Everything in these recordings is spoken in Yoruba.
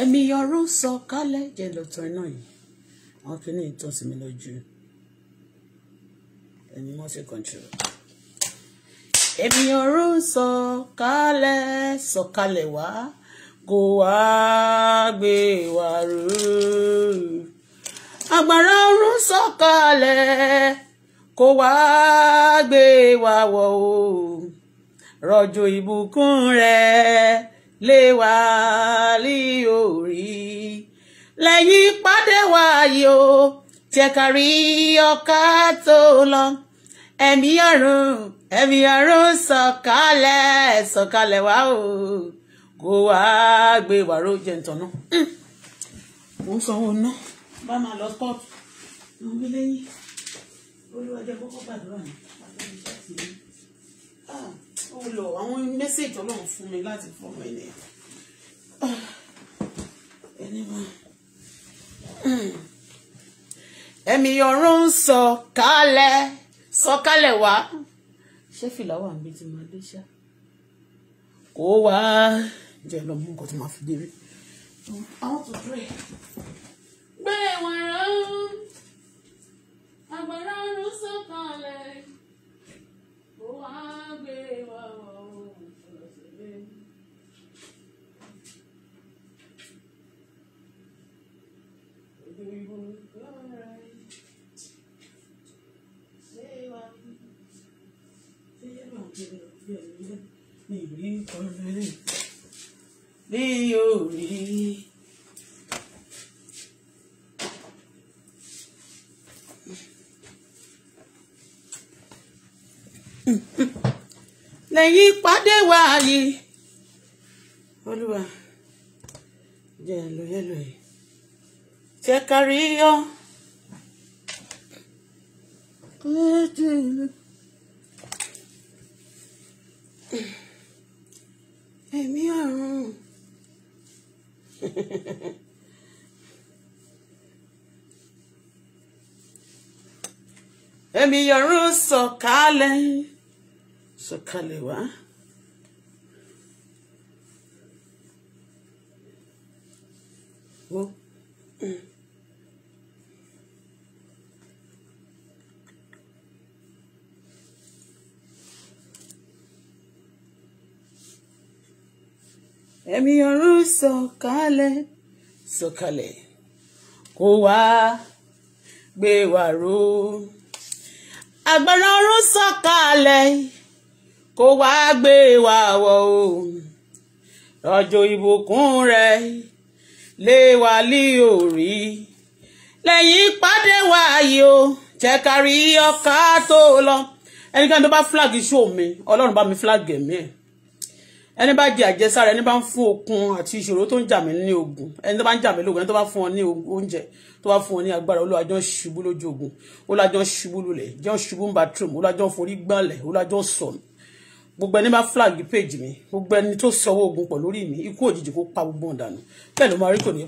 ẹ̀mí ọ̀run sọ kálẹ̀ jẹ́ lọ́tọ̀ iná yìí àwọn kìíní ìtọ́ sí mi lójú ẹ̀mí mọ́ sí control. ẹ̀mí ọ̀run sọ kálẹ̀ sọ kálẹ̀ wá kó wá gbé wa rú agbára ọ̀run sọ kálẹ̀ kó wá gbé wa wọ̀ o rọ̀jò ìbùkún rẹ̀. lé wa rí orí lẹ́yìn pàdé wa yìí o jẹ́ tó lọ ẹ̀mí ẹ̀mí sọ̀kalẹ̀ sọ̀kalẹ̀ wá gbé wàró jẹ ntọ̀nà ó sanwó ná bá máa lọ kóòtù mo gbé lẹ́yìn olúwa kókó gbàdúrà ní ó lọ àwọn mẹ́sẹ̀jì ọlọ́run fún mi láti fọmọ ẹni ẹni mọ. Hmm. ẹ̀mí ọ̀run ń sọ kálẹ̀ sọ kálẹ̀ wá. ṣé fìlà wà níbi tí dé ṣá. kó wá jẹ́ lọ mú nǹkan tí màá fi dé rí. àwọn tó dúró ẹ̀. gbé ìwọ̀n rẹ̀ ń sọ kálẹ̀ mo wá gbé wá ohun ọ̀sẹ̀ mi. ojú ibu lọ́ra ẹ̀ ṣé wá ṣé yẹ́ máa bẹ̀rẹ̀ bí ẹ̀mí lẹ́ mi rí ọ̀rẹ́ mi ò rí. lẹ́yìn ìpàdé wa yìí olúwa jẹ́ ẹlòyẹlò ẹ̀ jẹ́ kárí yọ. Ẹ̀mí ọ̀run ẹ̀mí sọ̀kalẹ̀. sọ̀kalẹ̀ wá. wo mm. ẹ̀mí ọ̀run sọ̀kalẹ̀ sọ̀kalẹ̀ kó wá gbé wa agbára ọ̀run sọ̀kalẹ̀ kó wá gbé wa wọ̀ o rọ̀jò ìbùkún rẹ̀ lé wa lí òrí lẹ́yìn ìpàdé wa o jẹ́ ká rí ọkà tó lọ ẹnikẹ́ni tó bá flag iṣu mi ọlọ́run bá mi flag ẹ̀mí ẹ̀ ẹni bá di àjẹsára ẹni bá ń fún okun àti ìṣòro tó ń jà mí ní ogun ẹni tó bá ń jà mí lógun ẹni tó bá fún ọ ní oúnjẹ tó bá fún ọ ní agbára olúwa jọ ń ṣubú lójú ogun olúwa ṣubú lulẹ̀ jọ ṣubú ń bathroom olúwa jọ forí gbọ́nlẹ̀ olúwa jọ gbogbo ẹni bá flag page mi gbogbo ẹni tó sọwọ́ ogun pọ̀ lórí mi ikú òjijì kó pa gbogbo ọ̀dànù bẹ́ẹ̀ ló máa rí kò ní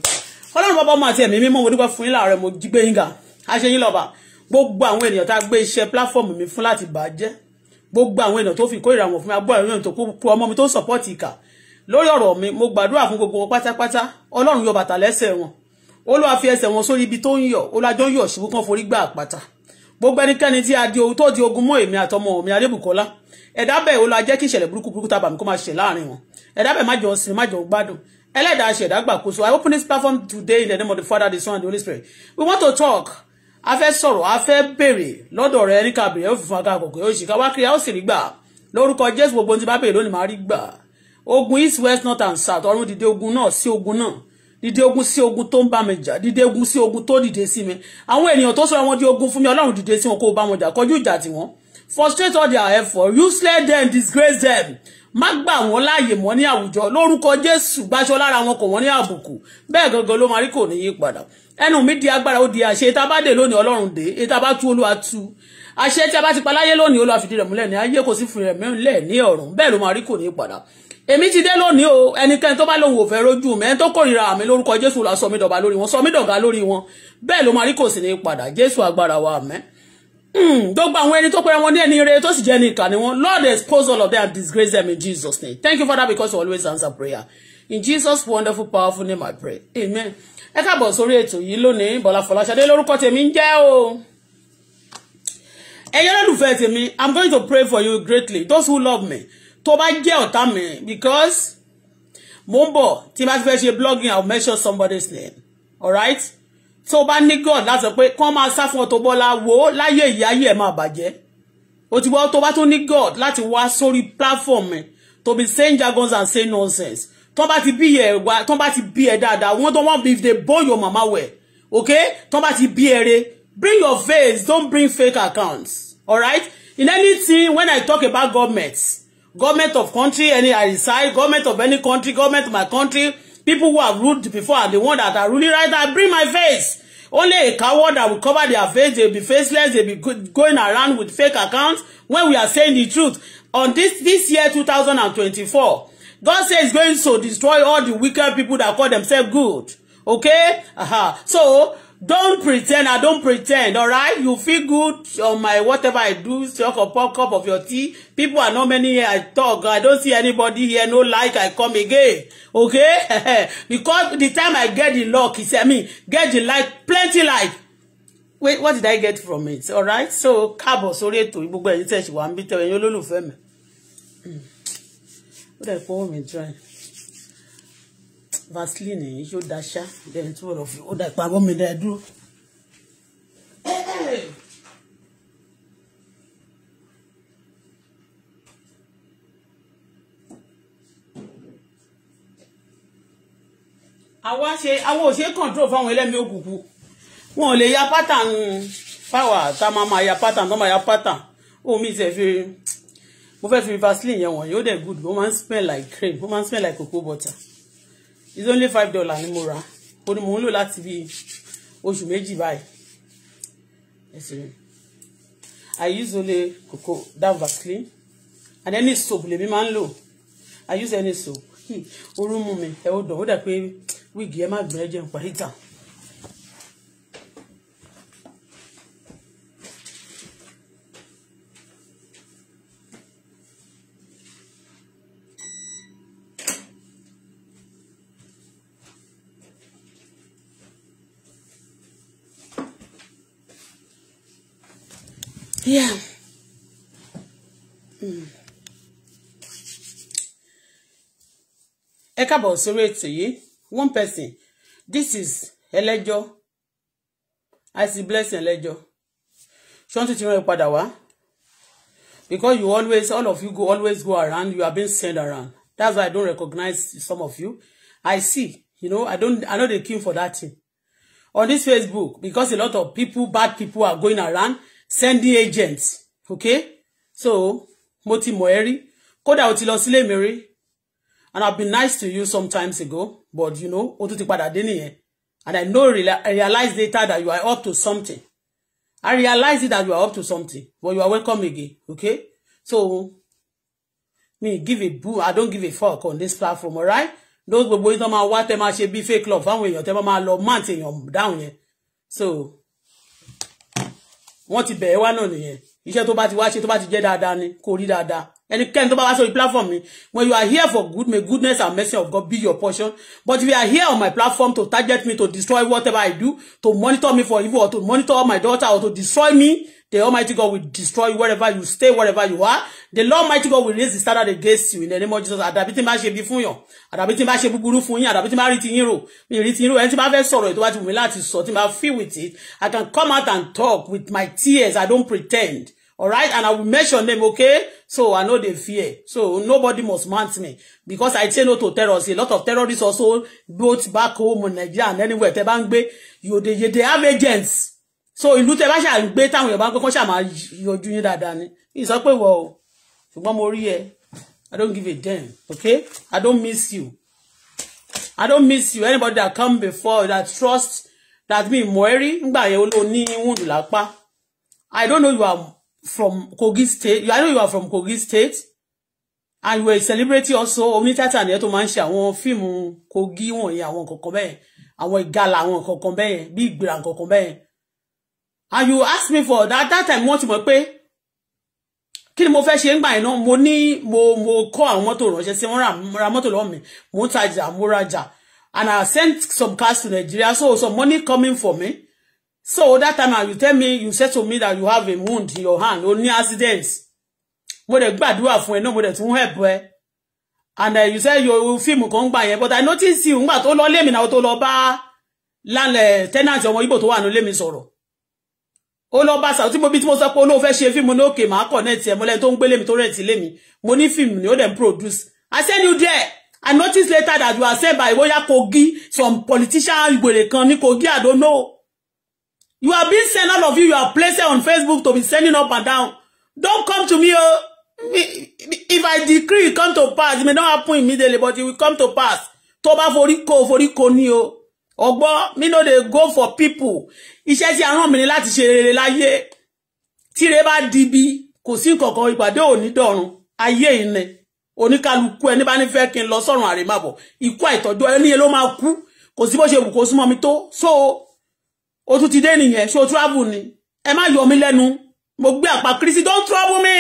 pa ọlọ́run bàbá ọmọ àti ẹ̀mí mímọ́ mo dúpẹ́ fún yín láàárọ̀ mo jí gbé yín ga aṣẹ́yìn lọ́ba gbogbo àwọn ènìyàn tá a gbé iṣẹ́ pláfọ́ọ̀mù mi fún láti bà á jẹ́ gbogbo àwọn ènìyàn tó fi kórìíra wọn fún mi abúlé àwọn ènìyàn tó ọmọ mi tó sọ̀pọ́ọ̀tì ìkà lórí ọ̀rọ̀ mi mo gbàdúrà fún gbogbo wọn pátápátá ọlọ́run yọ bàtà lẹ́sẹ̀ wọn olúwa fi ẹsẹ̀ wọn sórí ibi tó ń yọ olájọ́ yọ̀ ṣubú kan forí gbà àpáta gbogbo ẹnikẹ́ni tí a di ohun tó di ogun mọ́ èmi àtọmọ mi adébùkọ́lá ẹ̀dá bẹ́ẹ̀ olú ajẹ́ kí ìṣẹ̀lẹ̀ burúkú burúkú tábà mi kó máa ṣe láàrin wọn ẹ̀dá bẹ́ẹ̀ má jọ sin má jọ gbádùn ẹlẹ́dàá ṣẹ̀dá gbàkóso I open this platform today in the name of the Father the Son and the Holy Spirit we want to talk a fẹ́ sọ̀rọ̀ a fẹ́ béèrè lọ́dọ̀ rẹ ní kàbèrè ó fi fún aká àkọ́kọ́ yóò ṣe ká wá kiri a ó sì rí gbà lórúkọ Jésù gbogbo ohun tí bá béèrè lónìí máa rí gbà ogun east west north and south ọ̀run dìde ogun náà sí ogun náà dìde ogun sí ogun tó ń bá mi jà dìde ogun sí ogun tó dìde sí mi àwọn ènìyàn tó sọ̀rọ̀ wọn di ogun fún mi Ọlọ́run dìde sí wọn kó bá wọn jà kọjú ìjà tiwọn frustrate all their effort useless them disgrace them má gbà wọ́n láàyè mọ́ ní àwùjọ lórúkọ Jésù gbáṣọ lára wọn kò wọ́n ní àbùkù bẹ́ẹ̀ gangan ló máa rí kò ní yí padà ẹnu mi di agbára ó di àṣẹ ìta bá dè lónìí Ọlọ́run dé ìta bá tú Olúwa tú àṣẹ tí a bá ti pa láyé lónìí Olúwa fìdí rẹ̀ múlẹ̀ ní ayé kò sí fún rẹ̀ múlẹ̀ ní ọ̀run bẹ́ẹ̀ ló máa rí kò ní ti dé lónìí o ẹnikẹ́ni tó bá lòun ò fẹ́ rójú mi ẹni tó kórìíra mi lórúkọ Jésù la sọ mí dọ̀gá lórí wọn sọ mí dọ̀gá lórí wọn bẹ́ẹ̀ ló máa rí kò sí ní padà Jésù wa àmín Hmm, gbogbo àwọn ẹni tó pẹ́ra wọn ní ẹni rere tó sì jẹ́ ní ìkà wọn Lord expose all of them and disgrace them in Jesus name thank you Father because you always answer prayer in Jesus wonderful powerful name I pray amen ẹ káàbọ̀ sórí ètò yìí lónìí Bọ́lá Fọláṣadé lórúkọ tèmi ń jẹ́ o ẹ̀yẹ́ lọ́dúnfẹ́ tèmi I'm going to pray for you greatly those who love me tó bá jẹ́ ọ̀tá mi because mo ń bọ̀ tí bá ti fẹ́ ṣe blogging I will mention somebody's name alright tó bá ní god láti sọ pé kán máa sá fún Auto Bola wo láyé ìyá ayé ẹ̀ máa bàjẹ́ o ti gbọ́ tó bá tún ní god láti wá sórí platform ẹ̀ to be saying jargons and say nonsense tó bá ti bí ẹ̀ wá tó bá ti bí ẹ̀ dáadáa wọ́n tó wọ́n if they born your mama well okay tó bá ti bí ẹ̀ re bring your face don't bring fake accounts alright in anything when I talk about government government of country any I decide government of any country government of my country people who have ruled before are the ones that are ruling right I bring my face. Only a coward that will cover their face. They'll be faceless. They'll be going around with fake accounts when we are saying the truth. On this, this year, 2024, God says he's going to destroy all the wicked people that call themselves good. Okay? Uh-huh. So, Don't pretend. I don't pretend. All right. You feel good on my whatever I do. Talk a pop cup of your tea. People are not many here. I talk. I don't see anybody here. No like. I come again. Okay. because the time I get the luck, he said, I mean, get the like, plenty like. Wait, what did I get from it? All right. So, káàbọ̀ sorry to gbogbo ẹ̀yin tẹ́ ṣì wà ń bí tẹ́ ẹ̀yin olólùfẹ́ mi. Hmm. Ó dẹ̀ pọ́wọ́ mi dry vaseline yìí yóò daṣá lẹ́yìn tí wọ́n lọ fi ó da ìpàgọ́ mi dá ẹ dúró. àwa ṣe àwa ò ṣe control fáwọn ẹlẹ́mìí òkùnkùn wọn ò lè ya pátán fáwà tá a máa máa ya pátán tó máa ya pátán omi ìṣẹ̀ fi mo fẹ́ fi vaseline yẹn wọ̀nyí ó dẹ̀ good ó máa ń smell like cream ó máa ń smell like cocoa butter it's only five dollar ni mo rà ó ní mò ń lò láti bí oṣù méjì báyìí I use only cocoa, that vaseline and any soap lèmi máa ń lò I use any soap hmm. orun mú mi ẹ ó dàn ó dà pé wíìgì ẹ má gbẹ jẹun pàdé tàn. Yeah. Ẹ káàbọ̀ sórí to yìí, one person, this is ẹlẹ́jọ́, I see blessing ẹlẹ́jọ́. Ṣọ́n tún ti rán ẹ padà wá. Because you always, all of you go always go around, you are being sent around. That's why I don't recognize some of you. I see, you know, I don't, I know they kill for that thing. On this Facebook, because a lot of people, bad people are going around, sending agent okay so mo ti mọ̀ ẹ́ rí kódà o ti lọ sílé mi rí and I've been nice to you sometimes ago but you know o tún ti padà dé nìyẹn and I know I realize later that you are up to something I realize that you are up to something but you are welcome again okay so me give a boo I don't give a fuck on this platform alright those gbogbo yìí tó máa wá tẹ máa ṣe bí fake love fáwọn èèyàn tẹ máa lọ máa tèèyàn dáhùn yẹn so wọ́n ti bẹ̀ẹ́ wá náà nìyẹn iṣẹ́ tó bá ti wá ṣe tó bá ti jẹ́ dáadáa ni kò rí dáadáa ẹnikẹ́ni tó bá wá sórí platform me. when you are here for good may goodness and mercy of God be your portion but if you are here on my platform to target me to destroy whatever I do to monitor me for evil or to monitor my daughter or to destroy me the Almighty God will destroy wherever you stay wherever you are the Lord Almighty God will raise the standard against you in the name of Jesus àdàbí tí n bá ṣe bí fún yàn àdàbí tí n bá ṣe búburú fún yín àdàbí tí n bá rí ti yín rò mi rí ti yín rò ẹni tí n bá fẹ́ sọ̀rọ̀ ètò wá ti wù mí láti sọ tí feel with it I can come out and talk with my tears I don't pretend All right, and I will mention them, okay? So I know they fear. So nobody must mount me because I say no to terrorists. A lot of terrorists also both back home in Nigeria and anywhere. Tẹ́ bá ń you they, they have agents. So in tẹ́ bá ṣá ń gbé táwọn Yorùbá ń gbé kon ṣá máa yọjú yín dáadáa ni. Ní sọ pé I don't give a damn, okay? I don't miss you. I don't miss you. Anybody that come before that trust that me Moeri I don't know you are from Kogi State. I know you are from Kogi State. And you were a celebrity also. Oní tata ni ẹ tó máa ń ṣe àwọn fíìmù Kogi wọ̀nyí àwọn kọ̀ọ̀kan bẹ́ẹ̀. Àwọn ìgalà àwọn kọ̀ọ̀kan bẹ́ẹ̀. Bí ìgbìrà kọ̀ọ̀kan And you ask me for that that time wọ́n you mọ̀ pé kí ni mo fẹ́ ṣe ń gbà mo ní mo mo kọ́ àwọn mọ́tò ránṣẹ́ sí wọ́n ra mọ́tò lọ́wọ́ mi mo ń mo rajà and I sent some cars to Nigeria so some money coming for me. So that time ah, you tell me, you said to me that you have a wound in your hand, only accident. Mo a bad fún ẹ náà, mo dẹ̀ help ẹ. And uh, you said your film kan gbà yẹn, but I notice you but all lọ lé mi náà tó land bá landlord tenant ọmọ Ìgbò tó wà nílé mi sọ̀rọ̀. Ó lọ bá sàrò tí mo bí tí mo sọ pé olóò fẹ́ ṣe fíìmù ní òkè máa connect ẹ̀ mọ́lẹ́ tó ń gbélé mi tó rẹ̀ tí lé mi. Mo ní fíìmù ni ó dẹ̀ produce. I send you there. I notice later that you are sent by Oya Kogi, some politician Ìgbèrè kan ní Kogi, I don't know. You have been sent, all of you, you are placed on Facebook to be sending up and down. Don't come to me, oh. If I decree it come to pass, it may not happen immediately, but it will come to pass. Toba bá forí ko, forí ko ni o. Ọgbọ́n, me know they go for people. He says a rán mi ni láti ṣe rere láyé. Tíre bá dibi, kò sí nǹkankan ìpàdé òní dọ̀run. Ayé ìnẹ. Oníkálukú ẹni bá ní fẹ́ kí n lọ sọ́run do Ikú àìtọ́jú ẹni ku máa kú. Kò sí bó ṣe So, o tún ti dé nìyẹn ṣó travel ni ẹ má yọ mí lẹ́nu mo gbé àpá kristi don't trouble me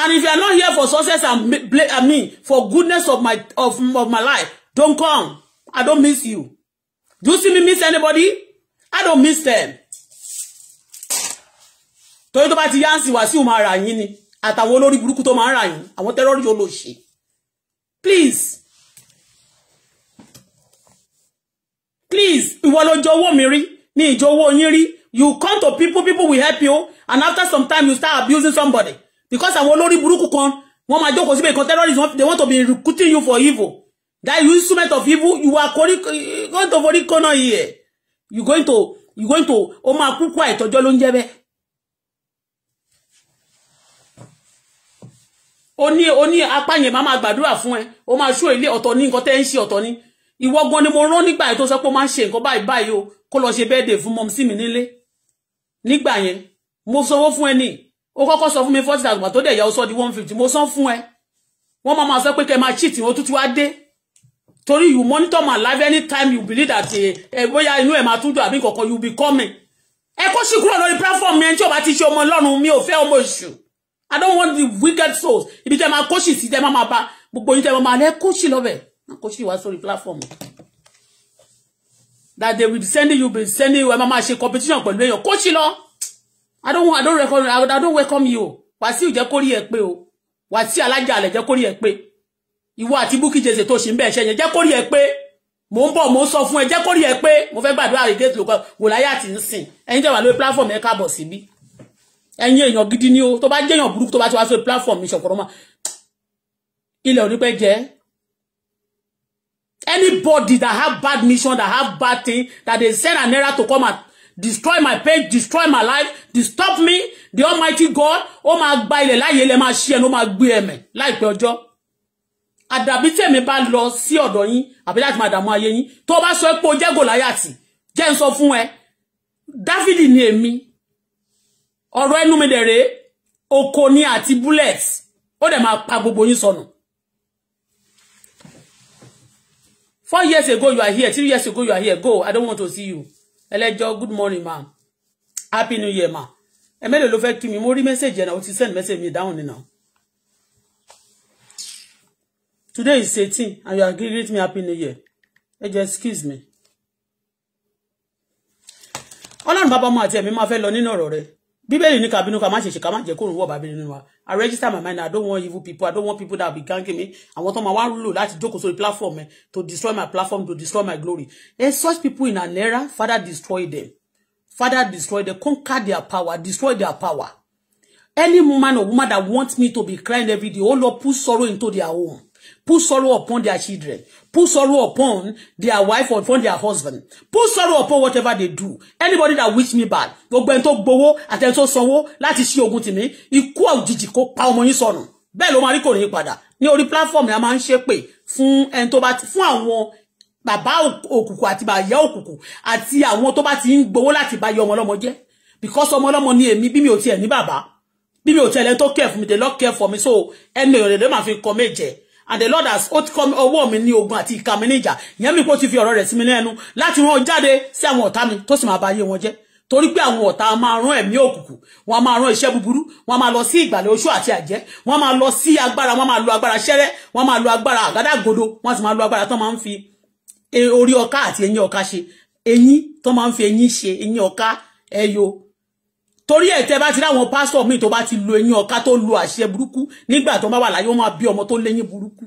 and if you are not here for success and blame I mean for goodness of my of, of my life don't come I don't miss you do you see me miss anybody I don't miss them torí tó ba ti yáǹsì Wàsíù máa rà yín ni àtàwọn olórí burúkú tó máa ń rà yín àwọn tẹ́rọ́rì olóṣè please please ìwọ ló jọ owó mi rí ní ìjọ owó yín you come to people people will help you and after some time you start abusing somebody because àwọn olórí burúkú kan wọ́n máa jókòó síbẹ̀ kan terrorism they want to be recruiting you for evil that instrument of evil you are going to forí corner here? you going to you going to o máa kúkú àìtọ́jọ́ ló ń jẹ́ bẹ́ẹ̀. ó ní ó ní apá yẹn máa máa gbàdúrà fún ẹ ó máa ṣó ilé ọ̀tọ̀ ní nǹkan ni ìwọ gan ni mo rán nígbà yẹn tó sọ pé ó máa ń ṣe nǹkan báyìí báyìí o kó lọ ṣe birthday fún mọ́mísì mi nílé nígbà yẹn mo sanwó fún ẹ ní ó kọ́kọ́ sọ fún mi forty thousand tó dẹ̀ yà ó sọ di one fifty mo san fún ẹ wọ́n máa máa sọ pé kẹ́ máa cheat wọn tútù wá dé torí you monitor my life anytime you believe that ẹ eh, eh, bóyá inú ẹ máa tún dùn àbí kankan you be coming ẹ kó sì kúrò lórí platform yẹn tí o bá ti ṣe ọmọ Ọlọ́run mi ò fẹ́ ọmọ èṣù I don't want the wicked souls ibi tẹ́ máa kó sì sí tẹ́ máa máa bá gbogbo yín tẹ́ máa máa lẹ́ kó sì lọ́bẹ̀ẹ́ kó sì wá sórí platform that they will be sending you be sending you ẹ máa máa ṣe competition pẹ̀lú èèyàn kó sì lọ i don't i don't welcome i don't welcome you Wàsíù jẹ́ kórìí ẹ pé o Wàsíù alájàlẹ̀ jẹ́ kórìí ẹ pé ìwọ àti Bukky Jesse tó ṣì ń bẹ̀ ṣẹ̀yẹ̀ jẹ́ kórìí ẹ pé mo ń bọ̀ mo ń sọ fún ẹ jẹ́ kórìí ẹ pé mo fẹ́ gbàdúrà rẹ̀ gẹ́tù lóko wòláyà ti ń sìn ẹ̀yin tẹ̀ wà lórí platform ẹ káàbọ̀ síbí ẹ̀yin èèyàn gidi ni o tó bá jẹ́yàn burúkú tó bá ti wá sórí platform mi ṣọ̀kọ̀rọ̀ mọ́ ilẹ̀ ò ní pẹ́ jẹ́ Anybody that have bad mission, that have bad thing, that they send an error to come and destroy my page, destroy my life, disturb me, the Almighty God, ó máa gba ilẹ̀ láyé le ma ṣí no ma máa gbé ẹ̀mẹ̀ láìpẹ́ ọjọ́. Àdàbí tí èmi bá lọ sí ọ̀dọ̀ yín, àbí láti máa dààmú ayé yín, tó bá sọ pé o jẹ́ Gòláyàtì, jẹ́ ń sọ fún David Dáfídì ni èmi, ọ̀rọ̀ enu mi dere. rèé, oko ni àti bullet, ó dẹ̀ máa pa gbogbo yín sonu. four years ago you are here three years ago you are here go i don't want to see you ẹlẹ́jọ́ good morning ma happy new year ma ẹ mélòó ló fẹ́ kí mi mo rí message yẹn náà o ti send message mi down nínà today is eighteen and you are greeting me happy new year ẹ jẹ́ excuse me ọlọ́run Baba, ọmọ àti ẹ̀mí máa fẹ́ lọ nínú ọ̀rọ̀ rẹ̀ bíbélì ní kabinú ká má ṣe ṣe ká má jẹ́ kóòrùn wọ̀ bàbí nínú wa i register my mind i don't want evil people i don't want people that be ganking me àwọn tó máa wá lò láti jókòó sórí platform mi to destroy my platform to destroy my glory and such people in an father destroy them father destroy them conquer their power destroy their power any man or woman that wants me to be crying every day oh lord put sorrow into their home Put sorrow upon their children. Put sorrow upon their wife or upon their husband. Put sorrow upon whatever they do. Anybody that wish me bad. Gbogbo ẹni tó gbowó àtẹni tó sanwó láti ṣí ogun tì mí. Ikú òjijì kó pa ọmọ yín sọnù. Bẹ́ẹ̀ ló máa rí kò ní padà. Ní orí platform la máa ń ṣépè fún ẹni tó bá fún àwọn bàbá òkùnkùn àti bàyá òkùnkùn àti àwọn tó bá ti ń gbowó láti bá yọ ọmọ ọlọ́mọ jẹ́. Because ọmọ ọlọ́mọ ni èmi bí mi ò tiẹ̀ ní bàbá. Bí mi ò tiẹ̀ lẹ́ni tó care fún mi, they love care for me. So ẹnu èrè ló máa fi kọ méje and the lord has ọwọ́ mi ní ogun àti ìka mi ní ìjà ìyẹn mi kò ti fi ọ̀rọ̀ rẹ̀ sí mi lẹ́nu láti rán jáde sí àwọn ọ̀tá mi tó sì máa ba ayé wọn jẹ́ torí pé àwọn ọ̀tá máa rán ẹ̀mí òkùnkùn wọn máa rán iṣẹ́ búburú wọn máa lọ sí ìgbàlẹ̀ oṣù àti àjẹ́ wọn máa lọ sí agbára wọn máa lo agbára ṣẹ́rẹ́ wọn máa lo agbára àgádágodo wọn sì máa lo agbára tán máa ń fi orí ọká àti eyín ọká ṣe eyín tán máa ń fi eyín ṣe eyín torí ẹ̀ tẹ́ bá ti ráwọn pásítọ̀ míì tó bá ti lu eyín ọ̀ká tó lu àṣẹ burúkú nígbà tó bá wà láyé wọ́n máa bí ọmọ tó léyín burúkú.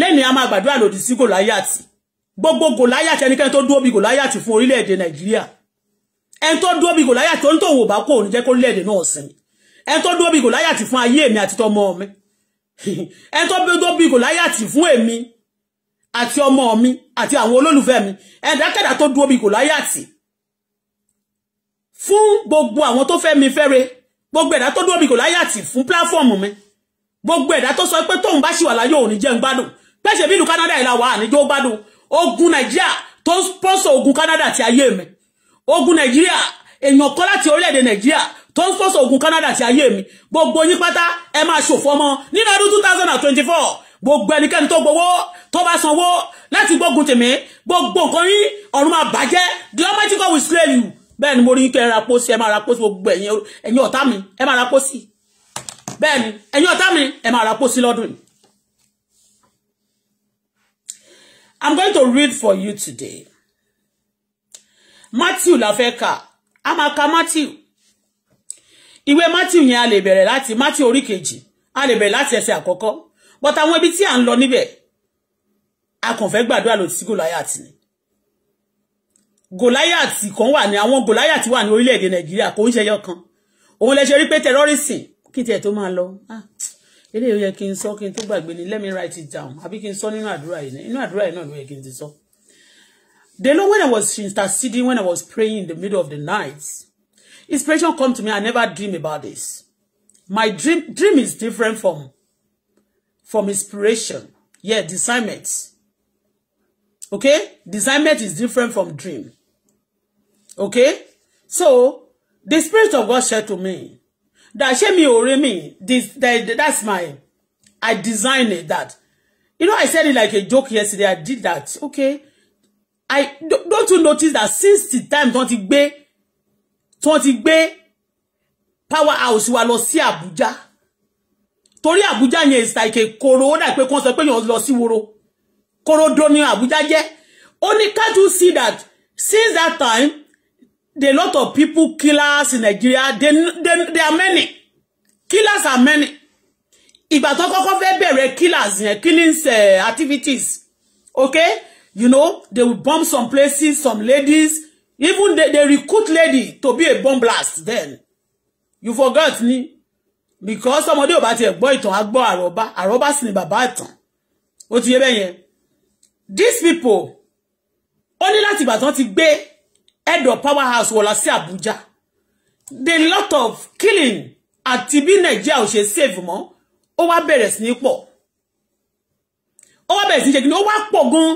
lẹ́ni a máa gbàdúrà lòdì sí gòláyàtì gbogbo gòláyàtì ẹnikẹ́ni tó dúró bí gòláyàtì fún orílẹ̀-èdè nàìjíríà ẹni tó dúró bí gòláyàtì tó ń tòwò bá kó òun jẹ́ kó orílẹ̀ náà sìn ẹni tó dúró bí gòláyàtì fún ayé èmi àti tọmọ mi ẹni tó dúró bí gòláyàtì fún èmi àti ọmọ mi àti àwọn olólùfẹ́ mi ẹ̀dákẹ́dà tó dúró bí Gòláyátì fún gbogbo àwọn tó fẹ́ mi fẹ́re gbogbo ẹ̀dá tó dúró bí Gòláyátì fún pláfọ́ọ̀mù mi gbogbo ẹ̀dá tó sọ pé tóun bá ṣì wà láyé òun ní jẹun gbádùn pẹ́sẹ̀ bí ìlú Canada ìlà wà àníjó gbádùn ogun Nàìjíríà tó sponsor ogun Canada ti ayé mi ogun Nàìjíríà èèyàn kọ́ láti orílẹ̀-èdè Nàìjíríà tó ń fọ́sọ̀ ogun Canada ti ayé mi gbogbo yín pátá ẹ máa ṣòfò ọmọ nínú ọdún two thousand and twenty four gbogbo ẹnikẹ́ni tó gbowó tó bá sanwó láti gbógun tèmi gbogbo nǹkan yín ọ̀run máa bàjẹ́ the almighty God will slay you bẹ́ẹ̀ ni mo rí kẹ́ ẹ ra pósí ẹ máa ra pósí gbogbo ẹ̀yin ẹ̀yin ọ̀tá mi ẹ máa ra pósí bẹ́ẹ̀ ni ẹ̀yin ọ̀tá mi ẹ máa ra pósí lọ́dún I'm going to read for you today. Matthew la fẹ́ kà á máa ka Matthew ìwé Matthew yẹn a lè bẹ̀rẹ̀ láti Matthew orí kejì a lè bẹ̀rẹ̀ láti ẹsẹ̀ àkọ́kọ́ but àwọn ibi tí à ń lọ níbẹ̀ a kàn fẹ́ gbàdúrà lòdì sí Goliath ni Goliath kan wà ní àwọn Goliath wà ní orílẹ̀-èdè Nàìjíríà kò ń ṣe yọ kan òun lè ṣe rí pé terrorism kí tiẹ̀ tó máa lọ ah, eléyìí yẹ kí n sọ kí n tó gbàgbé ni let me write it down àbí kí n sọ nínú àdúrà yìí nínú àdúrà yìí náà ló yẹ kí n ti sọ. The Lord, when I was interceding, when I was praying in the middle of the night, inspiration come to me. I never dream about this. My dream dream is different from from inspiration. Yeah, discernment. Okay? Discernment is different from dream. Okay? So, the Spirit of God said to me, that shame me or me. This, that, that's my, I designed it that. You know, I said it like a joke yesterday. I did that. Okay? I, don't you notice that since the time don't it be, don't it be, powerhouse wa lọ sí Abuja torí Àbújá yẹn is like a koro ó dà pé kán sọ pé yàn lọ sí woro korodo ni Àbújá jẹ́ ó ní can't you see that since that time the lot of people killers in Nigeria they, they, they are many killers are many ìgbà tó kọ́kọ́ fẹ́ bẹ̀rẹ̀ killers yẹn killings uh, activities okay you know they will bomb some places some ladies even they, they recruit lady to be a bomb blast then you forgot ni because ọmọdé ò bá tiẹ̀ gbọ́ ìtàn á gbọ́ àrọ́bá àrọ́bá sì ni bàbá ìtàn ó ti yé bẹ́ẹ̀ yẹn these people ó ní láti ìgbà tán ti gbé head of power house wọ̀lá sí Abuja the lot of killing àti bí Nàìjíríà ò ṣe save mọ́ ó wá bẹ̀rẹ̀ sí ní pọ̀ ó wá bẹ̀rẹ̀ sí ní ṣe kí ni ó wá pọ̀ gan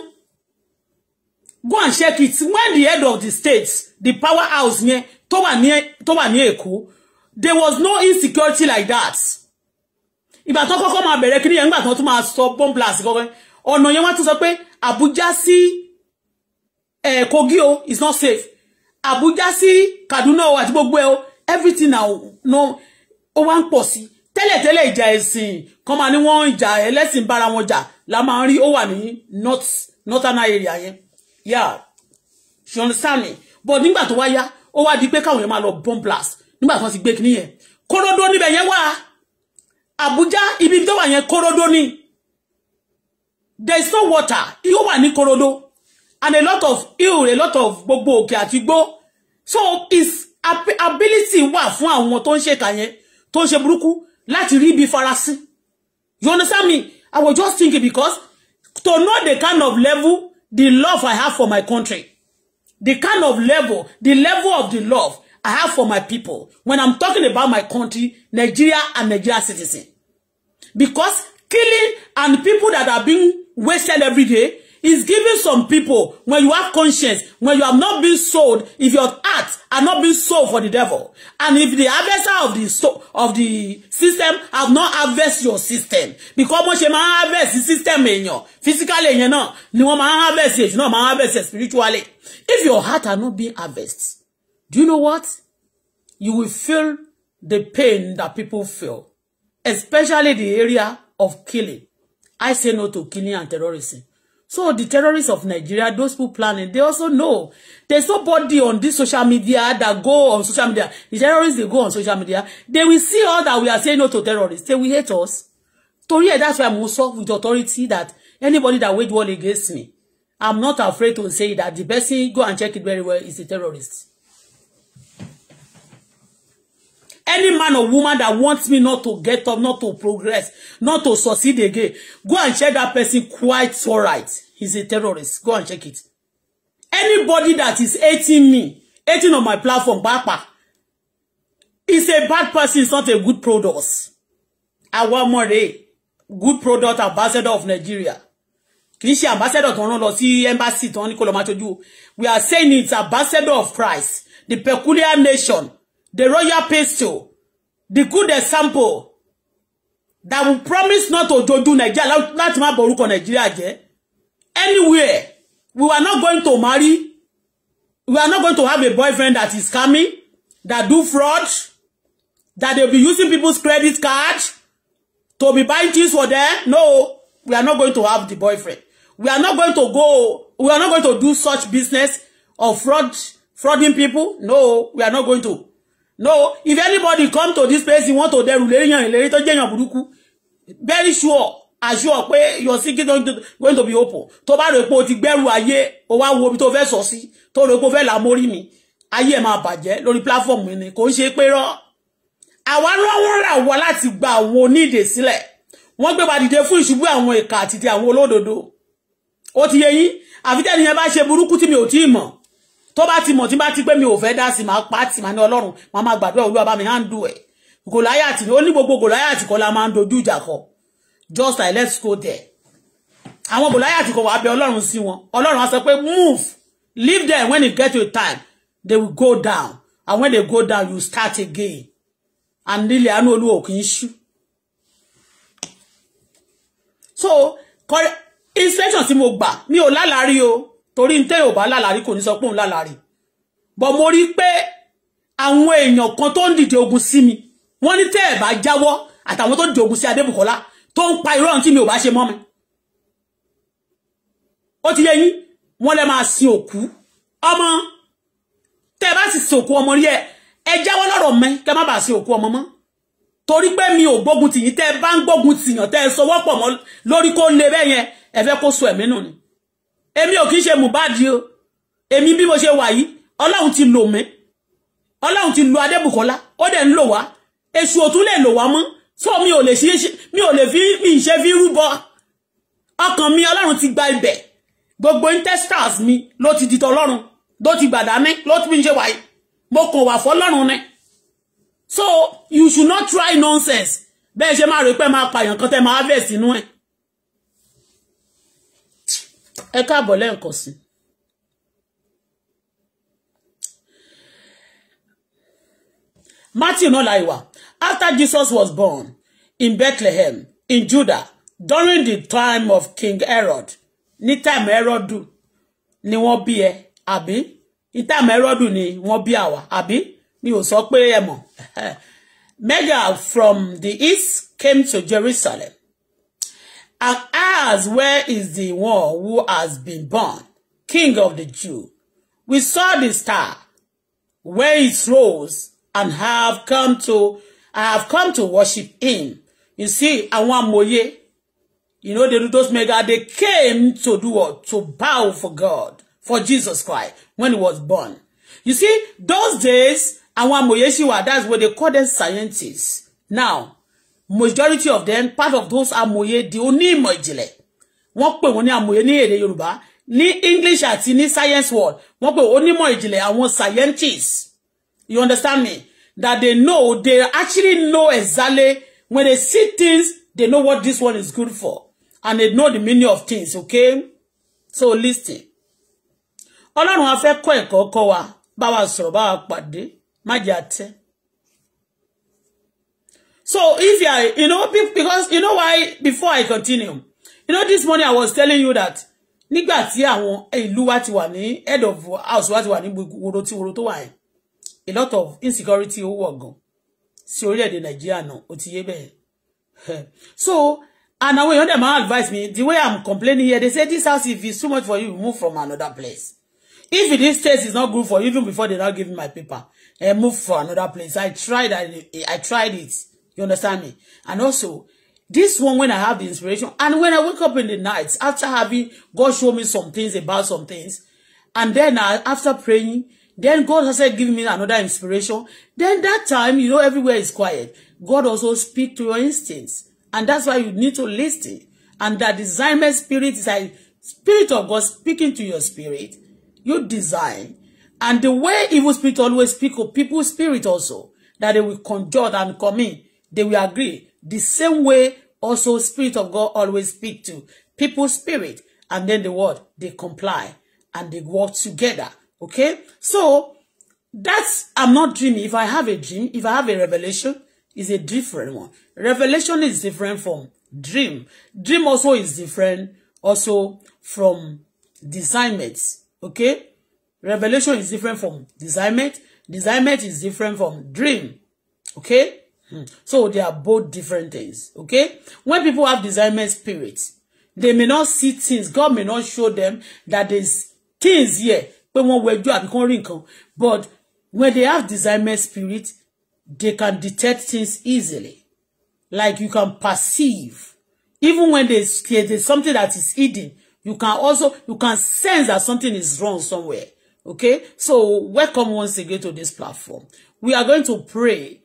go and check it when the head of the state the power house yẹn tó wà ní Èkó there was no insecurity like that ìgbà tó kọ́kọ́ máa bẹ̀rẹ̀ kíní yẹn nígbà tó tún máa sọ bomb blast kọ́kọ́ ọ̀nà yẹn wọ́n tún sọ Abuja Àbújá sí eh, Kogi o is not safe Abuja sí Kaduna o àti gbogbo ẹ o everything na ó wá ń pọ̀ sí tẹ́lẹ̀tẹ́lẹ̀ ìjà ẹ̀sìn kan máa ní wọ́n ń jà ẹlẹ́sìn bára wọn jà la máa ń rí ó wà north northern area yẹn yeah you understand me but nígbà tó wá yá ó wá di pé káwọn yẹn máa lọ bomb blast nígbà tí wọ́n ti gbé kinní yẹn kóródó níbẹ̀ yẹn wà Àbújá ibi tó wà yẹn kóródó ni there is no water yóò wà ní kóródó and a lot of ill, a lot of gbogbo òkè àti gbó so his ability wà fún àwọn tó ń ṣèkà yẹn tó ń ṣe burúkú láti rí ibi farasin you understand me I was just thinking because to know the kind of level the love I have for my country the kind of level the level of the love I have for my people. When I'm talking about my country, Nigeria and Nigeria citizen. Because killing and people that are being wasted every day is giving some people, when you have conscience, when you have not been sold, if your heart are not being sold for the devil, and if the harvester of the so of the system have not harvest your system, because wọ́n ṣe máa harvest the system èèyàn, physically èèyàn náà, ni wọ́n harvest èèyàn náà máa harvest spiritually. If your heart are not being harvested, Do you know what? You will feel the pain that people feel, especially the area of killing. I say no to killing and terrorism. So the terrorists of Nigeria, those who planning, they also know. There's nobody on this social media that go on social media. The terrorists, they go on social media. They will see all that we are saying no to terrorists. They will hate us. Torí ẹ̀, that's why I'm also with authority that anybody that wage war against me, I'm not afraid to say that the best thing go and check it very well, is the terrorists. Any man or woman that wants me not to get up, not to progress, not to succeed again, go and check that person quite all right. He's a terrorist. Go and check it. Anybody that is hating me, hating on my platform, Bapa, is a bad person, it's not a good product. I want more a good product ambassador of Nigeria. Kìí ambassador tó ń rán embassy tó ń ní kó lọ We are saying it's ambassador of Christ, the peculiar nation the royal pastel, the good example that will promise not to do Nigeria láti má borúkọ Nigeria jẹ́. Anywhere, we are not going to marry. We are not going to have a boyfriend that is coming, that do fraud, that they'll be using people's credit card to be buying things for them. No, we are not going to have the boyfriend. We are not going to go, we are not going to do such business of fraud, frauding people. No, we are not going to no if anybody come to this place you want to dẹrù lérí yàn ìlérí tó very sure assure pé your secret going to be open To bá rò pé o ti gbẹ́rù ayé o wá wo ibi tó fẹ́ sọ sí tó rò pé o fẹ́ là mórí mi ayé ẹ̀ máa bàjẹ́ lórí platform mi ni kò ń ṣe pé rọ́ àwa rọ́wọ́n rà wá láti gba àwọn onídè sílẹ̀ wọ́n gbé padìde fún ìṣubú àwọn ìka àti ti àwọn olódodo ó ti yẹ yín àfi tẹ́niyẹn bá ṣe burúkú tí mi ò tí ì tó bá ti mọ̀ tí bá ti pé mi ò fẹ́ dá sí máa pa tì máa ní ọlọ́run máa máa gbàdúrà olúwa bá mi handle ẹ̀ gòláyàtì ni ó ní gbogbo gòláyàtì kan la máa ń dojú ìjà kọ just like let's go there àwọn gòláyàtì kan wà bẹ ọlọ́run sí wọn ọlọ́run á sọ pé move leave there when you get your time they will go down and when they go down you start again and nílẹ̀ àánú olúwa ò kì í ṣú so instruction tí mo gbà mi ò lálàá o torí n téèyàn ò bá lálàrí kò ní sọ pé òun lálàrí bọ́ mo rí pé àwọn èèyàn kan tó ń dìde ogun sí mi wọ́n ní tẹ́ ẹ̀ bá jáwọ́ àtàwọn tó dìde ogun sí Adébùkọ́lá tó ń pa irọ́ tí mi ò bá ṣe mọ́ mi ó ti yé yín wọ́n lè máa sin òkú ọmọ tẹ́ ẹ bá sì sin òkú ọmọ rí ẹ ẹ jáwọ́ lọ́rọ̀ mẹ́ kẹ́ má bàa sin òkú ọmọ mọ́ torí pé mi ò gbógun tìyín tẹ́ ẹ bá ń gbógun tìyàn tẹ́ ẹ sọ wọ́pọ̀ mọ́ lórí kó lè bẹ́yẹn ẹ fẹ́ kó so ẹ̀mí nù ni Emi ò kì í ṣe o emi bi mo ṣe wà yìí ọlọ́run ti lò mí ọlọ́run ti lo Adébùkọ́lá ó dẹ̀ ń lò wá èṣù ò tún lè lò wá so mi ò lè mi o lè fi mi ṣe fi rúbọ ọkàn mi ọlọ́run ti gba ibẹ̀ gbogbo intestines mi ló ti dìtọ̀ ọlọ́run ló ti gbàdá ní ló ti ṣe wà yìí mo kàn wà fọlọ́run ni so you should not try nonsense bẹ́ẹ̀ ṣe máa rò ma máa pààyàn kan tẹ́ máa harvest inú ẹ̀ ẹ káàbọ̀ lẹ́ǹkan sí. Matthew náà láìwá after Jesus was born in Bethlehem in Judah during the time of King Herod ní time Herodu ni wọ́n bí ẹ àbí ní time Herod ni wọ́n bí àwa àbí mi ò sọ pé ẹ mọ̀ mega from the east came to Jerusalem and as Where is the one who has been born, King of the Jew? We saw the star, where it rose, and have come to I have come to worship him. You see, I want amòye, you know, they, those mega, they came to do what? To bow for God, for Jesus Christ, when he was born. You see, those days, àwọn amòye ṣì wà, that's what they call them scientists. Now, majority of them part of those amòye di onímọ̀ ìjìnlẹ̀ wọ́n pè wọ́n ní amòye ní èdè yorùbá ní english àti ní science world wọ́n pè onímọ̀ ìjìnlẹ̀ àwọn scientists you understand me that they know they actually know exactly when they see things they know what this one is good for and they know the meaning of things okay so listen ọlọ́run a fẹ́ kọ́ ẹ̀kọ́ kọ́ wa bá sọ̀rọ̀ bá pàdé má So if you are, you know, because you know why, before I continue, you know, this morning I was telling you that nígbà tí àwọn ìlú wa ti wà ní head of house wa ti wà ní gbogbo tí woro tó wà a lot of insecurity ó wọ̀ gan sí orílẹ̀-èdè Nàìjíríà náà ó ti yé bẹ́ẹ̀. So and àwọn èèyàn dem advise me the way I'm complaining here they say this house if it's too much for you move from another place. If this state is not good for you even before they now give me my paper eh, move for another place I tried I, I tried it. You understand me? And also, this one, when I have the inspiration, and when I wake up in the night, after having God show me some things about some things, and then I, after praying, then God has said, give me another inspiration. Then that time, you know, everywhere is quiet. God also speak to your instincts. And that's why you need to listen. And that designer spirit is like spirit of God speaking to your spirit. You design. And the way evil spirit always speak of people's spirit also, that they will conjure and come in they will agree. The same way also Spirit of God always speak to people's spirit and then the word, they comply and they work together. Okay? So, that's, I'm not dreaming. If I have a dream, if I have a revelation, is a different one. Revelation is different from dream. Dream also is different also from discernment. Okay? Revelation is different from discernment. Discernment is different from dream. Okay? Hmm. So they are both different things. Okay? When people have discernment spirits, they may not see things. God may not show them that there's things here. Pé wọ́n wẹjọ́ àbí kán rí nǹkan. But when they have discernment spirit, they can detect things easily. Like you can perceive. Even when they scared, there's something that is hidden. You can also, you can sense that something is wrong somewhere. Okay? So welcome once again to this platform. We are going to pray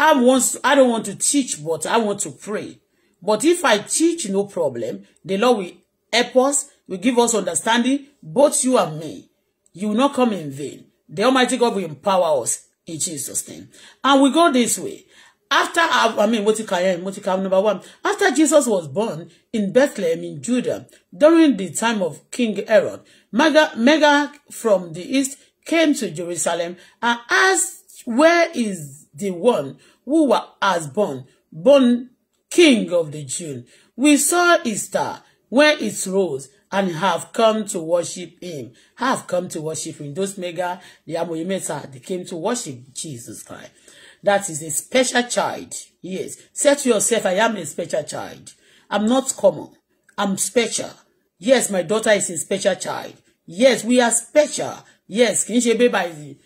I want I don't want to teach, but I want to pray. But if I teach, no problem. The Lord will help us, will give us understanding, both you and me. You will not come in vain. The Almighty God will empower us in Jesus' name. And we go this way. After, I mean, you Motikaya number one, after Jesus was born in Bethlehem in Judah, during the time of King Herod, Mega, Mega from the east came to Jerusalem and asked, where is the one who were as born, born king of the June? We saw his star where it rose and have come to worship him. Have come to worship him. Those mega, the Amoyimeta, they came to worship Jesus Christ. That is a special child. Yes. Say to yourself, I am a special child. I'm not common. I'm special. Yes, my daughter is a special child. Yes, we are special. Yes, kì í ṣe bébà yìí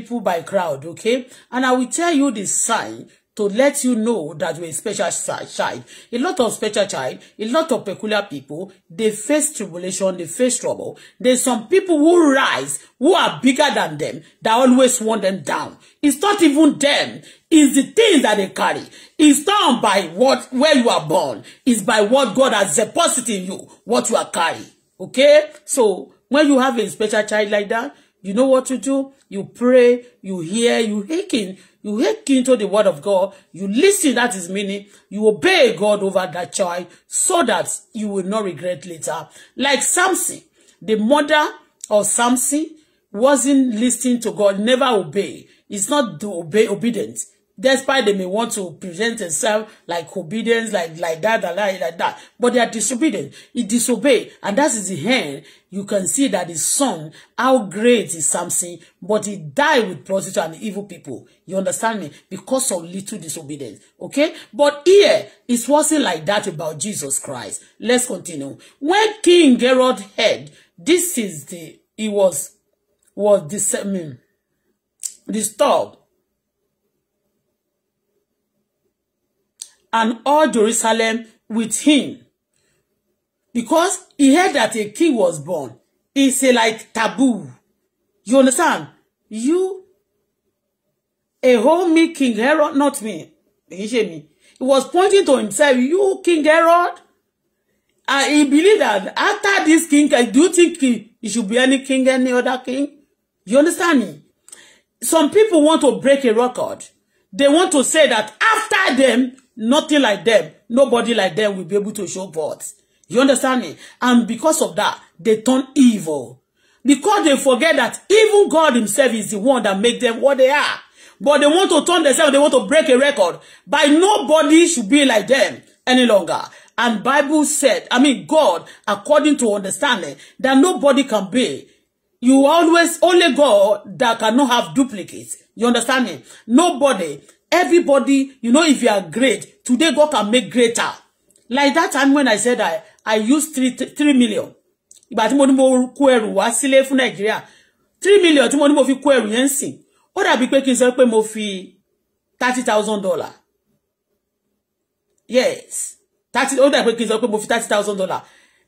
people by crowd, okay? And I will tell you the sign to let you know that you're a special child. A lot of special child, a lot of peculiar people, they face tribulation, they face trouble. There's some people who rise, who are bigger than them, that always want them down. It's not even them. It's the things that they carry. It's not by what where you are born. It's by what God has deposited in you, what you are carrying. Okay? So, when you have a special child like that, You know what to do? You pray, you hear, you hearken, you hearken to the word of God, you listen, that is meaning, you obey God over that child so that you will not regret later. Like Samson, the mother of Samson wasn't listening to God, never obey. It's not the obey, obedient despite they may want to present themselves like obedience, like like that, and like, like that, but they are disobedient. He disobeyed, and that is the hand. You can see that his son, how great is something, but he died with prostitute and evil people. You understand me? Because of little disobedience. Okay? But here, it wasn't like that about Jesus Christ. Let's continue. When King Herod heard, this is the, he was, was the, I mean, disturbed and all Jerusalem with him. Because he heard that a king was born. It's a like taboo. You understand? You, a whole me, King Herod, not me. He shame me. He was pointing to himself, you, King Herod. And he believed that after this king, I do think he, he should be any king, any other king? You understand me? Some people want to break a record. They want to say that after them, Nothing like them. Nobody like them will be able to show forth. You understand me? And because of that, they turn evil. Because they forget that even God himself is the one that make them what they are. But they want to turn themselves, they want to break a record. By nobody should be like them any longer. And Bible said, I mean God, according to understanding, that nobody can be. You always, only God that cannot have duplicates. You understand me? Nobody. Everybody, you know, if you are great, today God can make greater. Like that time when I said I, I used three, three million. Ìgbà tí mo ní mo kó ẹrù wá sílé fún Nàìjíríà. Three million tí mo ní mo fi kó ẹrù yẹn sìn. Ó dàbí pé kí n sọ pé mo fi thirty thousand dollar. Yes. Thirty ó dàbí pé kí n sọ pé mo fi thirty thousand dollar.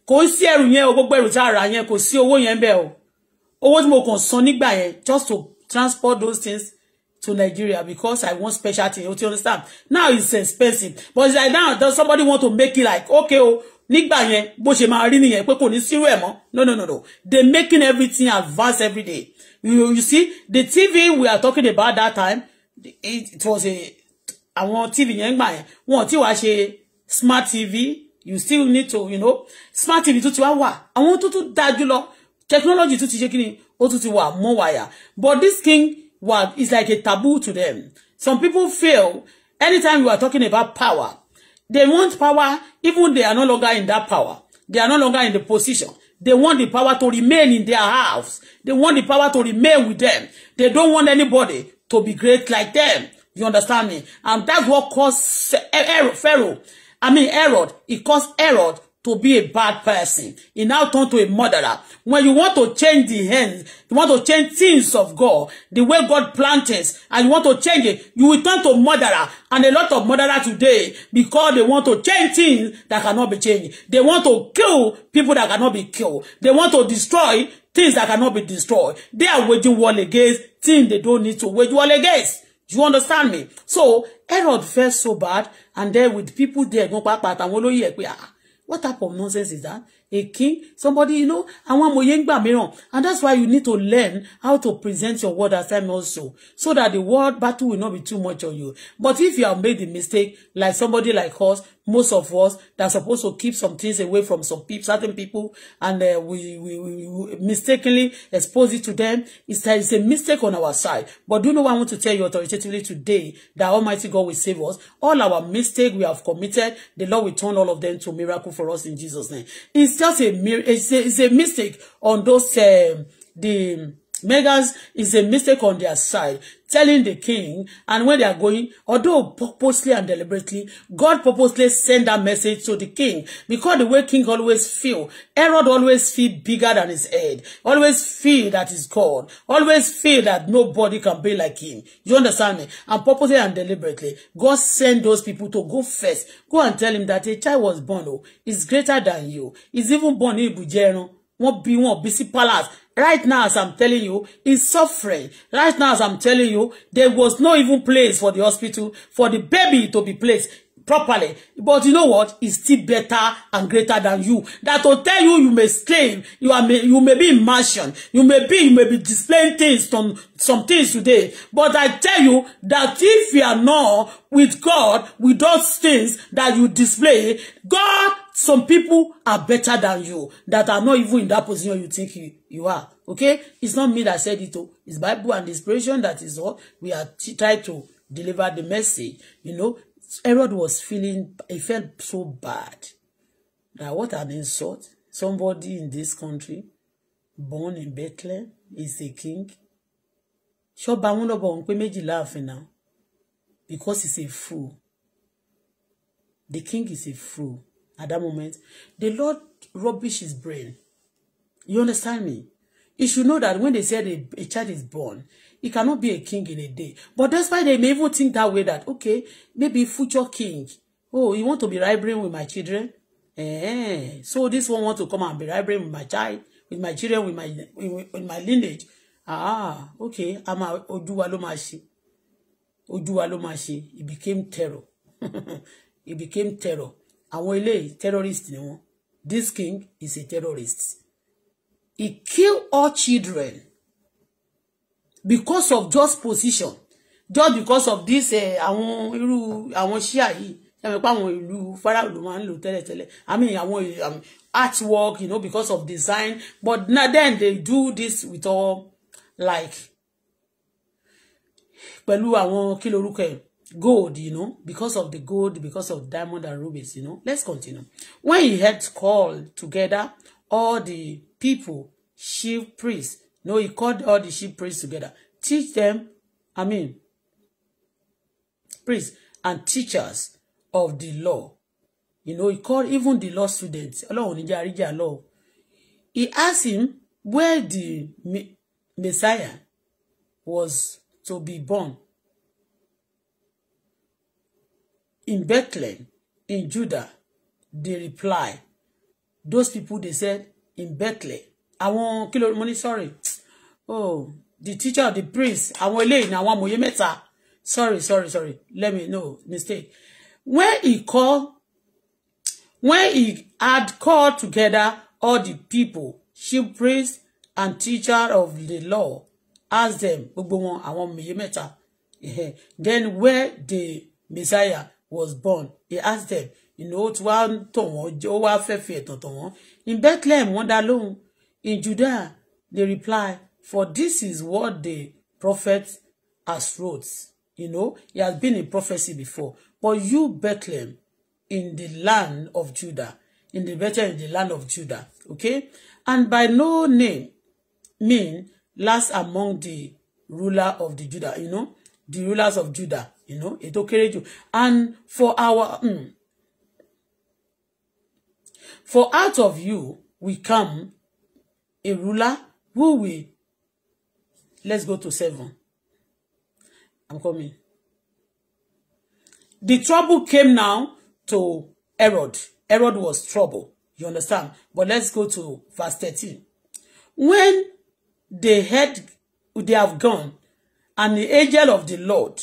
Kò sí ẹrù yẹn o gbogbo ẹrù tí a rà yẹn kò sí owó yẹn bẹ́ẹ̀ o. Owó tí mo kàn san nígbà yẹn just to transport those things to Nigeria because I want special thing. You understand? Now it's expensive. But it's like now does somebody want to make it like, okay, oh, nígbà yẹn bó ṣe máa rí nìyẹn pé kò ní sírú ẹ̀ mọ́ no no no no They're making everything advance every day you, you see the TV we are talking about that time it, it was a I want TV yẹn gbà yẹn wọn ti wá ṣe smart TV you still need to you know smart TV to tún ti I want to do that. You know, technology to ti ṣe kí ni ó tún ti wà but this king What is like a taboo to them. Some people feel anytime we are talking about power, they want power even they are no longer in that power. They are no longer in the position. They want the power to remain in their house. They want the power to remain with them. They don't want anybody to be great like them. You understand me? And that's what caused Pharaoh. I mean, Herod. It caused Herod to be a bad person. He now turned to a murderer. When you want to change the hands, you want to change things of God, the way God planned and you want to change it, you will turn to murderer. And a lot of murderer today, because they want to change things that cannot be changed. They want to kill people that cannot be killed. They want to destroy things that cannot be destroyed. They are waging war against things they don't need to wage war against. Do you understand me? So, Herod felt so bad, and then with people there, no papa, and What type of nonsense is that? A king? Somebody, you know, àwọn amòye ń gbà mìíràn. And that's why you need to learn how to present your word at time also. So that the word battle will not be too much on you. But if you have made the mistake, like somebody like us, most of us that are supposed to keep some things away from some people, certain people, and uh, we, we, we mistakenly expose it to them. It's, it's a mistake on our side. But do you know what I want to tell you authoritatively today? That Almighty God will save us. All our mistake we have committed, the Lord will turn all of them to miracle for us in Jesus' name. It's just a, it's a, it's a mistake on those, uh, the, Megas is a mistake on their side, telling the king, and when they are going, although purposely and deliberately, God purposely send that message to the king, because the way king always feel, Herod always feel bigger than his head, always feel that he's God, always feel that nobody can be like him. You understand me? And purposely and deliberately, God send those people to go first, go and tell him that a child was born, oh, is greater than you, is even born in Ibujero, wọ́n bí wọ́n bí sí palace Right now, as I'm telling you, is suffering. Right now, as I'm telling you, there was no even place for the hospital, for the baby to be placed properly. But you know what? It's still better and greater than you. That will tell you you may scream. you are may, you may be in mansion, you may be you may be displaying things some some things today. But I tell you that if you are not with God with those things that you display, God Some people are better than you that are not even in that position you think you, you are. Okay? It's not me that said it. Oh. It's Bible and inspiration that is all. We are trying to deliver the message. You know, Herod was feeling, he felt so bad. Now, what an insult. Somebody in this country, born in Bethlehem, is a king. Ṣọ́ba wọn lọ́bọ̀ òun pé méjìlá àfin náà because he's a fool. The king is a fool at that moment, the Lord rubbish his brain. You understand me? You should know that when they said a, a child is born, he cannot be a king in a day. But that's why they may even think that way that, okay, maybe future king. Oh, you want to be right brain with my children? Eh, so this one want to come and be right brain with my child, with my children, with my with, with my lineage. Ah, okay, I'm a Ojuwa ló It became terror. It became terror àwọn eléyìí terrorist ni wọ́n this king is a terrorist he kill all children because of just position just because of this eh, àwọn irú àwọn ṣíà yìí ẹ̀mí pa àwọn ìlú faraó máa ń lò tẹ́lẹ̀tẹ́lẹ̀ i mean àwọn um, artwork you know because of design but now then they do this with all like pẹ̀lú àwọn kí lorúkọ ẹ̀ gold, you know, because of the gold, because of diamond and rubies, you know. Let's continue. When he had called together all the people, chief priests, you no, know, he called all the chief priests together. Teach them, I mean, priests and teachers of the law. You know, he called even the law students. He asked him where the Messiah was to be born in Bethlehem, in Judah, they reply. Those people, they said, in Bethlehem, I want kilo money. sorry, oh, the teacher, the priest, àwọn lay now one amòye mẹ́ta. Sorry, sorry, sorry. Let me know, mistake. When he called, when he had called together all the people, chief priest and teacher of the law, asked them, I want àwọn amòye Then where the Messiah was born he asked them you know to wàá tàn wọ́n ó wàá fẹ́ fi ẹ̀tàn tàn wọ́n in Bethlehem wọ́n dá lóhùn in Judah they reply for this is what the prophet has wrote you know he has been in prophecy before but you Bethlehem in the land of Judah in the Bethlehem in the land of Judah okay and by no name mean last among the ruler of the Judah you know the rulers of Judah you know ètò kéré jù and for our mm, for out of you we come a ruler who will let's go to seven i'm coming the trouble came now to Herod Herod was trouble you understand but let's go to verse thirteen when they had they have gone and the angel of the Lord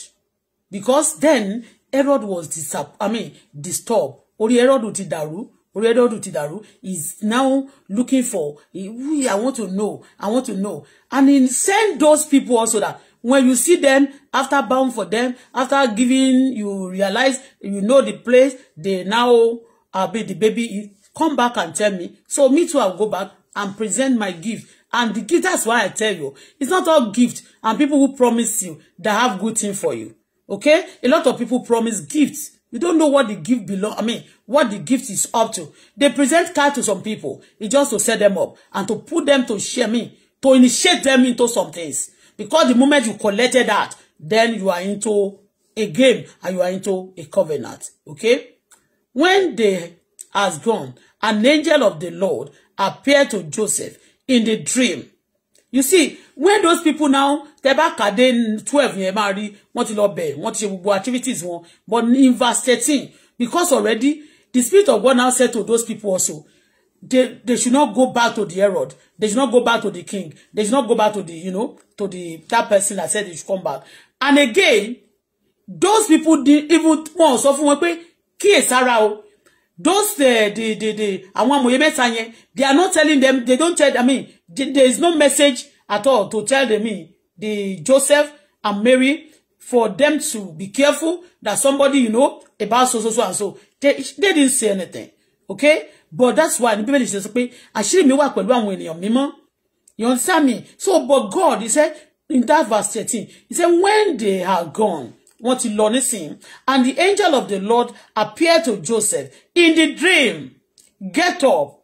because then Herod was disab I mean disturbed orí Herod ti dàrú orí Herod ti dàrú is now looking for I want to know I want to know and he send those people also that when you see them after bound for them after giving you realize you know the place they now are the baby come back and tell me so me too I go back and present my gift and the gift that's why I tell you it's not all gift and people who promise you they have good thing for you Okay? A lot of people promise gifts. You don't know what the gift belong. I mean, what the gift is up to. They present car to some people. It's just to set them up and to put them to share me, to initiate them into some things. Because the moment you collected that, then you are into a game and you are into a covenant. Okay? When they has gone, an angel of the Lord appeared to Joseph in the dream. You see, when those people now tẹ́ bá kàdé twelve yẹn máa rí wọ́n ti lọ bẹ̀ wọ́n ti ṣe gbogbo activities wọn but in verse thirteen because already the spirit of God now said to those people also they they should not go back to the Herod they should not go back to the king they should not go back to the you know to the that person that said they should come back and again those people did even wọn sọ fún wọn pé kíyèsára o those the eh, the the the àwọn amòye mẹ́ta yẹn they are not telling them they don't tell i mean there is no message at all to tell them the Joseph and Mary for them to be careful that somebody you know about so so so and so they, they didn't say anything okay but that's why the people is just pé àṣírí mi wà one àwọn ènìyàn mímọ́ you understand me so but God he said in that verse 13 he said when they are gone what you learn lọ nísìn and the angel of the Lord appeared to Joseph in the dream get up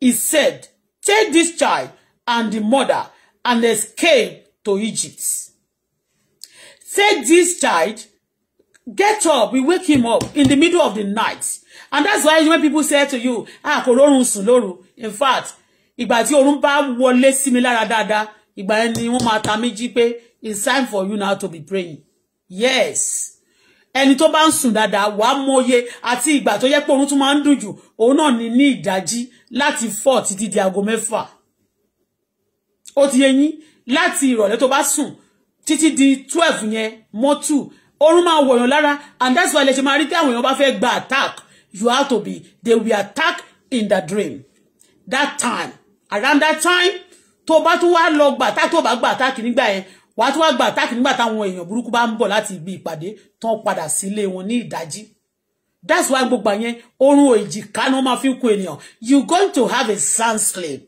he said take this child and the mother and escape to Egypt. Take this child, get up, we wake him up in the middle of the night. And that's why when people say to you, ah, kò rórun In fact, ìgbà tí wole similar wọlé sí mi lára ni wọ́n máa it's time for you now to be praying. Yes. Ẹni tó bá ń sùn dáadáa wàá mọye àti ìgbà tó yẹ pé oorun tún máa ń dùn jù, ni ní lati láti 4 títí di aago mẹ́fà ó ti yẹ yín láti ìrọ̀lẹ́ tó bá sùn títí di twelve yẹn mọ́tù oorun máa wọ̀yàn lára and that's why lè ṣe máa rí tí àwọn èèyàn bá fẹ́ gba attack you have to be they will attack in the dream that time around that time tó bá tún wá lọ gbà tá tó bá gbà attack nígbà yẹn wà á tún wá attack nígbà táwọn èèyàn burúkú bá ń bọ̀ láti ibi ìpàdé tán padà sílé wọn ní ìdájí that's why gbogbo àyẹn oorun èjìká ni wọ́n ma fi ń kó you going to have a sand sleep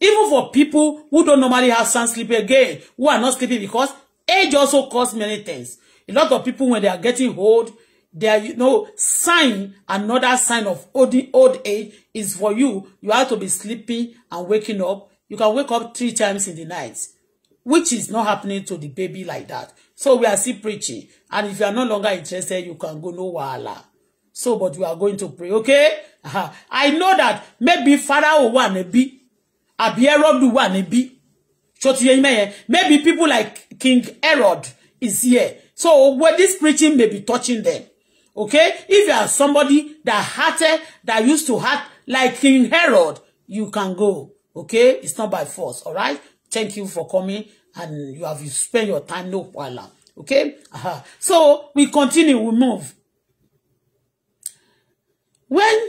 Even for people who don't normally have sound sleep again, who are not sleeping because age also causes many things. A lot of people, when they are getting old, they are, you know, sign, another sign of old, old age is for you. You have to be sleeping and waking up. You can wake up three times in the night, which is not happening to the baby like that. So we are still preaching. And if you are no longer interested, you can go no wahala. So, but we are going to pray, okay? I know that maybe Father will want one, maybe Abi Herod wà níbí ṣó ti to yín mẹ́yẹn maybe people like King Herod is here so where this preaching may be touching them okay if you are somebody that hated that used to hurt like King Herod you can go okay it's not by force all right thank you for coming and you have you spent your time no wahala okay uh-huh. so we continue we move when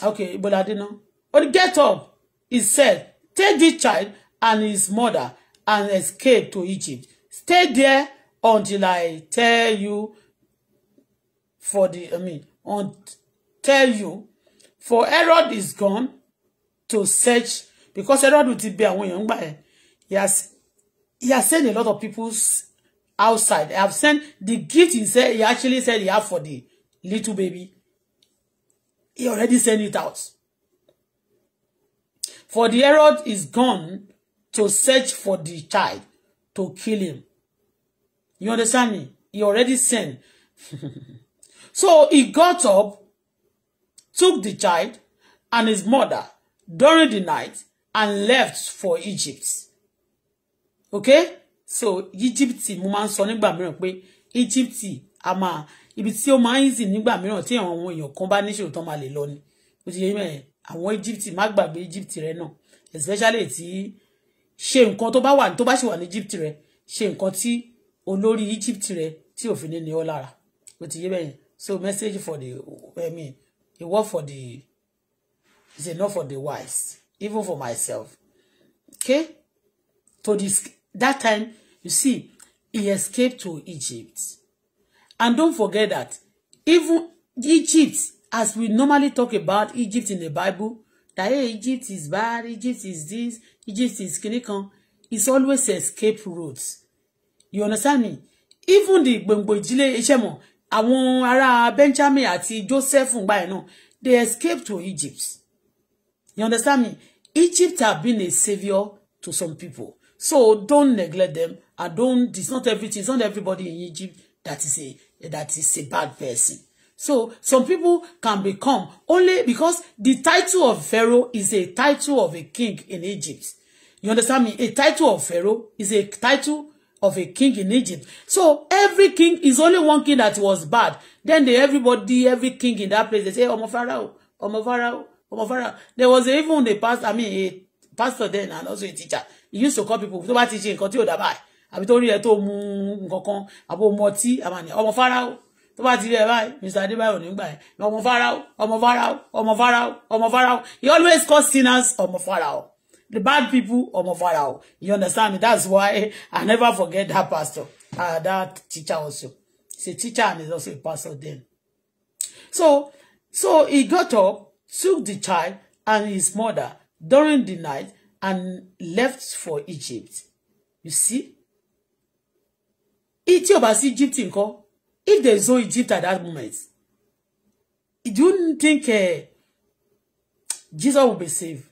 okay but I didn't know but get up he said take this child and his mother and escape to Egypt. Stay there until I tell you for the, I mean, on, tell you, for Herod is gone to search, because Herod will be away, but he he has sent a lot of people outside. I have sent the gift he said, he actually said he had for the little baby. He already sent it out. For the Herod is gone to search for the child to kill him. You understand me? He already sent. So he got up, took the child and his mother during the night and left for Egypt. Okay? So Egypt mo máa ń sọ nígbà Egypt a máa ibi tí ó máa ń sìn nígbà mìíràn tí àwọn èèyàn kan bá ni. Ó ti yẹ mẹ́rin àwọn Egypt má gbàgbé Egypt rẹ náà especially tí ṣe nǹkan tó bá wà tó bá ṣì wà ní Egypt rẹ ṣe nǹkan tí olórí Egypt rẹ tí òfin ní ní ọ lára ó ti yé bẹ́ẹ̀ so message for the I mean a word for the is enough for the wise even for myself okay to this that time you see he escaped to Egypt and don't forget that even Egypt as we normally talk about Egypt in the Bible that hey, Egypt is bad Egypt is this Egypt is kinikan it's always escape routes you understand me even the gbòǹgbò ìdílé ìṣẹ̀mọ̀ àwọn ará Benjamin àti Joseph ngbà yẹn náà they escaped to Egypt you understand me Egypt have been a saviour to some people so don't neglect them and don't it's not everything it's not everybody in Egypt that is a that is a bad person So some people can become only because the title of Pharaoh is a title of a king in Egypt. You understand me? A title of Pharaoh is a title of a king in Egypt. So every king is only one king that was bad. Then they everybody, every king in that place, they say, Ọmọ Pharaoh, Ọmọ Pharaoh, Ọmọ Pharaoh. There was even a pastor, I mean, a pastor then and also a teacher. He used to call people, to bá ti ṣe nǹkan tí ò dá báyìí. Àbí tó rí ẹ tó mu nǹkan kan, àbí ọmọ tí, àmàlẹ́, Ọmọ Pharaoh tó bá ti rí ẹ báyìí Mr. Adébáyọ̀ nígbà yẹn ọmọ Fáráò ọmọ Fáráò ọmọ Fáráò ọmọ Fáráò he always call sinners ọmọ Fáráò the bad people ọmọ Fáráò you understand me that's why I never forget that pastor uh, that teacher also he's a teacher and he's also a pastor then so so he got up took the child and his mother during the night and left for Egypt you see tí ò bá sí Egypt nǹkan If there is no Egypt at that moment, do you think uh, Jesus will be saved?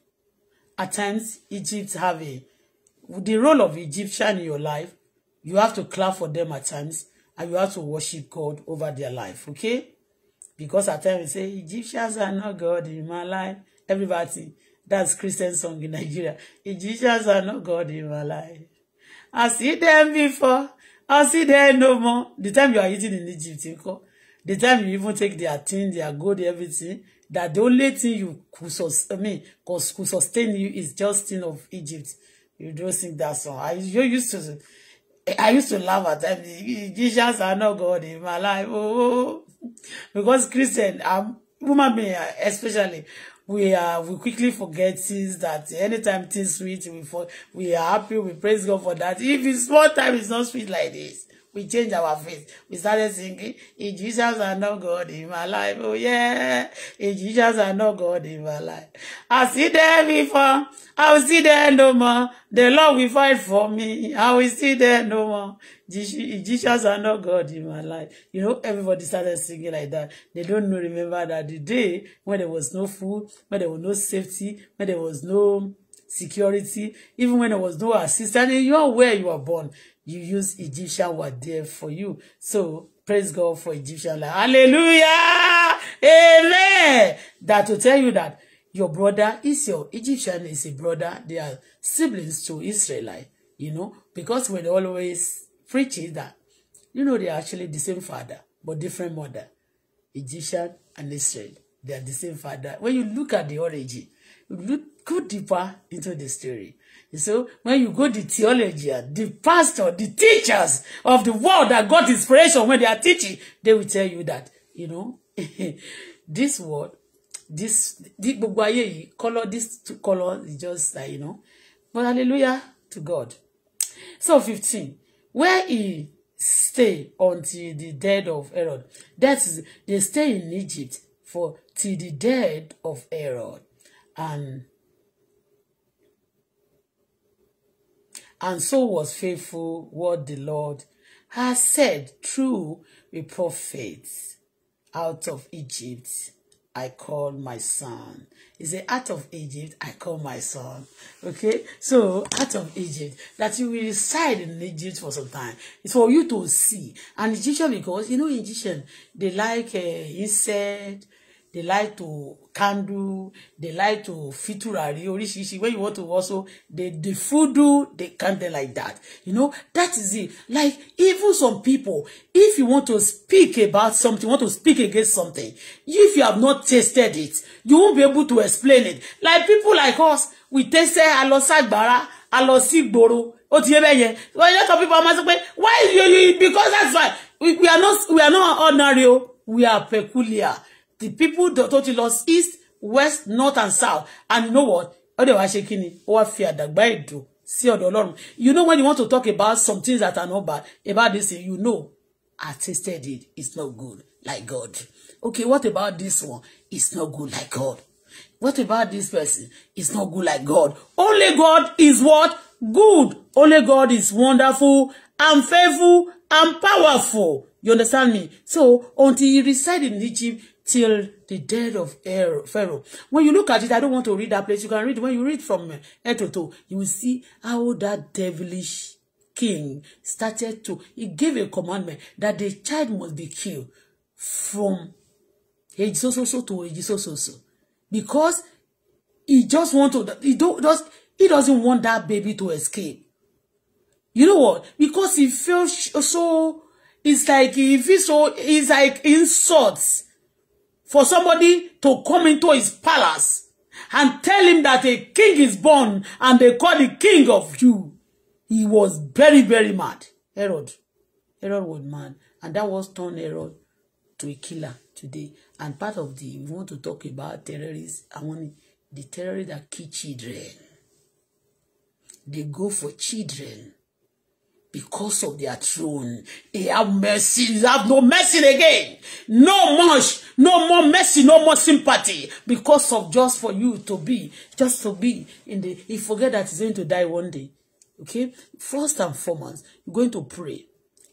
At times, Egypt have a the role of Egyptian in your life. You have to clap for them at times, and you have to worship God over their life. Okay, because at times we say Egyptians are not God in my life. Everybody, that's Christian song in Nigeria. Egyptians are not God in my life. I see them before. I see there no more. The time you are eating in Egypt, ńkọ́. The time you even take their thing, their gold, everything, that the only thing you could sustain, I mean, cause could sustain you is just thing of Egypt. You don't think that song. I you used to, I used to laugh at times. Egyptians are not God in my life, oh, oh, oh. because Christian, I'm um, woman, being, especially we are we quickly forget things that anytime things sweet we for we are happy we praise God for that if it's small time it's not sweet like this we changed our face. We started singing, if Jesus are no God in my life, oh yeah, if Jesus are no God in my life. I see there before, I will see there no more. The Lord will fight for me. I will see there no more. If Jesus are no God in my life. You know, everybody started singing like that. They don't know, remember that the day when there was no food, when there was no safety, when there was no security, even when there was no assistance, and you're where you were born you use Egyptian word there for you. So praise God for Egyptian life. Hallelujah! Amen! That will tell you that your brother is your Egyptian is a brother. They are siblings to Israelite, you know, because we're always preaching that, you know, they are actually the same father, but different mother. Egyptian and Israel, they are the same father. When you look at the origin, look, deeper into the story. So when you go the theology, ah, the pastor, the teachers of the world that got inspiration when they are teaching, they will tell you that, you know, this word, this, this gbogbo color, this color is just like, you know. But hallelujah to God. So 15, where he stay until the death of Herod. That's they stay in Egypt for till the death of Herod. And and so was faithful what the Lord has said through the prophets. Out of Egypt, I call my son. Is it out of Egypt, I call my son. Okay? So, out of Egypt, that you will reside in Egypt for some time. It's for you to see. And Egyptian, because, you know, Egyptian, they like uh, insect, they like to candle they like to fiturari oríṣiríṣi when you want to also they they fudu they candle like that you know that is it like even some people if you want to speak about something want to speak against something if you have not tasted it you won't be able to explain it like people like us we tasted alosagbara alosigboro ó ti yé bẹ́ẹ̀ yẹn wọ́n yẹ kọ́ pípa máa sọ pé why you you because that's why we, we are not we are not ordinary we are peculiar the people tó ti lọ east west north and south and you know what ó wa shekini, ṣe kí fi àdàgbà èdò sí ọ̀dọ̀ ọlọ́run you know when you want to talk about some things that are not bad about this thing you know I tasted it it's not good like God okay what about this one it's not good like God what about this person it's not good like God only God is what good only God is wonderful and faithful and powerful you understand me so until he resided in Egypt till the death of Pharaoh. When you look at it, I don't want to read that place. You can read when you read from eh, Etoto, you will see how that devilish king started to he gave a commandment that the child must be killed from age so so so to age so so so because he just want to he don't just he doesn't want that baby to escape. You know what? Because he feels so it's like he feels so it's like insults for somebody to come into his palace and tell him that a king is born and they call the king of you. He was very, very mad. Herod. Herod was mad. And that was turned Herod to a killer today. And part of the, we want to talk about terrorists. I want the terrorists that kill children. They go for children because of their throne. They have mercy. They have no mercy again. No much. No more mercy. No more sympathy. Because of just for you to be. Just to be in the. He forget that he's going to die one day. Okay? First and foremost, you're going to pray.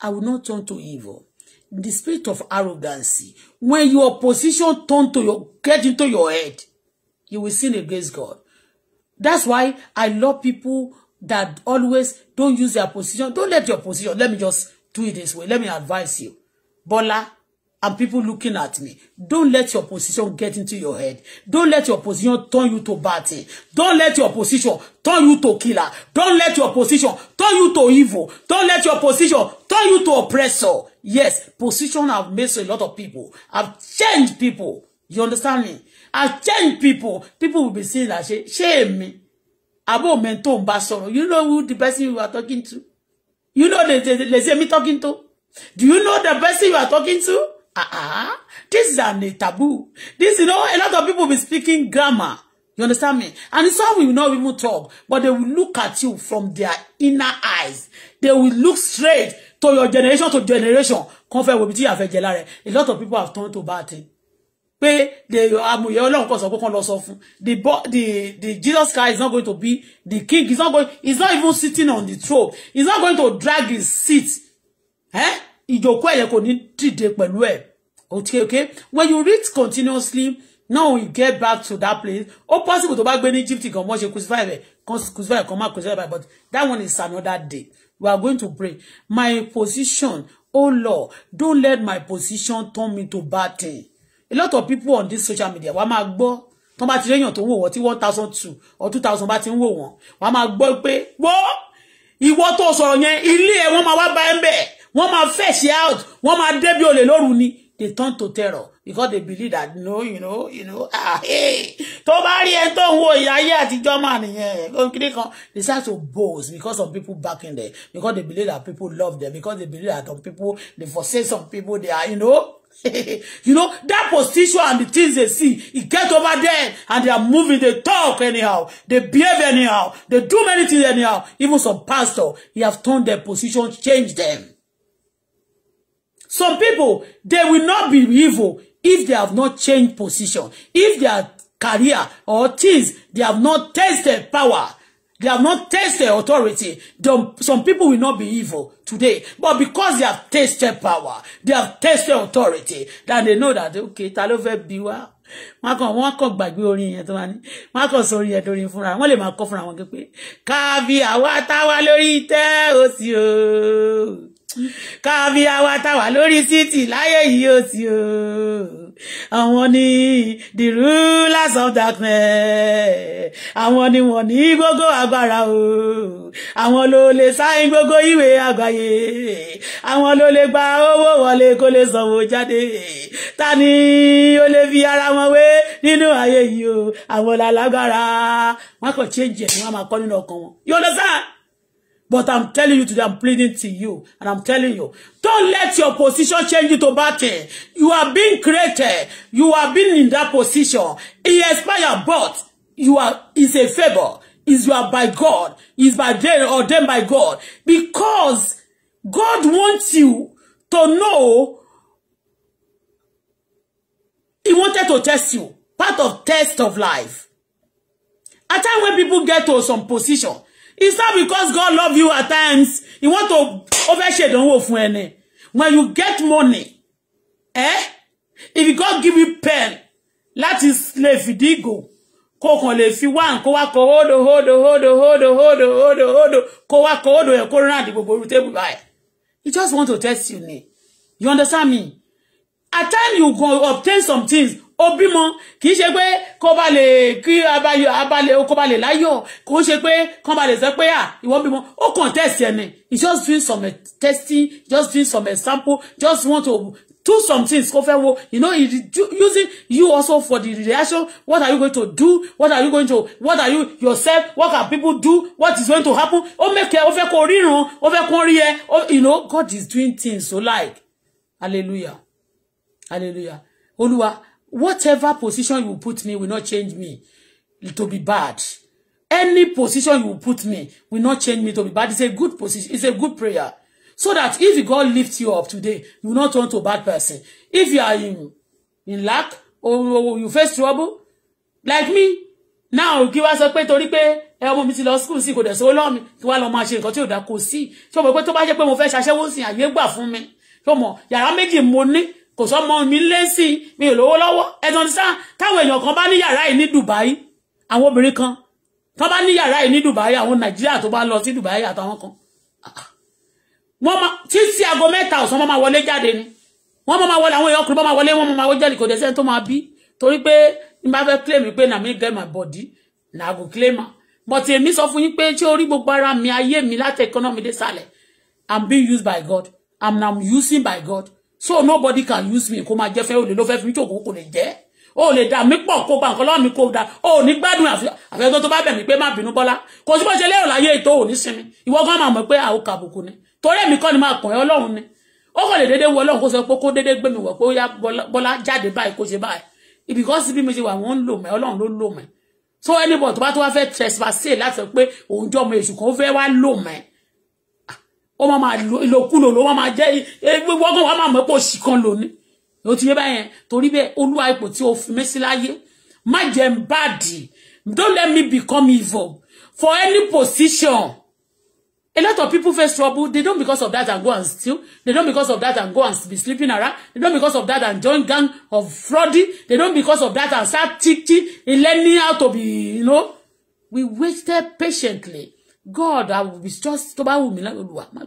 I will not turn to evil. In The spirit of arrogancy. When your opposition turn to your get into your head, you will sin against God. That's why I love people that always don't use their position. Don't let your position. Let me just do it this way. Let me advise you. Bola and people looking at me. Don't let your position get into your head. Don't let your position turn you to bad thing. Don't let your position turn you to killer. Don't let your position turn you to evil. Don't let your position turn you to oppressor. Yes, position have made a lot of people. I've changed people. You understand me? I've changed people. People will be saying that shame me abo men tó ń bá sọ̀rọ̀ you know who the person you are talking to you know the the the me talking to do you know the person you are talking to ah ah this is a taboo this you know a lot of people be speaking grammar you understand me? And some will not even talk, but they will look at you from their inner eyes. They will look straight to your generation to generation. with you have A lot of people have turned to bad things pé the amòye ọlọ́run kan sọ pé kán lọ sọ fún the the the Jesus Christ is not going to be the king he is not going he is not even sitting on the throne he is not going to drag his seat eh? ìjòkó ẹ̀yẹ kò ní dìde pẹ̀lú ẹ̀ okay okay when you read continuously now we get back to that place ó possible tó bá gbé ní Egypt gan wọ́n ṣe crucify rẹ̀ crucify kan má crucify but that one is another day we are going to pray my position oh Lord don't let my position turn me to bad thing a lot of people on this social media wàá máa gbọ́ tán bá ti réyàn tó wò wọ́n tí one or 2000. thousand bá ti ń wò wọ́n wàá máa gbọ́ pé wọ́ ìwọ yen. sọ̀rọ̀ yẹn ilé ẹ̀ wọ́n máa wá bá ẹ̀ ń bẹ̀ wọ́n máa fẹ̀ṣì out wọ́n máa débi olè lóru ni they turn to terror because they believe that no you know you know ah hey tó bá rí ẹni tó ń wo ìyáyé àtijọ́ mà nìyẹn òkìlì kan they start to boast because of people back in there because they believe that people love them because they believe that some people they forsake some people they are you know you know that position and the things they see it get over there and they are moving they talk anyhow they behave anyhow they do many things anyhow even some pastor he have turned their position change them some people they will not be evil if they have not changed position if their career or things they have not tasted power They have not tasted authority. Some people will not be evil today. But because they have tasted power, they have tasted authority, then they know that, okay, talo ló biwa. bí wa. Wọ́n kàn wọ́n kàn gbàgbé orin yẹn tó máa ní. Wọ́n kàn sọ orin yẹn torí fúnra. Wọ́n lè máa kọ́ fúnra wọn pé káàbí àwa táwa lórí tẹ́ òsì ooo kábíyá wa táwa lórí títì láyé yìí ó ti o àwọn ni the rulers of darkness àwọn ni wọ́n ní gbogbo agbára o àwọn ló lè sáyìn gbogbo ìwé àgbáyé àwọn ló lè gba owó wọlé kó lè sanwó jáde ta ni ó lè fi ara wọn wé nínú ayé yìí o àwọn làlágbára wọn kàn change ẹ wọn máa kọ nínú ọkàn wọn yóò lọ sáà. But I'm telling you today, I'm pleading to you. And I'm telling you, don't let your position change you to bad You are being created. You are being in that position. It expire, but you are, it's a favor. Is you are by God. Is by them or them by God. Because God wants you to know he wanted to test you. Part of test of life. At time when people get to some position, It's not because God love you at times. He want to overshadow fún ẹni. When you get money, eh? If God give you pen, láti lè slave digo. kó kàn lè fi wá nǹkan wá kọ hódò hódò hódò hódò hódò hódò hódò kó wá kọ hódò yẹn kó rán àdì gbogbo orí tébù He just want to test you ne? You understand me? At time you go obtain some things ó bímọ kì í ṣe pé kó ba lè kí abayọ abalẹ kó ba lè láyọ̀ kó ṣe pé kó ba lè sọ pé à ah, ìwọ bímọ ó kàn test ẹni he just doing some testing just doing some example just want to do some things kó fẹ́ wo you know he using you also for the reaction what are you going to do what are you going to what are you yourself what can people do what is going to happen ó make ẹ ó fẹ́ kó ríran ó fẹ́ kó rí ẹ you know God is doing things so like hallelujah hallelujah olúwa whatever position you put me will not change me to be bad. Any position you put me will not change me to be bad. It's a good position. It's a good prayer. So that if God lifts you up today, you will not turn to a bad person. If you are in, in lack or you face trouble, like me, now give us a pé to repay. ẹ ọmọ mi ti lọ school sí kò dẹ̀ sówó lọ́wọ́ mi kí wá lọ máa ṣe nǹkan tí ò dá kò sí. Ṣé o mọ̀ pé tó bá jẹ́ pé mo fẹ́ ṣaṣẹ́wó sí àyè gbà fún mi? Ṣé o mọ̀ yàrá méjì mo ní kò sọ́mọ mi lé sí mi ò lówó lọ́wọ́ ẹ̀tàn ti sáà táwọn èèyàn kan bá ní yàrá yìí ní Dubai àwọn obìnrin kan tó bá ní yàrá yìí ní Dubai àwọn Nàìjíríà tó bá lọ sí Dubai àtàwọn kan wọ́n ma títí aago mẹ́ta ọ̀sán wọ́n máa wọlé jáde ni wọ́n máa wọlé àwọn èèyàn ọkùnrin máa wọlé wọ́n máa wọlé jáde kò dẹ̀ sẹ́ni tó máa bí torí pé ní bá fẹ́ claim pé na me get my body na I go claim am but èmi sọ fún yín pé tí orí gbogbo ara mi ayé mi láti economy dé sàlẹ̀ I'm being used by God I'm now using by God so nobody can use me kó máa jẹ́ fẹ́ olè ló fẹ́ fi mí ṣòkó kò lè jẹ́ o lè dà mí pọ̀ kó ba nǹkan lọ́wọ́ mi kó da o ní gbádùn àfẹ́gbẹ́ tó bá bẹ̀ mí pé má bínú bọ́lá kò sí bó ṣe lérò láyé ètò òní sinmi ìwọ gan máa mọ̀ pé àwọn kàbùkù ni torí èmi kọ́ ni máa kàn ẹ́ ọlọ́run ni ó kò lè dédé wọ ọlọ́run kó sọ pé kó dédé gbé mi wọ̀ pé ó yá bọ́lá jáde báyìí kó ṣe báyìí because bí mo ṣe wà wọ́n ń lò mẹ́ ọlọ́run ló lò mẹ́ so anybody tó bá to wá fẹ́ trespass láti sọ pé òun jọmọ èṣù kan ó fẹ́ wá lò mẹ́ ó máa máa lo ìlòkulò ló máa máa jẹ́ eh, wa máa mọ̀ pé òṣì kan lò ní ó ti yé báyẹn torí bẹ́ẹ̀ olúwa ipò tí o fi mí sí láyé má jẹ́ don't let me become evil for any position a lot of people face trouble they don't because of that and go and steal they don't because of that and go and be sleeping around they don't because of that and join gang of fraudy. they don't because of that and start teaching and learning how to be you know we waited patiently God I will be just tó bá wù mí láyé olúwa má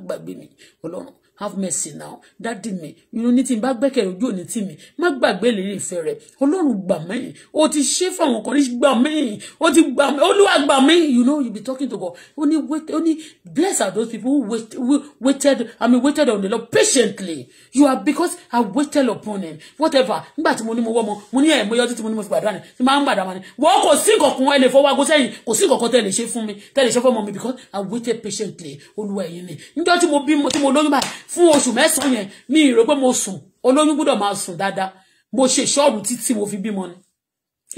have mercy now dádì mi inú ní tí n bá gbẹ́kẹ̀ ojú òní tì mí má gbàgbé ìlérí ìfẹ́ rẹ̀ ọlọ́run gbà mẹ́yìn o ti ṣe fáwọn kan ní gbà mẹ́yìn o ti gbà mẹ́yìn olúwa gbà mẹ́yìn you know you be talking to God Only wait Only bless are those people who wait who waited I mean waited on the Lord patiently you are because I waited upon him whatever nígbà tí mo ní mo wọ́ mo mo ní ẹ̀ mo yọjú tí mo ní mo fi gbàdúrà ni tí máa ń gbàdúrà ni wọ́n kò sí nǹkan ẹ lè fọwọ́ ago sẹ́yìn kò sí nǹkan kan tẹ́ lè ṣe fún mi tẹ́ lè ṣe fún ọmọ mi because I waited patiently olúwa ẹ̀yin ni níjọ́ tí mo bí mo tí mo lóyún báyìí fún oṣù mẹ́sàn-án yẹn mi ìrò pé mo sùn olóyún gbọ́dọ̀ máa sùn dáadáa mo ṣe ìṣọ́ọ̀rù títí mo fi bímọ ni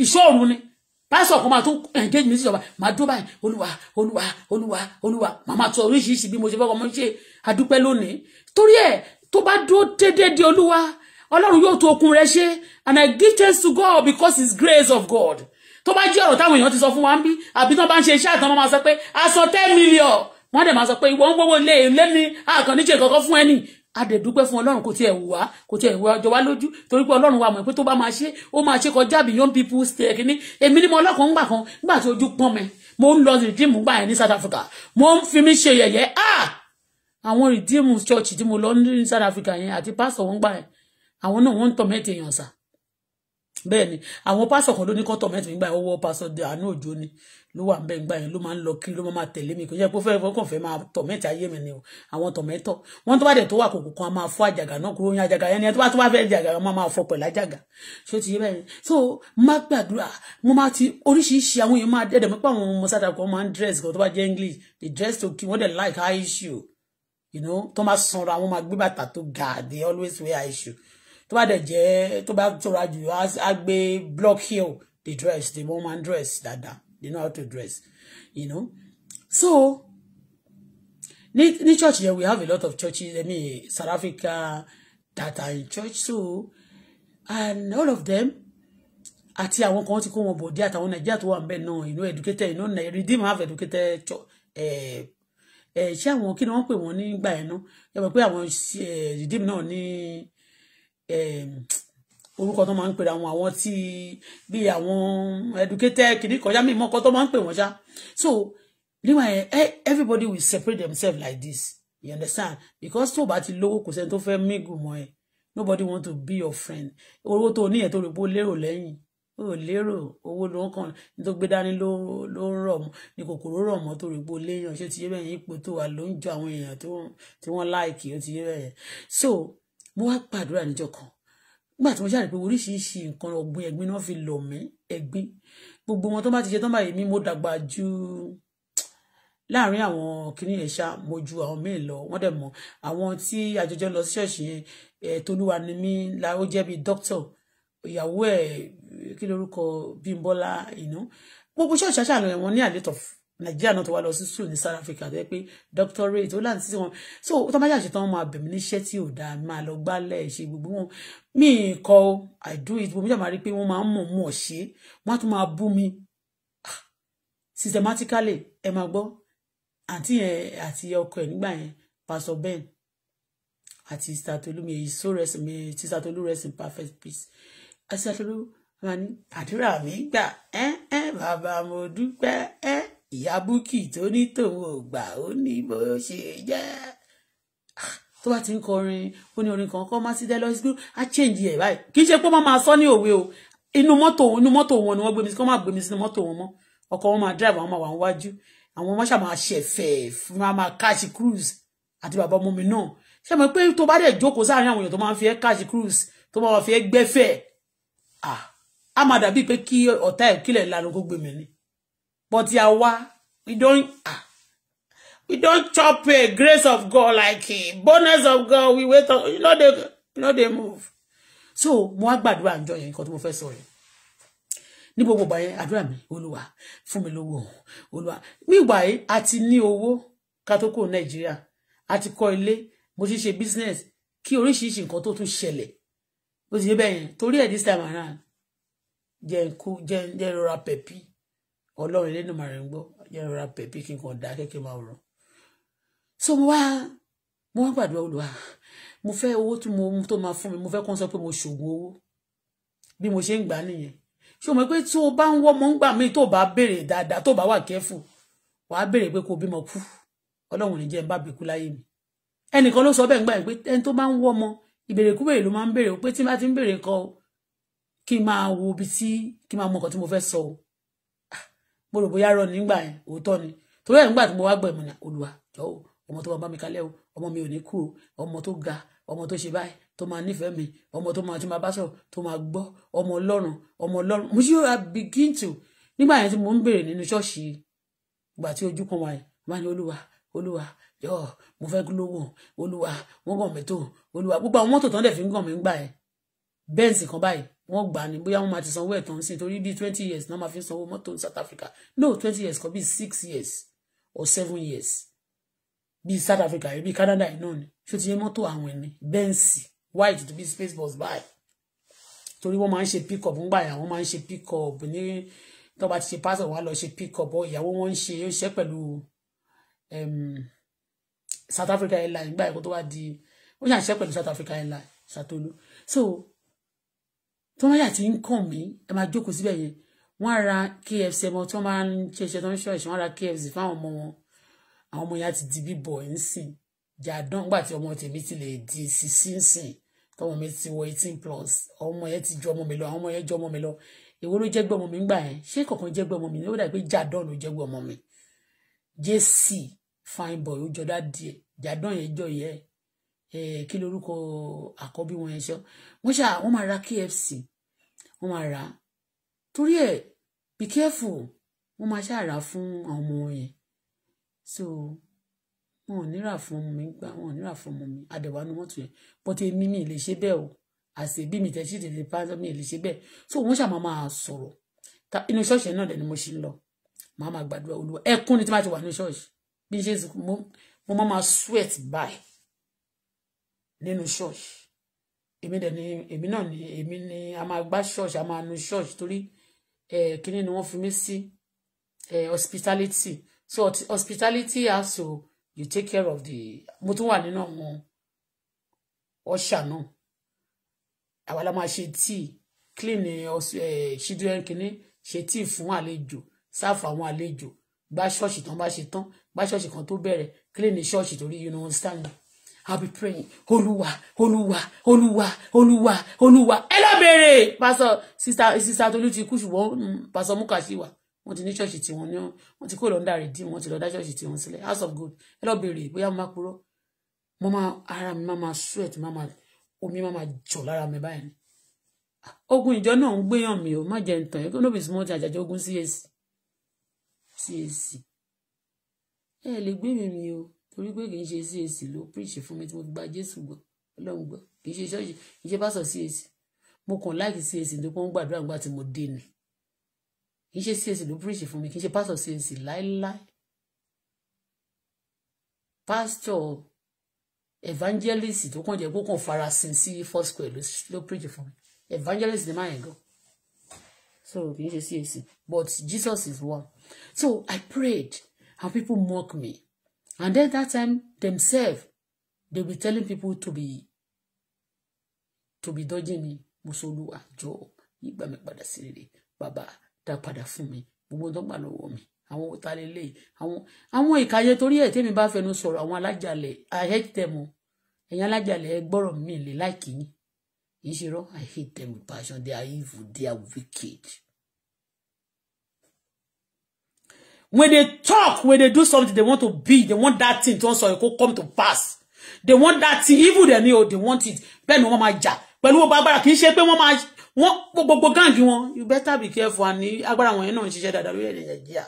ìṣọ́ọ̀rù ni pásọ̀ kan máa tún engage mi síjọba máa dúró báyìí olúwa olúwa olúwa olúwa màá máa tọ oríṣiríṣi bí mo ṣe fọkàn mo ṣe àdúpẹ́ lónìí torí ẹ̀ tó bá dúró déédéé di olúwa ọlọ́run yóò tó okun rẹ ṣe and I give thanks to God because it's grace of God tó bá jẹ́ ọ̀rọ̀ táwọn èèyàn ti sọ fún wa ń bí àbí tán bá ń ṣe iṣẹ́ àtàn máa sọ pé a sọ ten million wọ́n dẹ̀ máa sọ pé ìwọ ń gbówó ilé lẹ́ni àkànní ṣe kankan fún ẹni adẹ̀dúpẹ́ fún ọlọ́run kò tiẹ̀ wá kò tiẹ̀ wá jọ wá lójú torí pé ọlọ́run wa mọ̀ pé tó bá máa ṣe ó máa ṣe kọjá beyond people's tech ní èmi ni mo ọlọ́kan ńgbà kan ńgbà tí ojú pọ́n mi mo ń lọ rìdíìmù gbà yẹn ní South Africa mo ń fi mí ṣe yẹ̀yẹ́ ah! àwọn rìdíìmù church tí mo lọ ní South Africa yẹn àti pásítọ̀ wọn gbà yẹn àwọn náà wọ́n ń tọ̀ mẹ́tẹ̀ èèyàn sà bẹ́ẹ̀ ni àwọn pásítọ̀ kan ló ní kọ́ tọ̀ mẹ́tẹ̀ nígbà ọwọ́ pásítọ̀ àánú òjò ni ló wà ń bẹ gbà yẹn ló máa ń lọ kiri ló máa máa tẹ̀lé mi kò jẹ́ pé ó fẹ́ fọkàn fẹ́ máa tọ̀ mẹ́ta ayé mi ni o àwọn tọ̀ mẹ́tọ̀ wọ́n tó bá dẹ̀ tó wà kòkò kan a máa fọ́ àjàgà náà kúrò yan àjàgà yẹn ni ẹ tó bá fẹ́ àjàgà wọn máa fọ pẹ̀lú àjàgà ṣó ti yé bẹ́ẹ̀ so má gbàdúrà mo máa ti oríṣiríṣi àwọn èèyàn máa dẹ̀dẹ̀ mọ́pọ̀ àwọn ọmọ sátà kan máa ń dress kan tó bá jẹ́ English they dress to kí wọ́n dẹ̀ like high shoe you know tó máa sanra wọn máa gbé bàtà tó ga they always wear high shoe tó bá dẹ̀ jẹ́ tó bá tóra jù á gbé block heel The dress the woman dress dáadáa they know how to dress you know so ní ní church here we have a lot of churches i mean South Africa that are in church so and all of them àti àwọn kan ti kó wọn bòdì àtàwọn nàìjíríà tó wà ń bẹ náà you know educated you know redeem have educated Eh, eh, ṣé àwọn kí ni wọ́n pè wọ́n nígbà yẹn náà ẹ mọ̀ pé àwọn eh, redeem náà ní eh, orúkọ tó máa ń pèrè àwọn àwọn tí bí àwọn educated kìnnì kọjá mi mọ́kọ́ tó máa ń pè wọ́n ṣá so níwọ̀n yẹn e, everybody will separate themselves like this you understand because tó o bá ti lówó kò sẹ́ni tó fẹ́ mingle mọ́ ẹ nobody want to be your friend owó tó o níyẹn tó rò pé o lérò lẹ́yìn o lérò owó ló ń kàn ní tó gbé dání ló ló ń rọ̀ mọ́ ní kòkòrò rọ̀ mọ́ tó rò pé o léyàn ṣé ti yé bẹ́ẹ̀ yẹn ipò tó wà ló ń jọ àwọn èèyàn tí wọ́n láìkì ó ti yé bẹ́ẹ̀ yẹn so mo wá gbàdúrà níjọ́ kan nígbà tí mo ṣàrí pé oríṣiríṣi nǹkan ọ̀gbìn ẹ̀gbin náà fi lọ̀ mí ẹ̀gbin gbogbo wọn tó bá ti ṣe tán báyìí mi mo dàgbà ju láàrin àwọn kìnìún yẹn ṣá mo ju àwọn míì lọ wọ́n dẹ̀ mọ̀ àwọn tí àjọjọ lọ sí ṣọ́ọ̀ṣì yẹn eh, tolúwa ni mí la ó jẹ́ bíi dókítà ìyàwó ẹ̀ kí lorúkọ Bímbọ́lá ìná gbogbo ṣọ́ọ̀ṣì àṣà lọ ẹ̀wọ̀n ní àlétọ̀fù nàìjíríà náà tó wá lọ sí sùn ní south africa tó yẹ pé doctorate ó láti sí wọn so tó má yàtọ̀ tán máa bẹ̀mí níṣẹ́ tí ò dáa máa lọ gbálẹ̀ ṣe gbogbo wọn mí kọ i do it gbogbo jàmbá rí pé wọ́n máa ń mọ̀ mọ̀ ṣe wọ́n á tún máa bú mi ah, systematically ẹ máa gbọ́ àǹtí yẹn àti ọkọ ẹ̀ nígbà yẹn pastor ben àti sitatolu mi èyí so rest mi sitatolu rest in perfect peace àti sitatolu àdúrà mi gbà ẹ ẹ bàbá mo dúpẹ́ ẹ ìyá búkì tó ní tòun ò gbà ó ní bó ṣe jẹ́ ah, tó bá ti ń kọrin ó ní orin kan má sí dẹ́lọ́sí pé á change ẹ̀ báyìí kì í ṣe pé wọ́n máa sọ ní òwe o inú mọ́tò inú mọ́tò wọn ni wọ́n gbé mi sí kọ́ máa gbé mi sínú mọ́tò wọn mọ́ ọkọ̀ wọn máa drive àwọn máa wà níwájú àwọn ọmọ ṣàmà ṣẹ̀fẹ̀ fún wa máa cash cruise àti bàbá ọmọ mi náà ṣe mọ̀ pé tó bá dẹ̀ jókòó sáàrin àwọn èèyàn tó máa ń fi ẹ́ cash cruise tó máa fi ẹ́ gbẹ́fẹ̀ à ah, á máa dàbí pé kí ọ̀tá ẹ̀ lanu kó gbé mi ni But yeah, àwa, we don't ah, we don't chop a grace of God like a bonus of God. We wait on you know they you know they move. So what bad gbàdúrà ǹjọ́ yẹn nǹkan tí mo fẹ́ sọ yẹn. Ní gbogbo ìgbà yẹn àdúrà mi Olúwa fún mi lówó Olúwa. Mi ìgbà yìí a ti ní owó ká tó kúrò Nàìjíríà. A ti mo ti ṣe business ki oríṣiríṣi nǹkan tó tún ṣẹlẹ̀. Bó ti ṣe bẹ́ẹ̀ yẹn torí this time around jẹ́ kú jẹ́ rọra pẹ̀pì ọlọ́run Elédùmarè ń gbọ́ yẹn rọra pẹ̀pí kí n kàn dá kékeré máa rọ. so mo wá mo wá gbàdúrà Olúwa mo fẹ́ owó tí mo tó máa fún mi mo fẹ́ kó sọ pé mo ṣògùn owó bí mo ṣe ń gbà nìyẹn ṣé o mọ̀ pé tí o bá ń wọ́ mọ́ ń gbà mí tó bá béèrè dáadáa tó bá wà kẹ́fù wàá béèrè pé kò bímọ kú ọlọ́run ní jẹ́ ń bá bìkú láyé mi ẹnìkan ló sọ bẹ́ẹ̀ ń gbà pé ẹni tó bá ń wọ́ mọ́ ìbèrèkúbèrè ló máa ń béèrè pé tí n bá ti ń béèrè nǹkan kí n máa wo ibi tí kí n máa mọ nǹkan tí mo fẹ́ sọ o mo rò bóyá rọ nígbà yẹn òótọ́ ni torí ẹ̀ nígbà tí mo wá gbọ́ ìmọ̀nà olùwà jọ̀ọ́ ọmọ tó máa bá mi kalẹ̀ o ọmọ mi ò ní kú o ọmọ tó ga ọmọ tó ṣe báyìí tó máa nífẹ̀ẹ́ mi ọmọ tó máa tí máa bá sọ̀rọ̀ tó máa gbọ́ ọmọ ọlọ́run ọmọ ọlọ́run mo ṣe I begin to nígbà yẹn tí mo ń bèrè nínú ṣọ́ọ̀ṣì ìgbà tí ojú kan wà yẹn máa ní olúwa olúwa yọ mo fẹ́ lówó olúwa wọ́n gàn mí tó olúwa wọ́n gbà ní bóyá wọ́n máa ti sanwó ẹ̀ tán sí torí bíi twenty years náà máa fi sanwó mọ́tò South Africa no twenty years kan bíi six years or seven years bíi South Africa bíi Canada yìí náà ni ṣó ti yẹ mọ́tò àwọn ẹni bẹ́ǹsì white to be space bus buy torí wọ́n máa ń ṣe pick up ńgbà yà wọ́n máa ń ṣe pick up ní tó bá ti ṣe pass wá lọ ṣe pick up ìyàwó wọn ń ṣe ṣe pẹ̀lú South Africa airline gbà yẹ kó tó wá di ó ṣàṣẹ pẹ̀lú South Africa airline ṣàtolú so tó máa yà tí ń kàn mí ẹ máa jókòó síbẹ̀ yẹn wọ́n á ra KFC ọmọ tó máa ń ṣẹṣẹ tó ń ṣọ̀ṣẹ̀ wọ́n á ra KFC fáwọn ọmọ wọn àwọn ọmọ yẹn á ti di bíbọ̀ ẹ̀ ń sìn jàdán gbà tí ọmọ tèmi ti lè di sísínsìn tọmọ mi ti wọ eighteen plus ọmọ yẹn ti ju ọmọ mi lọ àwọn ọmọ yẹn ju ọmọ mi lọ èwo ló jẹ́gbẹ́ ọmọ mi ń gbà yẹn ṣé kọ̀ọ̀kan jẹ́gbẹ́ ọmọ mi ni pé jàdán ló jẹ́gbẹ́ ọmọ mi jc fine boy ó jọ dá díẹ̀ jàdán yẹn jọ yẹ Eh, kí lorúkọ àkọ́bí wọn yẹn ṣọ́ ṣá wọ́n máa ra KFC wọ́n máa rà torí ẹ̀ be careful wọ́n máa ṣáà rà fún àwọn ọmọ yẹn so wọn ò nírà fún ọmọ mi gbà wọn ò nírà fún ọmọ mi àdẹ̀wà ni wọ́n tún yẹn but èmi mi lè ṣe bẹ́ẹ̀ o àṣẹ bí mi tẹ̀sí tètè pásọ mi lè ṣe bẹ́ẹ̀ so wọ́n ṣàmọ́ máa sọ̀rọ̀ inú ṣọ́ọ̀ṣì náà dẹ̀ ni mo ṣe ń lọ màá máa gbàdúrà olúwa ẹkún ni tí màá ti wà ní ṣọ́ọ̀ṣì bí n ṣe mo máa sweat báyìí nínú ṣọ́ọ̀ṣì èmi dẹ̀ ni èmi náà ni èmi ni a máa gbá ṣọ́ọ̀ṣì a máa nu ṣọ́ọ̀ṣì torí kíní ni wọ́n fi mí sí hospitality so hospitality also you take care of the mo tún wà nínú àwọn ọ̀ṣà náà àwa la máa ṣe tíì clean children kíní ṣe tíì fún àlejò sáfù àwọn àlejò gbá ṣọ́ọ̀ṣì tán bá ṣe tán gbá ṣọ́ọ̀ṣì kan tó bẹ̀rẹ̀ clean ṣọ́ọ̀ṣì torí you know understand I'll be praying. Olúwa, Olúwa, Olúwa, Olúwa, Olúwa. Ela bere. bèrè. Pastor sister sister Tolu ti kú ṣùgbọ́n mm, Pastor Mukashi wà. Wọ́n ti ní ṣọ́ọ̀ṣì tí wọ́n ní wọ́n ti kó lọ́ndà rẹ̀ dín wọ́n ti lọ́dá ṣọ́ọ̀ṣì tí wọ́n sílẹ̀. House of God. Ela bere. bèrè bóyá mo máa purọ́. Mo máa ara mi máa máa sweat máa máa omi máa máa jọ̀ lára mi báyìí. Ogun ìjọ náà ń gbéyàn mi o má jẹ́ ntàn no be small thing àjàjẹ́ ogun CAC. CAC. Ẹ lè gbé mi mi o torí pé kì í ṣe CAC ló preach fún mi tí mo fi gba Jésù gbọ́ Ọlọ́run gbọ́ kì í ṣe ṣọ́ọ̀ṣì kì í ṣe pásọ̀ CAC mo kàn láìkí CAC ní pé wọ́n gbàdúrà nígbà tí mo dé ni kì í ṣe CAC ló preach fún mi kì í ṣe pásọ̀ CAC láéláé pásítọ̀ evangelist tó kàn jẹ́ pé ó kàn farasin sí four square ló preach fún mi evangelist ni máa yẹn gan so kì í ṣe CAC but Jesus is one so I prayed and people mock me And then that time themselves, they be telling people to be to be dodging me. Musolu jọ̀ọ́ Joe, iba me sí rere baba dá padà fumi, mi gbogbo tó gbà lọ́wọ́ mi àwọn òta lélẹ̀ àwọn àwọn ìkàyẹ torí ẹ̀ tẹ́mi bá fẹnu I hate them o ẹ̀yin alájàlẹ̀ ẹ gbọ́rọ̀ mi lè láìkí I hate them with passion they are evil they are wicked. When they talk, when they do something, they want to be, they want that thing to also come to pass. They want that thing, Even they know oh, they want it. Bẹ́ẹ̀ ni wọ́n máa but Pẹ̀lú owó agbára kì í ṣe pé wọ́n máa You better be careful àní agbára wọn yẹn náà ń ṣiṣẹ́ dáadáa lórí èdè Nàìjíríà.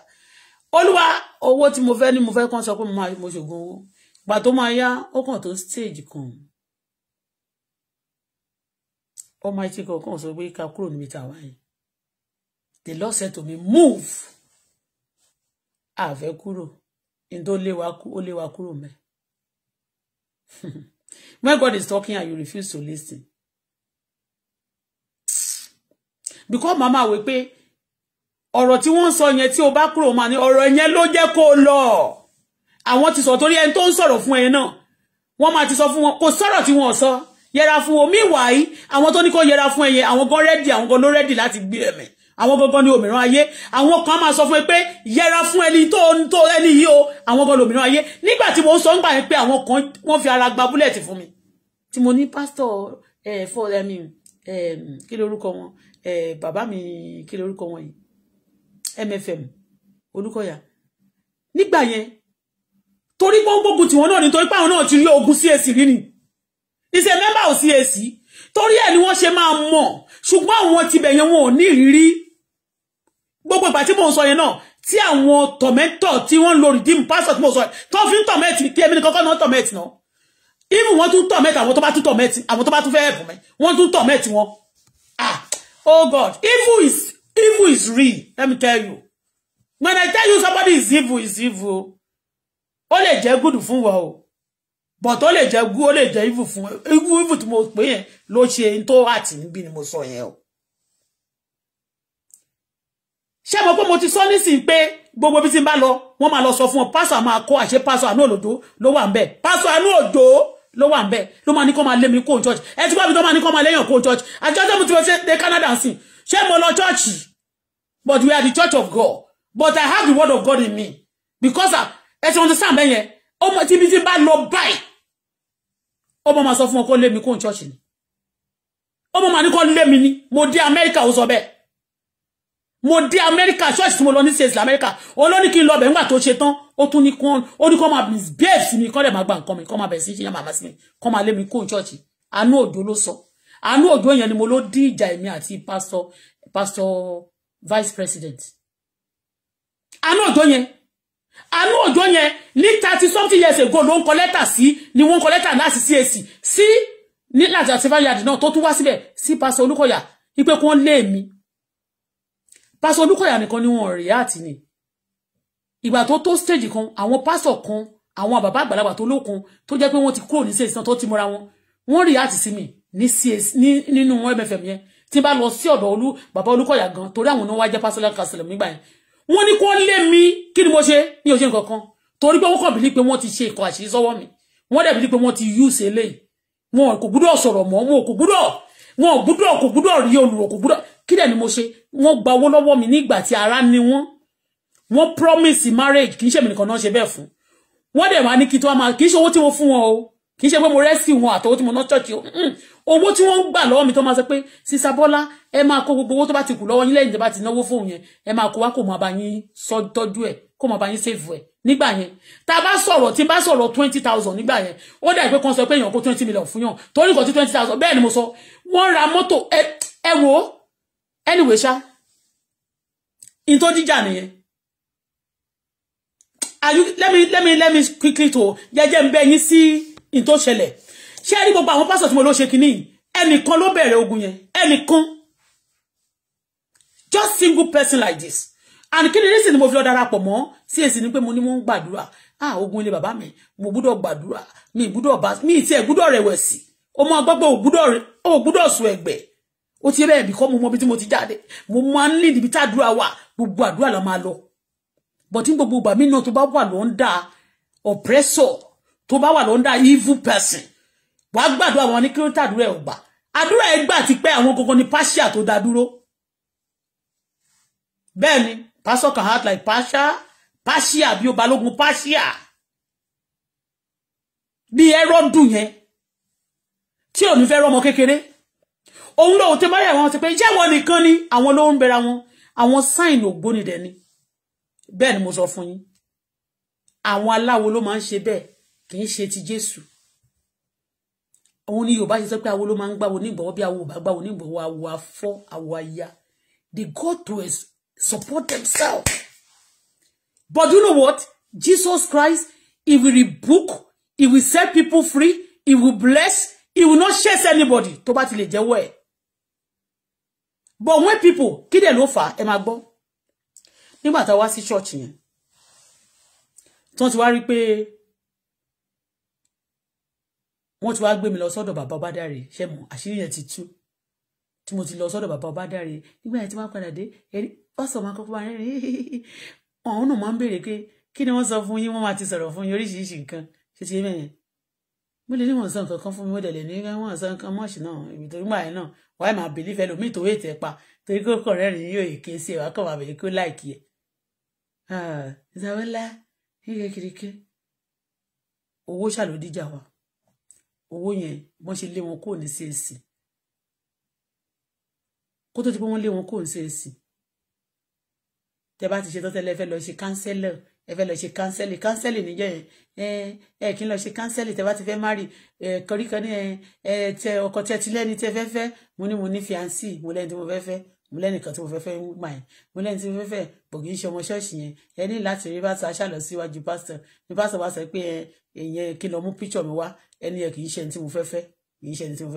Olúwa owó tí mo fẹ́ ní mo fẹ́ kàn sọ pé mo máa mo ṣògùn owó. Ìgbà tó máa yá, ó kàn tó stage kan. Almighty God kàn sọ pé ká kúrò níbi tàwa yìí. The Lord said to me, move àfẹ́ kúrò ní tó léwa kú ó léwa kúrò mẹ́. when God is talking and you refuse to listen because Mama wí pé ọ̀rọ̀ tí wọ́n ń sọ yẹn tí o bá kúrò máa ní ọ̀rọ̀ yẹn ló jẹ́ kó lọ àwọn ti sọ torí ẹni tó ń sọ̀rọ̀ fún ẹ náà wọ́n máa ti sọ fún wọn kò sọ̀rọ̀ tí wọ́n sọ yẹra fún omi ìwà yìí àwọn tó ní kó yẹra fún ẹyẹ àwọn gan rẹ́dì àwọn gan ló rẹ́dì láti gbé ẹ̀mẹ́ àwọn gangan ni òmìrán ayé àwọn kan máa sọ fún mi pé yẹra fún ẹni tó tó ẹni yìí o àwọn gangan lòmìrán ayé nígbà tí mo sọ ń gbà yẹn pé àwọn kan wọ́n fi ara gba búlẹ̀tì fún mi tí mo ní pásítọ̀ ẹ̀ fọ́ ẹ̀mí kí lorúkọ wọn bàbá mi kí lorúkọ wọn yìí MFM Olúkọ̀yà nígbà yẹn torí pé ó ń gbógun tiwọn náà nítorí pé àwọn náà ti rí ogun CAC rí ni ìṣe mẹ́mbà ò CAC torí ẹ̀ ni wọ́n ṣe máa mọ̀ ṣùgbọ́n àwọn tibẹ̀ yẹn wọn ò ní ìrírí gbogbo ìgbà tí mò ń sọ yẹn náà tí àwọn tọ̀mẹ́tọ̀ tí wọ́n ń lo redeem pastor tí mò ń sọ yẹn tó fi ń tọ̀mẹ́tì mi tí èmi nìkan kọ́ náà tọ̀mẹ́tì náà even wọ́n tún tọ̀mẹ́tì àwọn tó bá tún tọ̀mẹ́tì àwọn tó bá tún fẹ́ help wọ́n tún tọ̀mẹ́tì wọn ah oh God evil is evil is real let me tell you when I tell you somebody is evil is evil ó lè jẹ́ good fún wa o but ó lè jẹ́ good ó lè jẹ́ evil fún wa evil evil tí mo pè yẹn ló ṣe n tó àtì níbí ni mo sọ yẹn o ṣé mo pé mo ti sọ nísìnyí pé gbogbo bí ti ń bá lọ wọ́n máa lọ sọ fún ọ pásọ àmọ́ akọ àṣẹ pásọ àánú òdòdó ló wà ń bẹ pásọ àánú òdòdó ló ma ń bẹ ló máa mi kó church ẹ ti gbọ́ mi tó máa ní kó máa léyàn kó church àjọ tó mo ti lọ sí ní Canada sí ṣé mo lọ church but we are the church of God but I have the word of God in me because I. ti understand, ti sàn bẹ́ẹ̀ yẹn ọmọ tí bí ti bá lọ báyìí ọmọ máa sọ fún ọ kó mi kó church ni ọmọ máa ní ko le mi ni mo dé America ó sọ bẹ́ẹ̀ mo dé amẹ́ríkà ṣọ́ọ̀ṣì tí mo lọ ní ṣèṣì amẹ́ríkà olóní kí n lọ bẹ̀ nígbà tó ṣe tán ó tún ní kán ó ní kán máa misbehave sí mi kán lè máa gba nǹkan mi kán máa bẹ̀rẹ̀ sí ṣíyàn màmá sí mi kán máa lé mi kó ṣọ́ọ̀ṣì àánú òjò ló sọ àánú òjò yẹn ni mo ló dí ìjà èmi àti pastor, pásítọ̀ vice president àánú òjò yẹn àánú òjò yẹn ní thirty something years ago ló ń kọ lẹ́tà sí ni wọ́n ń kọ lẹ́tà láti CAC sí ní láti àti fáyàdì náà tó tún wá síbẹ̀ sí pásítọ̀ olúkọ̀yà wípé kí wọ́n lé mi pásọ Olúkọ̀yà nìkan ni wọ́n rí ni ìgbà tó tó stage kan àwọn pásọ kan àwọn bàbá àgbàlagbà tó lókun tó jẹ́ pé wọ́n ti kúrò ní sèǹsì náà tó ti múra wọn wọ́n rí àti sí mi ní CAC nínú MFM yẹn tí n bá lọ sí ọ̀dọ̀ olú bàbá Olúkọ̀yà gan torí àwọn náà wá jẹ́ personal counselor nígbà yẹn wọ́n ní kó lé mi kí ni mo ṣe ní òṣèlú kankan torí pé wọ́n kàn bìlí pé wọ́n ti ṣe ìkọ̀ àṣírí sọ́wọ́ mi wọ́n dẹ̀ bìlí pe wọ́n ti use eléyìí wọn kò gbúdọ̀ sọ̀rọ̀ mọ́ wọn kò gbúdọ̀ wọn kò gbúdọ̀ kò gbúdọ̀ rí olùrò kò kí ni mo ṣe wọ́n gba owó lọ́wọ́ mi nígbà tí ara ni wọ́n wọ́n promise marriage kì í ṣèmi nìkan náà ṣe bẹ́ẹ̀ fún wọ́n dẹ̀ máa ní kí tó máa kì í ṣe owó tí mo fún wọn o kì í ṣe pé mo rescue wọn àtọwọ́ tí mo ná church o owó tí wọ́n ń gbà lọ́wọ́ mi tó máa sọ pé sísá bọ́lá ẹ máa kó gbogbo owó tó bá ti kù lọ́wọ́ yín lẹ́yìn tó bá ti náwó fóun yẹn ẹ máa kó wá kó máa bá yín sọ tọ́jú ẹ̀ kó máa bá yín save ẹ̀ nígbà yẹn tá a bá sọ̀rọ̀ tí n bá sọ̀rọ̀ twenty thousand nígbà yẹn ó dà pé kan sọ pé èèyàn kó twenty million fún yàn torí nǹkan tí twenty thousand bẹ́ẹ̀ ni mo sọ wọ́n ra mọ́tò ẹ wo anyway sha. in tó jíjà nìyẹn are you let me let me let me quickly to jẹ́jẹ́ ń bẹ yín sí in tó ṣẹlẹ̀ ṣé rí gbogbo àwọn pásítọ̀ tí mo lọ ṣe kínní ẹnìkan ló bẹ̀rẹ̀ ogun yẹn ẹnìkan just single person like this and kini ni reason ni mo fi lọ darapọ̀ mọ́ sí èsì ni pé mo ní mo ń ah ogun ilé bàbá mi mo gbúdọ̀ gbàdúrà mi gbúdọ̀ bá mi ti ẹ̀ gbúdọ̀ rẹ̀wẹ̀sì o mọ gbọ́gbọ́ ò gbúdọ̀ sùn ẹ̀gbẹ́ ó ti bẹ́ẹ̀ bíkọ́ mo mọ ibi tí mo ti jáde mo máa ń lè níbi tá àdúrà wà gbogbo àdúrà la máa lọ bọ̀tí gbogbo ìgbà mìíràn tó bá wà lọ́ndà oppressor tó bá wà lọ́ndà evil person wà á gbàdúrà wọn ní kílódé àdúrà ẹ̀ ọ̀gbà àdúrà ẹ̀ gbà ti pẹ́ àwọn gangan ní pàṣẹ tó dá dúró bẹ́ẹ̀ ni pastor can act like pàṣẹ pàṣẹ bí ó balógun pàṣẹ bí ẹrọ dùn yẹn tí ò ní fẹ́ rọmọ kékeré òun lòun ti máyà wọn ti pé jẹ́ wọn nìkan ni àwọn ló ń bẹ̀rẹ̀ wọn àwọn sáìn ògbóni dẹ̀ ni bẹ́ẹ̀ ni mo sọ fún yín àwọn aláwo ló máa ń ṣe bẹ́ẹ̀ kì í ṣe ti Jésù òun ni Yorùbá ṣe sọ pé awo ló máa ń gbáwo nígbàwọ́ bí awo ò bá gbáwo nígbàwọ́ awo afọ́ awo aya they go to support themselves but you know what Jesus Christ he will rebuke he will set people free he will bless he will not chase anybody tó bá ti lè jẹ́wọ́ ẹ̀ but when people kí dẹ̀ ló fà á ẹ máa gbọ́ nígbà tá a wá sí church yẹn tí wọ́n ti wá rí pé wọ́n ti wá gbé mi lọ sọ́dọ̀ bàbá Ọbádáre ṣé mo àṣírí yẹn ti tú tí mo ti lọ sọ́dọ̀ bàbá Ọbádáre nígbà yẹn tí wọ́n padà dé ẹni ọ̀sán máa kọ́kọ́ máa rẹ́rìn ọ̀hún náà máa ń béèrè pé kí ni wọ́n sọ fún yín wọ́n máa ti sọ̀rọ̀ fún yín oríṣiríṣi nǹkan ṣe ti yé mẹ́yẹn mo lè ní wọn san kankan fún mi mo dẹ̀lẹ̀ ní wọn san kan mọ́ọ̀ṣì náà ibi tó gbà yẹn náà wàá máa bèlífẹ́ lómi tó ètè pa torí kó kọ̀ rẹ́rìn yóò èké sí ẹ̀ wá kọ̀ máa bèlí kó láìkí ẹ̀. ìsàwọ́lá kíkẹ́ kirikẹ́ owó ṣàlódìjà wa owó yẹn wọ́n ṣe lé wọn kó ní csc kó tó ti pé wọ́n lé wọn kó ní csc tẹ bá ti ṣe tọ́tẹ́lẹ́ fẹ́ lọ ṣe kánsẹ́lọ̀ ẹ fẹ́ lọ ṣe kánsẹ́lì kánsẹ́lì níjẹ́ yẹn ẹ kí n lọ ṣe kánsẹ́lì tẹ bá ti fẹ́ márì ẹ kọríkan ní ẹ tẹ ọkọ tẹ ti lẹ́ni tẹ fẹ́ fẹ́ mo ní mo ní fiancé mo lẹ́ni tí mo fẹ́ fẹ́ mo lẹ́nìkan tí mo fẹ́ fẹ́ ń mà ẹ́ mo lẹ́ni tí mo fẹ́ fẹ́ bò kì í ṣe ọmọ ṣọ́ọ̀ṣì yẹn ẹ ní láti rí pásítọ̀ aṣáàlọ́ síwájú pásítọ̀ ní pásítọ̀ wá sọ pé ẹ ìyẹn kí lọ mú píṣọ̀ mi wá ẹni yẹn kì kì í ṣe ẹni tí mo fẹ́ fẹ́ kì í ṣe ẹni tí mo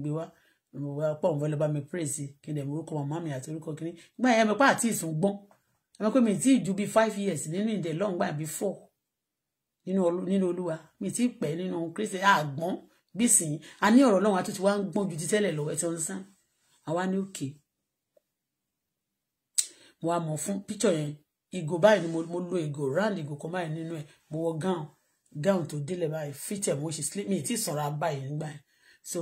fẹ́ fẹ́ mo wá pọ̀ mo fẹ́ lọ bá mi praise kí n dẹ̀ morúkọ màmá mi àti orúkọ kìíní gbà yẹn mi pa àti ìsùn gbọ́n ẹ̀mọ́ pé mi ti ju bíi five years nínú ìdẹ̀ lọ́ngbà bíi four nínú olúwa mi ti pẹ́ nínú kristi àgbọ́n bí sìn a ní ọ̀rọ̀ lọ́wọ́ àtúntì wa ń gbọ́n ju ti tẹ́lẹ̀ lọ́wọ́ ẹ̀ tí wọ́n ń sàn àwa ní òkè mo wá mọ̀ fún píchọ̀ yẹn ìgò báyìí ni mo lo ìgò round ìgò kan báyìí nínú ẹ̀ mo wọ gown gown tó délẹ̀ báyìí fitẹ̀ mo ṣe sleep mi ti sọ̀rọ̀ abáyìí nígbà yẹn so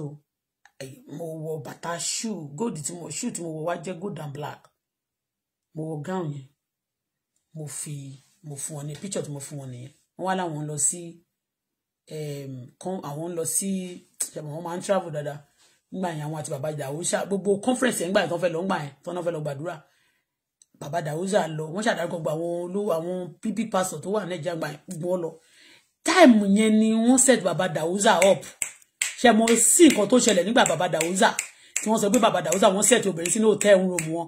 mo wọ bàtà shoe gold tí mo shoe tí mo wọ wá jẹ́ gold and black mo wọ gown yẹn mo fi mo fún wọn ní picture tí mo fún wọn nìyẹn wọ́n wá láwọn lọ sí kan ehm, àwọn lọ sí àwọn máa ń travel dada. nígbà yẹn àwọn àti bàbá dàwúsà gbogbo conference yẹn nígbà yẹn tó ń fẹ́ lọ ńgbà yẹn tó ń fẹ́ lọ gbàdúrà Baba dàwúsà lọ wọ́n ṣàdárúkọ gba àwọn olówó àwọn pp pastor tó wà nẹ́jà gbà gbọ́ lọ táìmù yẹn ni wọ́n set Baba dàwúsà up ṣe mọ sí nǹkan tó ṣẹlẹ̀ nígbà bàbá dàwúzà tí wọ́n sọ pé bàbá dàwúzà wọ́n sẹ̀tì obìnrin sínú hotel room wọn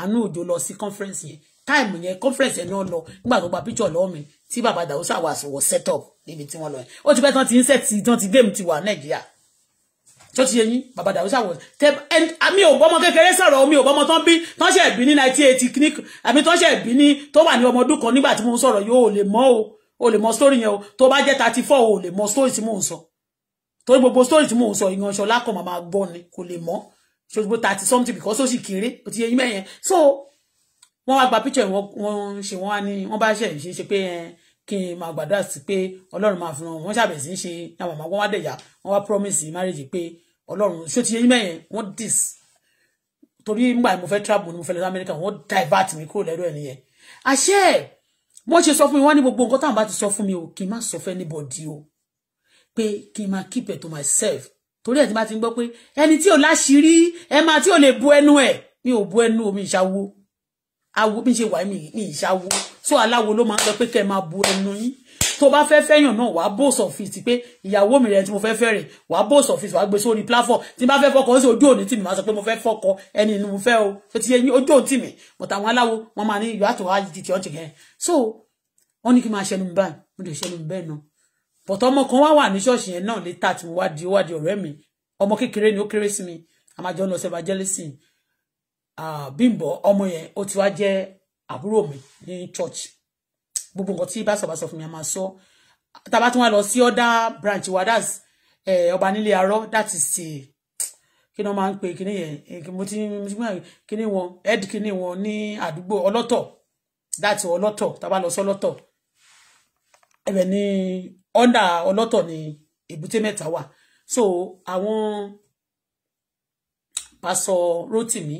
àánú òjò lọ sí conference yẹn táìmù yẹn conference yẹn náà lọ nígbà tó gba picture lọ́wọ́ mi tí bàbá dàwúzà wà sọ̀wọ́ set up níbi tí wọ́n lọ yẹn ó ti pẹ́ tán ti ń set tán ti game ti wà nàìjíríà tó ti yẹn bàbá dàwúzà wọ̀ tẹ àmì òbọ́mọ kékeré sọ̀rọ̀ omi òbọ́mọ tán bí tán ṣe bí ní nineteen eighty clinic àmì tán ṣe bí ní tó wà ní ọmọdún kan nígbà tí mo ń sọ̀rọ̀ yóò lè mọ́ o lè mọ story yẹn o tó bá jẹ́ thirty four o lè mọ story tí mò ń sọ torí gbogbo story tí mò ń sọ ìyanṣọ lákọ màmá gbọ́ ni kò lè mọ̀ ṣògbó thirty something because ó sì kéré ó ti yẹ yín so wọ́n wá gba picture wọ́n ṣe wọ́n wá ní wọ́n bá ṣe ṣe ṣe pé kí n máa gbàdúrà sí pé ọlọ́run máa fi wọn wọ́n ṣàbẹ̀ sí ṣe àwọn màmá wọn wá dẹ̀yà wọ́n wá promise marriage pé ọlọ́run ṣó ti yẹ yín mẹ́yẹn wọ́n dis torí nígbà mo fẹ́ travel ni mo fẹ́ lọ sí America wọ́n divert mi kúrò lẹ́rọ ẹ̀ nìyẹn àṣẹ wọ́n ṣe sọ fún mi wọ́n ní gbogbo nǹkan táwọn bá ti sọ fún mi o kì í má sọ fún anybody o pé kí n máa keep it to myself torí ẹ̀ tí máa ti ń gbọ́ pé ẹni tí ò láṣìírí ẹ máa tí ò lè bu ẹnu ẹ̀ mi ò bu ẹnu mi ìṣàwo awo bí n ṣe wà mí mi ìṣàwo so aláwo ló máa ń sọ pé kẹ́ ẹ máa bu ẹnu yín tó bá fẹ́ fẹ́yàn náà wàá bò sọ̀fìsì pé ìyàwó mi rẹ̀ tí mo fẹ́ fẹ́ rẹ̀ wàá bò sọ̀fìsì wàá gbé sórí platform tí n bá fẹ́ fọkọ ó sì ojú òní tì mí máa sọ pé mo fẹ́ fọkọ ẹni ni mo fẹ́ o tó ti yẹ yín ojú òní tì mí but àwọn aláwo wọn máa ní ìyá tó wá jìjì ọ̀jẹ̀ yẹn so wọn ní kí n máa ṣẹnu mi báyìí mo lè ṣẹnu mi bẹ́ẹ̀ náà but ọmọ kan wá wà ní ṣọ́ọ̀ṣì yẹn náà létà tí mo wá di wá di ọ̀rẹ́ mi ọmọ kékeré ni ó kéré sí mi a máa jọ ń lọ sí evangelism bímbọ ọmọ yẹn ó ti wá jẹ́ àbúrò mi ní church gbogbo nǹkan tí bá sọ̀bà fún mi a máa sọ tàbá tún wá lọ sí other branch wadas, that's eh, ọba nílé arọ that is eh, kí ni wọ́n máa ń pè kí ni yẹn eh, mo ti kí ni wọn head kí ni wọn ní àdúgbò ọlọ́tọ̀ that ọlọ́tọ̀ tàbá lọ sí ọlọ́tọ̀ ẹ̀bẹ̀ ni ọ̀dà ọlọ́tọ̀ ni èbúté mẹ́ta wà so àwọn pásọ Rótìmí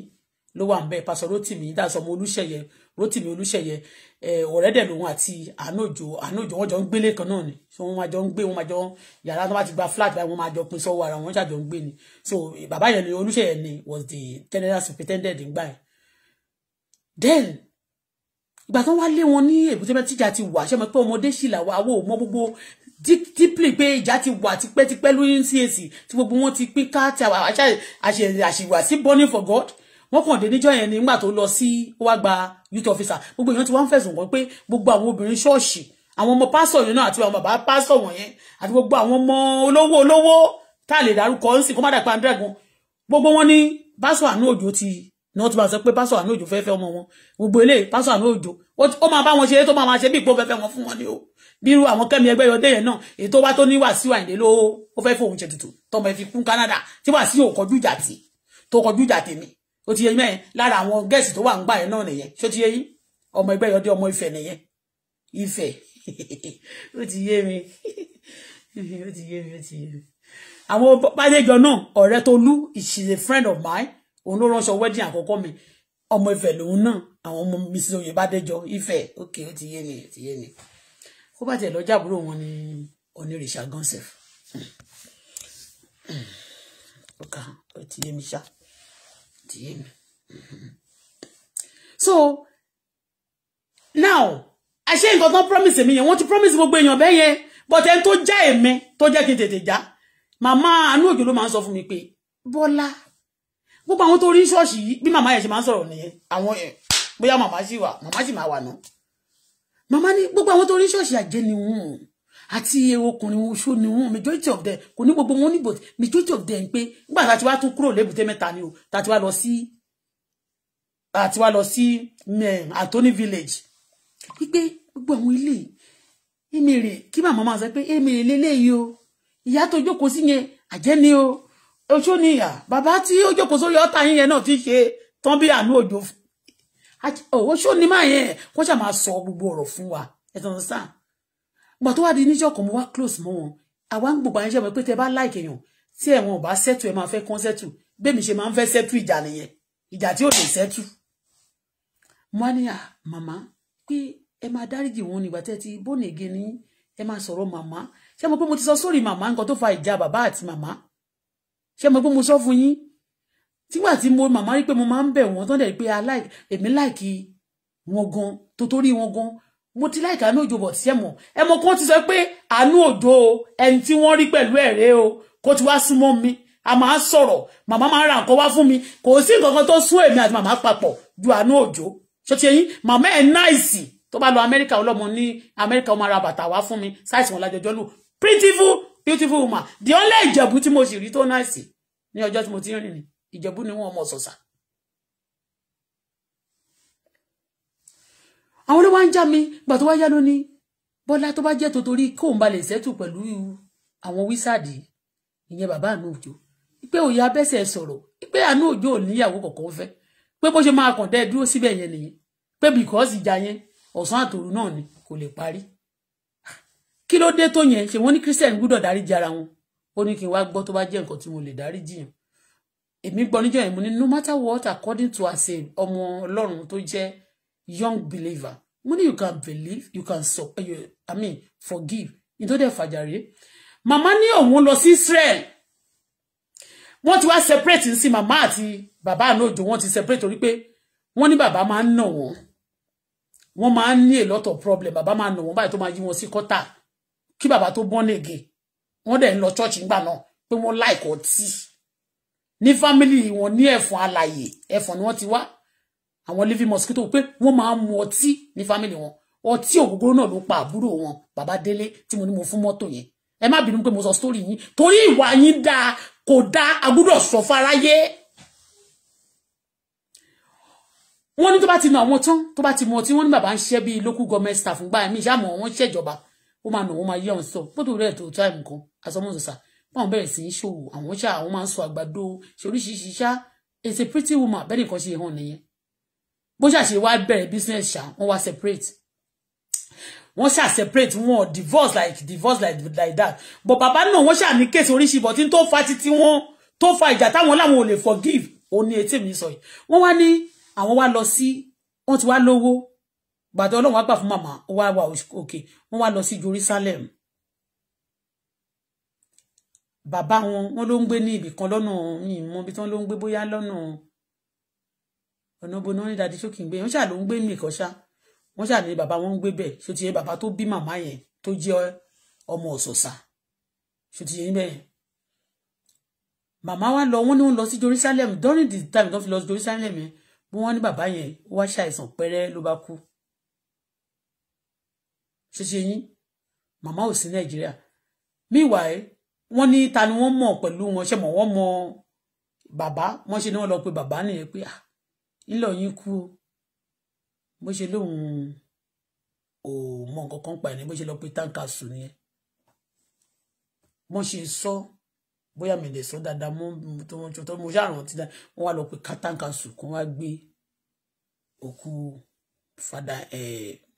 ló wà ń bẹ pásọ Rótìmí dáṣọ ọmọ Olúṣẹ̀yẹ rotimi Olúṣẹ̀yẹ eh, ọ̀rẹ́ dẹ̀ lòun àti àánòjò àánòjò wọn jọ ń gbélé kan náà ni so wọn máa jọ ń gbé wọn máa jọ yàrá tó bá ti gba flat báyìí wọn máa jọ pín sọ́wọ́ ara wọn ṣàjọ ń gbé ni so bàbá yẹn ni Olúṣẹ̀yẹ ni was the general superintendent ńgbà yẹn then ìgbà tó wá lé wọn ní èbúté mẹ́tíjà ti wà ṣé mo pé ọmọdé sì là wà wò mọ gbogbo deeply pé ìjà ti wà tipẹ́tipẹ́ lórí CAC tí gbogbo wọn ti pín ká tí àṣìwà sí burning for God wọ́n kàn dé níjọ́ yẹn nígbà tó lọ sí ó wá gba youth officer gbogbo èèyàn ti wá ń fẹ̀sùn kàn pé gbogbo àwọn obìnrin ṣọ́ọ̀ṣì àwọn ọmọ pásọ̀ yẹn náà àti àwọn bàbá pásọ̀ wọ̀nyẹn àti gbogbo àwọn ọmọ olówó olówó tá a lè dárúkọ ń sìn kó má dà pa dragon gbogbo wọn ní pásọ̀ àánú òjò ti náà tún bá sọ pé pásọ̀ àánú òjò fẹ́ẹ́ fẹ́ ọmọ wọn gbogbo eléyìí pásọ̀ àánú òjò ó máa bá wọn ṣeré tó máa máa ṣe bí ìpò fẹ́fẹ́ wọn fún wọn ni o bírú àwọn Kẹ́mi Ẹgbẹ́yọdé yẹn náà èyí tó wá tó ní Wàsíù Àyìndé ló ó fẹ́ fòun ṣe tutù tọmọ ẹ fi kún Canada tí Wàsíù ò kọjú ìjà tì tó kọjú ìjà tèmi ó ti yẹ mẹ́rin lára àwọn gẹ̀ẹ́sì tó wà ń gbà yẹn náà nìyẹn ṣó ti yẹ yín ọmọ Ẹgbẹ́yọdé ọmọ Ifẹ̀ nìyẹn Ifẹ̀ ó ti yé mi ó ti yé mi ó ti yé mi àwọn pàdéjọ náà ọ̀rẹ́ Tolú she is a friend of mine òun ló ránṣọ wedding àkọ́kọ́ mi ọmọ Ifẹ̀ lòun náà àwọn ọmọ Mrs. Oyèbádéjọ Ifẹ̀ okay ó ti yé mi ó ti yé mi bá tiẹ̀ lọ jábúrò wọn ní onírìṣà gansef ọkà ti yé mi ṣá ti yé mi so now àṣé nǹkan tán promise mi yẹn wọ́n ti promise gbogbo èèyàn bẹ́ẹ̀ yẹn but ẹni tó já èmi tó jẹ́ kí n tètè já màmá àánú òjò ló máa ń sọ fún mi pé bọ́lá gbogbo àwọn tó rí ṣọ́ọ̀ṣì yìí bí màmá yẹn ṣe máa ń sọ̀rọ̀ nìyẹn àwọn bóyá màmá sì wà màmá sì máa wà náà màmá ní gbogbo àwọn tó rí ṣọ́ọ̀ṣì àjẹ́ ni wọ́n àti ọkùnrin oṣù ni wọ́n majority of them kò ní gbogbo wọn níbo majority of them pé nígbà tá a ti wá tún kúrò lébùté mẹ́ta ni o tá ti wá lọ sí tá a ti wá lọ sí eh, Atoni village wípé gbogbo àwọn ilé èmèrè kí màmá máa sọ pé èmèrè lélẹ́yìí o ìyá tó jókòó sí yẹn àjẹ́ ni o oṣù ni ìyá bàbá tí ó jókòó sórí ọ̀tá yín yẹn náà ti ṣe tán bí àánú òjò owó oh, ṣó ní máa yẹn wọ́n ṣàmà sọ gbogbo ọ̀rọ̀ fún wa ẹ̀tàn sàn gbà tó wá di níjọ́ kan mo wá close mọ́ wọn àwa ń gbogbo àyẹ̀ṣẹ́ mọ̀ pé tẹ bá láìkè yàn tí ẹ̀wọ̀n ò bá sẹ́tù ẹ̀ máa fẹ́ kán sẹ́tù bẹ́ẹ̀ mi ṣe máa ń fẹ́ sẹ́tù ìjà nìyẹn ìjà tí ò lè sẹ́tù. mo ní à ah, màmá pé ẹ máa dáríjì wọn nígbà tẹ́ ti bóni igi ní ẹ máa sọ̀rọ̀ màmá ṣé mo pé mo ti sọ sórí màmá nǹkan tó fa ìjà bàbá àti màmá ṣé mo pé mo sọ fún yín tígbà tí mo màmá rí pé mo máa ń bẹ̀ wọ́n tán dẹ̀ pé èmi láìkí wọn gan tó wọn gan mo ti láìka àánú òjò bọ̀ sí ẹ̀mọ̀ ẹ̀mọ̀ kan ti sọ pé àánú òjò ẹni tí wọ́n rí pẹ̀lú ẹ̀rẹ́ o kó ti wá súnmọ́ mi a máa sọ̀rọ̀ màmá máa ra nǹkan wá fún mi kò sí nǹkan kan tó sún èmi àti màmá papọ̀ ju àánú òjò ṣé ti yín màmá ẹ̀ náìsì tó bá lọ amẹ́ríkà ọlọ́mọ ní amẹ́ríkà ó máa bàtà wá fún mi sáìsì wọn lájọjọ́ lù beautiful beautiful woman the only ìjẹ̀bú tí mo sì rí tó náìsì ní ọjọ́ tí mo ti ń rìn ìjẹ̀bú ni wọ́n ọmọ ọ̀sọ̀sà. àwọn ló wá ń já mi gbà tó wá yá lónìí bọ́lá tó bá jẹ́ tòtórí kóun balẹ̀ sẹ́tù pẹ̀lú àwọn wísàdì ìyẹn bàbá àánú òjò pé òye abẹ́sẹ̀ sọ̀rọ̀ pé àánú òjò ò níyàwó kọ̀ọ̀kan fẹ́ pé bó ṣe máa kàn dẹ́ dúró síbẹ̀ yẹn nìyẹn pé bìkọ́sì ìjà yẹn ọ̀sán àtòru náà ni kò lè parí kí ló dé tó yẹn ṣe wọ́n ní christian gbọ́dọ̀ dáríjì ara wọn ó ní kí n wá gbọ́ tó bá jẹ́ nǹkan tí mo lè dáríjì yẹn èmi gbọ́ níjọ́ yẹn mo ní no matter what according to as a ọmọ ọlọ́run tó jẹ́ young believer mo ní you can believe you can so eh, you, i mean forgive nítorí ẹ̀fàjàre màmá ní òun lọ sí Israel wọ́n ti wá separate sí màmá àti bàbá ànáòjò wọ́n ti separate torí pé wọ́n ní bàbá máa ń nà wọ́n wọ́n máa ń ní a lot of problem bàbá máa nà wọ́n báyìí tó máa yí wọn sí kọ́tà kí bàbá tó bọ́n nìgè wọ́n dẹ̀ ń lọ church ńgbà náà pé wọ́n láìkọ́ tíì Ni fámìlì wọn ní ẹ̀fọn alàyè ẹ̀fọn ni wọ́n ti wá àwọn living mosquito pé wọ́n máa ń mu ọtí ní fámìlì wọn ọtí ògógóró náà ló pa àbúrò wọn bàbá délé tí mo ni mo fún mọ́tò yẹn ẹ má bínú pé mo sọ sítórì yín torí ìwà yín dáa kò dáa agbúdọ̀ sọ fáráyé wọ́n ní tó bá ti nà àwọn tán tó bá ti mọ tí wọ́n ní bàbá ń ṣe local government staff ń gbà mí ìṣàmọ̀ wọn ṣèjọba ó máa nà wọ́n máa yẹ wọn sọ bó tó rẹ̀ tó táìmù kan àsọmọ́sọ̀sà wọn bẹ̀rẹ̀ sí í ṣòwò àwọn ṣá àwọn máa ń sọ àgbàdo ṣoríṣiríṣi ṣá it's a pretty woman bẹ́ẹ̀ nìkan ṣe hàn nìyẹn bó ṣàṣe wá bẹ̀rẹ̀ business ṣá wọ́n wá separate wọ́n ṣá separate wọn divorce like divorce like like that but bàbá náà wọ́n ṣá ní kéèsì oríṣi but n tó fa títí wọn tó fa ìjà táwọn làwọn ò lè forgive òun ni etí mi sọ yìí wọ́n wá ní àwọn wá lọ sí wọ́n ti wá lówó gbàdọ́ ọlọ́run wá gbà fún màmá wá wà òkè wọ́n wá lọ sí Jerusalem bàbá wọn wọn ló ń gbé ní ibì kan lọ́nà ìmọ̀ ibi tí wọ́n ló ń gbé bóyá lọ́nà ọ̀nà òbò náà ní dadi ṣókì ń gbé wọn ṣáà ló ń gbé mì kan ṣá wọn ṣáà ní bàbá wọn ń gbé bẹ́ẹ̀ ṣó ti yẹ bàbá tó bí màmá yẹn tó jẹ́ ọmọ ọ̀sọ̀sà ṣó ti yẹ níbẹ̀ màmá wa lọ wọn ni wọn lọ sí Jerusalem during the time tó fi lọ sí Jerusalem yẹn bí wọn ní bàbá yẹn ó wá ṣàìsàn pẹ́rẹ́ ló bá kú ṣó ti yẹ yín màmá ò sí Nàìjíríà meanwhile wọ́n ní ta ni wọ́n mọ̀ pẹ̀lú wọn ṣe mọ̀ wọ́n mọ bàbá wọ́n ṣe ni wọ́n lọ pe bàbá nìyẹn pé ah ńlọ yín kú bó ṣe lóun ò mọ nǹkan kan pa ẹ̀ ní bó ṣe lọ pe táǹkà sùn nìyẹn wọ́n ṣe sọ bóyá mi lè sọ dáadáa mo tó mo tó mo ṣàrántí dáa wọ́n wá lọ pe táǹkà sùn kó wá gbé òkú fada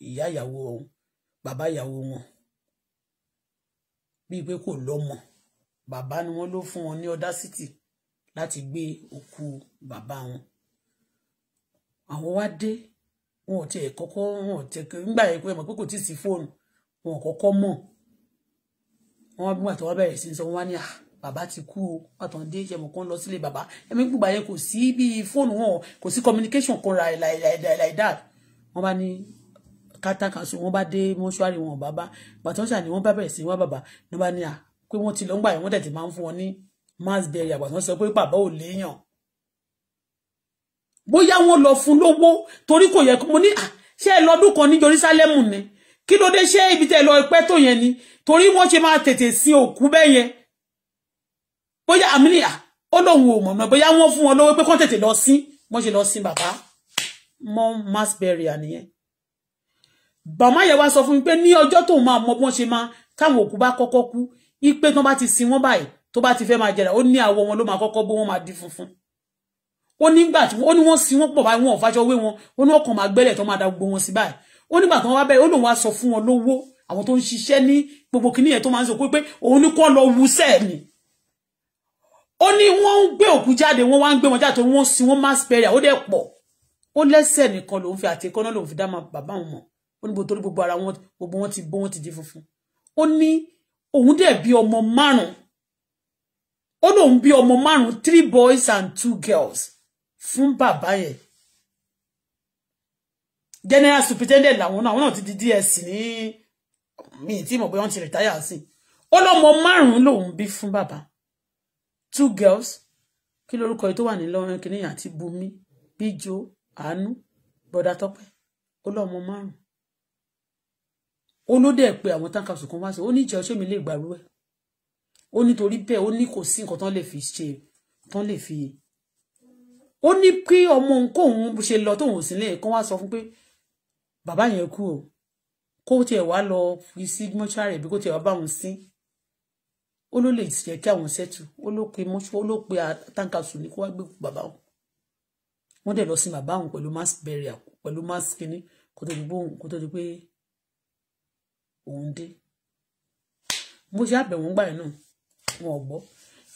ìyá ìyàwó ọ̀hún bàbá ìyàwó wọn bíi pé kò lọ́mọ bàbá ni wọ́n ló fún wọn ní ọdásítì láti gbé òkú bàbá wọn àwọn wá dé wọn ò tiẹ̀ kọ́kọ́ wọn ò tiẹ̀ nígbà yẹn pé mọ̀ pé kò tí ì sí fóònù wọn ò kọ́kọ́ mọ̀ wọn bí wọn àtọwọ́ bẹ̀rẹ̀ sí sọ wọn wá ní à ah, bàbá ti kú o àtọ̀ dé ìṣẹ̀mọ̀ kan lọ sílé bàbá ẹ̀mí gbùgbà yẹn kò sí bí fóònù wọn kò sí communication kan ra like that wọn bá ní kátàkàṣù wọn bá dé mọ́ṣúárì wọn bàbá bàtọ́ṣà ni wọn bá bẹ̀rẹ̀ sí wọn bàbá ní wọn bá ní à ah, pé wọ́n ti lọ ń gbà yẹn wọ́n tẹ̀tẹ̀ máa ń fún wọn ní mass burial àgbà tí wọ́n sọ pé bàbá ò léèyàn bóyá wọ́n lọ fún lówó torí kò yẹ kó mo ní ah, ṣé ẹ lọ́dún kan ní Jerusalemu ni kí ló dé ṣé ibi tẹ́ lọ pẹ́ tó yẹn ni torí wọ́n ṣe máa tètè sin òkú bẹ́ẹ̀ yẹn bóyá àmìlíà ah, ó lóun ò mọ̀mọ́ bóyá wọ́n fún wọn lówó pé kán tètè lọ sin wọ́n ṣe lọ sin bàbá mọ́ mass burial nìyẹn bàmá yẹn wá sọ fún mi pé ní ọjọ́ tóun máa mọ bí wọ́n ṣe máa táwọn òkú bá kọ́kọ́ kú ipe tó bá ti sin wọn báyìí tó bá ti fẹ́ máa jẹrà ó ní àwọ̀ wọn ló máa kọ́kọ́ bó wọn máa di funfun ó nígbà tí ó ní wọ́n sin wọn pọ̀ báyìí wọn ò fàṣọ wé wọn ó ní ọkàn máa gbẹ́lẹ̀ tó máa da gbogbo wọn sí báyìí ó nígbà tó wọn wá bẹ̀rẹ̀ ó lòun wá sọ fún wọn lówó àwọn tó ń ṣiṣẹ́ ní gbogbo kinní yẹn tó máa ń sọ pé òun ní kọ́ lọ wusẹ́ ni ó ní wọ́n ń gbé òkú jáde wọ́n wá ń gbé wọn jáde torí wọ́n sin wọ́n mass burial ó dẹ̀ pọ̀ ó lẹ́sẹ̀ nìkan lòun fi àti kọ́nà lòun fi dá máa bàbá wọn mọ̀ ti bó ti di funfun ó ní òun dẹ̀ bí ọmọ márùn ó lóun bí ọmọ márùn three boys and two girls fún bàbá yẹn general superintendent làwọn náà àwọn náà ti di dsc ní mi tí mo pé wọ́n ti retire sí ó lọ́mọ márùn-ún lòun bí fún bàbá two girls kí lórúkọ yìí tó wà ní lọ́rin kìnìyàn àti Bumi, bíjò àánú bọ̀dá tọ́pẹ́ ó lọ́mọ márùn-ún ó ló dẹ̀ pé àwọn town council kan wá sí ó ní ìjọ ṣé mi lè gbàrú ẹ̀ ó nítorí bẹ́ẹ̀ ó ní kò sí nǹkan tán lè fi ṣe tán lè fi ó ní kí ọmọ òun kóun ṣe lọ tóun sílẹ̀ kan wá sọ fún pé bàbá yẹn kú o kó tiẹ̀ wá lọ fi sí mọ́ṣúárì bí kó tiẹ̀ wá bá wọn sí ó ló lè jẹ́ kí àwọn ṣẹ́tù ó ló pe mọ́ṣúárì ó ló pe àtàǹkàṣù ní kó wá gbé bàbá wọn wọ́n dẹ̀ lọ sí bàbá wọn pẹ̀lú mass burial pẹ̀lú mass kínní kó tó di pé òun dé mo ṣe àbẹ̀wọ̀n gbà yẹn náà wọn ò gbọ́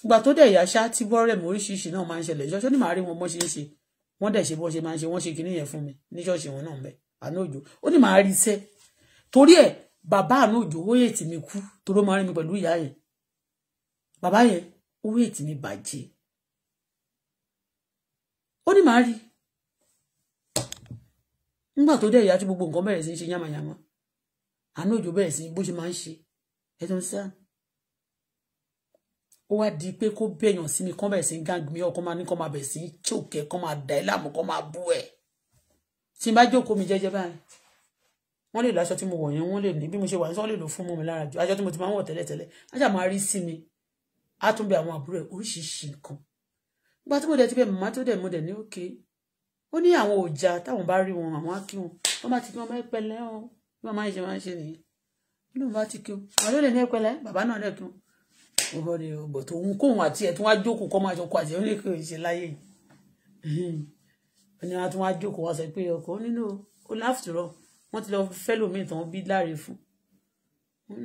ìgbà tó dẹ̀ yà ṣá tí bọ́rẹ̀ mọ oríṣiríṣi náà máa ń ṣẹlẹ̀ ṣọ́ṣọ́ ni màá rí wọn bọ́ ṣe ń ṣe wọ́n dẹ̀ ṣe bọ́ ṣe máa ń ṣe wọ́n ṣe kinní yẹn fún mi ní ṣọ́ọ̀ṣì wọn náà bẹ́ẹ̀ àná òjò ó ní màá rí iṣẹ́ torí ẹ̀ bàbá àná òjò ó tì mí kú toró máa rí mi pẹ̀lú ìyá yẹn bàbá yẹn ó tì mí bàjẹ́ ó ní màá rí nígbà tó dẹ̀ yà tí gbogbo nǹkan bẹ̀rẹ̀ sí ń ṣe yàmàyàmà àánú òjò bẹ̀rẹ̀ sí bó ṣe máa ń ṣe ẹ tó ń sá ó wá di pé kó bẹ̀yàn sí mi kán bẹ̀rẹ̀ sí gang mi ọkọ máa ní kán máa bẹ̀rẹ̀ sí chòkẹ́ kán máa dà ẹ́ láàmú kán máa bú ẹ̀ tí n bá jókòó mi jẹ́jẹ́ báyìí wọ́n lè lo aṣọ tí mo wọ̀ yẹn wọ́n lè ní bí mo ṣe wà ní sọ lè lò fún mi lára jù aṣọ tí mo ti máa ń wọ̀ tẹ́lẹ̀tẹ́lẹ̀ ajá máa rí sí mi á tún bẹ àwọn àbúrò ẹ̀ oríṣiríṣi nǹkan nígbà tí mo dẹ̀ ti bẹ màmá tó dẹ̀ mo dẹ̀ ní òkè ó ní àwọn òòjà táwọn bá rí wọn àwọn á wọn wọ́n ti kí wọn má pẹ̀lẹ́ bí màmá yìí ṣe máa ń ṣe nìyẹn olóhùn bá ti kí o àwọn yóò lè ní ẹpẹlẹ bàbá náà dẹ̀ kí o òhò rè o bọ̀ tòun kóhun àti ẹ̀ tí wọ́n á jókòó kọ́ máa jọ kó àti ẹ̀ ó kí o ṣe láyé yìí ẹni wọn á tún wá jókòó wá sọ pé ọkọ nínú o láfùtù rọ wọn ti lọ fẹ́ lómi tán bí láre fún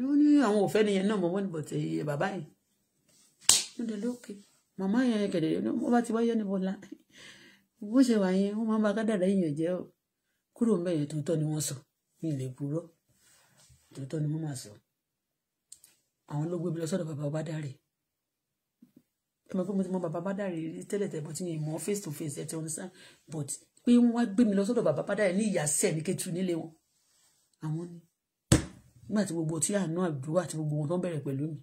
ó ní àwọn òfẹ́ nìyẹn náà mọ̀ wọ́n bọ̀tẹ̀ iye eh, bàbá yìí ó dẹ̀ lókè màmá yẹn kẹ̀dẹ̀ wọ́n bá ti wáyé ní bọ́lá bó ṣe wà yẹn wọ́n máa ń kádàrá èèyàn jẹ́ kúrò ń bẹ̀yẹn tó tọ́ ni wọ́n sọ mi lè purọ́ tòótọ́ ni mo máa sọ àwọn ló gbé lọ sọ́dọ̀ bàbá Ọbádáre ẹ mọ̀ pé mo ti mọ bàbá Ọbádáre rí tẹ́lẹ̀tẹ́lẹ̀ bó ti yìn mọ́ face to face ẹ̀ tí wọ́n sá but pé wọ́n wá gbé mi lọ sọ́dọ̀ bàbá Ọbádáre ní ìyàsẹ́ ní kẹtù nílé wọn àwọn ni nígbà tí gbogbo tí àánú àdúrà àti gbogbo wọn tó ń bẹ̀rẹ̀ pẹ̀lú mi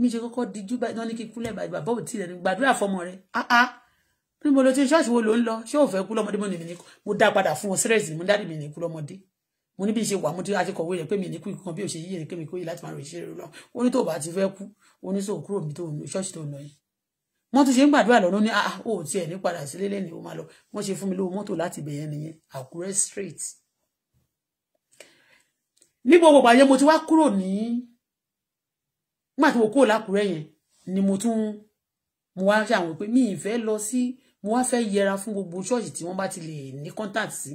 mi ṣe kọ́kọ́ dijú báyìí náà kúlẹ̀ bàbá bọ́ọ̀ tí ìrẹ̀ gbàdúrà fọmọ rẹ̀ áá níbo ló ti ṣọ́ọ̀ṣì wo ló ń lọ ṣé òfẹ́ kú lọ́mọdé mo ní mi ní mo dá padà fún wọn sírẹ̀sì mo dá mi ní kú lọ́mọdé mo ní bí ṣe wà mo ti àti kọ̀wé rẹ̀ pé mi ní kú ìkan bí ò ṣe yíyẹ ní kémi kó yìí láti máa rìn ṣeré lọ ó ní tó bá ti fẹ́ kú ó ní sòun kúrò mi tó ń ṣọ́ọ̀ṣì tó ń lọ yìí wọ́n tún ṣe ń gbàdúrà lọ́nà ní ah ó tiẹ̀ ní padà sílé ni ó máa lọ wọ́n ṣe fún mi lówó mọ́tò láti bẹ̀yẹn nìyẹn Àkúrẹ́ straight ní gbogbo ìgbà yẹn mo ti wá kúrò ní nígbà mo kúrò lákùrẹ́ yẹn ni mo tún mo wá ṣàwọn pé mi ì fẹ́ lọ sí mo wá fẹ́ yẹra fún gbogbo ṣọ́ọ̀ṣì tí wọ́n bá ti lè ní contact sí. Si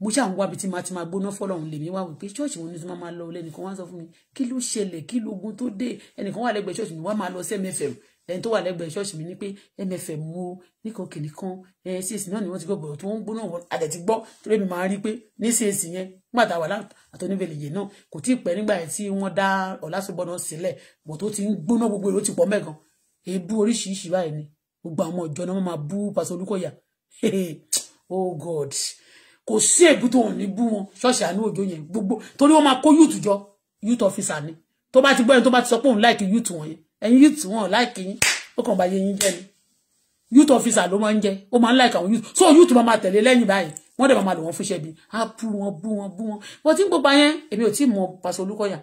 mo ṣáà ń wá bí tí màá ti máa gbóná fọlọ́run lèmi wá wípé ṣọ́ọ̀ṣì wọn ni tí máa máa lọ lẹ́nìkan wá sọ fún mi kí ló ṣẹlẹ̀ kí lógun tó dé ẹnìkan wà lẹ́gbẹ̀ẹ́ ṣọ́ọ̀ṣì mi wá máa lọ sí mfm ẹni tó wà lẹ́gbẹ̀ẹ́ ṣọ́ọ̀ṣì mi ní pé mfm wo nìkan kìnì kan csc náà ni wọ́n ti gbọ́ bọ̀rọ̀ tó ń gbóná wọn àdẹ̀ ti gbọ́ torí mi máa rí pé ní csc yẹn nígbà tá a wà náà kò tí ì pẹ́ nígbà tí wọ́n dá ọ̀làṣọ́gbọ́n sílẹ̀ bọ̀ tó ti ń gbóná gbogbo èrò ti pọ̀ mẹ́gan èébú oríṣiríṣi báyìí ni gbogbo àwọn ọjọ́ náà wọ́n máa bú pàṣẹ olúkọ̀yà oh god kò sí èbú tó hàn ní bú wọn ṣọ́ọ̀ṣì àánú òjò yẹn gbogbo torí wọ́n máa kó youth jọ youth officer ni tó bá ti gbọ́ ẹni tó bá ti sọ pé òun láìkì youth wọn yẹn ẹ̀yin youth wọn láìkì yín ó kàn bá yẹ yín jẹ́ ni youth officer ló máa ń jẹ́ ó máa ń láìkì àwọn youth so youth máa máa tẹ̀lé lẹ́yìn báyìí wọ́n dẹ̀ máa máa lò wọ́n fúnṣẹ́ bí á ah, bú wọn bú wọn bú wọn wọ́n ti ń gbogbo yẹn èmi ò tí ì mọ pàṣẹ olúkọ̀yà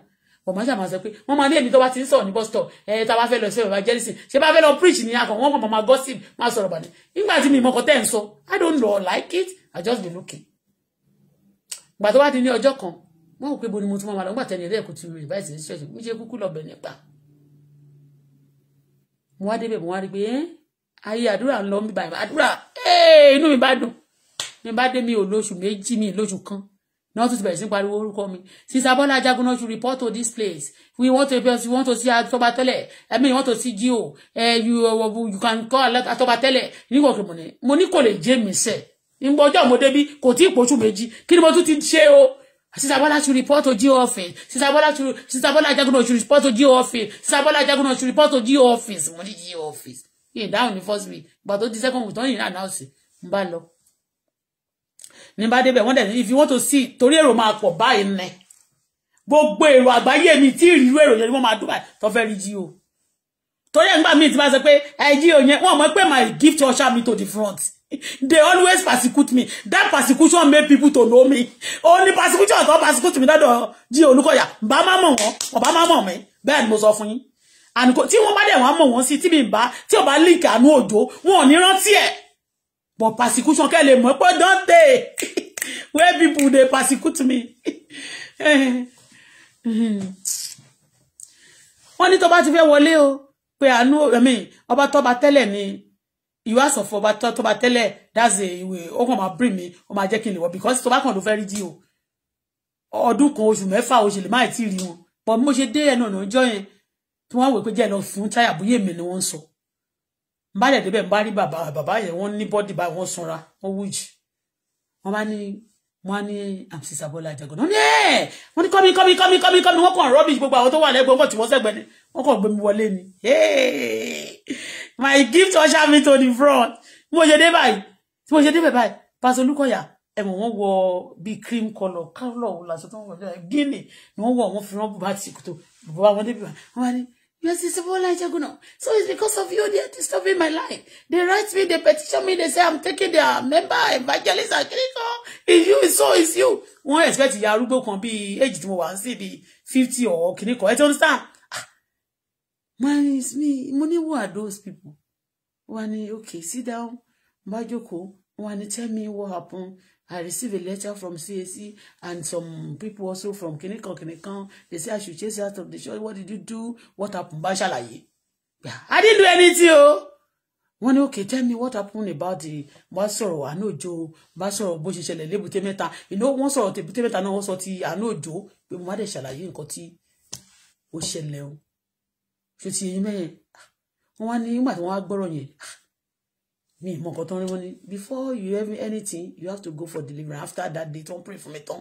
wọ́n máa ṣàmà sọ pé wọ́n máa ní èmi tó bá ti ń sọ̀rọ̀ ní bus stop ẹ̀ tá a bá fẹ́ lọ sí ọ̀rọ̀ jẹ́rìsì ṣé bá fẹ́ lọ preach ní akọ̀ wọ́n máa máa gossip máa sọ̀rọ̀ bàdé nígbà tí mi ìmọ̀kọ̀ tẹ̀ ń sọ I don't know like it I just be looking ìgbà tó wá di ní ọjọ́ kan wọ́n wò pé bo ni mo tún máa lọ nígbà tẹ́ni ẹ̀rẹ́ kò ti lu ìbá ìsìn ṣẹ̀ṣẹ̀ mo ṣe kúkú lọ́bẹ̀ nípa. mo wá débẹ̀ mo wá rí pé ayé àdúrà ń lọ mi báyìí àdúrà inú mi bá dùn mi bá dé mi ò lóṣù méjì mi lóṣù kan náà tún ti bẹ̀rẹ̀ sí pariwo orúkọ mi sister Bọ́lá Ajagunna should report to this place we want to we want to see atọ́ba tẹ́lẹ̀ I mean we want to see gio eh, you you can call atọ́ba tẹ́lẹ̀ nígbà òkè mo ní kò lè jẹ́ mi sẹ́ẹ̀ nígbà ọjọ́ mo débí kò tí ì pọ̀ṣù méjì kí ni mo tún ti ṣe o sísá bọ́lá ṣu rìpọ́tò jí ọ́fíìsì sísá bọ́lá ṣu sísá bọ́lá ajagun náà ṣu rìpọ́tò jí office. sísá bọ́lá ajagun náà ṣu rìpọ́tò jí ọ́fíìsì mo ní jí ọ́fíìsì yìí dáhùn ní first week gbà tó second week tó ń yìn náà sí ń bá lọ. ní bá débẹ̀ if you want to see torí èrò máa pọ̀ báyìí nẹ gbogbo èrò àgbáyé mi tí ìlú èrò yẹn ni wọ́n máa dúpà tó fẹ́ rí jí o torí ẹ̀ ń ti máa sọ pé ẹ̀ jí o yẹn wọ́n mọ̀ pé my gift usher me to the front they always persecute me that persecution made people to know me only persecution tó persecute me That jí olúkọ̀yà bá ya mọ̀ wọ́n ọ̀bá má mọ̀ mí bẹ́ẹ̀ ni mo and tí wọ́n bá dẹ̀ wọ́n mọ̀ wọ́n sí tí mi bá tí ò bá link àánú òjò wọn ò ní rántí but persecution kẹ́ lè mọ̀ pé don't they? where people they persecute me wọ́n ní tó bá ti fẹ́ wọlé o pé àánú ọba tó bá tẹ́lẹ̀ ni ìwà sọ̀fọ̀ ọba tó bá tẹ́lẹ̀ that's a ìwé ó kàn máa bring mi ó máa jẹ́ kí n lè wọ̀ because tó bá kàn ló fẹ́ rí jí o ọdún kan oṣù mẹ́fà oṣù lè má ti rí wọn but mo ṣe dé ẹnu ọ̀nà ọjọ́ yẹn tí wọ́n wò pé jẹ́ lọ fún táyà bóyá èmi ni wọ́n ń sọ bá dẹ̀ débẹ̀ bá rí bàbá bàbá yẹn wọ́n ní bọ́dì bá wọ́n sanra wọ́n wújì wọ́n bá ní wọ́n ní àmì Sàbọ́lá Àjàgàn náà ní ẹ̀ wọ́n ní kọ́mi kọ́mi kọ́mi kọ́mi kọ́mi wọ́n kàn rọ́bì gbogbo àwọn tó wà lẹ́gbẹ̀ẹ́ wọ́n kàn tí my gift usher me to the front bí mo ṣe dé báyìí tí mo ṣe dé báyìí pásítọ̀ olúkọ̀yà ẹ̀mọ̀ wọ́n wọ Be cream colour kálọ̀ làṣọ tó ń wọ̀ lọ́wọ́ gíní ni wọ́n wọ̀ wọ́n fi rán bùbá ti kùtò bùbá wọn débi wọn wọn ni you see Sebola Ijegun now so it's because of you they are disturbing my life they write me they petition me they say i'm taking their member evangelist akiriko it's you so it's you wọ́n expect ìyá arúgbó kan bíi age tí mo wà ń sí bíi fifty or kìnnìkan ẹ ti understand mine is me Money. who are those people One, okay sit down bá jókòó wọ́n tell me what happened. I received a letter from CAC and some people also from kìnìkan kìnìkan they say I should chase out of the show. what did you do what happen bá Yeah, I didn't do anything Oh one, okay tell me what happened about the bá sọ̀rọ̀ àánú òjò bá sọ̀rọ̀ bó ṣe ṣẹlẹ̀ lébùté mẹ́ta ìná wọ́n sọ̀rọ̀ tèbúté mẹ́ta náà wọ́n sọ ti àánú òjò pé mo má dẹ̀ ṣàlàyé nǹkan tí ó ṣẹlẹ̀ ṣó ti yẹn mẹ́yẹn wọ́n wá ní nígbà tí wọ́n wá gbọ́rọ̀ yẹn mi mọ̀ nǹkan tán rí wọ́n ní before you have anything you have to go for deliverance after that day tó ń pray fún mi tán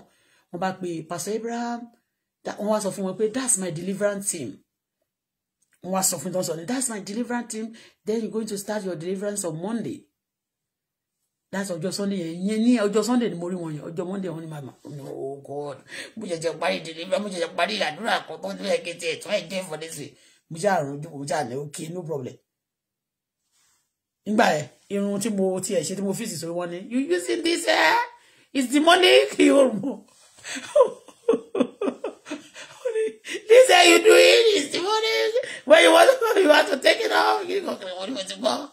wọ́n bá pe pastor Abraham wọ́n wá sọ fún wọn pé that's my deliverance team wọ́n wá sọ fún tán sọ ni that's my deliverance team then you're going to start your deliverance on Monday that's ọjọ́ Sunday yẹn yẹn ní ọjọ́ Sunday ni mo rí wọn yẹn ọjọ́ Monday wọ́n ní màmá oh God mo jẹjẹ parí deliverance mo jẹjẹ parí àdúrà kan tó ń lé ẹkẹtì ẹtọ ẹjẹ for this mo ṣáà rojú mo ṣáà lẹ ok no problem nígbà yẹn irun tí mo ti ẹ̀ ṣe tí mo fèsì sórí wọn ni you using this eh? is demonic yorùbá this eh, you doing? it the money when you want to you want to take it off you go kiri wọn ni mo ti gbọ́.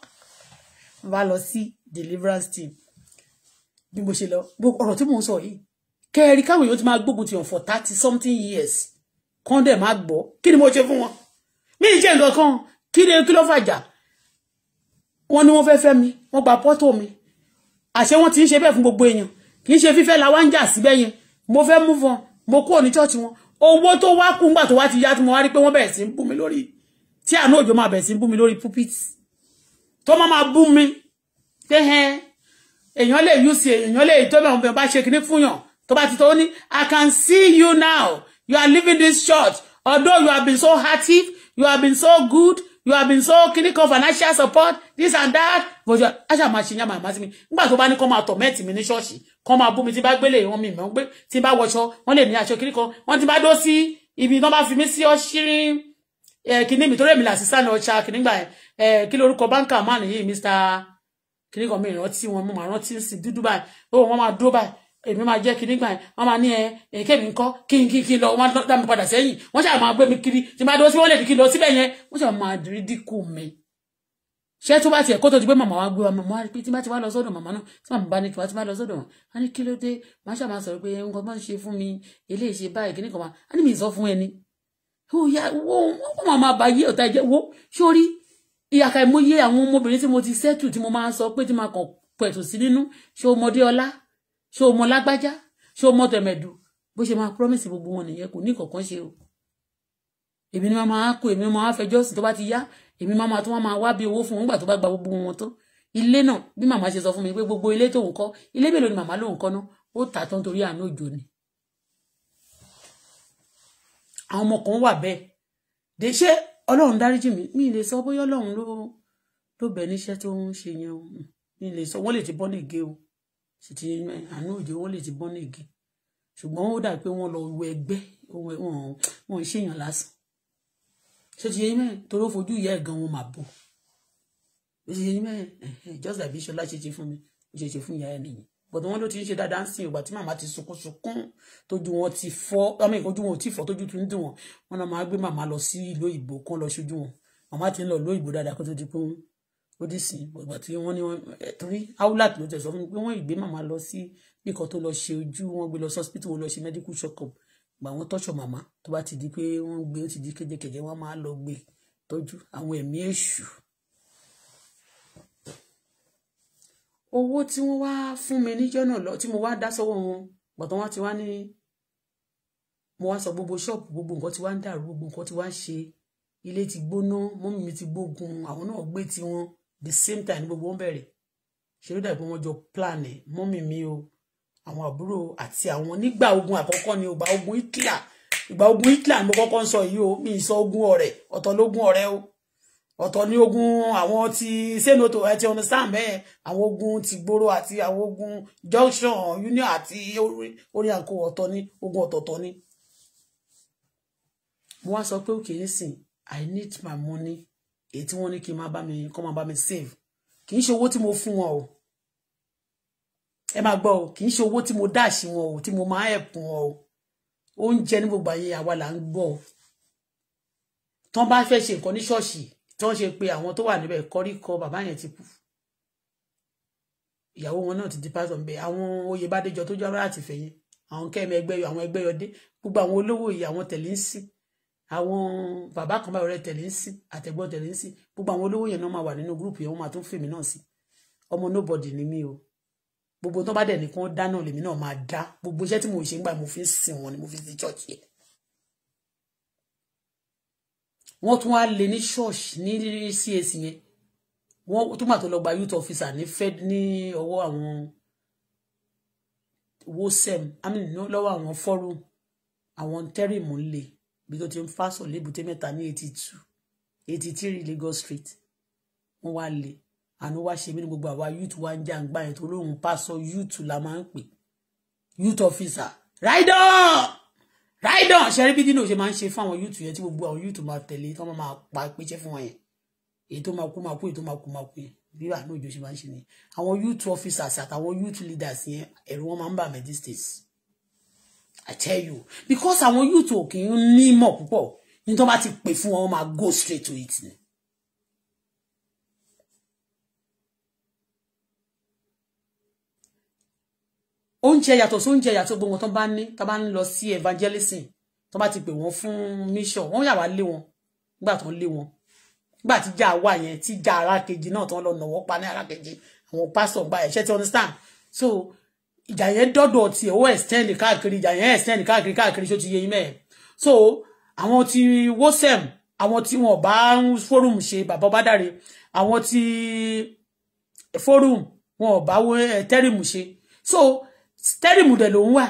mo lọ sí deliverance team bí mo ṣe lọ ọ̀rọ̀ tí mò ń sọ yìí kẹ́ẹ̀rí káwọn èèyàn ti máa gbógun ti hàn for thirty something years kọ́ńdẹ̀ má gbọ́ kí ni mo ṣe fún wọn mi jẹ́ nǹkan kan kí ni kí ló fàjà wọ́n ní wọ́n fẹ́ fẹ́ mi wọ́n gba pọ́tò mi àṣẹ wọ́n ti ń ṣe bẹ́ẹ̀ fún gbogbo èèyàn kì í ṣe fífẹ́ la wá ń jà síbẹ̀ yẹn mo fẹ́ mú fọn mo kúrò ní chọ́ọ̀chì wọn owó tó wá kú ńgbà tó wá ti yá tí mo wá rí pé wọ́n bẹ̀rẹ̀ sí ń bú mi lórí tí àánú òjò máa bẹ̀rẹ̀ sí ń bú mi lórí pulpit tó máa máa bú mi pé èèyàn lè yú sí èèyàn lè tó bẹ̀rẹ̀ bẹ̀rẹ̀ bá ṣe kinní fún tó bá ti tó ní I can see you now you are leaving this church although you have been so active you have been so good you have been so clinical financial support this and that but you aṣa máa ṣe yàn máa sí mi nígbà tó bá ní kó máa tọ̀mẹ́ẹ̀tì mi ní ṣọ́ọ̀ṣì kó máa bú mi tí bá gbélé wọn mi mọ̀ pé tí bá wọṣọ wọn lè ní aṣọ kini kan wọn ti bá dó sí ibi tán bá fi mí sí ọṣírí kini mi torí èmi là sísá ní ọjà kini gbà ẹ kí lórúkọ báńkà máà nìyí mr kini kan mi ìrántí wọn mo máa rántí sí dúdú báyìí ó wọn máa dúró èmi máa jẹ́ kíní gbà yẹn wọ́n máa ní ẹ kémi ńkọ́ kí n kí n kí n lọ wọ́n dá mi padà sẹ́yìn wọ́n ṣáà máa gbé mi kiri tí máa dúró sí wọ́n lè kí n lọ síbẹ̀ yẹn wọ́n ṣáà máa ridíkù mi. ṣé tó bá tiẹ̀ kó tó ti gbé màmá wa gbé wa màmá wa pé tí bá ti wá lọ sọ́dọ̀ màmá náà tí màmá bá ní kí wá tí bá lọ sọ́dọ̀ wọn á ní kí ló dé màá ṣáà máa sọ̀rọ̀ pé nǹkan bá ń ṣe fún mi eléyìí ṣe báyìí kíní kan wa á ní mi sọ fún ẹni. wọ́n máa máa bá yé ọ̀tá ẹ̀jẹ̀ wo sórí ìyàkà ìmọ̀ye àwọn ọmọbìnrin tí mo ti sẹ́tù tí mo máa sọ pé tí máa kàn pẹ̀tù sí nínú ṣé o mọdé ọlá ṣé o mọ lágbájá ṣé o mọ tẹ̀mẹ̀dù bó ṣe máa promise gbogbo wọn nìyẹn kò ní kankan ṣe o èmi ni máa máa kó èmi máa fẹjọ́ sùn tó bá ti yá èmi máa máa tó máa wá bí owó fún wọn nígbà tó bá gba gbogbo wọn tán ilé náà bí màmá ṣe sọ fún mi pé gbogbo ilé tóun kọ́ ilé mélòó ni màmá lòun kọ́ náà ó tà tán torí àánú òjò ni àwọn ọmọ kan wà bẹ́ẹ̀ dé ṣé Ọlọ́run dáríjì mi mi lè sọ bóyá Ọlọ́run ló bẹ níṣẹ́ tó ń ṣe yẹn mi lè sọ wọ́n lè ti bọ́ nìgé o ṣe ti àánú òjò wọn lè ti bọ́n ní igi ṣùgbọ́n ó dà pé wọ́n lọ wọ ẹgbẹ́ wọn ṣèyàn lásán ṣe ti yẹn mẹ́rin torí ó fojú ìyá ẹ̀ gan wọn mà bọ̀ ṣe ti yẹn mẹ́rin just like Bíṣọ́lá ṣe ti fún mi ó ṣe ti fún ìyá ẹ̀ nìyẹn but wọn ló ti ń ṣe dáadáa ń sìn ìgbà tí màmá ti sunkún sunkún tójú wọn ti fọ́ ọmọ ìkọjú wọn ò tí fọ́ tójú tún dùn wọn wọn náà máa gbé màmá lọ sí ìlú òyìnbó kán lọ sójú wọn màmá ti ń lọ lóyìnbó dáadáa kó tó di pé ó dì sí ìgbà tí wọ́n ní wọ́n torí aulat ló jẹ́ sọ fún mi pé wọ́n ìgbé màmá lọ sí nìkan tó lọ ṣe ojú wọn gbé lọ hospital wọn lọ ṣe medical shock up gbà wọ́n tọ́ṣọ̀ màmá tó bá ti di pé wọ́n gbé ó ti di kéjekèje wọ́n máa lọ gbé tọ́jú àwọn ẹ̀mí èṣù. owó tí wọ́n wá fún mi níjọ́ náà lọ tí mo wá dá sọ́wọ́ wọn gbọ̀tọ́ wọn ti wá ní mo wá sọ gbogbo shop, gbogbo nǹkan ti wá ń dàrú gbogbo nǹkan ti wá ń ṣe ilé ti gbóná mọ́mí mi ti gbógun àwọn náà gbé tiwọn the same time ní gbogbo wọn bẹ̀rẹ̀ ṣe ló dàbí wọn jọ plan ẹ̀ mọ́mì mi o àwọn àbúrò àti àwọn nígbà ogun àkọ́kọ́ ni ìgbà ogun Hitler ìgbà ogun Hitler ni mo kọ́kọ́ ń sọ yìí o mi ì sọ ogun ọ̀rẹ́ ọ̀tọ̀ lógun ọ̀rẹ́ o ọ̀tọ̀ ní ogun àwọn ti sẹ́nọ̀tò ẹ ti understand bẹ́ẹ̀ àwọn ogun ti gbòòrò àti àwọn ogun junction union àti orí àǹkó ọ̀tọ̀ ní ogun ọ̀tọ̀ọ̀tọ̀ ní. mo wá sọ pé òkè ń sìn I need my money èyí tí wọ́n ní kí n máa bá mi kọ́ máa bá mi save kì í ṣe owó tí mo fún wọn o ẹ máa gbọ́ o kì í ṣe owó tí mo dáàṣì wọn o tí mo máa ẹ̀pùn wọn o oúnjẹ ní gbogbo ayé àwa là ń gbọ́ tán bá fẹ́ ṣe nǹkan ní ṣọ́ọ̀ṣì tán ṣe pé àwọn tó wà níbẹ̀ kọ́rí kọ bàbá yẹn ti kú ìyàwó wọn náà ti di pásítọ̀ nbẹ àwọn oyè bá déjọ tó jọ ara àtìfẹ́yìn àwọn kẹ́mi ẹgbẹ́ yọ àwọn ẹgbẹ́ yọ dé gbogbo àwọn olówó yìí tẹ̀lé ń sìn àwọn bàbá kan báyọ̀ rẹ tẹ̀lé ń sìn àtẹ̀gbọ́n tẹ̀lé ń sìn gbogbo àwọn olówó yẹn náà máa wà nínú gúrùpù yẹn wọ́n máa tún fèmí náà sí ọmọ nobody ni mí o gbogbo tó bá dẹ̀ ní kí wọ́n dá náà lèmi náà máa dá gbogbo iṣẹ́ tí mo ṣe ń gbà mo fi ń sìn wọn ni mo fi ti ṣọ́ọ̀ṣì yẹn. wọ́n tún wá lé ní ṣọ́ọ̀ṣì ní CAC yẹn wọ́n tún mà tó lọ gba youth officer ní fed ní ọwọ́ àwọn wosem i mean lọ́wọ́ àwọn fọ́rùn àwọn tẹ́rìmù ń lè bí tó ti ń fásùn lébùté mẹ́ta ní eighty two eighty three Lagos Street wọ́n wá lè àánú wá ṣe mí ní gbogbo àwa youth wá ń jà ń gbà yẹn tó lóun pásọ youth la máa ń pè youth officer raidon raidon ṣẹ́rí bí dínà ṣe máa ń ṣe fún àwọn youth yẹn tí gbogbo àwọn youth máa tẹ̀lé tí wọ́n máa pa péṣẹ́ fún wọn yẹn èyí tó máa kú máa kú èyí tó máa kú máa kú yẹn bí àánú òjò ṣe máa ń ṣe nìyẹn àwọn youth officers àtàwọn youth leaders yẹn ẹ̀rù wọn máa ń bà mí these I tell you because I want you kì í ní mọ̀ púpọ̀ ní tó bá ti pè fún wọn wọ́n máa go straight to it ni. oúnjẹ yàtọ̀ sí oúnjẹ yàtọ̀ gbogbo tó bá ní tó bá ń lọ sí evangelism tó bá ti pè wọ́n fún mission wọ́n yà wá lé wọn nígbà tó ń lé wọn nígbà tí jà wà yẹn tí jà ara kejì náà tó ń lọ nàwọ́ pa ní ara kejì àwọn pásítọ̀ gba ẹ̀ṣẹ́ ti understand so ìjà yẹn dọ́dọ̀ tiẹ̀ ó extend káàkiri ìjà yẹn extend káàkiri káàkiri ṣó ti yẹ yín mẹ́ẹ̀ so àwọn ti wosem àwọn tí wọn bá ń forum ṣe bàbá bá dàre àwọn ti forum wọn ò bá tẹ́rìmù ṣe so tẹ́rìmù dẹ̀ ló ń wà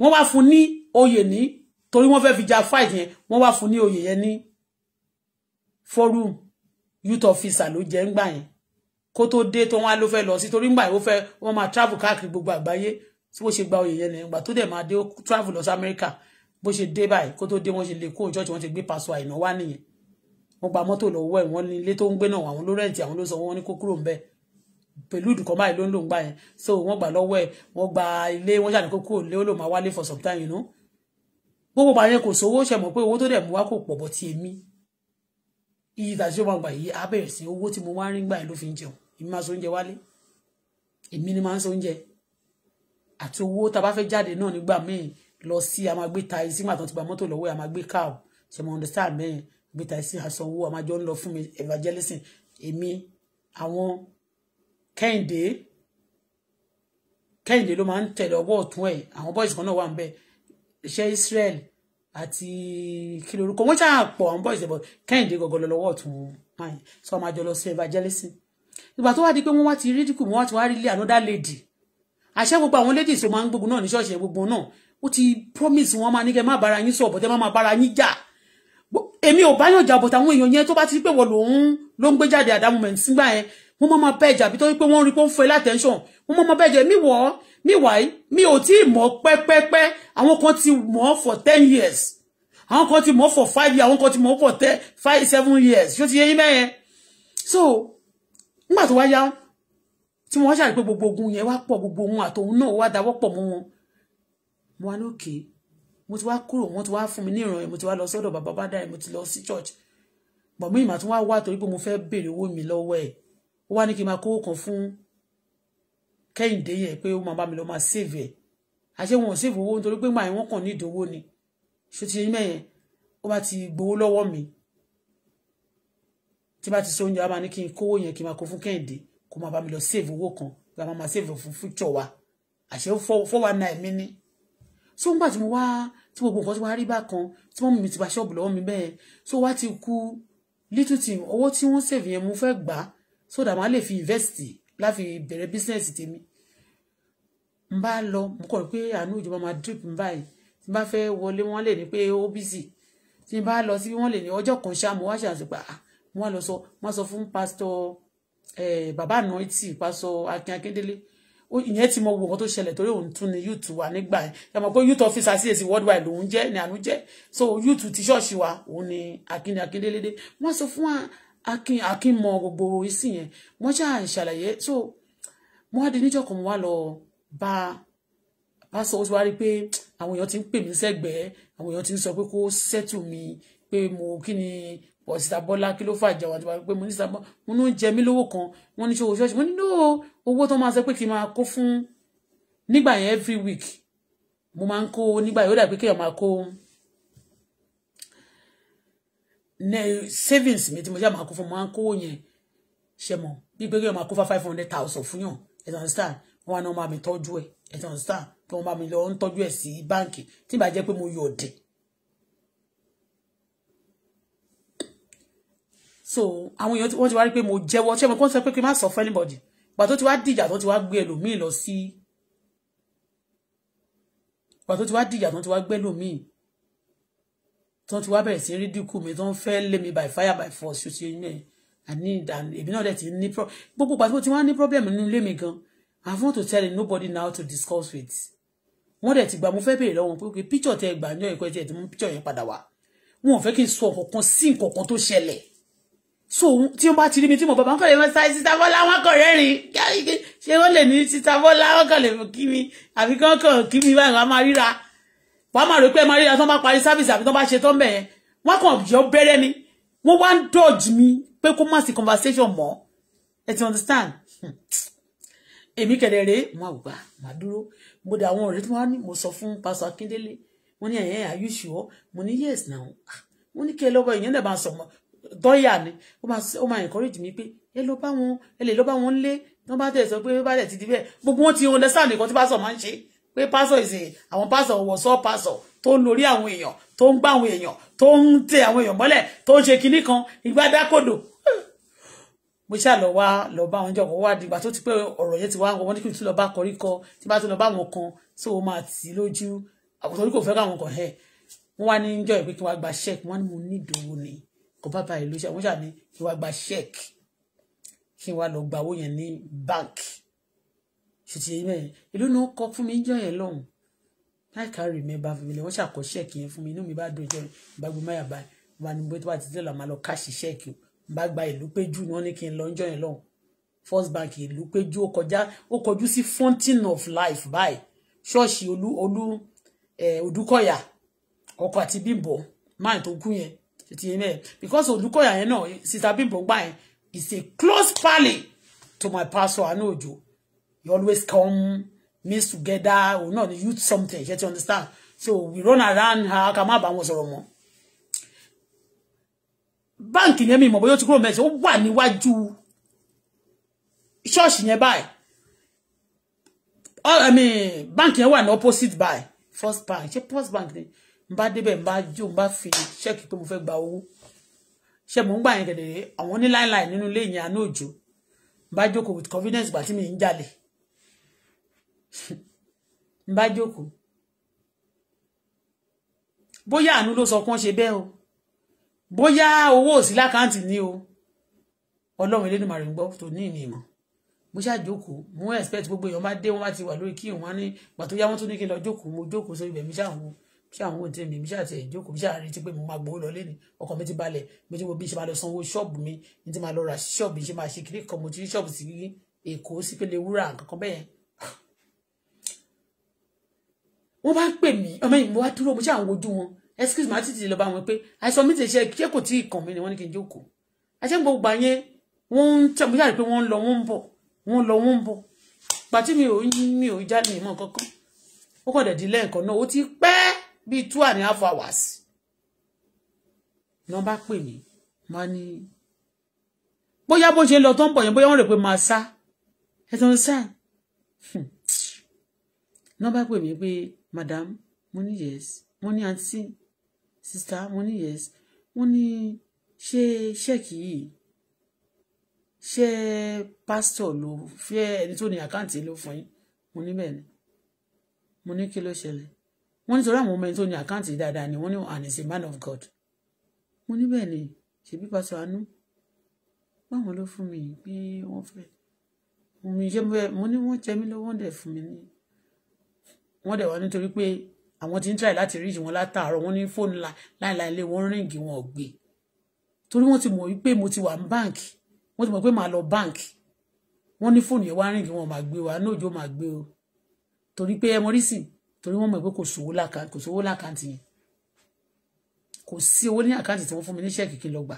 wọ́n wá fún ní oyè ní torí wọ́n fẹ́ fi ja fight yẹn wọ́n wá fún ní oyè yẹn ní forum youth officer ló jẹ́ ń gbà yẹn kó tó dé tó wọ́n á ló fẹ́ lọ sí torí ńgbà ó fẹ́ wọ́n máa travel káàkiri gbogbo àgbáyé tí wọ́n ṣe gba oyè yẹn nígbà tó dẹ̀ máa dé ó travel lọ sí Amẹ́ríkà bó ṣe dé báyìí kó tó dé wọ́n ṣe lè kó ìjọ́ọ̀tì wọ́n ṣe gbé pàṣọ àìná wá nìyẹn wọ́n gba mọ́tò lọ́wọ́ ẹ̀ wọ́n ní ilé tó ń gbé náà àwọn ló rẹ̀ǹtì àwọn ló sọ wọ́n ní kó kúrò ńbẹ̀ pẹ̀lú ìdùkọ́ báyìí ló ń lò ń gbà yẹn so wọ́n gbà lọ́wọ́ ẹ̀ wọ́n gba ilé wọ́n ṣàní kó kúrò lé ó lò máa wálé for some time you know gbogbo bàyẹn kò sówó ṣe mọ̀ pé owó tó dẹ̀ mú wá kò pọ̀ bọ̀ ti èmi iye tàbí ṣé wọ́n gbà yìí abẹ́rẹ́ sí owó tí mo wá ń rí gbà yẹn ló fi ń jẹun èmi máa so oúnjẹ wálé èmi ni máa ń so oúnjẹ àti owó tá a bá fẹ́ jáde náà nígbà míì lọ sí a máa gbé ta isi màtọ́ ti gba mọ́tò lọ́wọ́ a máa gbé káàwó ṣe mo understand mẹ́rin gbé ta isi àsanwó a máa jọ ń lọ fún mi evangelism èmi àwọn kẹ́hìndé kẹ́hìndé ló máa ń tẹ̀lé ọwọ́ ọ̀tún ẹ̀ àwọn boys kan náà wà ń bẹ̀ ṣe Israel àti kí lorúkọ wọ́n ṣáà pọ̀ àwọn boys ẹ̀ bọ̀ kẹ́hìndé gọ̀gọ̀ lọ lọ́wọ́ ọ̀tún máa so a máa jọ lọ sí evangelism ìgbà tó wá di pé wọ́n wá ti ridicule wọ́n wá ti wá rí lé another lady àṣẹ gbogbo àwọn ladies tó máa ń gbógun náà ní ṣọ́ọ̀ṣì gbogbo náà ó ti promise wọn máa ní kẹ́ má bára yín sọ̀bọ̀ tẹ́ má má bára yín jà èmi ò báyàn jà bọ̀tà àwọn èèyàn yẹn tó bá ti rí pé wọ́n lòun ló ń gbé jáde àdámù mẹ́rin sígbà yẹn wọ́n máa máa bẹ́ẹ̀ jà bí tó rí pé wọ́n rí pé ó ń fẹ́ látẹ́ńṣọ̀n wọ́n máa máa bẹ́ẹ̀ jà mí wọ́ mí wàá mi for ten years àwọn kan ti mọ̀ for five years àwọn kan ti mọ̀ for five seven years ṣó ti so nígbà tó wá yá tí wọ́n ṣàrí pé gbogbo ogun yẹn wá pọ̀ gbogbo ohun àtòun náà wá dáwọ́ pọ̀ mọ́ wọn mo wá lókè mo ti wá kúrò wọ́n ti wá fún mi ní ìrànwọ́ mo ti wá lọ sọ́dọ̀ bàbá bá dára mo ti lọ sí church bọ̀mí ìmọ̀ tí wọ́n wá torí pé mo fẹ́ béèrè owó mi lọ́wọ́ ẹ̀ ó wá ní kí n máa kówó kan fún kẹ́hìndé yẹn pé ó máa bá mi lọ máa save ẹ̀ àṣé wọn ò save owó nítorí pé màá wọn kàn ní ìdówó ni ṣó ti yẹn mẹ́yẹn ó bá ti gbowó lọ́wọ́ mi tí bá ti ṣe oúnjẹ wa máa ní kí n kówó yẹn kí n máa kó fún kẹ́hìndé mi lọ save owó kan gba máa máa save fún future wa àṣẹ four one nine mi ní. so ńgbà tí mo wá tí gbogbo nǹkan tí wọ́n á rí bákan tí wọ́n mi ti ba ṣọ́ọ̀bù lọ́wọ́ mi bẹ́ẹ̀ so wá ti kú little team owó tí wọ́n save yẹn mo fẹ́ gbà á so that màá lè fi invest láfi bẹ̀rẹ̀ business tèmi n bá lọ mo kọ̀ pé àánú ìjọba máa drip n báyìí tí n bá fẹ́ wọlé wọn lè ní pé busy tí n bá lọ síbi wọn lè ní ọjọ́ kan ṣáà mo wá ṣàṣùpà ah wọ́n lọ sọ wọ́n sọ fún pásítọ̀ eh, bàbá anointi pásítọ̀ akin akíndélé ìyẹn tí mo wò kan tó ṣẹlẹ̀ torí òun tún ni youth wa nígbà yẹn ẹ pé youth officer CAC worldwide lòun jẹ́ ní àánú jẹ́ so youth ti ṣọ́ọ̀ṣì wa òun ni akin akíndélé dé wọ́n sọ fún akin akin mọ gbogbo isi yẹn wọ́n ṣáà ń ṣàlàyé so mo wá di níjọ́ kan mo wá lọ bá pásítọ̀ ó ti wá rí pé àwọn èèyàn ti ń pè mí sẹ́gbẹ̀ẹ́ àwọn èèyàn ti ń sọ pé kó settle mi pé mo kí ni pọ̀ sísá bọ́lá kí ló fàjà wà tó bá pé mo ní sábà mo ní oúnjẹ mi lówó kan wọ́n ní ṣòwò ṣọ́ọ̀ṣì mo ní lóò owó tó máa sọ pé kí n máa kó fún nígbà yẹn every week mo máa ń kó nígbà yóò dàbí kéèyàn máa kó savings mi tí mo já máa kó fún mo máa ń kówó yẹn ṣe mọ bí pé kéèyàn máa kó fá five hundred thousand fún yàn you understand wọn wá ní wọn máa mi tọ́jú ẹ̀ you understand kí wọn bá mi lọ ń tọ́jú ẹ̀ sí báǹkì tí ìbá so àwọn èèyàn wọ́n ti wá rí pé mo jẹ́wọ́ ṣé mo kàn sọ pé kí n má sọ fún anybody gbà tó ti wá dìjà tó ti wá gbé ẹlòmíì lọ sí gbà tó ti wá dìjà tó ti wá gbé ẹlòmíì tó ti wá bẹ̀rẹ̀ sí rí dínkù mi tó ń fẹ́ lé mi by fire by force ṣe ní ẹ̀ àní ìdáná èmi náà dẹ̀ ti ní gbogbo pàtó tí wọ́n ní problem nínú ilé mi gan I want to tell nobody now to discuss with wọ́n dẹ̀ ti gbà mo fẹ́ béèrè lọ́wọ́ pé pé picture tẹ gbà ní ọ̀yẹ́kọ́ ẹ̀ tí ẹ̀ ti mú picture yẹn padà wá wọn ò fẹ́ kí n sọ ọ̀kọ̀ọ̀kan sí nǹkan tó ṣẹlẹ̀ so tí wọ́n bá ti rí mi tí mo bàbá ń kọ̀lẹ̀ mọ́ sáyé sísá bọ́lá wọn kọ̀ rẹ́rìn ṣé wọ́n lè ní sísá bọ́lá wọn kọ̀ lè mú kí mi àbí kí wọ́n kọ̀ kí mi báyìí wọ́n máa ríra wọ́n máa rò pé máa ríra tí wọ́n bá parí sáfìsì àbí tí wọ́n bá ṣe tán bẹ̀yẹn wọ́n kàn jọ bẹ̀rẹ̀ ni wọ́n wá ń dodge mi pé kó má sí conversation mọ́ ẹ ti understand hmm. èmi kẹ̀dẹ̀rẹ́ mo àgbà mà dúró mo dà àwọn ọ̀rẹ́ tí wọ́n ní mo sọ fún pásọ Akíndélé mo ní ẹ̀yẹ́ are you sure mo ní yes now ah, mo ní kí ẹ lọ́wọ́ ìyẹn náà bá sọ mọ́ dọ́yà ni ó máa ó máa encourage mi pé ẹ lọ bá wọn ẹ lè lọ bá wọn lé wọn bá tẹ̀ sọ pé bá tẹ̀ ti di bẹ́ẹ̀ gbogbo wọn ti understand nǹkan tí pásọ̀ máa ń ṣe pé pásọ̀ ìsè àwọn pásọ̀ wọ̀sọ̀ pásọ̀ tó ń lórí àwọn èèyàn tó ń gbá àwọn èèyàn tó ń tẹ àwọn èèyàn mọ́lẹ̀ tó ń ṣe kinní kan ìgbádákòdò mo ṣáà lọ wá lọ bá wọn jọ wá dìgbà tó ti pé ọ̀rọ̀ yẹn ti wá wọn ní kí n tún lọ bá kọrí tí bá tún lọ bá wọn kan tó o máa tì lójú àkótó orí kò fẹ́ káwọn kan hẹ̀ wọ́n wá ní jọ ìpín kí wọ́n ṣẹ́ẹ̀kì wọ́n ní mo ní ìdòwò ni kọba báyìí ló ṣe àwọn ṣàní kí wàá gba check kí wàá lọ gba owó yẹn ní bank ṣùtì yìí mẹ́rin ìlú náà kọ fún mi jọ yẹn lọ́hùn láì ká remember fún mi lẹ́wọ́n ṣàkọ check yẹn fún mi inú mi bá dùn jọ ìbágbé máyà báyìí wà ní gbé tó bá ti dé lọ́la máa lọ káàṣì check bá gba ìlú péjú wọn ní kí n lọ jọ yẹn lọ́hùn first bank ìlú péjú ó kọjá ó kọjú sí fountain of life báyìí ṣọ́ọ̀ṣì olú olú ẹ̀ eh, odúkọ̀yà ọkọ̀ àti bímbọ̀ máà tó kú yẹn ṣe ti yẹn mẹ́ẹ̀ because Olùkọ́yà yẹn náà sister Bimbo gbà is a close pally to my pastor Anu Ojo you always come meet together or not youth something you understand so we run around her ká má bá wọn sọ̀rọ̀ Bank in yẹn mi mọ̀ bóyá ó ti kúrò mẹ́sẹ̀ ó wà Church nearby. Oh, I mean, bank wà one opposite by first bank first bank ni n bá débẹ̀ n bá jó n bá fi ṣẹ́ẹ̀kì pé mo fẹ́ gba owó ṣe mò ń gbà yẹn gẹ̀dẹ̀ àwọn ní láìláì nínú ilé yẹn àná òjò n bá jókòó with confidence gbà tí mi ń jalè n bá jókòó bóyá àánú ló sọ kán ṣe bẹ́ẹ̀ o bóyá owó òsì lákàntì ni o ọlọ́run ilé nìmọ̀ rẹ̀ ń gbọ́ tó ní ìní ìmọ̀ mo ṣàjókòó mo expect gbogbo èèyàn bá dé wọn bá ti wà lórí kí òun ní ìgbà tó yá wọn tún ní kí n lọ jókòó mo jókòó sórí ibẹ̀ mi ṣáà wọn ṣé àwọn òǹtí mi mi ṣe àti ìjókòó mi ṣe àrètí pé mo máa gbowó lọ lé ní ọkàn mi ti balẹ̀ mo ti mo bí ṣe máa lọ sanwó ṣọ́ọ̀bù mi ní ti máa lọ ra ṣọ́ọ̀bù ṣe máa ṣe kiri kan mo ti rí ṣọ́ọ̀bù sí Èkó sí Pélé Wúrà kankan bẹ́ẹ̀ wọ́n bá ń pè mí ọmọ yìí mo wá dúró mo ṣe àwọn ojú wọn excuse me àti ti lọ bá wọn pé àìsàn mi ti ṣe ṣé kò tí ì kàn mí ni wọ́n ní kí n jókòó àṣẹ gbogbo àyẹn wọ́n ń tẹ̀ mo ṣàrí pé wọ́n ń lọ wọ́n ń bíi two and a half hours ni wọ́n bá pè mí wọ́n ní bóyá bó ṣe lọ tó ń bọ̀ yẹn bóyá wọ́n rò pé máa sá ẹ̀tọ́ ń sá ni wọ́n bá pè mí madam mo ní yes mo ní àǹtí sista mo ní yes mo ní ṣé ṣẹ́ẹ̀kì yìí ṣé pásítọ̀ ló fẹ́ ẹni tó ní àkáǹtì ló fún yín mo ní bẹ́ẹ̀ ni mo ní kí ló ṣẹlẹ̀ wọ́n ní sọ̀rọ̀ àwọn ọmọ ẹni tó ní àkáǹtì dáadáa ni wọ́n ní and is a man of God mo ní bẹ́ẹ̀ ni ṣèbí pàṣẹ àánú báwọn ló fún mi pé wọ́n fẹ́ mi ṣe mo ní wọ́n jẹ mí lọ́wọ́ wọ́n dẹ̀ fún mi ní wọ́n dẹ̀ wá nítorí pé àwọn tí ń try láti ríjì wọn látàárọ̀ wọ́n ní fóònù láìláìlé wọ́n ríǹgì wọn ò gbé torí wọ́n ti mọ̀ wípé mo ti wà ní báǹkì wọ́n ti mọ̀ pé màá lọ báǹkì wọ́n ní fóònù yẹn wá ríǹgì wọn máa gbé wa náà òjò máa gbé o torí pé ẹ mọ rí sí torí wọ́n mọ̀ pé kò sówó lákàntì kò sówó lákàntì yẹn kò sí owó ní àkáǹtì tí wọ́n fún mi ní ṣẹ́ẹ̀kì kí n lọ gbà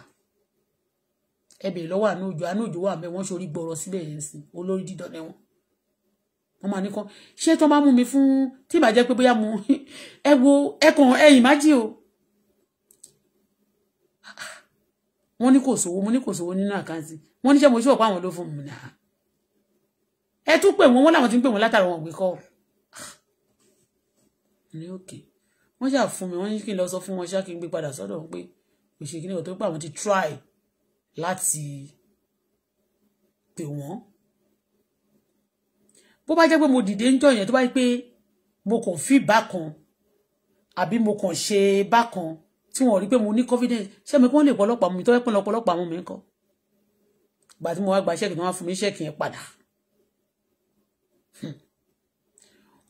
ẹbẹ̀ lọ́wọ́ ànújò wà mẹ́ wọ́n ṣorí gbọ́rọ̀ síbẹ̀ yẹn sí olórí dídán ni wọ́n wọ́n máa ní kọ́ ṣé tó máa mú mi fún tí ìbàjẹ́ pé bóyá mo ẹ wo ẹkàn ẹyìn má jì o wọ́n ní kò sówó mo ní kò sówó nínú àkáǹtì wọ́n ní ṣé mo ṣe òpá àwọn ló fún mi nà ẹ tún pè wọ́n wọ́n làwọn ti ń pè wọ́n látàrí wọn ògbé kọ́ọ̀rù ní òkè wọ́n ṣáà fún mi wọ́n ní kí n lọ sọ fún wọn ṣáà kí n gbé padà sọ́dọ̀ wọn pé kò ṣe kíní ọ̀tọ́ pé àwọn ti try láti pè wọ́n bó bá jẹ́ pé mo dìde ń jọ yẹn tó bá yẹ pé mo kàn fi bákan àbí mo kàn ṣe bákan tí wọ́n rí pé mo ní confidence ṣé mi kí wọ́n lè pọ̀lọ́pàá mú mi tó fẹ́ pín lọ́pọ̀lọpọ̀ àwọn mi kọ́ gbà tí mo wá gba ṣẹ́ẹ̀kì tí wọ́n fún mi ṣẹ́ẹ̀kì yẹn padà hmm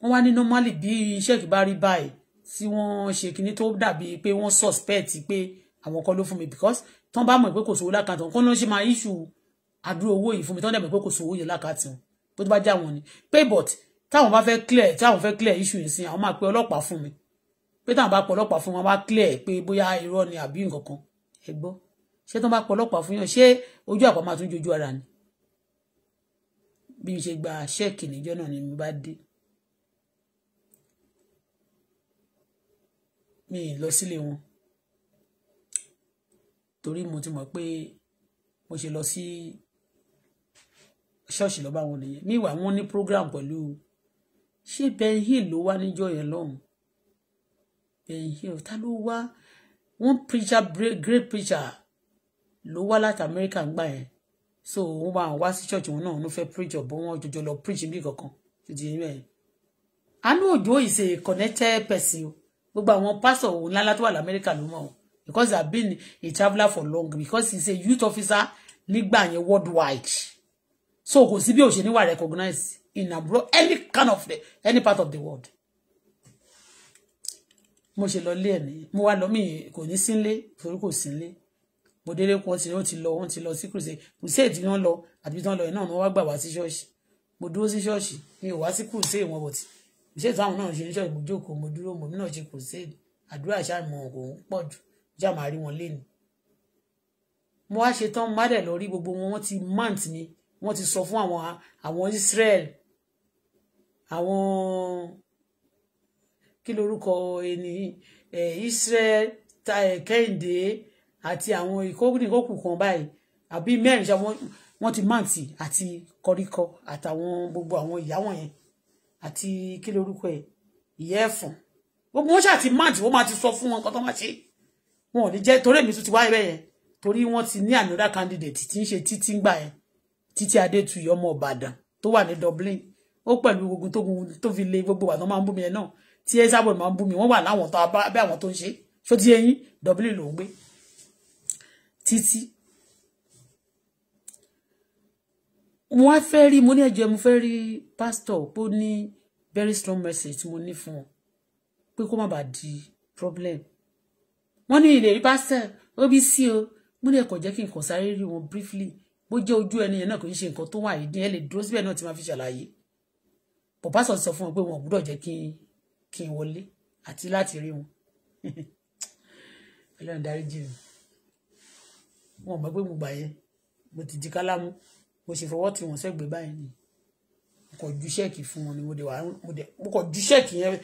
wọ́n wá ní normally bí sheik bá rí báyìí tí wọ́n ṣe kinní tó dàbí pé wọ́n suspect pé àwọn kan ló fún mi because tán bá mọ̀ pé kò sówó lákàtàn kán náà ṣe máa issue àdúró owó yìí fún mi tán dẹ̀ mọ̀ pé kò sówó yẹn lákàtàn bó tó bá já wọn ni pé but táwọn bá fẹ́ clear táwọn fẹ́ clear issue yẹn sí àwọn máa pe ọlọ́pàá fún mi pé táwọn bá pe ọlọ́pàá fún mi wọ́n bá clear pé bóyá irọ́ ni àbí nǹkan kan ẹ gbọ́ ṣé tán bá pe ọlọ́pàá fún yàn ṣé ojú àpá máa tún jojú ara ni bí mi ṣe gba ṣẹ́ẹ̀kì níjọ́ mi ì lọ sílé wọn torí mo ti mọ̀ pé mo ṣe lọ sí ṣọ́ọ̀ṣì lọ́ba wọn nìyẹn míwà wọn ní program pẹ̀lú ṣé Ben Hill ló wá níjọ́ yẹn lọ́hùn Ben Hill ta ló wá one preacher great preacher ló wá láti Amẹ́ríkà ń gbà yẹn so wọn bá wọn wá sí ṣọ́ọ̀ṣì wọn náà wọn fẹ́ preach ọ̀bọ wọn jọjọ lọ preach níbi kankan ṣùgbọ́n àánú òjò is a connected person o gbogbo àwọn pásọ̀ ńláńlá tó wà lamẹ́ríkà ló mọ̀ because he been a traveller for long because he is a youth officer nígbà yẹn worldwide so kò sí bí o ṣe ní wà recognize in abroad any kind of the, any part of the world mo ṣe lọ lé ẹ̀ ní mo wá lọ mí kò ní sínlé torí kò sínlé bòdélé kan ti wọ́n ti lọ wọ́n ti lọ sí crusade crusade tí wọ́n lọ àti tí wọ́n lọ yẹn náà wọ́n wá gbà wá sí ṣọ́ọ̀ṣì mo dúró sí ṣọ́ọ̀ṣì mi ò wá sí crusade wọn bọ̀tì ṣé táwọn náà ṣe ń ṣọ̀rọ̀ mojókòó mo dúró mo náà ṣe kò sí àdúrà ṣàmọ̀ kò ń pọ̀ jù já máa rí wọn léni mo wá ṣe tán má lọ rí gbogbo wọn wọ́n ti mount ni wọ́n ti sọ fún àwọn àwọn Israel àwọn kí lorúkọ ẹni Israel Kẹ́hìndé àti àwọn ìkókùnkókù kan báyìí àbí mẹ́rin ṣá wọ́n ti mount àti kọ́ríkọ́ àtàwọn gbogbo àwọn ìyá wọ̀nyẹn àti kí lorúkọ ẹ̀ ìyá ẹ̀fọ̀n gbogbo wọn ṣáà ti máàtì wọn máa ti sọ fún wọn nǹkan tó máa ṣe wọn ò ní jẹ́ torí èmi tún ti wáyé bẹ́yẹn torí wọ́n ti ní another candidate tí ń ṣe títí ń gbà yẹn títí adétuyì ọmọ ìbàdàn tó wà ní dublin ó pẹ̀lú gbogbo tógun tó fi lé gbogbo àwọn máa ń bú mi yẹn náà tí ẹ sábà máa ń bú mi wọ́n wà láwọn tó abẹ́ àwọn tó ń ṣe ṣó ti yẹn dublin ló ń gbé títí wọ́n á fẹ́ rí mo ní ẹ̀jẹ̀ mo fẹ́ rí pásítọ̀ pé ní very strong message tí mo ní fún ọ pé kó má bàa di problem wọ́n ní ilé pastor. pásítọ̀ ó bí sí o mo ní ẹ̀kọ́ jẹ́ kí n kàn sáré rí wọn briefly bó jẹ́ ojú ẹni yẹn náà kò ní ṣe nǹkan tó wà yìí ní ẹ lè dúró síbẹ̀ náà tí máa fi ṣàlàyé bàbá sọ sọ fún wọn pé wọn ò gbúdọ̀ jẹ́ kí kí n wọlé àti láti rí wọn ọlọ́run dárí jì mí wọn mọ̀ pé mo gbà yẹn mo ti di kálámù mo sì fọwọ́ tí wọ́n sẹ́gbẹ̀ẹ́ báyìí ni mo kàn ju ṣẹ́ẹ̀kì fún wọn ni mo dẹ̀ wá mo kàn ju ṣẹ́ẹ̀kì yẹn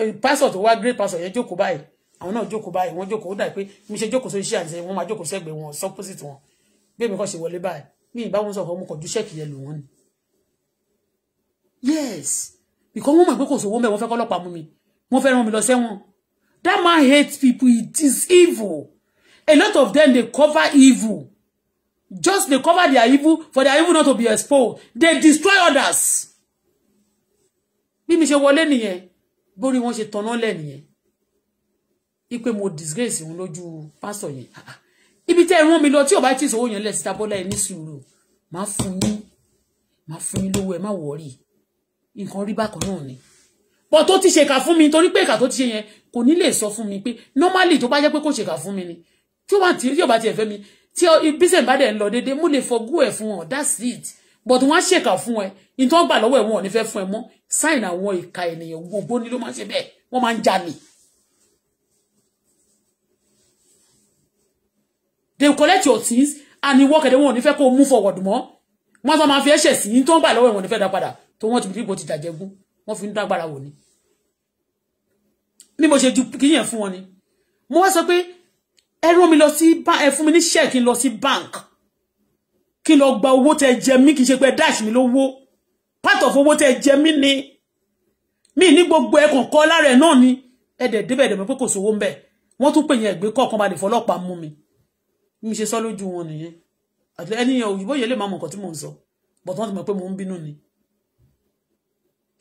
eh, pásọ̀ tó wá great pásọ̀ yẹn jókòó báyìí àwọn náà jókòó báyìí wọ́n jókòó ó dà pé mi ṣe jókòó sórí àti wọ́n máa jókòó sẹ́gbẹ̀ẹ́ wọn sọ́pọ́sìtì wọn bí èmi kàn ṣe wọlé báyìí mi ì bá wọn sọ̀rọ̀ mo kàn ju ṣẹ́ẹ̀kì yẹn lù wọ́n ni. yes because wọ́n mọ̀ pé kò sówó mẹ́ wọ́n fẹ́ that man hates people it is evil a lot of them dey cover evil Just they cover their evil for their evil not to be exposed. They destroy others. Bí mi ṣe wọlé nìyẹn, bórí wọn ṣe tọ̀nà lẹ̀ nìyẹn. Ipe mo disgrace òun lójú pásọ̀ yẹn. Ah, ah. Ibi tẹ́ ẹ rán mi lọ tí ò bá tí ìṣòwò yẹn lẹ̀ síta bọ́lá ẹ ní sùúrù. Màá fún yín, màá fún yín lówó ẹ má wọ̀ọ́rì. Nǹkan rí bákan náà ni. Bọ̀ tó ti ṣèkà fún mi torí pé ìkà tó ti ṣe yẹn kò ní lè sọ fún mi pé normally tó bá jẹ́ pé kò ṣèkà fún mi ni. Tí ó bá ti ẹ̀ fẹ́ mi, tí business bá dẹ̀ lọ déédéé mo lè fọgú ẹ̀ fún wọn that's it but wọ́n á ṣèkà fún ẹ ní tó ń gbà lọ́wọ́ ẹ̀ wọn ò ní fẹ́ fún ẹ mọ́ sáìn àwọn ìka ènìyàn gbogbo ni ló máa ń ṣe bẹ́ẹ̀ wọ́n máa ń jalè. they collect your things and ìwọ kẹ̀dẹ̀ wọn ò ní fẹ́ kó o move forward mọ́ wọ́n sọ máa fi ẹ̀ṣẹ̀ sí ní tó ń gbà lọ́wọ́ ẹ̀ wọn ò ní fẹ́ dá padà tó wọ́n ti bí ibo ti jàjẹ́gún wọ́n fi ń dágbára wò ni. bí mo ṣe ju kíyàn fún wọn ni mo wá sọ pé ẹ rán mi lọ sí bank ẹ fún mi ní ṣẹ́ẹ̀ kí n lọ sí bank kí n lọ gba owó tẹ jẹ mí kì ṣe pé dash mi lówó part of owó tẹ jẹ mí ni mi ní gbogbo ẹ kọ̀ọ̀kan lára ẹ̀ náà ni ẹ dẹ̀ débẹ̀ dẹ̀ mọ̀ pé kò sówó ń bẹ̀ wọ́n tún pè yẹn ẹ̀gbẹ́ kọ̀ọ̀kan balẹ̀ fọlọ́pàá mú mi mi ṣe sọ lójú wọn nìyẹn àti ẹnìyàn òyìnbó yẹn lè máa mọ nǹkan tí mò ń sọ bọ̀tọ̀ wọ́n ti mọ̀ pé mò ń bínú ni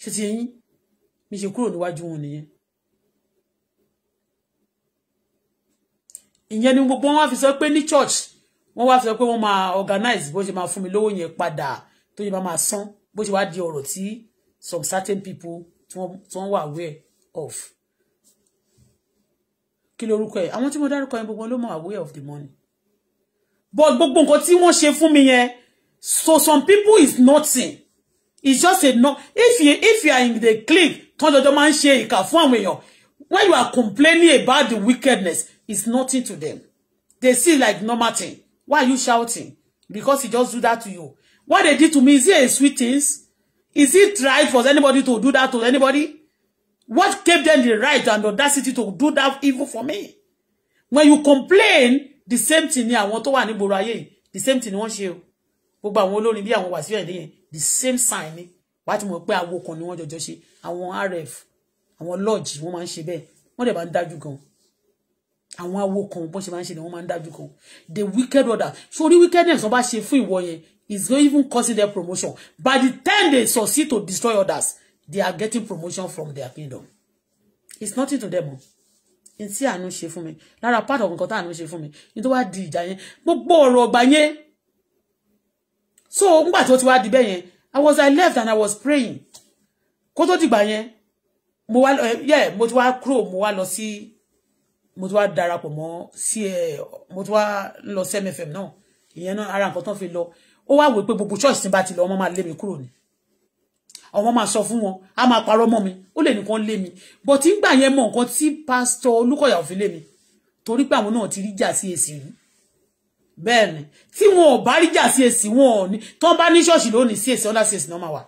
ṣe ti yẹn mi ṣe kúrò níwájú wọn nìyẹn ìyẹn ni gbogbo wọn wá fi sọ pé ní church wọn wá fi sọ pé wọn máa organize bó ṣe máa fún mi lówó yẹn padà tó yẹ máa máa san bó ṣe wá di ọ̀rọ̀ tí some certain people tí wọ́n wà aware of kí lorúkọ ẹ̀ àwọn tí mo dárúkọ yẹn gbogbo ló mọ̀ aware of the money but gbogbo nǹkan tí wọ́n ṣe fún mi yẹn so some people is nothing it's just a no if you if you are in the clique tán jọjọ máa ń ṣe ìkà fún àwọn èèyàn when you are complaining about the wickedness is nothing to them. They see like normal thing. Why are you shouting? Because he just do that to you. What they did to me, is it a sweet things? Is it right for anybody to do that to anybody? What gave them the right and audacity to do that evil for me? When you complain, the same thing ni àwọn tó wà ní the same thing ni wọ́n the same sign ni. Wàá ti mọ̀ pé àwo kan ni wọ́n jọjọ RF, àwọn lọ́ọ̀jì wọ́n máa ń ṣe bẹ́ẹ̀. Wọ́n dẹ̀ máa ń àwọn awo kan bó ṣe máa ń ṣe ni wọ́n máa ń dájú kan the wicked order sórí wickedness wọ́n bá ṣe fún ìwọ yẹn is going even causing their promotion by the time they succeed to destroy others they are getting promotion from their kingdom it's nothing to them o n tí àánú ṣe fún mi lára part of nǹkan tí àánú ṣe fún mi ní tó wá di ìjà yẹn gbogbo ọ̀rọ̀ ọgbà yẹn so nígbà tí ó ti wá di bẹ́ẹ̀ yẹn i was i left and i was praying kó tó dìgbà yẹn mo wá eh, yẹ mo ti wá kúrò mo wá lọ sí mo ti wá darapọ̀ mọ́ sí ẹ mo ti wá lọ sí MFM náà ìyẹn náà ara nǹkan tán fi lọ ó wá wò pé gbogbo church tí n ti lọ ọmọ máa lé mi kúrò ni ọmọ máa sọ fún wọn a máa parọ́ mọ́ mi ó lè nìkan lé mi bọ̀ tí ń gbà yẹn mọ nǹkan tí pásítọ̀ Olúkọ̀yà ò fi lé mi torí pé àwọn náà ti rí jà sí èsì rí bẹ́ẹ̀ ni tí wọn ò bá rí jà sí èsì wọn ò ní tí wọ́n bá ní ṣọ́ọ̀ṣì lónìí sí èsì ọlá sí èsì náà máa wà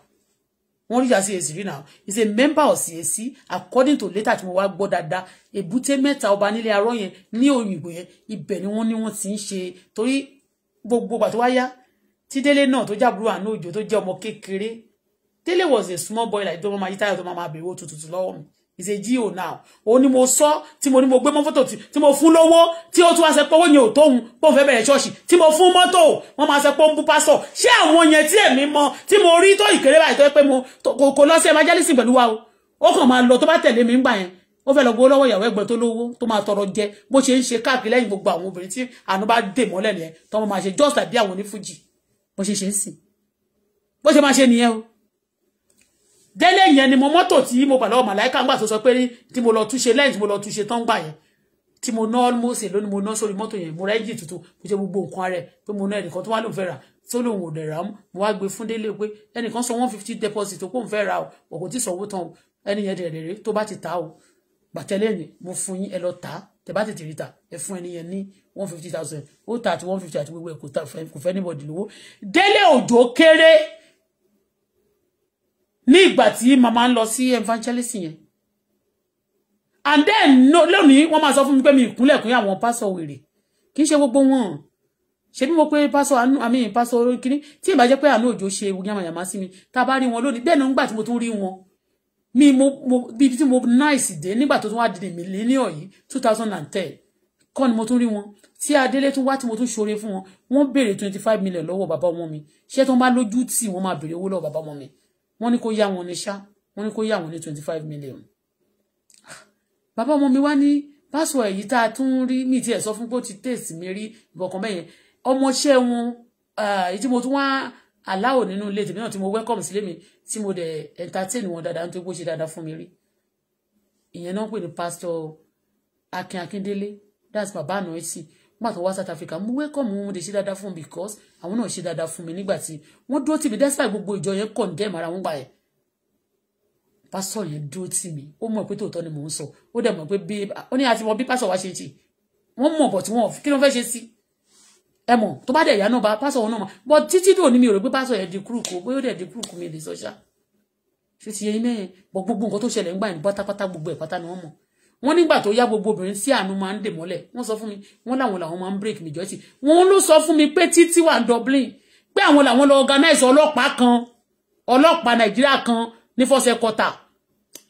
wọ́n rí CAC rí now. is a member of CAC according to later to mo wá gbọ́ dáadáa èbúté mẹ́ta ọba nílé arọ́ yẹn ní òyìnbó yẹn ibẹ̀ ni wọ́n ní wọ́n ti ń ṣe torí gbogbo gbà tó wá yá tí délé náà tó jábúrò àná òjò tó jẹ́ ọmọ kékeré was a small boy like tó máa yí táyà tó máa bèrè owó tuntun mi is a deal now Oni mo so, ti mo ni mo gbé mọ́ fọ́tò Ti mo fún lówó tí ó tún wá ṣe pé owó o ò tóhun pé òun fẹ́ bẹ̀rẹ̀ mo fún moto. wọ́n máa ṣe pé ó ń bú pásọ̀ ṣé àwọn yẹn tí èmi mo ri to ìkéré báyìí to yẹ mo kò lọ sí ẹmájálísì pẹ̀lú wa o ó kàn máa lọ tó bá tẹ̀lé mi ń o yẹn ó fẹ́ lọ gbowó lọ́wọ́ ìyàwó ẹ̀gbọ́n tó lówó tó máa tọrọ jẹ bó ṣe ń ṣe káàkiri lẹ́yìn gbogbo àwọn obìnrin tí àánú bá dè mọ́lẹ̀ nìyẹn tọmọ máa ṣe just like bi àwọn onífújì bó ṣe ṣe ń sìn bó ṣe máa ṣe nìyẹn o délé yẹn ni mo mọ́tò tí mo bà lọ́wọ́ màláìka ńgbà tó sọ pé tí mo lọ túnṣe lẹ́yìn tí mo lọ túnṣe tán gbà yẹn tí mo ná mọ́sẹ̀ lónìí mo ná sórí mọ́tò yẹn mo ra ẹ́ńjì tuntun mo ṣe gbogbo nǹkan rẹ̀ pé mo ná ẹnìkan tó wá lóun fẹ́ rà tó lóun ò dẹ̀ rà mú mo wá gbé fún délé pé ẹnìkan sọ one fifty deposit tó kóun fẹ́ rà o pọ̀ kò tí sọ owó tán o ẹni yẹn dẹ̀ rẹ̀ tó bá ti ta o gbàtẹ́lẹ̀ yẹn mo fún yín ẹ lọ tà á tẹ bá tètè rí ta ẹ fún ẹni yẹn ní one fifty thousand ó ta àti one fifty àti gbogbo ẹ kò fẹ́ anybody lówó délé òjò kéré ní ìgbà tí màmá ń lọ sí evangelism yẹn and then no, lónìí wọ́n máa sọ fún mi pé mi ìkúnlẹ̀kùn yà wọ́n pásọ̀ wèrè kì í ṣe gbogbo wọn ṣe bí mo pé pásọ̀ àánú àmì pásọ̀ kínní tí ìbá jẹ́ pé àánú òjò ṣe yamayama sí mi tá a bá rí wọn lónìí bẹ́ẹ̀ náà nígbà tí mo tún rí wọn mi mo mo bíbi tí mo náìsì dé nígbà tó tún wá dìde mílíọ̀nù yìí two thousand and ten kọ́ ni mo tún rí wọn tí adélé tún wá tí mo tún ṣoore fún wọn wọ́n béèrè twenty five million lọ́wọ́ bàbá ọmọ mi ṣé tí wọ́n bá lójú tì wọ́n máa béèrè owó lọ́wọ́ bàbá ọmọ mi wọ́n ní kó yá wọn ní ṣá wọ́n ní kó yá wọn ní twenty five million. Ah, bàbá ọmọ mi wá ní pásọ èyí tá a tún rí mi tiẹ̀ sọ fún pé ó ti tèsì mi rí ìbọ̀kan mẹ́yẹn ọmọọṣẹ́ wọn ah, èyí tí mo tún wá aláwọ̀ nínú ilé tèmi náà tí mo welcome sílé mi tí mo dẹ̀ entertain wọn dáadáa nítorí pé ó ṣe dáadáa fún mi rí ìyẹn náà pè ní pásítọ̀ Akin Akindele that's bàbá àná ẹ̀sìn nígbà tó wá South Africa mo welcome wọn mo lè ṣe dáadáa fún mi because àwọn náà ṣe dáadáa fún mi nígbà tí wọ́n dúró tì mí despite gbogbo ìjọ yẹn condemn ara wọn gbà yẹn pásọ yẹn dúró tì mí ó mọ̀ pé tòótọ́ ni mò ń sọ ó dẹ̀ mọ̀ pé bí ó ní àti mọ̀ bí pásọ wa ṣe ń ṣe wọ́n mọ̀ bọ̀ tí wọ́n kí ló fẹ́ ṣe sí ẹ mọ̀ tó bá dẹ̀ yá náà bá pásọ wọn náà mọ̀ bọ́ títí dò ní mi ò rò pé pásọ yẹn di kúrúkù bóyá ó dẹ̀ di kúrúkù mi lè sọ ṣá ṣé ti yẹ iná yẹn bọ́ gbogbo nǹkan tó ṣẹlẹ̀ ń gbà yẹn pátápátá gbogbo ẹ̀ pátá ni wọ́n mọ̀ wọ́n nígbà tó yá gbogbo obìnrin tí àánú máa ń dè mọ́lẹ̀ wọ́n sọ fún mi wọ́n làwọn làwọn máa ń break majority wọ́n ló sọ fún mi pé títí wà Dublin pé àwọn làwọn lọ organize ọlọ́pàá kan ọlọ́pàá Nàìjíríà kan ní fọ́sẹ̀ kọta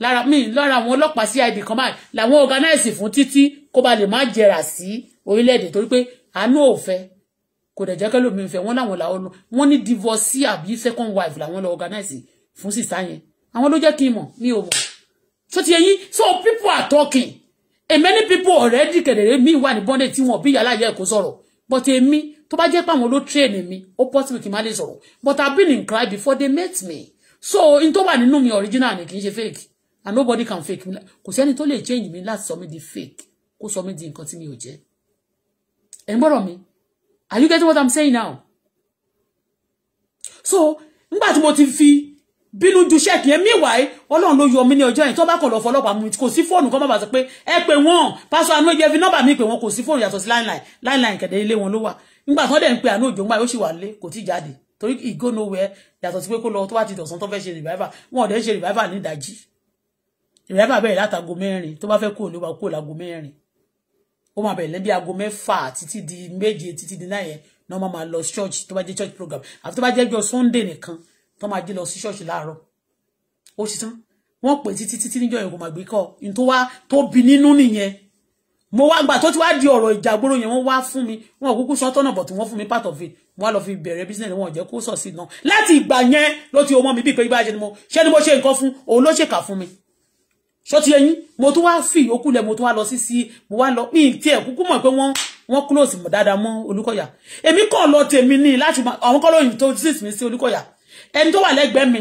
lára mi lára àwọn ọlọ́pàá CID kan báyìí làwọn organize fún títí kó ba lè má jẹrà sí orílẹ̀-èdè torí pé àánú ò fẹ́ kò dẹ̀ jẹ́ kẹ́lò mi fẹ́ wọ́n láwọn làwọn lọ wọ́n ní divorce àbí second wife làwọn lọ organize fún sísá yẹn àwọn ló jẹ́ kí n mọ̀ mi ò mọ̀ so ti yẹn so people are talking and many people already kẹ̀dẹ̀rẹ́ mi wà ní bọ́ndẹ̀ tí wọn bí yàrá yẹ kó sọ̀rọ̀ but èmi tó bá jẹ́ pé àwọn ló train mi ó possible kí n má lè but I've been in cry before they met me so in tó wà nínú mi original ni kì í fake and nobody can fake me kò sẹ́ni tó lè change me last sọ mi fake kó sọ mi di nǹkan tí mi ò jẹ́ ẹ̀ ń mi are you getting what I'm saying now so nígbà tí mo ti fi bínú ju ṣẹ́ẹ̀kì yẹn meanwhile ọlọ́run ló yọ mí ní ọjọ́ yẹn tó bá kàn lọ fọlọ́pàá mu kò sí fóònù kan bàbá sọ pé ẹ pé wọ́n pásọ àánú ìjẹ́ fi nọ́bà mi pé wọ́n kò sí fóònù yàtọ̀ sí láìláì láìláì kẹ̀dẹ̀ ilé wọn ló wà nígbà tó dẹ̀ ń pe àánú òjò ńgbà ó sì wà lé kò tí jáde torí ìgò go wẹ yàtọ̀ sí pé kó lọ tó bá ti dọ̀sán tó fẹ́ ṣe revival wọn ò dẹ̀ ṣe revival ní ìdajì revival bẹ̀rẹ̀ látago mẹ́rin tó bá fẹ́ kúrò ló bá kúrò lágo mẹ́rin ó máa bẹ̀rẹ̀ lẹ́bí aago mẹ́fà títí di méje títí di náà yẹn ní wọ́n máa lọ church tó bá jẹ́ church program After tó bá jẹ́ Sunday nìkan tó máa jí lọ sí ṣọ́ọ̀ṣì láàárọ̀ ó sì tán wọ́n pè títí títí níjọ́ yẹn kò máa gbé kọ́ ní tó wá tó bí nínú nìyẹn mo wá gbà tó ti wá di ọ̀rọ̀ ìjàgbóró yẹn wọ́n wá fún mi wọn kúkú sọ tọ́nà bọ̀ tí wọ́n fún mi part of it wọ́n á lọ fi bẹ̀rẹ̀ business wọn jẹ́ kó sọ̀ sí náà láti ìgbà yẹn ló ti ọmọ mi bíi pé bá ṣe ni mo ṣé ni mo ṣe nǹkan fún òun ló ṣèkà fún mi ṣó ti ẹyin mo tún wá fi ìyókù lẹ mo tún wá lọ sí sí mo wá lọ ní ìtí ẹ kúkú mọ̀ pé wọ́n wọ́n close mọ dáadáa mọ́ Olúkọ̀yà èmi kàn lọ tèmi ní láti àwọn kọlọyìn tó sísìn mi sí Olúkọ̀yà ẹni tó wà lẹ́gbẹ̀ẹ́ mi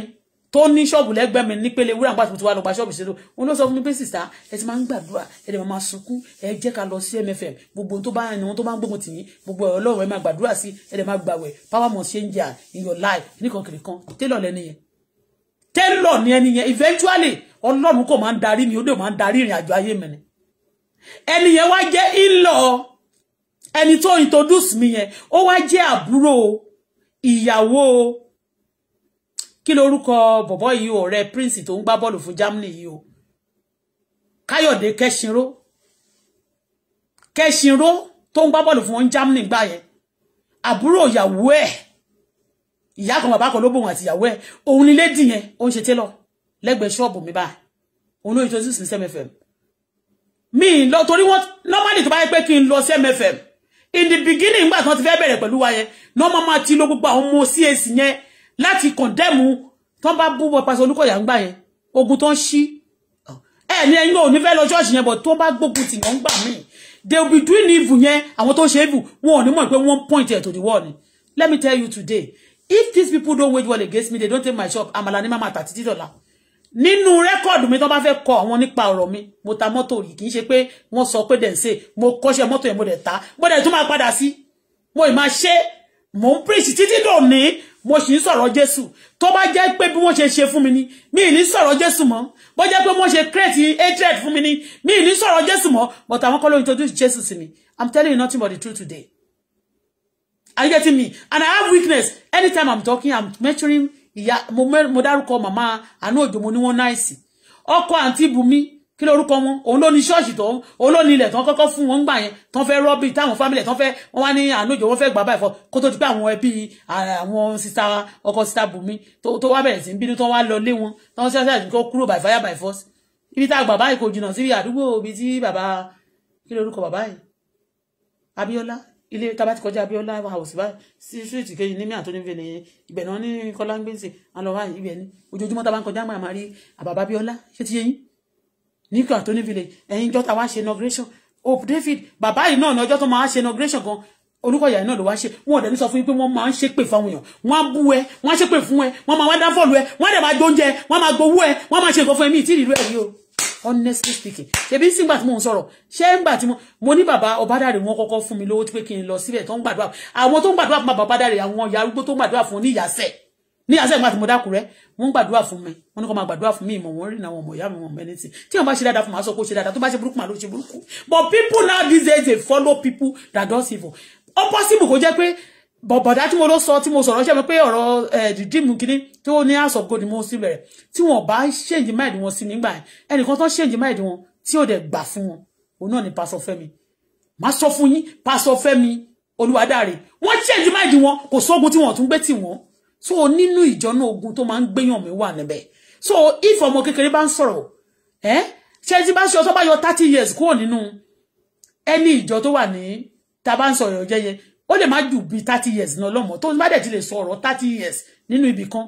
tó ní ṣọ́ọ̀bù lẹ́gbẹ̀ẹ́ mi nípele wúrà nígbà tí mo ti wá lọ gba ṣọ́ọ̀bù ṣètò wọn ló sọ fún mi pé sìsá ẹ ti máa ń gbàdúrà ẹ lè máa sunkún ẹ jẹ́ ká lọ sí MFM gbogbo tó bá ẹni wọn tó máa ń gbógun tì yín gbogbo ọlọ́run ẹ máa gbàdúrà sí ẹ lè máa gbàwẹ̀ power must change in your life nìkan kiri kan télọ̀ lẹ́ni yẹn télọ̀ ni ẹni yẹn eventually ọlọ́run kò máa ń darí mi ó dẹ̀ máa ń darí ìrìn àjò ayé mi ni ẹni yẹn wá jẹ́ ìlọ ẹni tó introduce mi yẹn ó wá jẹ́ àbúrò ìyàwó kí lorúkọ bọ̀bọ́ yìí ọ̀rẹ́ prince tó ń gbá bọ́ọ̀lù fún Germany yìí o Káyọ̀dé Kẹ́ṣinró Kẹ́ṣinró tó ń gbá bọ́ọ̀lù fún Germany gbà yẹn àbúrò ìyàwó ẹ̀ ìyá kan bàbá kan ló bòun àti ìyàwó ẹ̀ òun ni lédì yẹn ó ń ṣe télọ̀ lẹ́gbẹ̀ẹ́ ṣọ́ọ̀bù mi báyìí òun ló ń tọ́jú sí sẹ́mẹ̀fẹ̀m mi lọ torí wọn normally tó bá yẹ pé kí n lọ sẹ́mẹ̀fẹ̀m in the beginning nígbà tí wọ́n ti fẹ́ bẹ̀rẹ̀ pẹ̀lú wa yẹn normal máa ti lo gbogbo àwọn ọmọ CAC yẹn láti kọ̀ndẹ́mù tó bá bú pàṣẹ Olúkọ̀yà ń gbà yẹn ogun tó ń ṣí ẹ ní ẹ̀yin ò ní fẹ́ lọ ṣọ́ọ̀ṣì yẹn bọ̀ tó bá gbógun tì wọ́n gbà míì they will be doing evil yẹn àwọn tó ṣe evil wọn ò ní mọ̀ pé wọ́n point ẹ̀ to the wall ni let me tell you today if these people don't wage war against me they don't take my shop àmàlà ní mama àtàtì dídọ̀la nínú rẹ́kọ̀dù mi tó bá fẹ́ kọ àwọn nípa ọ̀rọ̀ mi mo ta mọ́tò yìí kì í ṣe pé wọ́n sọ pé dẹ̀nse mo kọ́ṣẹ́ mọ́tò yẹn mo dẹ̀ ta mo dẹ̀ tún máa padà sí mo ì máa ṣe mò ń preach títí dòní mo sì ń sọ̀rọ̀ jésù tó bá jẹ́ pé bí wọ́n ṣe ṣe fún mi ni mi ì ní sọ̀rọ̀ jésù mọ́ bó jẹ́ pé wọ́n ṣe create hatred fún mi ni mi ì ní sọ̀rọ̀ jésù mọ́ but àwọn kọ́ ló introduce jésù sí mi i'm telling you nothing but the truth today are you getting me and i have weakness anytime i'm talking i'm mentioning ìyá mo dárúkọ màmá àánú òjò mo ní wọn náìsì ọkọ àǹtí bùnmi kí lórúkọ wọn òun ló ní ṣọ́ọ̀ṣì tó òun ló ní ilẹ̀ tó ń kọ́kọ́ fún wọn gbà yẹn tó ń fẹ́ rọ́bì táwọn fámìlì tó ń fẹ́ wọn wá ní ànójò wọn fẹ́ gbà báyìí fọ kó tó ti pé àwọn ẹbí àwọn sista ọkọ sista bùnmi tó wá bẹ̀rẹ̀ sí ń bínú tó wá lọ lé wọn tó ń ṣẹ́ṣẹ́ àjùkọ́ kúrò by fire by force ibi tá a gbà báyìí kò jìnnà sí àdúgbò ibi tí bàbá kí lórúkọ bàbá yìí Abíọ́lá ilé tá a bá ti kọjá Abíọ́lá house báyìí sí street kejì ní mi àtúndì fèlè ibẹ̀ náà ní kọ́lá ń gbèsè àlọ́ wáyé ibẹ̀ ní ojoojúmọ́ tá a bá ń kọjá àmọ́ àmọ́ rí àbàbá Abíọ́lá ṣé ti yẹ yín ní Kilatoni village ẹ̀yin jọ́ta wá ṣe inauguration Hope David bàbá yìí náà ní ọjọ́ tó máa ṣe inauguration gan olùkọ́yà yìí náà ló wá ṣe wọn ò dẹ̀ ní sọ fún yín pé wọ́n máa ń ṣépè fáwọn èèyàn wọ́n á bú ẹ wọ́n á ṣépè fún ẹ wọ́n máa wá dáfọ́ọ̀lù ẹ wọ́n á dẹ̀ máa gbóúnjẹ wọ́n á máa gbowó ẹ wọ́n á máa ṣe nǹkan fún ẹ̀mí ìtì ìlú ẹ̀ yìí o honestly speaking ṣebí sígbà tí mo ń sọ̀rọ̀ ṣé ń gbà tí mo mo ní bàbá ọbádàrè wọn kọ́kọ́ fún mi lówó pé kí n lọ síbẹ̀ tó ń gbàdúrà àwọn tó ń gbàdúrà fún bàbá ọbádàrè àwọn ìyá tó ń gbàdúrà fún ní Ni àṣẹ ìgbà tí mo dákú rẹ wọn gbàdúrà fún mi wọn ní kó máa gbàdúrà fún mi ìmọ̀ wọn rí náà wọn mọ̀ ìyá mi wọn mẹ́ni tí tí wọn bá ṣe dáadáa fún màá sọ pé ó ṣe dáadáa tó bá ṣe burúkú màá ló ṣe burúkú but people now these days they follow people that does evil ó possible kó jẹ́ pé bọ̀bọ̀dá tí mo ló sọ tí mo sọ̀rọ̀ ṣe mi pé ọ̀rọ̀ the dream kìíní tó ni house of God ni mo sì bẹ̀rẹ̀ tí wọn bá ṣèǹjì máìdì wọn sí nígbà yẹn ẹnìkan tó ṣèǹjì máìdì wọn tí ò dẹ̀ gbà fún wọn òun ni pastor femi. má sọ fún yín pásọ Fẹ́mi Olúwadáre wọn ṣèǹjì máìdì wọn kò sógun tí wọn ò tún gbé tì wọn so nínú ìjọ́nà ogun tó máa ń gbéyàn mi wa níbẹ̀ so if ọmọ kékeré bá ń sọ̀rọ̀ ẹ́ ṣe tí bá ṣe ọtọ́ bá yọ thirty years kúrò nínú ẹni ìjọ tó wà ní ta bá ń sọ̀rọ̀ jẹ́yẹ ó lè má jù bí thirty years náà lọ́mọ tó bá dẹ̀ ti lè sọ̀rọ̀ thirty years nínú ibì kan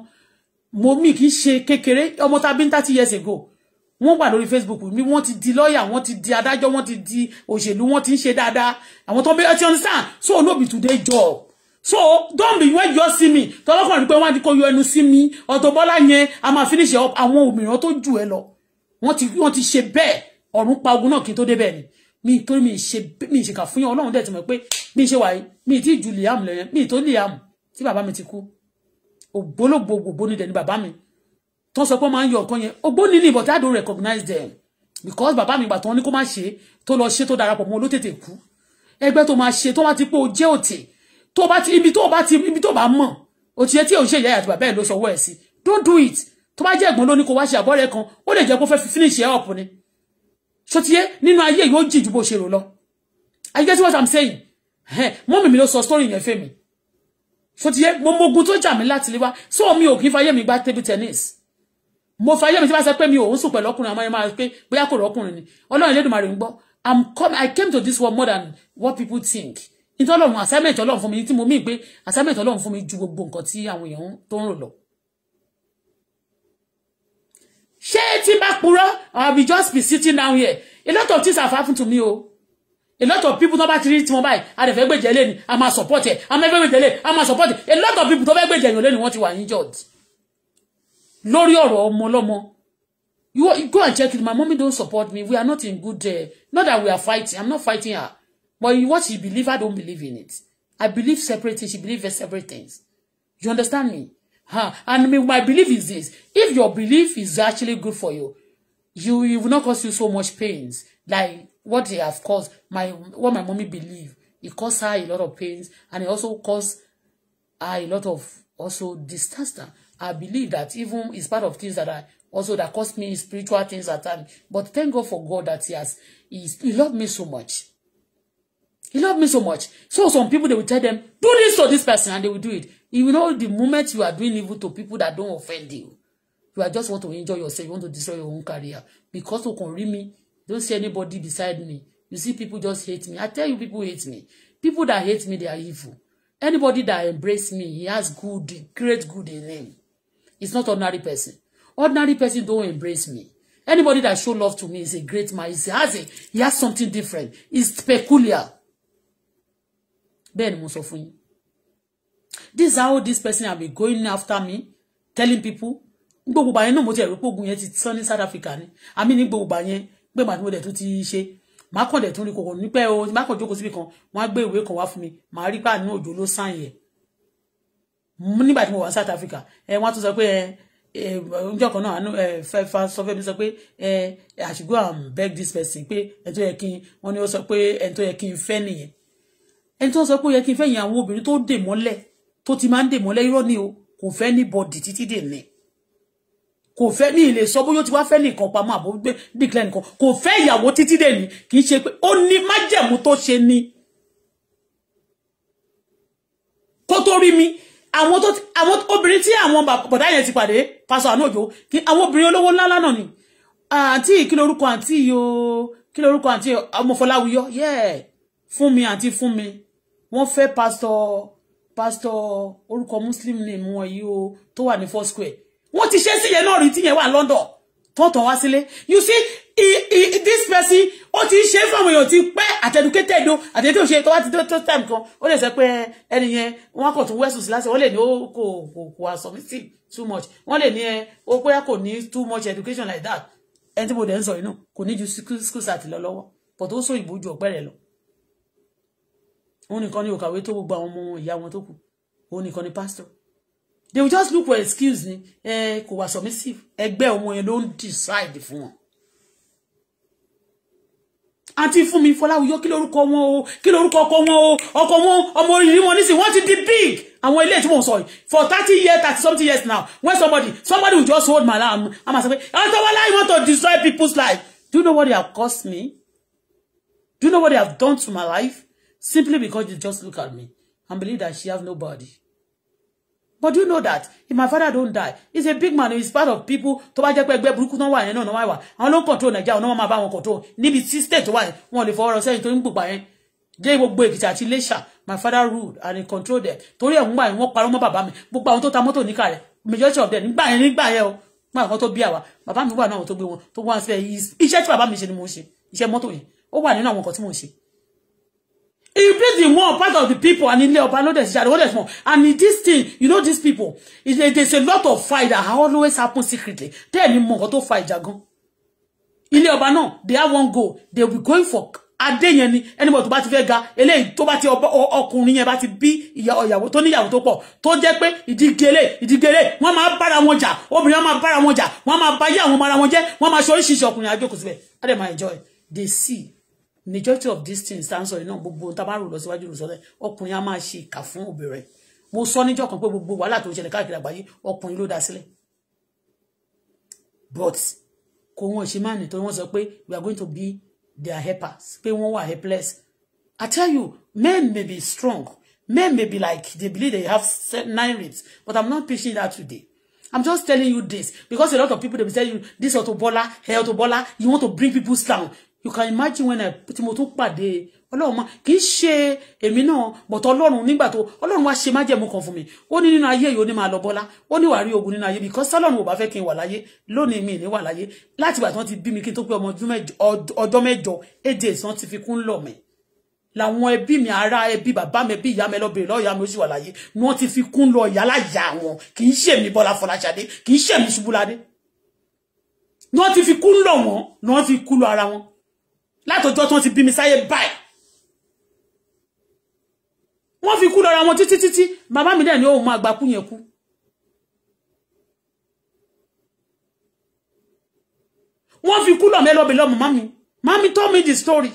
mo mi kì í ṣe kékeré ọmọ tá a thirty years ago wọ́n wà lórí facebook mi wọ́n ti di lawyer. wọ́n ti di adájọ́ wọ́n ti di òṣèlú wọ́n ti ń dada. dáadáa àwọn be. ń bẹ so no be today job so don't be when you see me tọlọ́kàn ní pé wọ́n á di kó yọ ẹnu sí mi Auto Bola yẹn a máa finish up àwọn òmìnira tó jù ẹ lọ wọ́n ti wọ́n ti ṣe bẹ́ẹ̀ ọ̀run pa ogun náà kí n tó débẹ̀ ni mi to mi ṣe mi ṣe kà fún yẹn ọlọ́run dẹ̀ ti mọ̀ pé mi ṣe wàyí mi ti ju liam lọ yẹn mi tó liam tí bàbá mi ti kú ògbólógbò gbogbo ni dẹ̀ ni bàbá mi tó sọ pé wọ́n máa ń yọ ọ̀kan yẹn ni but I don't recognize them because bàbá mi gbà tán ní kó má ṣe tó lọ ṣe tó darapọ̀ mọ́ olótètè kú ẹgbẹ́ tó máa ṣe tó wá ti pé o jẹ́ òtè tó bá ti ibi tó bá ti ibi tó bá mọ̀ o ti yẹ tí òun ṣe ìyá àti bàbá ẹ̀ ló sọwọ́ ẹ̀ sí don't do it tó bá jẹ́ ẹ̀gbọ́n ló ní kó wá ṣe àbọ̀rẹ́ kan ó lè jẹ́ kó fẹ́ finish ẹ̀ up ni so ti yẹ nínú ayé yóò jì ju bó ṣe rò lọ i get what i'm saying Mommy mi ló sọ story yẹn fẹ́ mi so ti yẹ mo mogun tó jà mí láti lè wá so mi ò kí fayé mi gba table tennis mo fayé mi tí bá sọ pé mi ò ń sùn pẹ̀lú ọkùnrin àmọ́ máa pé bóyá kò rọ́kùnrin ni ọlọ́run Elédùmarè ń gbọ́ i'm come i came to this world more than what people think ìtọ́lọ́run assignment ọlọ́run fún mi tí mo mí pé assignment ọlọ́run fún mi ju gbogbo nǹkan tí àwọn èèyàn tó ń rò lọ. ṣé tí bá purọ́ I will just be sitting down here a lot of things have happened to me o a lot of people tó bá ti rí tí wọ́n báyìí àdẹ̀fẹ́ gbèjẹ́ lé ni a máa support ẹ̀ a máa fẹ́ gbèjẹ́ lé a máa support ẹ̀ a lot of people tó fẹ́ gbèjẹ́ yàn lé ni wọ́n ti wà injured lórí ọ̀rọ̀ ọmọ ọlọ́mọ you go and check it my mommy don support me we are not in good uh, not that we are fighting I'm not fighting her But what you believe, I don't believe in it. I believe separate things. She believes separate things. You understand me? Huh? And my belief is this. If your belief is actually good for you, you it will not cause you so much pains. Like what they have caused, my what my mommy believe, it caused her a lot of pains and it also caused her a lot of also disaster. I believe that even it's part of things that I also that caused me spiritual things at times. But thank God for God that He has He, he loved me so much. He loved me so much. So some people, they will tell them, do this to this person, and they will do it. You know, the moment you are doing evil to people that don't offend you, you are just want to enjoy yourself, you want to destroy your own career. Because you can read me, don't see anybody beside me. You see people just hate me. I tell you, people hate me. People that hate me, they are evil. Anybody that embrace me, he has good, great good in him. It's not ordinary person. Ordinary person don't embrace me. Anybody that show love to me is a great man. He has a, he has something different. It's peculiar bẹ́ẹ̀ ni mo sọ fún yín this is how this person have been going after me telling people gbogbo gbà náà mo ti ẹ̀rọ pé yẹn ti tán ní South Africa ni àmì ní gbogbo gbà yẹn màá tí mo dẹ̀ tún ti ṣe màá kàn dẹ̀ tún rí kòkòrò nípẹ́ o màá kàn jókòó síbi kan wọ́n á gbé ìwé kan wá fún mi màá rí pàánù òjò ló sàn yẹ nígbà tí mo wà South Africa ẹ wọ́n á tún sọ pé ẹ ọjọ́ kan náà fẹ́fà sọ fẹ́mi sọ pé I should beg this person pé ẹ̀ tó yẹ kí n wọ́n ní ó sọ pé ẹ̀ tó yẹ kí n fẹ́ nìyẹn ẹni tó sọ pé ó yẹ kí n fẹ́ yan àwọn obìnrin tó dè mọ́lẹ̀ tó ti máa ń dè mọ́lẹ̀ irọ́ ni o kò fẹ́ ní bọ́dì títí dè ní kò fẹ́ ní ilé sọ bóyá ó ti wá fẹ́ nìkan pamọ́ àbò gbé dìklẹ́ nìkan kò fẹ́ ìyàwó títí dè ní kì í ṣe pé ó ní májẹ̀mú tó ṣe ni kó tó rí mi àwọn tó àwọn obìnrin tí àwọn bọ̀dá yẹn ti pàdé pásọ àná òjò kí àwọn obìnrin olówó ńláńlá náà ni àǹtí kí lorúkọ àǹtí yìí o kí lorúkọ àǹtí ọmọ Fọláwíyọ fún mi àǹtí fún mi wọ́n fẹ́ pastor? pásítọ̀ orúkọ muslim name wọn yìí o tó wà ní four square wọ́n ti ṣe sí yẹn náà rí tíyẹn wà London tọ́tọ̀ wá sílé you see i i this person ó ti ṣe fáwọn èèyàn ti pẹ́ àtẹnukẹ́tẹ̀dó àtẹnudẹ́ òṣèré tó wá ti tó time kan ó lè sọ pé ẹni yẹn wọ́n kò tún wẹ́sùn sí lásìkò wọ́n lè ní ó kò kò kò àsọmísì too much wọ́n lè ní ẹ ó bóyá kò ní too much education like that ẹni tí mo dẹ̀ ń sọ yìí nù kò ní ju school start lọ lọ́wọ́ but ó sọ ìbòjú ọ̀pẹ́ rẹ̀ lọ òun nìkan ni òkàwé tó gbogbo àwọn ọmọ wọn ìyá wọn tó kù òun nìkan pastor they will just look for excuse ni eh ko wa submissive ẹgbẹ́ omo yẹn ló ń decide fún wọn àti fún mi fọláwùyọ kí lórúkọ wọn o kí lórúkọ ọkọ wọn o ọkọ wọn ọmọ orílẹ̀ wọn nísìnyí wọ́n ti di big àwọn ilé tí mò ń for thirty years thirty something years now when somebody somebody will just hold my hand and say sọ pé ọtọwọlá you want to destroy people's life do you know what they have cost me do you know what they have done to my life Simply because you just look at me and believe that she have nobody. But do you know that if my father don't die, he's a big man, he's part of people tó bá jẹ́ pé ẹgbẹ́ burúkú náà wà yẹn náà náà wà. control Nàìjíríà, àwọn náà máa bá control. Níbi tí state wà wọn lè fọwọ́rọ̀ sẹ́yìn tó ń gbùgbà yẹn. Jẹ́ gbogbo Èkìtì àti my father ruled and he controlled them. Torí ẹ̀ ń gbà yẹn wọ́n parọ́ mọ́ bàbá mi. Gbogbo àwọn tó ta majority of them nígbà yẹn nígbà yẹn o. Nígbà kan tó bí àwa, bàbá mi wà náà tó gbé wọn tó wá sí iṣẹ́ tí bàbá mi ṣe ni mo ṣe, iṣẹ́ mọ́tò yẹn. Ó wà nínú he plays the one part of the people and ilé ọba ló dẹ̀ ṣiṣẹ́ àdéhùn and this thing you know these people there's a lot of fight that always happen secretly tẹ́ẹ̀ ni more to fight. fa ìjà gan ilé they have one goal they will be going for adé yẹn ni anybody tó bá ti fẹ́ ga eléyìí tó bá ti ọkùnrin yẹn bá ti bí ìyàwó tó níyàwó tó pọ̀ tó jẹ́ pé ìdígelé ìdígelé wọ́n máa bára wọn jà obìnrin máa bára wọn jà wọ́n máa báyé àwọn ọmọ ara wọn jẹ́ wọ́n máa ṣe oríṣiríṣi ọkùnrin àjókòó síbẹ̀ á dẹ̀ máa enjoy they see majority of these things tá à ń sọ yìí náà gbogbo tá a bá rò lọ síwájú ìrùsọ́lẹ̀ ọkùnrin á máa ṣe ìkà fún obìnrin mo sọ níjọ́ kan pé gbogbo wàhálà tó ń ṣẹlẹ̀ káàkiri àgbáyé ọkùnrin ló dá sílẹ̀ but kò wọ́n ṣe máa nítorí wọ́n sọ pé we are going to be their helpers pé wọ́n wà helpless I tell you men may be strong men may be like they believe they have nine ribs but I'm not preaching that today I'm just telling you this because a lot of people they be telling you this Auto Bola hey Auto Bola you want to bring people down you can imagine when I tí mo tún pàdé ọlọ́run ma kì í ṣe èmi náà but ọlọ́run nígbà tó ọlọ́run wá ṣe májẹ̀mú kan fún mi ó ní nínú ayé yìí ó ní máa lọ bọ́lá ó ní wàá rí ogun nínú ayé because ọlọ́run ò bá fẹ́ kí n wà láyé lónìí mi ní wà láyé láti ìgbà tí wọ́n ti bí mi kí n tó pé ọmọ ọdún mẹ́jọ èdè ìsàn ti fi kún lọ̀ mí làwọn ẹbí mi ará ẹbí bàbá mi ẹbí ìyá mi lọ́bìnrin lọ́ọ̀yà mi ó sì wà láyé ni wọ́n ti fi kún lọ ìyá láyà wọn kì í ṣèmi bọ́lá fọláṣadé kì í ṣèmi ṣubúládé ni wọ́n ti fi kún lọ wọn ni wọ́n fi kún lọ ara wọn látọjọ́ tí wọ́n ti bí mi sáyé báyìí wọ́n fi kú lọ́ra wọn títí títí bàbá mi dẹ̀ ni òun máa gbà kú yẹn kú wọ́n fi kú lọ́mọ ẹlọ́bẹ̀ lọ́mọ mami mami tell me the story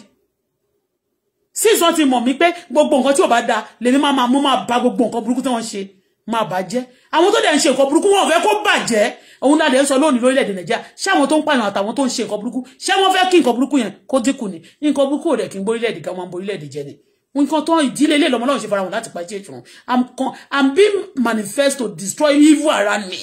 sísan ti mọ̀ mí pé gbogbo nǹkan tí ò bá da lèmi máa máa mú máa ba gbogbo nǹkan burúkú tí wọ́n ṣe máa bàjẹ́ àwọn tó dẹ̀ ń ṣe nǹkan burúkú wọn ò fẹ́ kó bàjẹ́ òun náà dẹ̀ ń sọ lónìí lórílẹ̀‐èdè nàìjíríà ṣé àwọn tó ń pààyàn àtàwọn tó ń ṣe nǹkan burúkú ṣé wọ́n fẹ́ kí nǹkan burúkú yẹn ni nǹkan burúkú ò dẹ̀ kí n borílẹ̀‐èdè kan máa ń borílẹ̀‐èdè jẹ ni nǹkan tó ìdílé ilé ìlọmọ náà ṣe fara wọn láti pàṣẹ ìṣòro i'm con i'm being manifest to destroy evil around me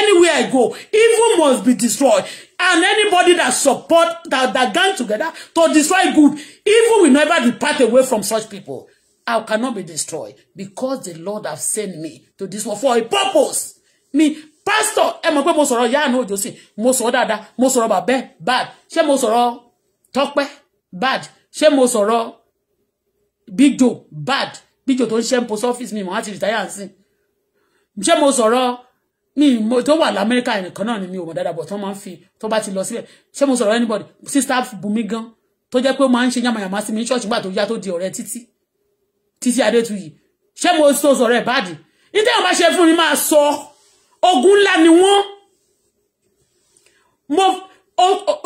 anywhere i go evil must be destroyed and anybody that support that that gang together to destroy good evil will never depart away from such people I cannot be destroyed because the Lord have sent me to this world for a purpose. Me, pastor, ẹ mọ̀ pé mo sọ̀rọ̀ Ìyá Àánú Òjó sí, mo sọ̀rọ̀ dáadáa, mo sọ̀rọ̀ bàbẹ́ bad, ṣé mo sọ̀rọ̀ Tọ́pẹ́ bad, ṣé mo sọ̀rọ̀ Bíjò bad, Bíjò tó ń ṣe post office mi mọ̀ láti rìtáyà ń sìn. Ṣé mo sọ̀rọ̀ mi mo tó wà l'Amẹ́ríkà nìkan náà ni mi ò mọ̀ dáadáa bọ̀ tó máa ń fi tó bá ti lọ síbẹ̀ ṣé mo sọ̀rọ̀ anybody sister Bùnmi gan tó jẹ́ pé ó máa ń ṣe yàmàyàmá sí mi ní ṣọ́ọ̀ṣì gbà tó yá tó di ọ̀rẹ́ títí Títí Adétúyì ṣé mo sọ sọ̀rọ̀ ẹ̀ badi, ní tẹ́wọ̀n bá ṣe fún mi máa sọ ogun ńlá ni wọ́n mo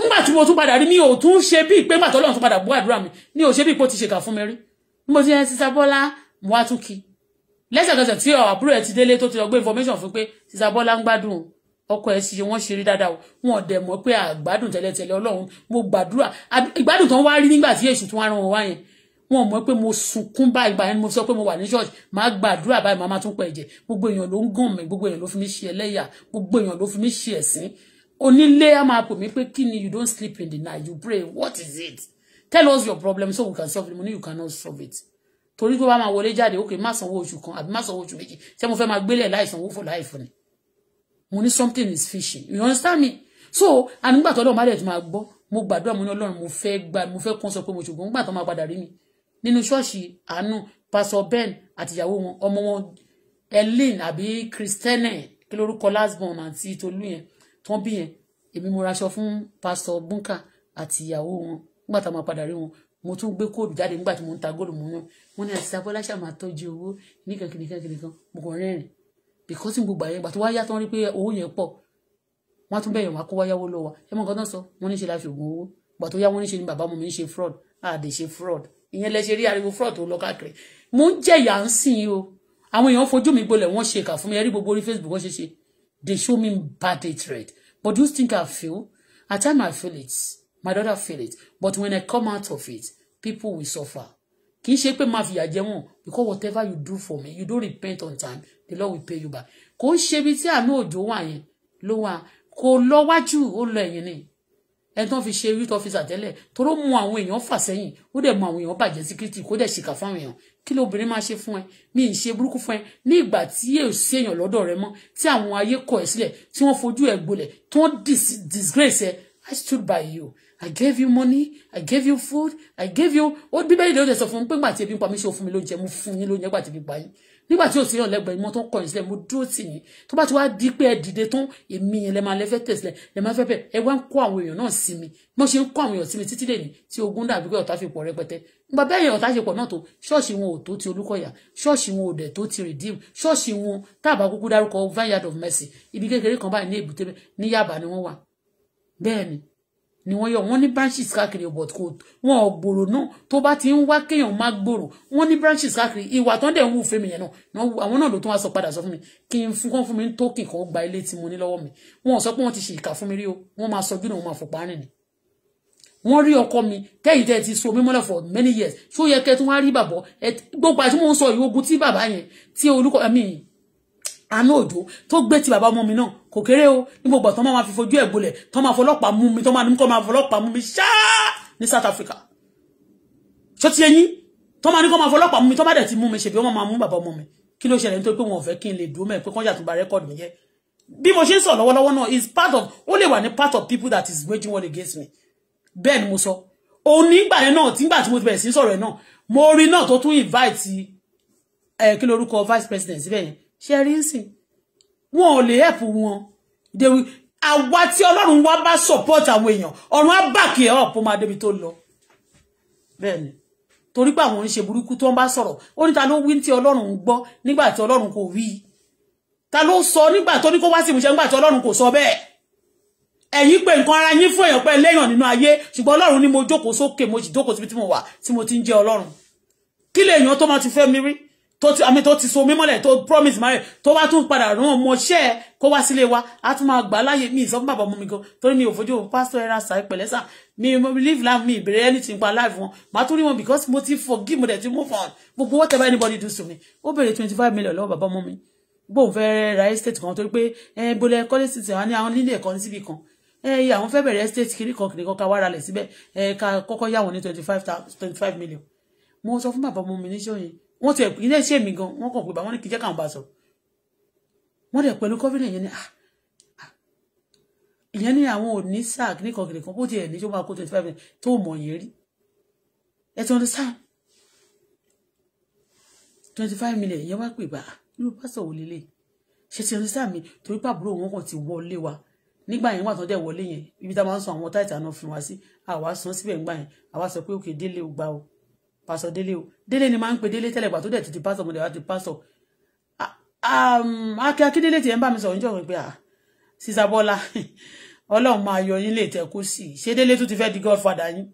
nígbà tí mo tún padà rí mi ò tún ṣe bíi pé nígbà tọ́lọ́run tún padà bú àdúrà mi ni ò ṣe bíi pé ó ti ṣe kà fún mi rí bí mo ti yẹn sísá bọ́lá mo wá tún kí lẹ́sẹ̀kẹsẹ̀ tí àbúrò ẹ̀ ti délé tó ti lọ gbé information fún pé sísá bọ́lá ń gbádùn ọkọ ẹ ṣe wọn ṣe rí dáadáa wọn ọdẹ mọ̀ pé àgbádùn tẹ́lẹ̀tẹ́lẹ̀ Ọlọ́run mo gbàdúrà ìgbádùn tán wá rí nígbà tí èṣù tún wá rán wọn wọn mọ̀ pé mo sunkún báyìí báyìí ni mo sọ pé mo wà ní ṣọ́ọ̀ṣì máa gbàdúrà báyìí máa tún pẹ̀ ẹ̀jẹ̀ gbogbo èèyàn ló ń gàn mí gbogbo èèyàn ló fi mí ṣe ẹlẹ́yà gbogbo èèyàn ló fi mí ṣe ẹ̀sín onílé á máa pè mí pé kí ni you don't sleep in the night you pray what is it tell us your problem so we can solve it mo ní you cannot solve it torí pé wàá máa wọlé jáde ókè má sanwó oṣù kan àbí má sanwó oṣù méjì ṣé mo fẹ́ máa gbélé ẹ̀ láì sanwó fò láì ni mo ní something is fishing you understand me so ànígbà ọlọ́run má dẹ̀ tún máa gbọ́ mo gbàdúrà mo ní ọlọ́run mo fẹ́ gbà mo fẹ́ kán sọ pé mo ṣùgbọ́n nígbà máa padà rí mi nínú ṣọ́ọ̀ṣì àánú pastor ben àtìyàwó wọn ọmọ wọn ellen àbí christiane kí lórúkọ lasbon àti tolú yẹn tó ń bí yẹn èmi mo raṣọ fún pastor bunka àtìyàwó wọn nígbà tá a máa padà rí wọn mo tún gbé kóòdù jáde nígbà tí mo ń ta góòlù mú wọn wọn ní àti sábọlá ṣàmà tọ́jú owó nìkan kìnìkan kìnìkan mo kàn rẹ́rìn bìkọ́sì gbogbo àyẹ̀ ìgbà tó wáyá tán rí pé owó yẹn pọ̀ wọ́n tún bẹ̀yẹ̀ wá kó wáyáwó lọ́wọ́ ẹ mọ̀ nǹkan tán sọ wọ́n ní ṣe la ṣògùn owó ìgbà tó yá wọ́n ní ṣe ni bàbá mi ń ṣe fraud àdè ṣe fraud ìyẹn lẹ ṣe rí ariwo fraud tó lọ káàkiri mo ń jẹ̀yà ń sìn o àwọn èèyàn fojú mi gbolẹ̀ wọ́n ṣe kà fún mi ẹ rí gbogbo orí Facebook wọ́n ṣe ṣe they show me bad trade. but do you think I feel at time I feel it my daughter feel it but when I come out of it people will suffer kì í ṣe pé máa fìyà jẹ wọn because whatever you do for me you don't repent on time the Lord will pay you back kò ń ṣe ibi tí àánú òjò wà yẹn ló wà kò lọ wájú ó lọ ẹ̀yìn ni ẹni fi ṣe youth officer tẹ́lẹ̀ toró mu àwọn èèyàn fà sẹ́yìn ó dẹ̀ mu àwọn èèyàn bàjẹ́ síkírìtì kó dẹ̀ ṣìkà fáwọn èèyàn kí ló máa ṣe fún ẹ mi ì ṣe burúkú fún ẹ ní ìgbà tí yóò sí èèyàn lọ́dọ̀ rẹ mọ́ tí àwọn ayé kọ̀ ẹ́ sílẹ̀ tí wọ́n fojú ẹ gbolẹ̀ tí wọ́n disgrace ẹ I stood by you I gave you money I gave you food I gave you ó bíbélì ló dẹ̀ sọ fún mi pé gbàtí ebi ń pa mí ṣe òfun mi ló jẹ mo fún yín ló jẹ gbàtí ebi pa yín nígbà tí o sí yàn lẹ́gbẹ̀ẹ́ mo tán kọ̀ yín sílẹ̀ mo dúró tì yín tó bá ti wá di pé ẹ dìde tán èmi yẹn lẹ máa lẹ fẹ́ tẹ̀sílẹ̀ lẹ máa fẹ́ bẹ̀ ẹ wá ń kó àwọn èèyàn náà sí mi mo ṣe ń kó àwọn èèyàn sí mi títí lè ní tí ogun dàbí pé ọ̀tá fi pọ̀ rẹpẹtẹ nígbà bẹ́ẹ̀ yẹn ọ̀tá ṣe pọ̀ náà tó ṣọ́ọ̀ṣì wọn ò tó ti Olúkọ̀yà ṣọ́ọ̀ṣì wọn ò dẹ̀ tó ti Redeem ṣọ́ọ̀ṣì wọn táàbà kúkú dárúkọ Vineyard of Mercy ibi kékeré kan báyìí ní èbúté ní Yaba ni wọ́n wà bẹ́ẹ̀ ni ni wọ́n yọ wọ́n ní branches káàkiri but kò wọ́n ò gbòòrò náà tó bá ti ń wá kéèyàn má gbòòrò wọ́n ní branches káàkiri ìwà tó ń dẹ̀ ń wù fẹ́mi yẹn náà àwọn náà ló tún wá sọ padà sọ fún mi kí n fún kán fún mi ń tókì kan gba ilé tí mo ní lọ́wọ́ mi wọ́n ò sọ pé wọ́n ti ṣe ìkà fún mi rí o wọ́n máa sọjú náà wọ́n máa fòpá rìn ni wọ́n rí ọkọ mi tẹ́yìn tẹ́ ti so mímọ́lẹ̀ for many years ṣó yẹ kẹ́ tún wá rí bàbọ̀ gbogbo àti mò ń sọ ìwógun tí bàbá yẹn tí olùkọ́ mi àánú òjò tó gbé ti bàbá ọmọ mi náà kò kéré o ní gbogbo tó máa fi fojú ẹ̀ gbolẹ̀ tó máa fọlọ́pàá mú mi tó máa ní kó máa fọlọ́pàá mú mi ṣáá ní South Africa ṣó ti yẹyìn tó máa ní kó máa fọlọ́pàá mú mi tó bá dẹ̀ ti mú mi ṣèbí wọ́n máa mú bàbá ọmọ mi kí ló ṣẹlẹ̀ nítorí pé wọn ò fẹ́ kí n lè dúró mẹ́ pé kọ́njà tó bá rẹ́kọ̀dù mi jẹ́ bí mo ṣe ń sọ lọ́wọ́lọ́wọ́ náà is part of ó lè wà ní part of people that is waging war against me bẹ́ẹ̀ ni mo sọ òun nígbà yẹn náà tí nígbà tí mo ti bẹ̀rẹ̀ sí sọ̀rọ̀ yẹn náà mo rí náà tó tún invite ẹ̀ eh, kí lorúkọ vice president síbẹ̀ yẹn ṣe rí nsìn wọn ò lè help wọn they will àwa tí ọlọ́run wa bá support àwọn èèyàn ọ̀run á bàkì ẹ̀ ọ̀pọ̀ máa débi tó lọ bẹ́ẹ̀ ni torí pé àwọn ń ṣe burúkú tó ń bá sọ̀rọ̀ ó ní ta ló wí tí ọlọ́run ń gbọ́ nígbà tí ọlọ́run kò wí ta ló sọ nígbà tó ní kó wá sí ìmúṣẹ nígbà tí ọlọ́run kò sọ bẹ́ẹ̀ ẹ̀yin pé nǹkan ara yín fún èèyàn pé léèyàn nínú ayé ṣùgbọ́n ọlọ́run ni mo jókòó sókè mo sì jókòó síbi tí mo wà tí mo ti ń jẹ́ ọlọ́run kí lèèyàn tó máa ti fẹ́ mi rí to ti àmì tó ti so mímọ́lẹ̀ tó promise marriage tó wá tún padà rán ọmọọṣẹ́ kó wá sílé wa á tún máa gbà láyè mi So bàbá ọmọ mi go. torí mi ò fojú o pásítọ̀ ẹ̀rá sàì pẹ̀lẹ́ sà mi live life mi ìbẹ̀rẹ̀ anything pa life wọn màá tún rí wọn because mo ti forgive mo dẹ̀ ti move on gbogbo whatever anybody do to me ó béèrè twenty five million lọ́wọ́ bàbá ọmọ mi bóun fẹ́ ra estate kan torí pé ẹ bolẹ̀ kọ́lé sísè wọn ní àwọn nílé ẹ̀kọ́ ní síbi kan ẹ àwọn fẹ́ bẹ̀rẹ̀ estate kiri kan kiri kan ká wá ra lẹ̀ síbẹ̀ ẹ ká kọ́kọ́ yà wọ́n ní twenty five million mo sọ fún bàbá ọmọ mi níṣẹ́ yẹn wọ́n ti ẹ̀kú ilé iṣẹ́ mi gan wọ́n kàn pé bá wọ́n ní kí jẹ́ káwọn bá sọ wọ́n dẹ̀ pẹ̀lú kọ́fíìnì yẹn ni ah, ah, ìyẹn ní àwọn ò ní sáà ní kọ̀kìlì kan kó tiẹ̀ ní tó máa kó twenty five tó mọ̀ yẹn rí ẹ ti understand twenty five million ìyẹn wá pè bá ah, irú pásọ̀ wò lélẹ̀ ṣe ti understand mi torí pàbúrò wọn kàn ti wọlé wa nígbà yẹn wà tán dẹ̀ wọlé yẹn ibi tá a máa ń sọ àwọn táìtà náà fún wa sí àwa san síbẹ̀ ńgbà yẹn àwa sọ pé òkè délé ò gbà o pásọ délé o délé ni máa ń pe délé tẹ́lẹ̀ gbà tó dẹ̀ ti di pásọ mo dẹ̀ wá di pásọ um, akẹ́ akíndélé tiẹ̀ ń bá mi sọ̀rọ̀ níjọ́ pé sísá bọ́lá ọlọ́run máa yọ yín lè tẹ́ kó sí ṣé délé tún ti fẹ́ di godfather yín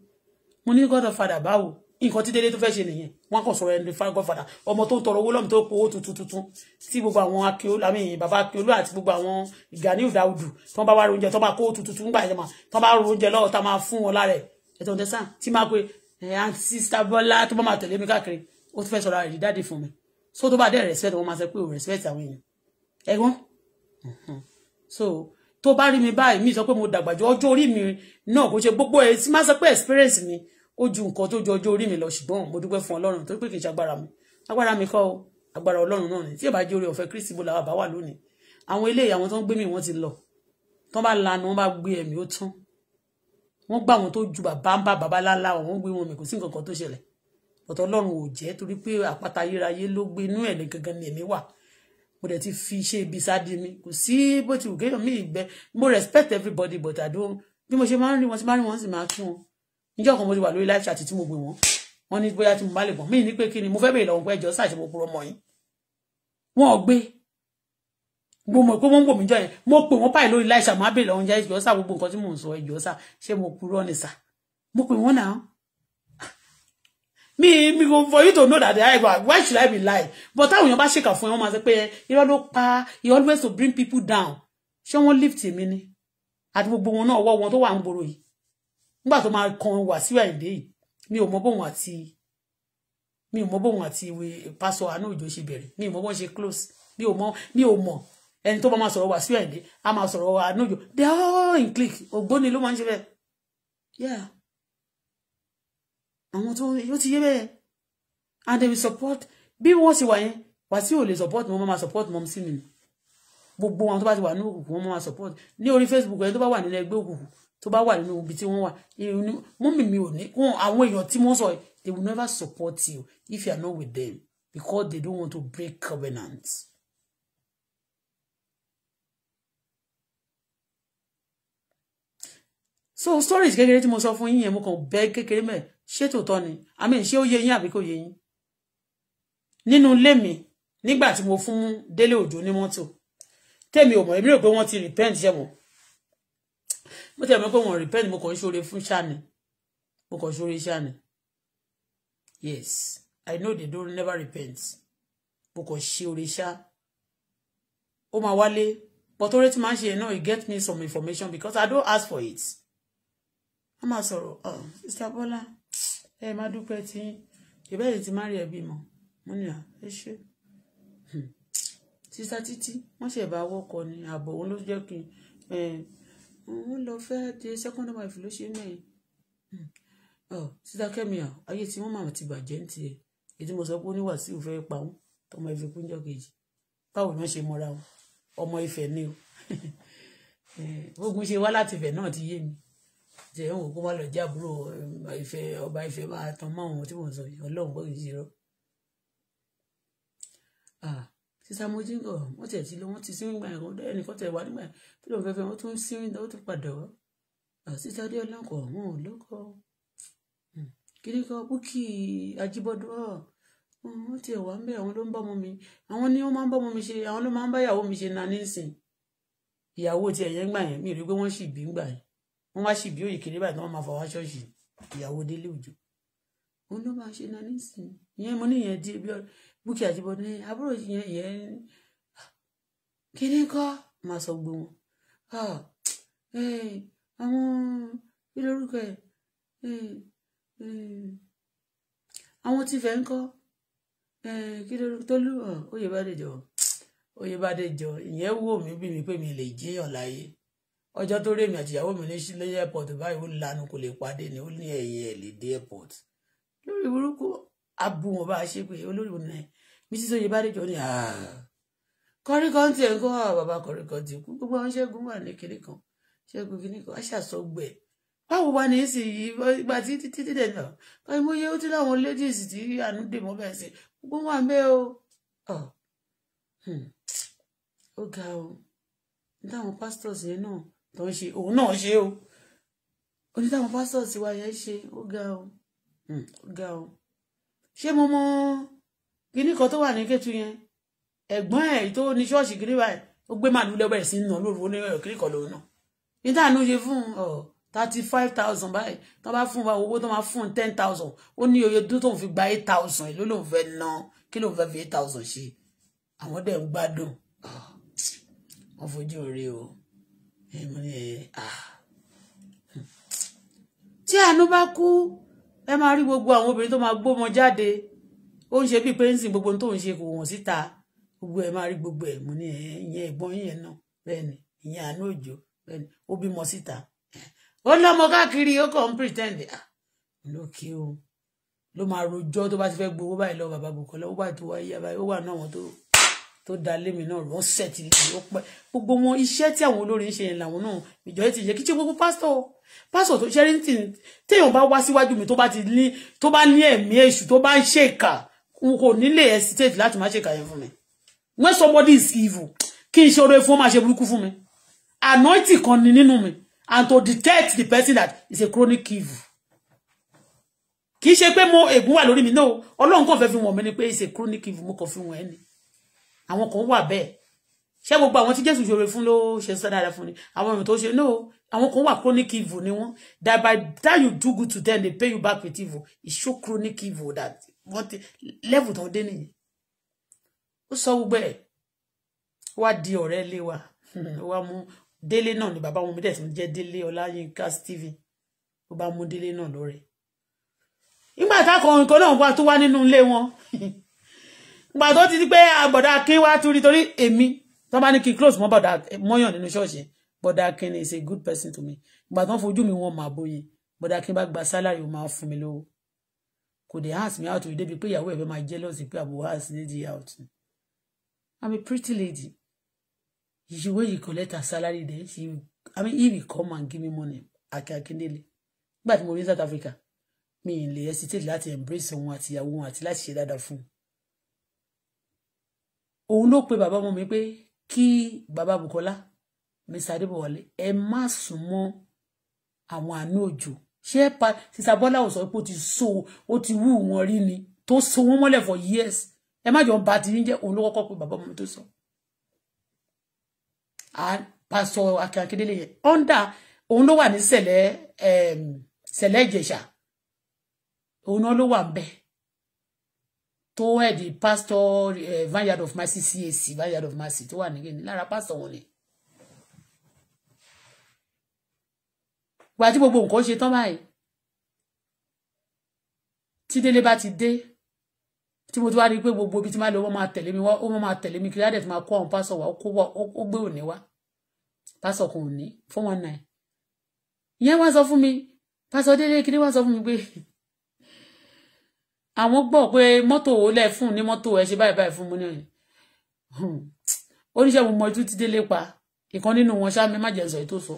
mo ní godfather báwo nǹkan tí délé tó fẹ́ ṣe nìyẹn wọ́n kàn sọ̀rọ̀ ẹni fún godfather ọmọ tó ń tọrọ owó lọ́mù tó powó tuntun tuntun tí gbogbo àwọn akíol àmì bàbá akíolú àti gbogbo àwọn ìgànnì ìdáwùdù tó ń bá wá oúnjẹ tó bá kó tuntun tuntun gbà yẹn mà tó bá wọn lára ẹ̀ ẹ̀ tó and sister Bọ́lá tó bá máa tẹ̀lé mi káàkiri ó tún fẹ́ sọ̀rọ̀ àrèdí dáàdì fún mi so tó ba de respect wọn máa sọ pé o respect àwọn èèyàn ẹ̀gbọ́n so tó bá rí mi báyìí mi sọ pé mo dàgbà ju ọjọ́ orí mi náà kò ṣe gbogbo ẹ̀ sì máa sọ pé experience mi ó ju nǹkan tó ju ọjọ́ orí mi lọ ṣùgbọ́n mo dúpẹ́ fún Ọlọ́run torí pé kì í ṣe agbára mi agbára mi kọ́ agbára Ọlọ́run náà ni tí ìbá jẹ́ orí ọ̀fẹ́ Kristi bó làwọn àbá wà lónìí àwọn eléyìí àwọn tó ń gbé mi wọ́n ti lọ tó bá lanu wọ́n bá gbé ẹ̀mí ó tán wọ́n gbà wọn tó ju bàbá ń bá bàbá láńlá wọn gbé wọn mì sí nǹkan kan tó ṣẹlẹ̀ ọ̀tọ̀ ọlọ́run ò jẹ́ torí pé àpáta ayérayé ló gbé inú ẹ̀ gangan ní èmi wà mo dẹ̀ ti fi ṣe ibi sáde mi kò sí bó ti wù kéèyàn mí ìgbẹ́ mo respect everybody but I don't bí mo ṣe máa ń rí wọn tí máa ń rí wọn sì máa kí wọn níjọ́ kan mo ti wà lórí live chat tí mo gbé wọn wọn ní bóyá tí mo bá lè bọ̀ mí ní pé kí ni mo fẹ́ bèèrè lọ́wọ́ pé ẹjọ́ ṣàṣepọ̀ pọ̀ ọmọ yín wọn ò gbé mo mọ̀ pé wọ́n ń wò mí jọ yẹn mo pè wọ́n báyìí lórí láìsà má bèèrè ọ̀hún ìjọ sá gbogbo nǹkan tí mò ń sọ ìjọ sá ṣé mo purọ́ ni sá mo pè wọ́n náà mi mi go for you to know that the I, why should I be lie but táwọn èèyàn bá ṣèkà fún ẹ wọ́n máa sọ pé irọ́ ló pa he always to bring people down ṣé wọ́n lift mi ni àti gbogbo wọn náà ọwọ́ wọn tó wà ń gbòòrò yìí nígbà tó máa kan wà sí àìdè yìí mi ò mọ bóun àti mi ò mọ bóun àti pásọ àánú òjò ṣe bẹ̀rẹ̀ mi ò mọ bóun ṣe close mi ò mọ mi ò mọ ẹni tó bá máa sọ̀rọ̀ wá sí ẹ̀dẹ́ a máa sọ̀rọ̀ wá nójò they are all in click ògbóni ló máa ń ṣe bẹ́ẹ̀ yeah àwọn tó yóò ti yé bẹ́ẹ̀ and they will support bí wọ́n ṣe wà yẹn wá sí ò lè support wọn máa support mọ́ sí mi nù gbogbo àwọn tó bá ti wà ní òkùnkùn wọn máa support ní orí Facebook ẹni tó bá wà nínú ẹgbẹ́ òkùnkùn tó bá wà nínú ibi tí wọ́n wà mọ́mì mi ò ní àwọn èèyàn tí wọ́n sọ they will never support you if you are not with them because they don't want to break covenants. so stories kékeré tí mo sọ fún yín yẹn mo kàn bẹ́ kékeré mẹ́ ṣé tòótọ́ ni àmì ṣé ó yé yín àbí kò yé yín nínú ilé mi nígbà tí mo fún Délé Òjó ní mọ́tò tèmi ò mọ̀ èmi rò pé wọ́n ti repent ṣe mọ̀ mo tẹ̀ mọ́ pé wọ́n repent mo kàn ń ṣoore fún ṣáni mo kàn ṣoore ṣáni yes I know they don't never repent mo kàn ṣe oore ṣá ó máa wálé but oore tí máa ń ṣe yẹn náà e get me some information because I don't ask for it wọ́n máa sọ̀rọ̀ ọ Mr Bọ́lá ẹ má dúpẹ́ tí ìbẹ́rẹ̀ ti má rí ẹbí mọ́ mo ní à ẹ ṣe hmm. sísá títí wọ́n ṣe bá wọ́kọ ni ààbò òun ló jẹ́ kí òun lọ fẹ́ di second wife ló ṣe mẹ́yìn hmm. ọ sísá kẹ́mi à ayé tí wọ́n máa ti bàjẹ́ ní tiẹ̀ èyí tí mo sọ pé ó ní Wàsíù fẹ́ pa òun tọmọ Ifẹ̀ kúnjọ kejì báwo ni wọ́n ṣe mọ́ra wọn ọmọ Ifẹ̀ ni o bógun ṣe wá láti Ifẹ̀ náà ti yé mi tẹ ń wò kó má lọ jẹ àbúrò ìfẹ́ ọba ìfẹ́ máa tan mọ́ àwọn tí mò ń sọ yìí Ọlọ́run kò kì í ṣe rọ sísá mojíngọ wọn tiẹ̀ ti lọ wọn ti síwìn gbà yẹn ẹnìkan tẹ wà nígbà yẹn tó lọ fẹfẹ wọn tún síwìn wọn tún padà wá sísá dé ọlọ́kọ̀ wọn ò lọ́kọ̀ hmm, kiri kan búkì ajíbọ́dún ọ̀ wọn tiẹ̀ wà ń bẹ̀ àwọn ló ń bọ́mọ mi àwọn ni wọ́n máa ń bọ́mọ mi ṣe àwọn ló máa ń bá ìyàwó mi ṣe nani sìn ìyàwó tiẹ̀ yẹn gbà yẹn mi rí pé wọ́n sì bí gbà yẹn wọ́n wá sí ibi òyì kiri báyìí tí wọ́n máa fọ wá ṣọ́ọ̀ṣì ìyàwó délé òjò òun ló máa ṣe náà nísìnyí ìyẹn mo ní ìyẹn di ibi Bukky Àjíbọ́dé ní àbúrò ìyẹn ìyẹn kíní kọ́ máa sọ gbé wọn àwọn kí lórúkọ ẹ àwọn tí fẹ́ ń kọ́ kí lórúkọ tó lù ọ́ Oyèbádéjọ Oyèbádéjọ ìyẹn wò mí bí mi pé mi lè jẹ́yàn láyé ọjọ́ tó rèmi àtìyàwó mi ní sílé airport báyìí ó lanu kò lè pàdé ni ó ní ẹ̀yẹ ẹ̀ lè dé airport lórí burúkú abu wọn bá a ṣe pé olórí òun mrs oyèbádéjọ ni kọrí kan tiẹ̀ ń kọ́ bàbá kọrí kan tiẹ̀ kú gbogbo àwọn ṣẹ́gun wà ní kinní kan ṣẹ́gun kinní kan aṣàsọgbẹ̀ báwo wà ní ìsìn yìí ìgbà tí títí dídẹ̀ náà kọ́ imú yẹ ó ti láwọn ladies tí àánú dè mọ́ bẹ́ẹ̀ sí gbogbo wà ń bẹ́ẹ̀ o hmm, ó ga o ní táwọn pastors yẹn náà tó ń ṣe òun náà ṣe o onítàwọn pásítọ̀ tiwa yẹn ṣe ó ga o hmm. ó ga o ṣé mo mọ kinní kan tó wà ní Kétu yẹn ẹ̀gbọ́n ẹ̀ tó ní ṣọ́ọ̀ṣì kinní báyìí ó gbé màálù lẹ́wọ̀ ẹ̀ sí nà lóru ó ní ẹ̀rọ kinní kan lòun náà nítàánú ṣe fún ọ thirty five thousand báyìí tó bá fún wa owó tó máa fún ten thousand ó ní oye tó tóun fi gba eight thousand ìlú lòun fẹ́ ná kí lòun fẹ́ fi eight thousand ṣe àwọn dẹ̀ ń gbádùn ah, wọ́n fojú rí o. Ah. tí àánú bá kú ẹ máa rí gbogbo àwọn obìnrin tó máa gbọ́mọ jáde ó ń ṣe bíi pé ń sìn gbogbo tó ń ṣe kò wọ́n síta gbogbo ẹ máa rí gbogbo ẹ mú ní ìyẹn ẹ̀gbọ́n yìnyẹn náà bẹ́ẹ̀ ni ìyẹn àánú òjò bẹ́ẹ̀ ni ó bímọ síta ó lọ́mọ káàkiri ó kàn ń pretend ah, lókè o ló máa rojọ́ tó bá ti fẹ́ gbowó báyìí lọ bàbá Bùkọ́lá ó bá ti wáyé báyìí ó wà náà wọn tó tó da lémi náà rọ ṣẹ ti lọ pẹ gbogbo wọn iṣẹ́ tí àwọn olórin ṣe yẹn làwọn náà ìjọ ti yẹ kí ṣe gbogbo pásítọ̀ pásítọ̀ tó ṣẹrí tì téèyàn bá wá síwájú mi tó bá ti ní tó bá ní ẹ̀mí èṣù tó bá ń ṣèkà n kò nílé hesitate láti má ṣèkà yẹn fún mi when somebody is evil kí n ṣe oore fún ọ máa ṣe burúkú fún mi anointing kan ni nínú mi and to detect the person that is a chronic evil kì í ṣe pé mo ègún wà lórí mi náà ọlọ́run kàn fẹ́ fi wọ̀n mi ni pé ìṣe chronic evil mo kàn fi wọ̀n ẹ́ àwọn kan wà bẹ́ẹ̀ ṣé gbogbo àwọn tí jésù ṣòro fún ló ṣe sọ dáadáa fún ni àwọn ọ̀rọ̀ tó ṣe no àwọn kan wà chronic evil ni wọn that by that you do good to them they pay you back with evil it's show chronic evil that What ti level tó dé nìyẹn ó sọ gbogbo ẹ̀ wá di ọ̀rẹ́ lé wa hmm, wá mú délé náà ni bàbá wọn mi dẹ̀ tún jẹ́ délé ọláyínká stephen ó bá mú délé náà lọ́rẹ́ nígbà táwọn nǹkan náà wá tó wá nínú ilé wọn gbà tó ti di pé àbọ̀dá ah, akin wá tú nítorí èmi tó bá ní kí n close mọ́ bọ̀dá mọ́yàn nínú ṣọ́ọ̀ṣì bọ̀dá akin is a good person to me gbà tó ń fojú mi wọn máa bóyin bọ̀dá akin bá gba sálárì ó máa fún mi lówó kò dé ask me out débi pé ìyàwó ẹ̀ fẹ́ máa jealous pé àbò ask lady out I'm a pretty lady she wey you collect her salary then she I mean if he come and give me money akin akindele nígbà tí mo rí South Africa mi ì lè hesitate láti embrace òun àti ìyàwó òun àti láti ṣe dáadáa fún un òun ló pe bàbá ọmọ mi pé kí bàbá Bukola Mr Adébọ̀wálé ẹ má sùn mọ́ àwọn àánú òjò ṣé pa sísá Bọ́lá ò sọ pé ó ti so ó ti wú wọn rí ni tó so wọn mọ́lẹ̀ for years ẹ má jọ ń ba tiyín jẹ́ òun ló kọ́kọ́ pe bàbá ọmọ mi tó sọ. pásọ Akin Akindele yẹn ọ́ndà òun ló wà ní sẹ̀lẹ̀ sẹ̀lẹ̀ Ìjẹ̀ṣà òun náà ló wà ń tó head the pastor uh, vineyard of mercy cac vineyard of mercy To one again, ní lára pastor wọn ni. gba tí gbogbo nǹkan ṣe tán báyìí tí délé bá ti dé tí mo ti wá rí i pé gbogbo ibi tí máa lọ wọ́n máa tẹ̀lé mi wá ó máa tẹ̀lé mi kiri adẹ̀tí máa kó àwọn pásọ̀ wá ó gbé òní wá pásọ̀ kan òní four one nine ìyẹn wá sọ fún mi pásọ̀ délé kiri wá sọ fún mi pé àwọn gbọ́ pé mọ́tò owó lẹ̀ fún ní mọ́tò ẹ̀ ṣe báyìí báyìí fún mú nìyẹn oníṣẹ́ hmm. wọn mọjú ti délé pa ìkan nínú wọn ṣáà mi má jẹ́ sọ ètò sọ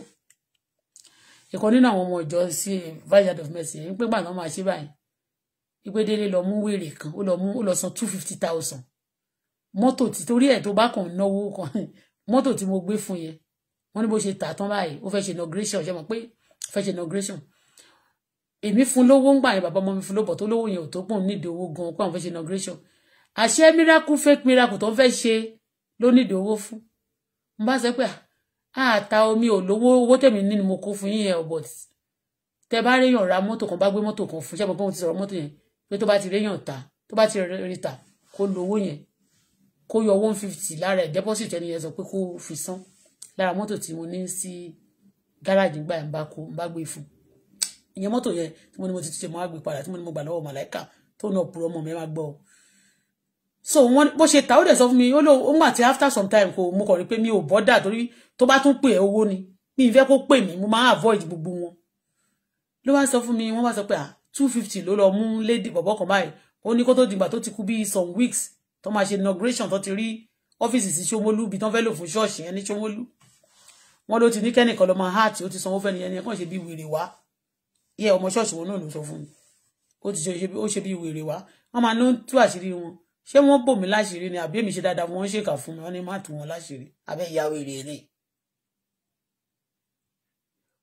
ìkan nínú àwọn ọmọ ìjọ sí vajad of mercy ń pé gbàgbọ́n máa ṣe báyìí ìpè délé lọ mú wèrè kan ó lọ mú ó lọ san two fifty thousand mọ́tò tí torí ẹ̀ tó bá kàn náwó kan mọ́tò tí mo gbé fún yẹn wọ́n ní bó ṣe tà tán báyìí ó fẹ́ ṣe inauguration ṣe mọ̀ pé fẹ́ ṣe inauguration èmi fún lówó ń gbà yẹn bàbá ọmọ mi fún lówó tó lówó yẹn ò tó pọ̀ nídìí owó gan pé àwọn fẹ́ ṣe inauguration àṣẹ miracle fake miracle tó ń fẹ́ ṣe ló nídìí owó fún n bá sọ pé àta omi ò lówó owó tèmi ní ni mo kó fún yín yẹn but tẹ bá réyàn ra mọ́tò kan bá gbé mọ́tò kan fún ṣẹ́gun pé mo ti sọ̀rọ̀ mọ́tò yẹn pé tó bá ti réyàn ta tó bá ti rí ta kó lówó yẹn kó yọ one fifty lára ẹ̀ deposit ẹni yẹn sọ pé kó fi san lára mọ́tò tí mo ní sí gáràjì gbà ń bá kó ń bá gbé fún un ìyẹn mọ́tò yẹn tí mo ní mo ti ṣe mo wá gbé padà tí mo ní mo gbà lọ́wọ́ màláìka tó náà purọ́ ọmọ mi máa gbọ́ o so wọn bó ṣe ta ó dẹ̀ sọ fún mi ó lò ó mà ti after some time kò mo kàn rí pé mi ò bọ́dà torí tó bá tún pè ẹ́ owó ni mi ì fẹ́ kó pè mí mo máa avoid gbogbo wọn ló wá sọ fún mi wọ́n wá sọ pé ah two fifty ló lọ mú lady bọ̀bọ̀ kan báyìí ó ní kó tó dìgbà tó ti kú bíi some weeks tó máa ṣe inauguration tó ti rí ọ́fíìsì sí Ṣómólú bí tán fẹ́ lò fún ṣọ́ọ̀ṣì yẹn ní Ṣómólú wọn ló ti ní kẹ́nìkan ló máa heart ó ti sanwó fẹ́ni yẹn ni ẹ̀ kàn ṣe bí wèrè wá yẹ ọmọ ṣọ́ọ̀ṣì wọn náà ló sọ fún mi ó ti ṣe bí wèrè wá wọn máa ló ń tú àṣírí wọn ṣé wọn bò mí láṣìírí ni àbí èmi ṣe dáadáa wọn ṣèkà fún mi wọn ní má tú wọn láṣìírí abẹ ìyá wèrè eléyìí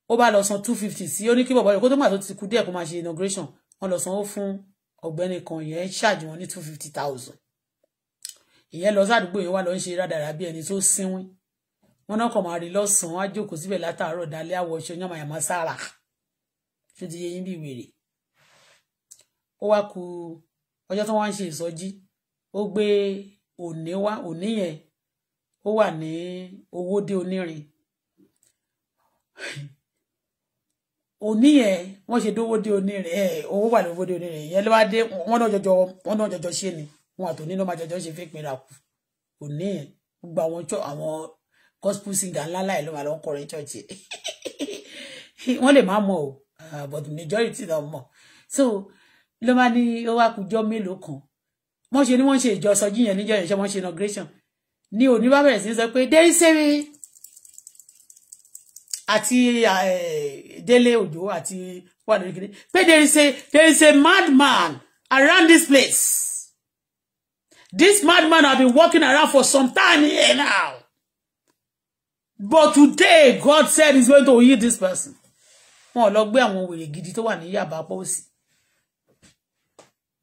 ó bá lọ san two fifty sí ó ní kí bàbá rẹ kó tó mà tó ti kú díẹ̀ kó máa ṣe inauguration wọn lọ sanwó fún ọ̀gbẹ́ni kan yẹn ṣáàjì wọn ní two fifty thousand ìyẹn lọ sádùúgbò yẹn wà lọ ń ṣe rádàrà bí ẹni tó sínwín wọn náà kàn máa rí lọ́sàn-án á jókòó síbẹ̀ látàárọ̀ dalẹ́ àwọ̀ ṣe yànmàyàmá sára ṣe ti yẹ yín bí wèrè ó wá ku ọjọ́ tó wá ń ṣe ìsọjí ó gbé òní wá òní yẹn ó wà ní owó dé onírin òní yẹn wọ́n ṣe dówó dé onírin ẹ̀ owó wà lówó dé onírin yẹn ló wá dé wọ́n náà jọjọ wọ́n náà jọjọ ṣe ni wọn àtòní náà máa jọjọ ṣe fẹ́ pinra kù òní yẹn gbogbo àwọn chọ àwọn gospel singer ńlá láì ló máa lọ ń kọrin church wọ́n lè má mọ̀ o uh, but majority lọ mọ̀ so ló máa ní ó wá kújọ́ mélòó kan wọ́n ṣe ni wọ́n ṣe ìjọsọjí yẹn níjọ́ yẹn ṣe wọ́n ṣe inauguration ní òní bá bẹ̀rẹ̀ sí sọ pé dé sẹ́mi àti eh, délé òjò àti wà lórí kiri pé there is a there is a madman around this place this madman have been walking around for some time here now but today God said he's going to heal this person wọn ò lọ gbé àwọn wèrè gidi tó wà ní yàbá pọ́ọ̀sì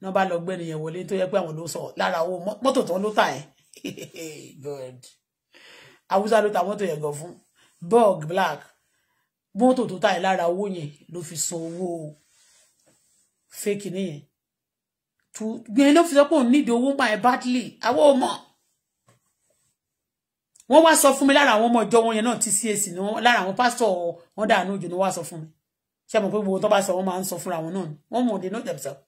náà bá lọ gbé ènìyàn wọlé tó yẹ pé àwọn ló sọ lára owó mọ́tò tán ló tà ẹ́ god haúsá ló ta mọ́tò yẹn gan fún bug black mọ́tò tó tà ẹ́ lára owó yẹn ló fi san owó fake nìyẹn gbìyànjú ló fi sọ pé òun nídìí owó máa ẹ badly àwọn ọmọ wọ́n wá sọ fún mi lára àwọn ọmọ ìjọ wọn yẹn náà tí CAC ni wọ́n lára àwọn pásítọ̀ wọn dànù òjò ni wọ́n wá sọ fún mi ṣe mọ̀ pé gbogbo tó bá sọ wọ́n máa ń sọ fúnra wọn náà wọ́n mọ̀ they know themselves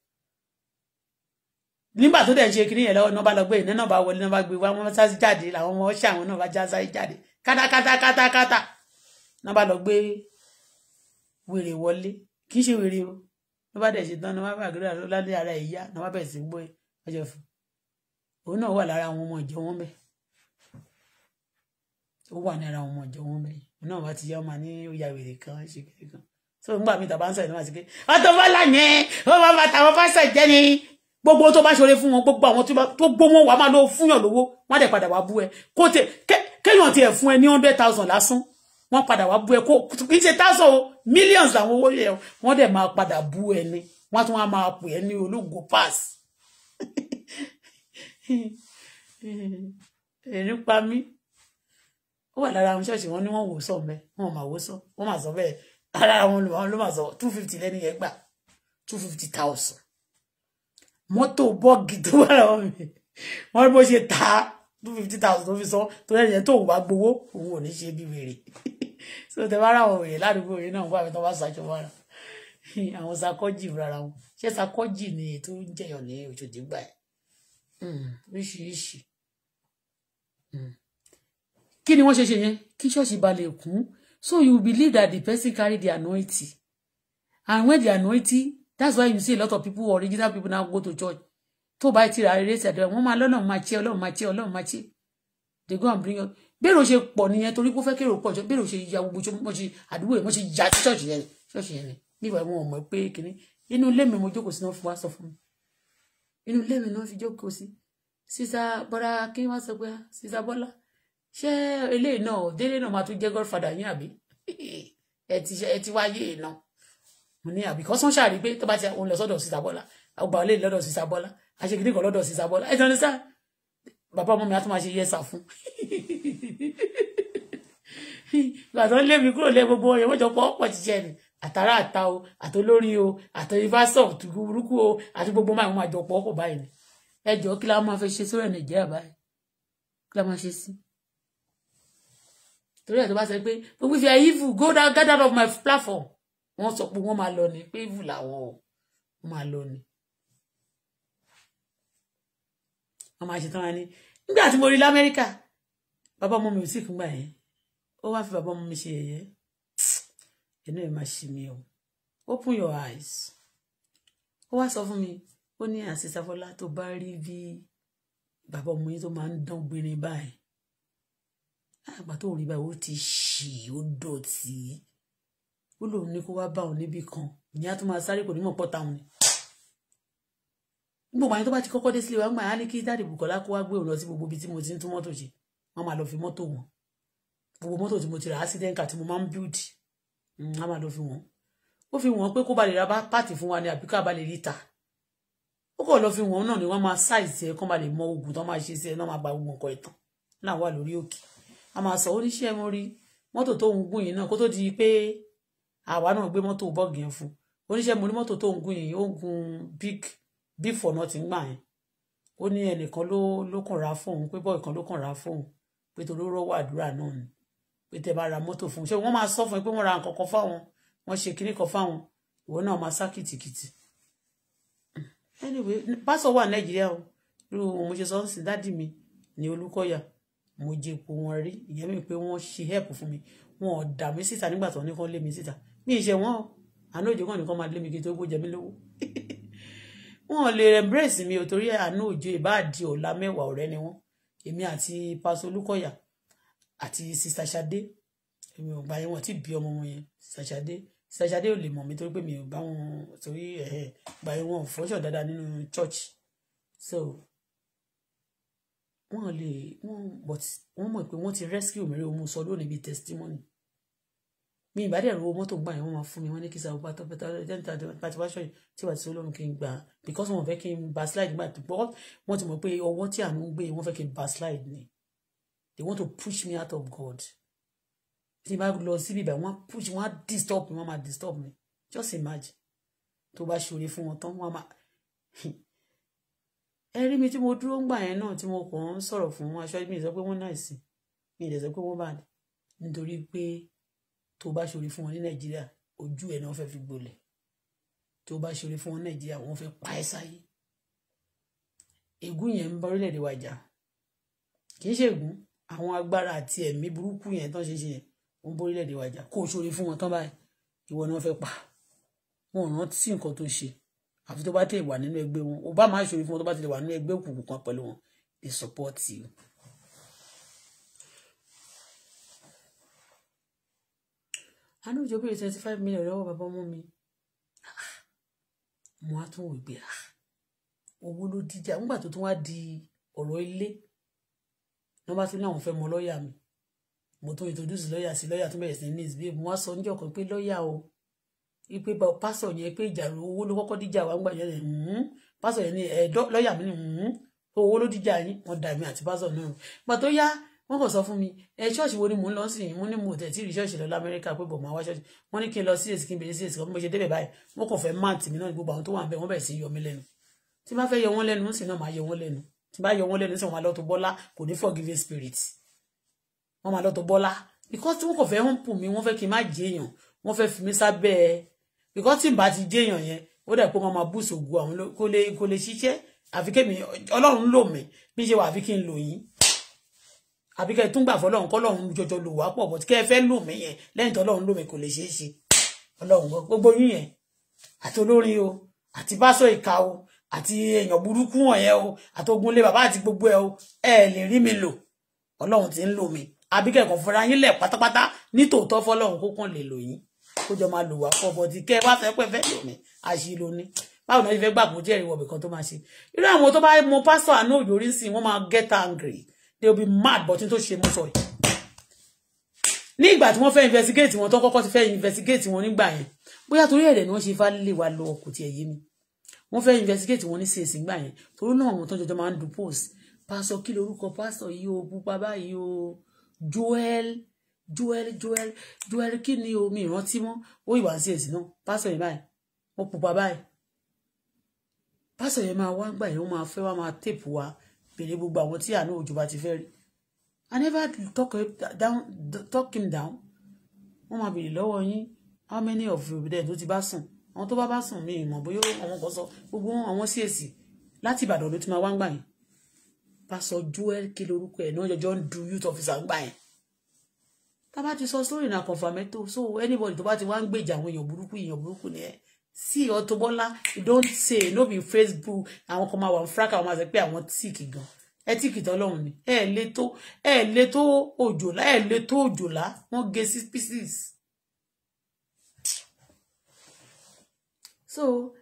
nígbà tó dẹ̀ ṣe kiri yẹn lọ́wọ́ náà bá lọ gbé ìní náà bá wọlé náà bá gbé wá wọn sáré jáde làwọn ọmọ ọṣẹ àwọn náà bá já sáré jáde kátákátákátákátá náà bá lọ gbé wèrè wọlé kì í ṣe wèrè o náà bá dẹ̀ ṣe tán náà bá bá àgbẹ̀rẹ̀ lọ́ládé ara ẹ̀ yá náà bá bẹ̀rẹ̀ sí gbọ́ ẹ ọjọ́ fún òun náà wà lára àwọn ọmọ ìjọ so nígbà mi tàbá ń sọ̀rọ̀ níwájú pé ọtọ́bọ́lá yẹn ó máa bàtà àwọn pásítọ̀ jẹ́ ni gbogbo tó bá ṣoore fún wọn gbogbo àwọn tó gbó wọn wà máa lọ fún yàn lówó wọn dẹ̀ padà wá bú ẹ kó tẹ kéèyàn tiẹ̀ fún ẹ ní hundred thousand lásán wọn padà wá bú ẹ kó kì í ṣe thousand millions làwọn owó yẹ wọn dẹ̀ máa padà bú ẹ ni wọn tún wá máa pè ẹ ní ológo pass ẹ̀rín pa mí ó wà lára àwọn ṣọ́ọ̀ṣì wọn ni wọ́n wò sọ mẹ́ wọn ò máa wò sọ wọ́n máa sọ bẹ́ẹ̀ ara àwọn olùwọ́n ló máa sọ two fifty lẹ́nu yẹn two fifty thousand mọ́tò bọ́ọ̀gì tó wà lọ́wọ́ mi wọ́n bó ṣe ta two fifty thousand tó fi sọ tó lẹ́nu yẹn tó wà gbowó òun ò ní ṣe bí wèrè so tẹ bá ra àwọn wèrè ládùúgbò yìí náà wà mí tó bá ṣàjọ wà àwọn sakọ́jì rárá wọn ṣé sakọ́jì ni ètò ń ní òṣòdì gbà hmm, oríṣiríṣi hmm. kí ni wọ́n ṣe ṣe yẹn kí ṣọ́ọ̀ṣì balẹ̀ kún So you believe that the person carry the anointing. And when the anointing, that's why you see a lot of people, original people now go to church. to buy ti I eré ṣẹ̀dọ̀ wọ́n máa alone, máa tiẹ́ ọlọ́run máa tiẹ́ ọlọ́run máa tiẹ́ they go and bring up bẹ́ẹ̀rù ṣe pọ̀ nìyẹn torí kó fẹ́ kérò pọ̀ jọ ya gbogbo mọ́ ṣe àdúgbò yẹn ya ṣọ́ọ̀ṣì yẹn ṣọ́ọ̀ṣì yẹn nígbà wọn ò mọ̀ pé kínní inú ilé mi mo jókòó sí náà fún wa sọ fún mi inú fi jókòó sí sísá bọ́lá kí wọ́n sọ pé ah, sísá ṣé eléyìí náà délé náà máa tún jẹ́ godfather yín àbí ẹ ti ẹ ti wáyé iná mo ní àbí kọ́sán ṣàrí pé tó bá ti òun lọ sọ́dọ̀ sísá bọ́lá ọgbà olè lọ́dọ̀ sísá bọ́lá àṣekìdí kan lọ́dọ̀ sísá bọ́lá ẹ tọ́ni sá bàbá ọmọ mi á tún máa ṣe yẹsà fún gbàtọ́ lé mi kúrò lé gbogbo ọyọ mọ́jọ pọ̀ pọ̀ jíjẹ ni àtàrà àta o àtolórí o àtẹ̀yìnbásọ̀ tùkúrúkú o àti gbogbo máa ń máa jọ pọ̀ pọ̀ báyìí ni ẹ jọ kí la máa fẹ́ ṣe sórí ẹ̀ nàìjíríà báyìí kí la máa ṣe sí torí ẹ̀ tó bá sọ pé gbogbo if you are evil go down get out of my platform wọ́n sọ pé wọ́n máa lọ ni pé evil làwọn o wọ́n máa lọ ni. wọ́n máa ṣe tán wá ní nígbà tí mo rí lamẹ́ríkà bàbá ọmọ mi ò sì kún gbà yẹn ó fi bàbá ọmọ mi ṣe yẹ̀yẹ́ ẹnu ẹ̀ máa ṣe mi o open your eyes ó wá sọ fún mi ó ní àṣìṣàfọlá tó bá rí bí bàbá ọmọ yín tó máa ń dán gbinrin báyìí àgbà tó ń rí báyìí ó ti ṣì ó dọ̀tí ó lòun ní kó wá bá òun níbì kan ìyẹn á tún máa sáré kò ní mọ̀ pọ̀ táwọn ni gbogbo àyẹn tó bá ti kọ́kọ́ dé sílé wa gbà á ní kí dáàdì Bùkọ́lá kó wá gbé òun lọ sí gbogbo ibi tí mo ti ń tún mọ́tò ṣe wọ́n máa lọ fi mọ́tò wọn gbogbo mọ́tò tí mo ti rà accident car tí mo máa ń build wọ́n mm, máa lọ fi wọ́n ó fi wọ́n pé kó ba lè ra pàtì fún wa ni àbí ká ba lè rí ta ó kọ̀ lọ fi wọ́n náà ni wọ́n máa ṣáìsì ẹ̀ kán ba mọ oògùn tó máa ṣe sí ẹ̀ náà máa gba oògùn ọkọ̀ ẹ̀tàn náà wà lórí òkè a máa sọ oníṣẹ́ mo rí mọ́tò tó ń gùn yìí náà kó tó di pé àwa náà gbé mọ́tò bọ́ọ̀gì yẹn fún oníṣẹ́ mo rí mọ́tò tó ń gùn yìí ó ń gun big big for nothing gbà yẹn ó ní ẹnìkan ló ló kàn ra fóun pé bọ́ọ̀ kan ló kàn ra fóun pé torí ó rọ́wọ́ àdúrà náà ni pé tẹ bá ra mọ́tò fún un ṣé wọ́n máa sọ fún un pé wọ́n ra nǹkan kan fáwọn wọ́n ṣe kinní kan fáwọn ìwọ náà máa sá kìtìkìtì anyway pásọ wà nàìjíríà o irú òun mo ṣe sọ ń sìn dádì mi ni olùkọ́yà mo jẹ epo wọn rí ìyẹn mi pé wọ́n ṣe help fún mi wọn ò dà mí síta nígbà tó ní kán lé mi síta mi ìṣe wọn àánú òjò kan nìkan máa lé mi kí n tó gbó jẹ mí lówó wọn lè embrace mi ò torí àánú òjò ìbá di ọ̀la mẹ́wàá ọ̀rẹ́ ni wọ́n èmi àti pásọ olúkọ̀yà àti sista Ṣadé èmi ò gbà yẹn wọn ti bí ọmọ wọn yẹn sista Ṣadé sista Ṣadé ò lè mọ̀ mi torí pé mi ò bá wọn torí gbà yẹn wọn ò fọṣọ dáadáa nínú church so wọ́n lè wọ́n but wọ́n mọ̀ pé wọ́n ti rescue mi rí omi sọ lónìí bíi testimony mi ìbàdí ẹ̀rọ owó mọ́tò gbà yẹn wọ́n máa fún mi wọ́n ní kí sáà pátá pátá jẹ́nìta patipáṣọ tí wàá ti sọ lóhùn kí n gbà because wọ́n fẹ́ kí n backslide gbà pípọ́ wọ́n ti mọ̀ pé ọwọ́ tí àánú gbé wọ́n fẹ́ kí n backslide ni they want to push me out of God tí n bá lọ síbi ìbà wọ́n push wọ́n á disturb me, wọ́n máa disturb me." just imagine tó bá ṣòro fún wọn tán wọ́n máa ẹ rí mi tí mo dúró ń gbà yẹn náà tí mo kàn ń sọ̀rọ̀ fún aṣọ mi sọ pé wọ́n náà sí mi ìdẹ̀ sọ pé wọ́n bá dé nítorí pé tó bá ṣorí fún wọn ní nàìjíríà ojú ẹ̀ náà fẹ́ fi gbolẹ̀ tó bá ṣorí fún wọn nàìjíríà wọ́n fẹ́ pa ẹ́ sáyé ègún yẹn ń bá orílẹ̀-èdè wa jà kì í ṣègùn àwọn agbára àti ẹ̀mí burúkú yẹn tán ṣe ṣe yẹn wọ́n bá orílẹ̀-èdè wa jà kó ṣorí fún wọn tán báyìí ìwọ náà fẹ́ pa wọn rántí nǹkan tó ṣe àfi tó bá tẹ̀ wà nínú ẹgbẹ́ wọn ó bá máa ṣòro fún wọn tó bá tẹ̀ wà nínú ẹgbẹ́ òkùnkùn kan pẹ̀lú wọn they support àánú ìjọ bèrè twenty five million lọ́wọ́ bàbá ọmọ mi ah, mo á tún wò pé ah, owó ló díjà nígbà tó tún wá di ọ̀rọ̀ ilé wọ́n bá tún ní àwọn fẹ́ mọ lọ́ọ̀yà mi mo tún introduce lọ́ọ̀yà sí lọ́ọ̀yà tó bẹ̀rẹ̀ sí ní ìsbí mo wá sọ níjọ́ kan pé lọ́ọ̀yà o ipe bá pásọ yẹn pé ìjà owó ló kọ́kọ́ díjà wà ń gbà yẹn rẹ hmm. pásọ yẹn ni ẹdọ eh, lọọyà mi ni hmm. owó ló díjà yín wọn dà mí àti pásọ náà gbà tó yá wọn kò sọ fún mi ẹ eh, ṣọ́ọ̀ṣì wo ni mò ń lọ sí yìí mo ní mo tẹ̀ tí ì rí ṣọ́ọ̀ṣì lọ lamẹ́ríkà pé bọ̀ máa wá ṣọ́ọ̀ṣì wọn ní kí n lọ sí èsì kí n bèrè sí èsì kan bí mo ṣe débẹ̀ báyìí wọn kò fẹ́ máàtì mi náà ní gbogbo àwọn tó wà ń bẹ wọn bẹ̀rẹ̀ sí yọ mí lẹ́nu tí bá fẹ́ yọ wọn lẹ́nu sí náà máa yọ wọn lẹ́nu tí bá yọ wọn lẹ́nu sí wọn máa lọ tó bọ́lá kò ní forgiving spirit wọn máa lọ tó bọ́lá because tí wọn kò fẹ́ hàn pù mí wọn fẹ́ kí n má jẹ èèyàn wọn fẹ́ fi mí sábẹ́ because tí n bá ti jẹ́yàn yẹn ó dẹ̀ pé wọ́n máa búùsù ògùn àwọn kò lè kò lè ṣiṣẹ́ àfi kémi ọlọ́run lò mí bí ṣe wà àfi kí n lò yín àbí kẹ́ ẹ tún gbà fọlọ́run kọ́lọ́run jọjọ lò wá pọ̀ bọ́tí kẹ́ ẹ fẹ́ lò mí yẹn lẹ́yìn tọ́lọ́run lò mí kò lè ṣeé ṣe ọlọ́run gbogbo yín yẹn àti olórin o àti báṣọ ìka o àti èèyàn burúkú wọ̀nyẹn o àti ogunlé bàbá àti gbogbo ẹ o ẹ lè rí mi lò ọlọ́run ti ń lò mí àbí kẹ́ ẹ yín lẹ̀ pátápátá nítòótọ́ fọlọ́run kó lè lò yín kó jọ máa lò wá fọ bọ̀dì kẹ́ wá fẹ́ pẹ́ fẹ́ lò mí àṣìlò ni báwo náà ṣe fẹ́ gbàgbọ́ jẹ́rìí wọ̀bì kan tó máa ṣe irú àwọn tó bá mọ pásítọ̀ àná òjòrí sí wọ́n máa get angry they will be mad but n tó ṣe mú sọ yìí ní ìgbà tí wọ́n fẹ́ investigate wọn tó kọ́kọ́ ti fẹ́ investigate wọn nígbà yẹn bóyá torí ẹ̀rẹ̀ ni wọ́n ṣe fálẹ̀ wa lọ kò tiẹ̀ yé mi wọ́n fẹ́ investigate wọn ní csc gbà yẹn torí náà àwọn tó jọjọ máa ń du post pásọ kí lorúkọ pásọ yìí o pupa joel joel joel kí ni omi ìrántí mọ́ ó ìwà sí ẹ̀sìn náà pásọ̀ yẹn báyìí wọ́n pupa báyìí pásọ̀ yẹn máa wá gbà yẹn ó máa fẹ́ wá máa tèpù wa bèrè gbogbo àwọn tí àánú òjò ti fẹ́ rí i never talk him down talk him down wọ́n máa bèrè lọ́wọ́ yín how many of you there tó ti bá sùn àwọn tó bá bá sùn mí ìmọ̀ bóyá àwọn kan sọ gbogbo àwọn csc láti ìbàdàn ló ti máa wá ń gbà yẹn pásọ joel kí lorúkọ ẹ̀ náà jọjọ ń du youth officer ń gbà yẹn tá a bá ti sọ story na confirmato so anybody tó bá ti wá ń gbèjà àwọn èèyàn burúkú èèyàn burúkú ni ẹ sí Auto Bola you don't say no be Facebook àwọn kan máa wà fúrákà wọn máa sọ pé àwọn tíìkì gan ẹ tíìkì tọlọ́run ni ẹ lè tó ẹ lè tó òjòlá ẹ lè tó òjòlá wọn gé six pieces. so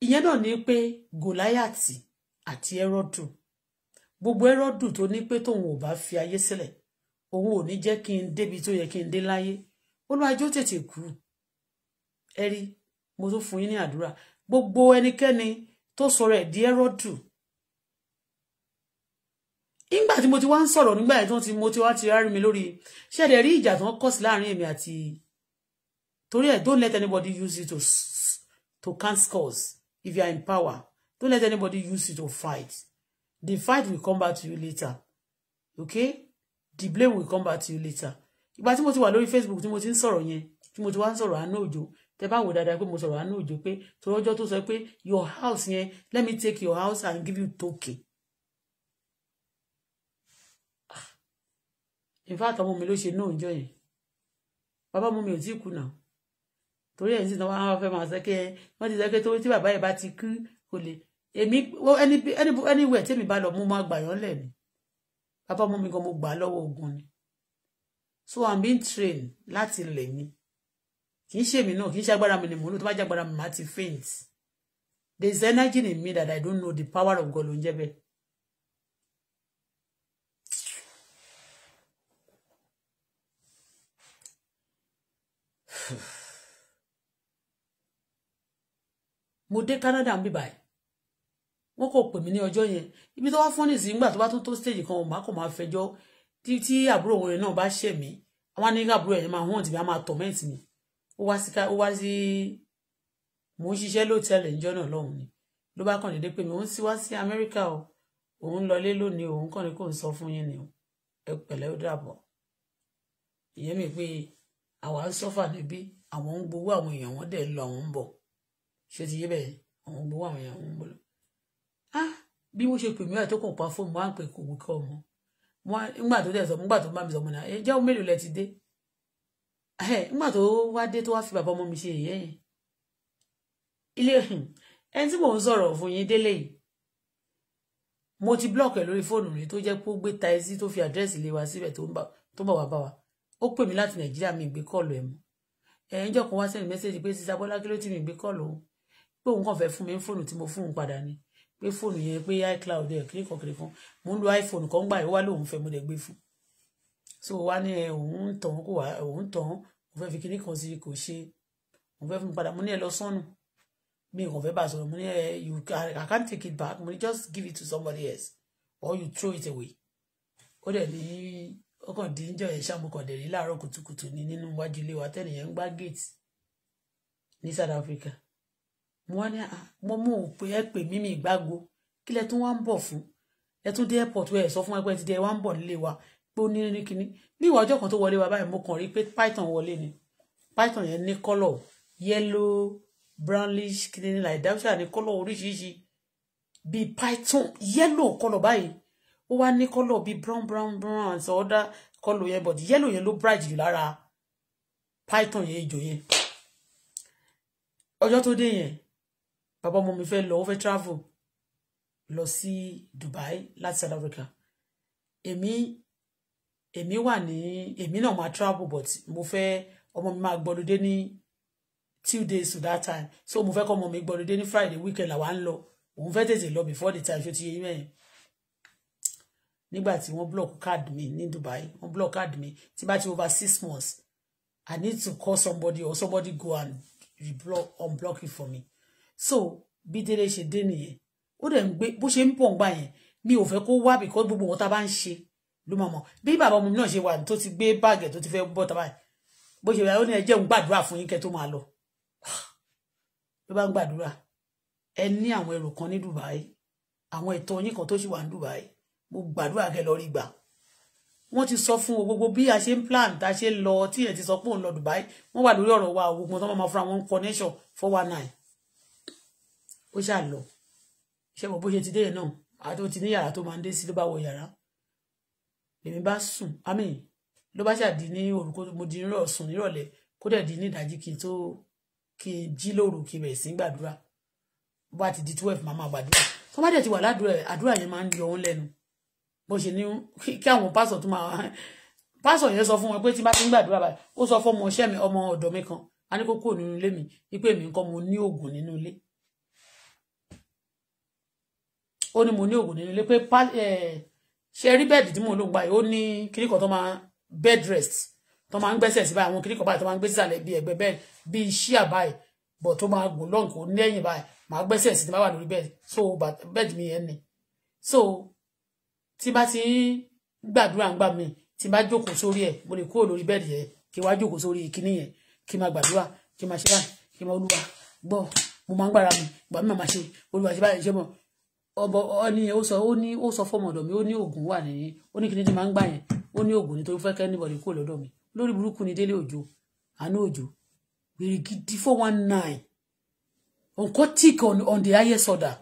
ìyẹn náà ni pé Gòláyàtì àti ẹrọdù gbogbo ẹrọdù tó ní pé tóun ò bá fi ayé sílẹ̀ òun ò ní jẹ́ kí n débi tó yẹ kí n dé láyé olùwàjò tètè kú ẹ rí mo tó fún yín ní àdúrà gbogbo ẹnikẹ́ni tó sọ̀rọ̀ ẹ̀ di ẹrọ́dù nígbà tí mo ti wá ń sọ̀rọ̀ nígbà yẹn tí mo ti wá ti rárí mi lórí ṣẹ̀dẹ̀ rí ìjà tó ń kọ̀ sí láàrin èmi àti torí ẹ̀ don't let anybody use you to to count scores if you are in power don't let anybody use you to fight the fight will come back to you later okay the blame will come back to you later ìgbà tí mo ti wà lórí Facebook tí mo ti ń sọ̀rọ̀ yẹn tí mo ti wá ń sọ̀rọ̀ àánú òjò tẹ bá wò dáadáa pé mo sọ̀rọ̀ àánú òjò pé tòrọ́jọ́ tó sọ pé your house yẹn let me take your house and give you token. Ah, in fact ọmọ mi ló ṣe no jọ yẹn bàbá ọmọ mi ò tí kú náà torí ẹ̀ ń sìn náà wọ́n fẹ́ máa sẹ́kẹ́ wọ́n ti sẹ́kẹ́ tó tí bàbá yẹn bá ti kú kò lè èmi anywhere tèmi bá lọ mú máa gbàyàn lẹ̀ ni bàbá ọmọ mi gan mo gbà lọ́wọ́ ogun ni so i'm being trained láti lẹ̀ mi kì í ṣe èmi náà kì í ṣe agbára mi ni mò ń lò tó bá jẹ́ agbára mi màá ti faint there is energy in me that i don't know the power of God ló ń jẹ́ bẹ́ẹ̀. mo dé Canada ń bí báyìí wọn kò pè mí ní ọjọ́ yẹn ibi tó wá fún nìsín nígbà tó bá tún tó stage kan òun má kò máa fẹjọ́ tí àbúrò òun yẹn náà bá ṣẹ̀ mí àwọn ní àbúrò yẹn máa hàn tìbí a máa torment mi ó wá sí ó wá sí mò ń ṣiṣẹ́ lóòtẹ́ẹ̀lì níjọ́ náà lọ́hùn ni ló bá kàn déédéé pé mi òun sì wá sí Amẹ́ríkà o òun lọlé lónìí òun kàn ní kò ń sọ fún yín ni o ẹ pẹ̀lẹ́ ó dàbọ̀ ìyẹn mi pé àwa ń sọ́fà níbí àwọn ń gbowó àwọn èèyàn wọn dẹ̀ lọ àwọn ń bọ̀ ṣé ti yé bẹ́ẹ̀ àwọn ń gbowó àwọn èèyàn wọn ń bọ̀ lọ ah bí wọ́n ṣe pè mí àti tó kàn pa fóònù wọ́n á pè kò wíkọ́ ọmọ nígbà tó dẹ̀ sọ nígbà tó bá mi sọ ọmọ náà ẹ jẹ́ mélòó lẹ ti dé nígbà tó wá dé tó wá fi bàbá ọmọ mi ṣe èyẹ yẹn ilé ẹni tí mò ń sọ̀rọ̀ fún yín délé yìí mo ti blọọkì ẹ lórí fóònù rẹ tó jẹ́ pé ó gbé ta ẹsí tó fi àdírẹ́sì lé wa síbẹ̀ tó ń bọ̀ wá bá wa ó pè mí láti nàìjíríà mi gbé kọ́ọ̀lù ẹ̀ mọ́ ẹ̀yìn jọ̀kan wá sẹ́yìn mẹ́sẹ̀jì pé sísá bọ́lá kí ló ti mi gbé kọ́ọ̀lù òun pé òun kàn fẹ́ fún mi fóònù tí mo fún òun padà ni pé fóònù yẹn pé icloud ẹ̀ kiri kan kiri kan mò ń lo iphone kan gbà yìí wá lóun fẹ́ mo dẹ̀ gbé fún so wá ní ẹ òun ń tàn kó wá òun ń tàn mo fẹ́ fi kiri kan sí kò ṣe mo fẹ́ fún mi padà mo ní ẹ lọ sọ́nù mi kò fẹ́ bá a sọ̀rọ̀ mo ní ẹ you I can't take it back mo ní just give it to somebody else or you throw it away ó dẹ̀ ní ọkàn díjọ́ ẹ̀ ṣàmùkọ̀dẹ̀ rí láàárọ̀ kùtùkùtù ní nínú iwájú ilé wa tẹ́nìyẹn ń gbá gate ní South Africa mo wá ní ah, ah, mo mú òun pé ẹ pè mí mi ìgbàgbó kí lẹ tún wá ń bọ̀ fún ẹ tún dé airport wẹ̀ sọ fún wa pé ti dé ẹ wá ń bọ̀ nílé wa pé ó ní ní kíní ní ìwà ọjọ́ kan tó wọlé wa báyìí mo kàn rí pé python wọlé ni python yẹn ní kọ́lọ̀ yellow brownish kíní like that ṣáà ní kọ́lọ̀ oríṣiríṣi bíi python yellow kọ́lọ̀ báyìí ó wá ní kọ́lọ̀ bíi brown brown brown and so other kọ́lọ̀ yẹn but yellow yẹn ló bright jù lára python yẹn ìjò yẹn ọjọ́ tó dé yẹn Baba, ọmọ mi fẹ́ lọ ó travel lọ sí Dubai láti South Africa Emi, èmi wà ní èmi náà travel but mo fẹ́ ọmọ mi máa gbọ́dọ̀dé ní two days to that time so mo fẹ́ kọ́ ọmọ mi gbọ́dọ̀dé ní Friday weekend làwa ń lọ òun fẹ́ tètè lọ before the time ṣó ti yẹ yín mẹ́rin nígbà block card me ní Dubai wọ́n block card me. tí bá ti over six months I need to call somebody or somebody go and unblock it for me so bí délé ṣe dé nìyẹn ó dẹ̀ ń gbé bó ṣe ń pọ̀ ń gbà mi ò fẹ́ kó wá bìkọ́ gbogbo wọn tá a bá ń ṣe ló máa mọ̀ bí bàbá ọmọ mi náà ṣe wà tó ti gbé báàgì tó ti fẹ́ bọ́ tá a báyìí bó ṣe wà ó ní ẹ jẹun gbàdúrà fún yín kẹ́ tó máa lọ ló bá ń gbàdúrà ẹ ní àwọn kan ní Dubai àwọn ètò yín kan tó ṣì wà ní Dubai mo gbàdúrà kẹ́ lọ rí gbà wọ́n ti sọ fún gbogbo bí a ṣe ń plan tá a ṣe lọ tí ti sọ pé òun Dubai wọ́n wà lórí ọ̀rọ̀ wa gbogbo tó máa fún àwọn connection four one nine ó ṣáà lọ ṣé mo bó ṣe ti dé yẹn náà àti ó ti ní yàrá tó máa ń dé sí ló bá wọ yàrá lèmi bá sùn àmì ló bá ṣàdí ní òru kó mo di nírọ̀ sùn nírọ̀lẹ́ kó dẹ̀ di ní ìdájí kí n tó kí n jí lóru kí n bẹ̀rẹ̀ sí gbàdúrà bó bá ti di twelve màá máa gbàdúrà tó bá dẹ̀ ti wà ládùúrà àdúrà yẹn máa ń yọ òun lẹ́nu bó ṣe ní kí àwọn pásọ̀ tó máa pásọ̀ yẹn sọ fún wọn pé tí bá ti ń gbàdúrà báyìí ó sọ fún ọmọ ọṣẹ́ mi ọmọ ọ̀dọ́ mi kan a ní kó nínú ilé mi wípé èmi nǹkan mo ní oògùn nínú ilé ó ní mo ní oògùn nínú ilé pé eh, ṣe rí bẹ́ẹ̀dì tí mò ń lò gbà yìí ó ní kíríkọ tó máa bed rest tó máa ń gbẹ́sẹ̀ sí báyìí àwọn kíríkọ báyìí tó máa ń gbé sísàlẹ̀ bí ẹ̀gbẹ́ bẹ́ẹ̀ bí iṣẹ́ àbáyìí bọ̀ tó máa gùn lọ́n kò ní ẹ̀yìn báyìí máa gbẹ́sẹ̀ sí ti máa wà lórí bẹ́ẹ̀ so bẹ́ẹ̀dì mi yẹn ni so tí bá ti ń gbàdúrà ń gbà mí tí bá jókòó sórí ẹ̀ mo lè kúrò lórí bẹ́ẹ̀dì yẹn kí wá jókòó sórí ìkíní yẹn kí máa gbàdúrà kí máa ṣe báyìí kí máa olúwa gbọ́ mo máa ń gbára mi ìgbà mi máa ṣe olúwa ṣe báyìí ṣe mọ̀ ọbọ ọni ó sọ ó ní ó sọ fọmọ mi ó ní oògùn wà ní ó ní kíni tí máa ń gbà yẹn ó ní oògùn nítorí fẹ́ kẹ́nìbọ̀dì kúrò lọ́dọ̀ mi lórí burúkú ni délé òjò àánú òjò gbèrè gidi four one nine oncotic on, on the highest order.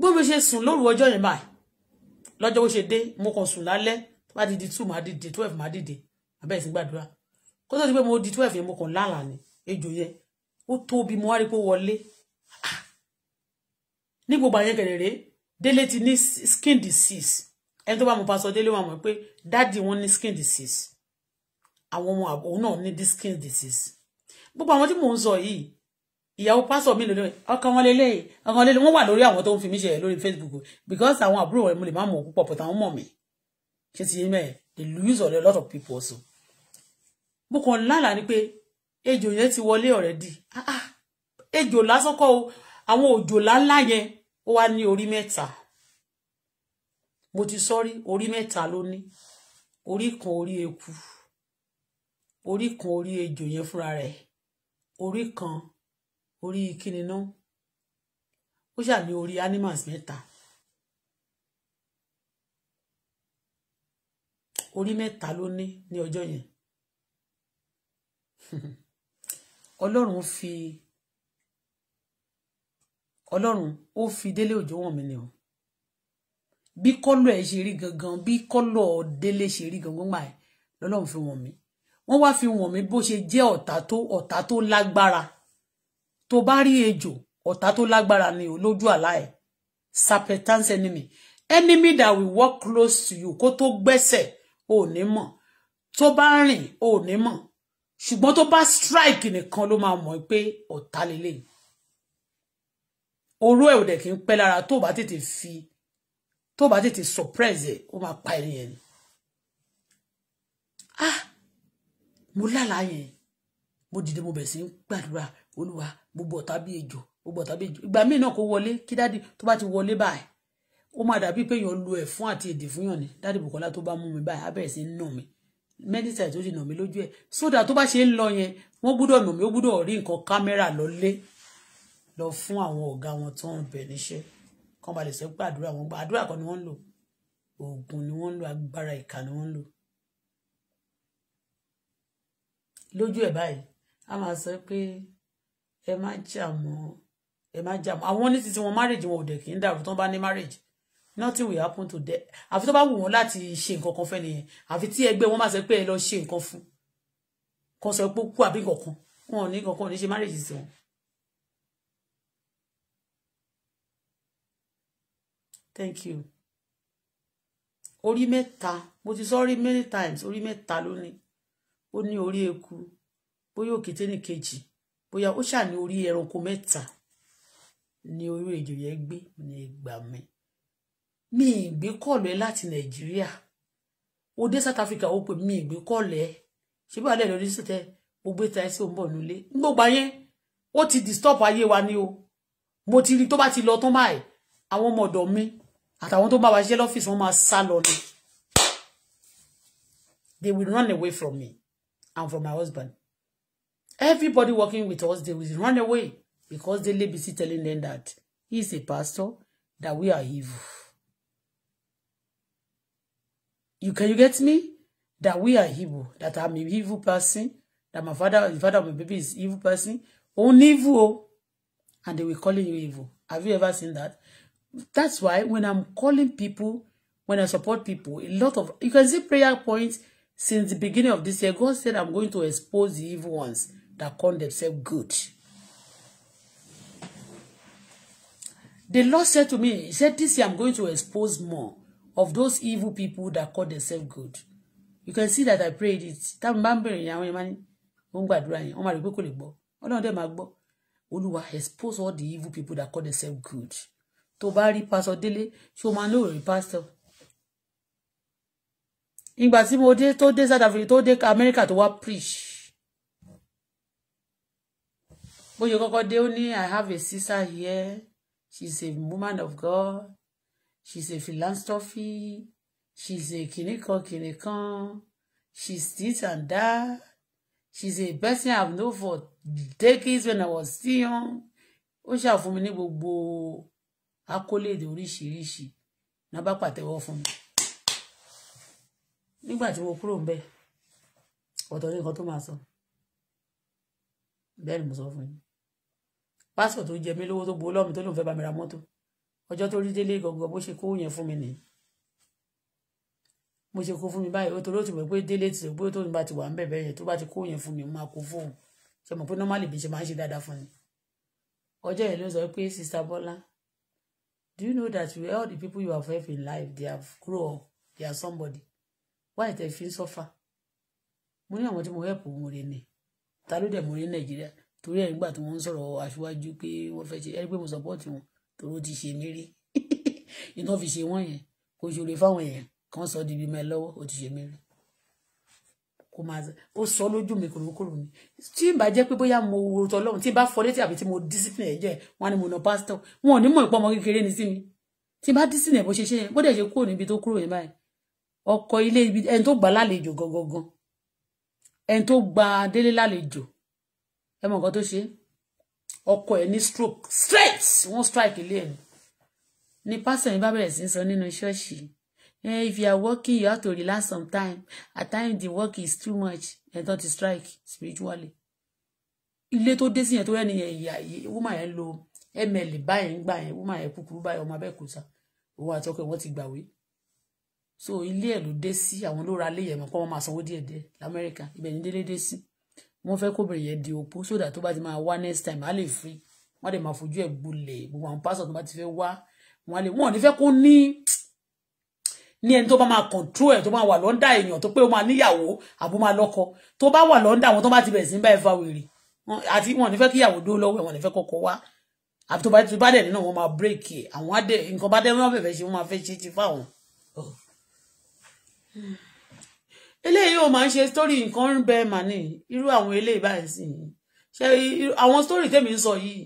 bó mi ṣe sùn lóru ọjọ́ yẹn báyìí lọ́jọ́ bó ṣe dé mo kàn sùn lálẹ́ tó bá ti di two máa dìde twelve máa dìde abẹ́ẹ̀ sí gbàdúrà kó tó di pé mo di twelve yẹn mo kàn lálàá ni ejò yẹn ó tóbi mo wá rí pé ó wọlé ah! ní gbogbo àyẹn kẹrẹrẹ délé ti ní skin disease ẹni tó bá mo pa sọ délé wà mọ̀ pé dáàdi wọn ní skin disease àwọn ọmọ òun náà ní skin disease gbogbo àwọn tí mò ń sọ yìí ìyàwó pásọ mi lórí ọkàn wọn lélẹyìn ọkàn lélẹyìn wọn wà lórí àwọn tó ń fi mí ṣe lórí Facebook because àwọn àbúrò rẹ mo lè má mọ púpọ̀ pọ̀ táwọn mọ̀ mi ṣe ti yé mẹ́ẹ̀ they lose a lot of people also mo kàn lálàá ni pé ejò yẹn ti wọlé already ah ah ejò lásán kọ́ o àwọn òjòlá ńlá yẹn ó wá ní orí mẹ́ta mo ti sọ́rí orí mẹ́ta ló ní orí kan orí eku orí kan orí ejò yẹn fúnra rẹ̀ orí kan orí kíniná ó ṣà ní orí animals mẹ́ta orí mẹ́ta ló ní ní ọjọ́ yẹn ọlọ́run fi ọlọ́run ó fi délé òjò wọ̀n mí ni o bí kọ́lọ̀ ẹ̀ ṣe rí gangan bí kọ́lọ̀ délé ṣe rí gangan gbà lọ́lọ́run fi wọ̀n mí wọ́n wá fi wọ̀n mí bó ṣe jẹ́ ọ̀tá tó ọ̀tá tó lágbára tó bá rí ejò ọ̀tá tó lágbára ni o lójú àlá ẹ̀ serpentance enemy enemy that will walk close to you kó tó gbẹ́sẹ̀ ò ní mọ̀ tó bá rìn ò ní mọ̀ ṣùgbọ́n tó bá strike nìkan ló máa mọ̀ pé ọ̀tá lélẹ̀ oró ẹ̀ ò dẹ̀ kí ń pẹ́ lára tó bá tètè fi tó bá tètè suppress ẹ̀ ó máa pa ẹni yẹn ni ah mo lálàá yẹn mo dìde mo bẹ̀rẹ̀ sí ń gbàdúrà olúwa gbogbo ọ̀tá bí ejò gbogbo ọ̀tá bí ejò ìgbà míì náà kó wọlé kí dáàdì tó bá ti wọlé báyìí ó máa dàbí pé èèyàn lu ẹ̀fún àti èdè fún yàn ni dáàdì Bùkọ́lá tó bá mú mi báyìí á bẹ̀rẹ̀ sí ń nà mí many times ó sì nà mí lójú ẹ̀ sódà tó bá ṣe ń lọ yẹn wọ́n gbúdọ̀ nà mí ó gbúdọ̀ rí nǹkan kámẹ́rà lọ́lé lọ fún àwọn ọ̀gá wọn tó ń bẹ̀ níṣẹ́ kán balẹ̀ sọ pé àdúrà wọn gbà àdúrà kan ni wọ́n ń lò oògùn ni wọ́n ń lò agbára ìkà ni wọ́n ń lò lójú ẹ̀ a máa sọ pé ẹ má jà mọ́ ẹ má jà mọ́ àwọn ní títí wọn márèjì wọn ò dẹ̀ kì í dàrú tán nothing will happen to them àfi tó bá wù wọ́n láti ṣe nǹkan kan fẹ́ nìyẹn àfi tí ẹgbẹ́ wọn bá sọ pé ẹ lọ ṣe nǹkan fún kan sọ pé ó kú àbí kankan wọn ò ní kankan ò ní marriage sí wọn. thank you orí mẹ́ta mo ti sorry many times orí mẹ́ta lónìí O ni orí eku bóyá òkété ní keji. bóyá ó ṣà ní orí ẹranko mẹ́ta ní orí èjò yẹn gbé ní ìgbà mẹ́ta mi ìgbé kọ̀lẹ́ láti nàìjíríà ó dé south africa ó pè mí ìgbé kọ̀lẹ́ ṣé bá lẹ́nu orí sọ̀tẹ́ ó gbé ta ẹsẹ̀ ó ń bọ̀ nílé gbogbo ayẹn ó ti disturb ayé wa ni o mo ti rí tó bá ti lọ tán báyìí àwọn ọmọ ọ̀dọ̀ mi àtàwọn tó bá wa ṣiṣẹ́ lọ́fíìsì wọn máa sá lọ ni they will run away from me and from my husband everybody working with us they will run away because they lay busy telling them that he is a pastor that we are evil. You can you get me? That we are evil, that I'm an evil person, that my father, the father of my baby is evil person, only evil, and they were calling you evil. Have you ever seen that? That's why when I'm calling people, when I support people, a lot of you can see prayer points since the beginning of this year. God said, I'm going to expose the evil ones that call themselves good. The Lord said to me, He said, This year I'm going to expose more of those evil people that call themselves good you can see that I prayed it táwọn bá ń bèrè yẹn àwọn yẹn máa ní wọ́n ń gbàdúrà yẹn wọ́n máa rí expose all the evil people that call themselves good tó bá rí pásọ délé ṣó máa lóò rí pásọ. ìgbà tí mo dé tó dé South Africa tó dé America to wá preach bó ṣe kọ́kọ́ dé ó I have a sister here She's a woman of God she's a philanthropy she's a kinikan kinikan she's this and that she's a person I've known for decades when I was still young ó ṣàfún mi ní gbogbo akólédè oríṣiríṣi náà bá pàtẹ́wọ́ fún mi nígbà tí mo kúrò ń bẹ̀ ọ̀tọ̀ ní to tó máa sọ bẹ́ẹ̀ ni mo sọ fún yín pásítọ̀ tó jẹ mí lówó tó gbowó lọ́mí tó lóun fẹ́ bá mi ra mọ́tò ọjọ́ tó rí délé gọ̀gọ̀ bó ṣe kó yẹn fún mi nì mo ṣe kó fún mi báyìí torí ó ti mọ̀ pé délé ti pé tó ní bá ti wà ń bẹ̀bẹ̀ yẹn tó bá ti kó yẹn fún mi mo máa kó fóun ṣe mọ̀ pé normally bí ṣe máa ń ṣe dáadáa fún mi ọjọ́ yẹn ló sọ pé sista Bọ́lá do you know that all the people you have helped in life they have grow up they are somebody why they feel suffer mo ní àwọn tí mo help mo rè ní ta ló dẹ̀ mo rí Nàìjíríà torí ẹ̀ nígbà tí wọ́n ń sọ̀rọ̀ aṣíwájú pé wọ́n fẹ́ ṣe ẹ́ pé mo support wọn tó ti ṣe mí rí iná fi ṣe wọ́n yẹn kò ṣòro fáwọn èèyàn kan sọ di bí mẹ́ lọ́wọ́ ó ti ṣe mí rí kò máa ó sọ lójú mi kòrókòrò ni tí n bá jẹ́ pé bóyá mo wo tọlọ́run tí n bá fọ létí àbí tí mo discipline ẹ̀ jẹ́ wọn ni mo nà pásítọ̀ wọn ò ní mọ̀ ìpọ́nmọ kékeré ni sí mi tí n bá discipline bó ṣe ṣe yẹn bó ṣe kúrò níbi tó kúrò yẹn báyìí ọkọ ilé ibi ẹni tó gbà lálejò gangan ẹni tó gba délé lálejò ẹ mọ̀ nǹkan tó ṣe é ọkọ ẹ̀ ní stroke straight wọ́n strike ilé ẹ̀ ni pásítọ̀ yìí bá bẹ̀rẹ̀ sí sọ nínú ṣọ́ọ̀ṣì eh, if you are working you have to relax some time. at times the work is too much ẹ̀tọ́ ti strike spiritually ilé tó dé sí yẹn tó rẹ́ nìyẹn ìyá yìí wúmà yẹn lo ml báyìí ń gbà yẹn wúmà yẹn kúkúrú báyìí ọmọ abẹ́òkúta owó àtọ́kọ̀ wọ́n ti gbàwé so ilé ẹ̀ ló dé sí àwọn ló ra lé yẹn mọ̀ kọ́ wọ́n máa sanwó díẹ̀díẹ̀ lamẹ́ríkà ibẹ̀ ni délé dé sí. Si wọ́n fẹ́ kóbìnrin yẹn di opó so that tó bá ti máa wá next time á lè free wọ́n lè máa fojú ẹ̀ gbolẹ̀ gbogbo àwọn pásọ̀ tó bá ti fẹ́ wá wọ́n lè wọ́n ní fẹ́ kó ní ní ẹni tó bá máa control ẹ̀ tó máa wà lọ́ndà èèyàn tó pé ó máa níyàwó àbó máa lọ́kọ tó bá wà lọ́ndà àwọn tó bá ti bẹ̀rẹ̀ sí bá ẹ fa wèrè àti wọ́n ní fẹ́ kíyàwó dó lọ́wọ́ wọ́n ní fẹ́ kọ́kọ́ wá àbí tó bá ti bá dẹ̀ nínú wọn máa break ẹ̀ àwọn nǹkan bá dẹ̀ wọ́n fẹ́ fẹ́ ṣe wọ́n máa fẹ́ ṣe ti fáwọn. Hmm eléyìí ò máa ń ṣe story nǹkan bẹ́ẹ̀ mà ní irú àwọn eléyìí báyìí sì yìí ṣe àwọn story tèmi ń sọ yìí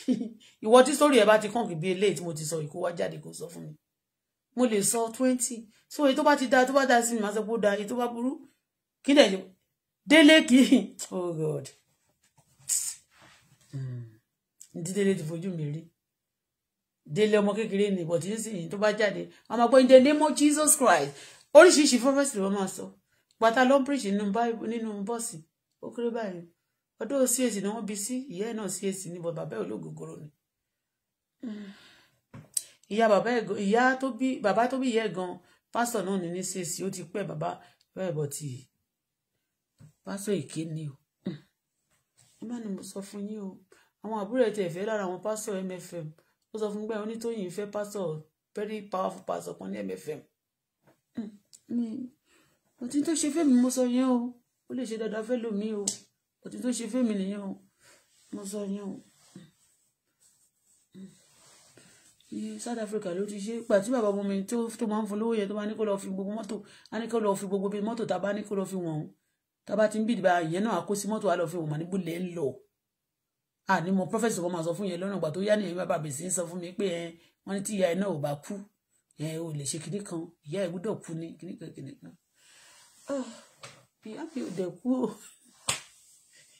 ìwọ tí story ẹ bá ti kàn kì bí eléyìí tí mo ti sọ yìí kó wá jáde kó sọ fún mi mo lè sọ twenty so èyí tó bá ti da tó bá da sí mi máa sọ pé ó da èyí tó bá burú kí lè délé kí oh god hmm, dídélé ti fojú mi rí délé ọmọ kékeré ni bọ̀dí nísìnyí tó bá jáde ọmọ pé in the name of Jesus Christ oríṣiríṣi fọ́fẹ́sì ló máa sọ. So gbàtà ló ń bíríṣì nínú bọ́ọ̀sì ó kéré báyìí ọdún CAC ni wọ́n bí sí ìyá ẹ̀ náà CAC ní bọ́ bàbá ẹ̀ olóògógóró ni ìyá bàbá ẹ̀ ìyá tó bí bàbá tó bí ìyá ẹ̀ gan pásítọ̀ náà ní ní CAC ó ti pẹ́ bàbá bẹ́ẹ̀ bọ̀ tì í pásítọ̀ èké ni o ẹ má ní mo sọ fún yín o àwọn àbúrò ẹ̀ tẹ̀ fẹ́ lára àwọn pásítọ̀ MFM ó sọ fún gbẹ́ onítóyìn fẹ́ pásítọ̀ very powerful pásítọ̀ kan ní MFM òtí tó ṣe fẹ́mi mo sọ yẹn o ó lè ṣe dáadáa fẹ́ lómi o òtí tó ṣe fẹ́mi nìyẹn o mo sọ yẹn o. ní South Africa ló ti ṣe pàtí bàbá ọmọ mi tó tó máa ń fún lówó yẹn tó máa ní kó lọ fi gbogbo mọ́tò á ní kó lọ fi gbogbo mọ́tò tá a bá ní kó lọ fi wọ̀n o tá a bá ti ń bí ìdìbò àyẹn náà kó sí mọ́tò á lọ fi wọ̀n mà níbo lẹ́ ń lọ. a ní mo prọfẹsì wọn máa sọ fún yẹn lọ́nà ìgbà tó yá nìyẹn bàbá bèsì ń sọ fún mi pé wọ́n ní tí ìyá ẹ náà ò bá kú ẹ ò lè ṣe kinní kan ìyá ẹ gbọ́dọ̀ kú ní kinní kan kinní kan Ah, ìyá mi ò dẹ̀ kú o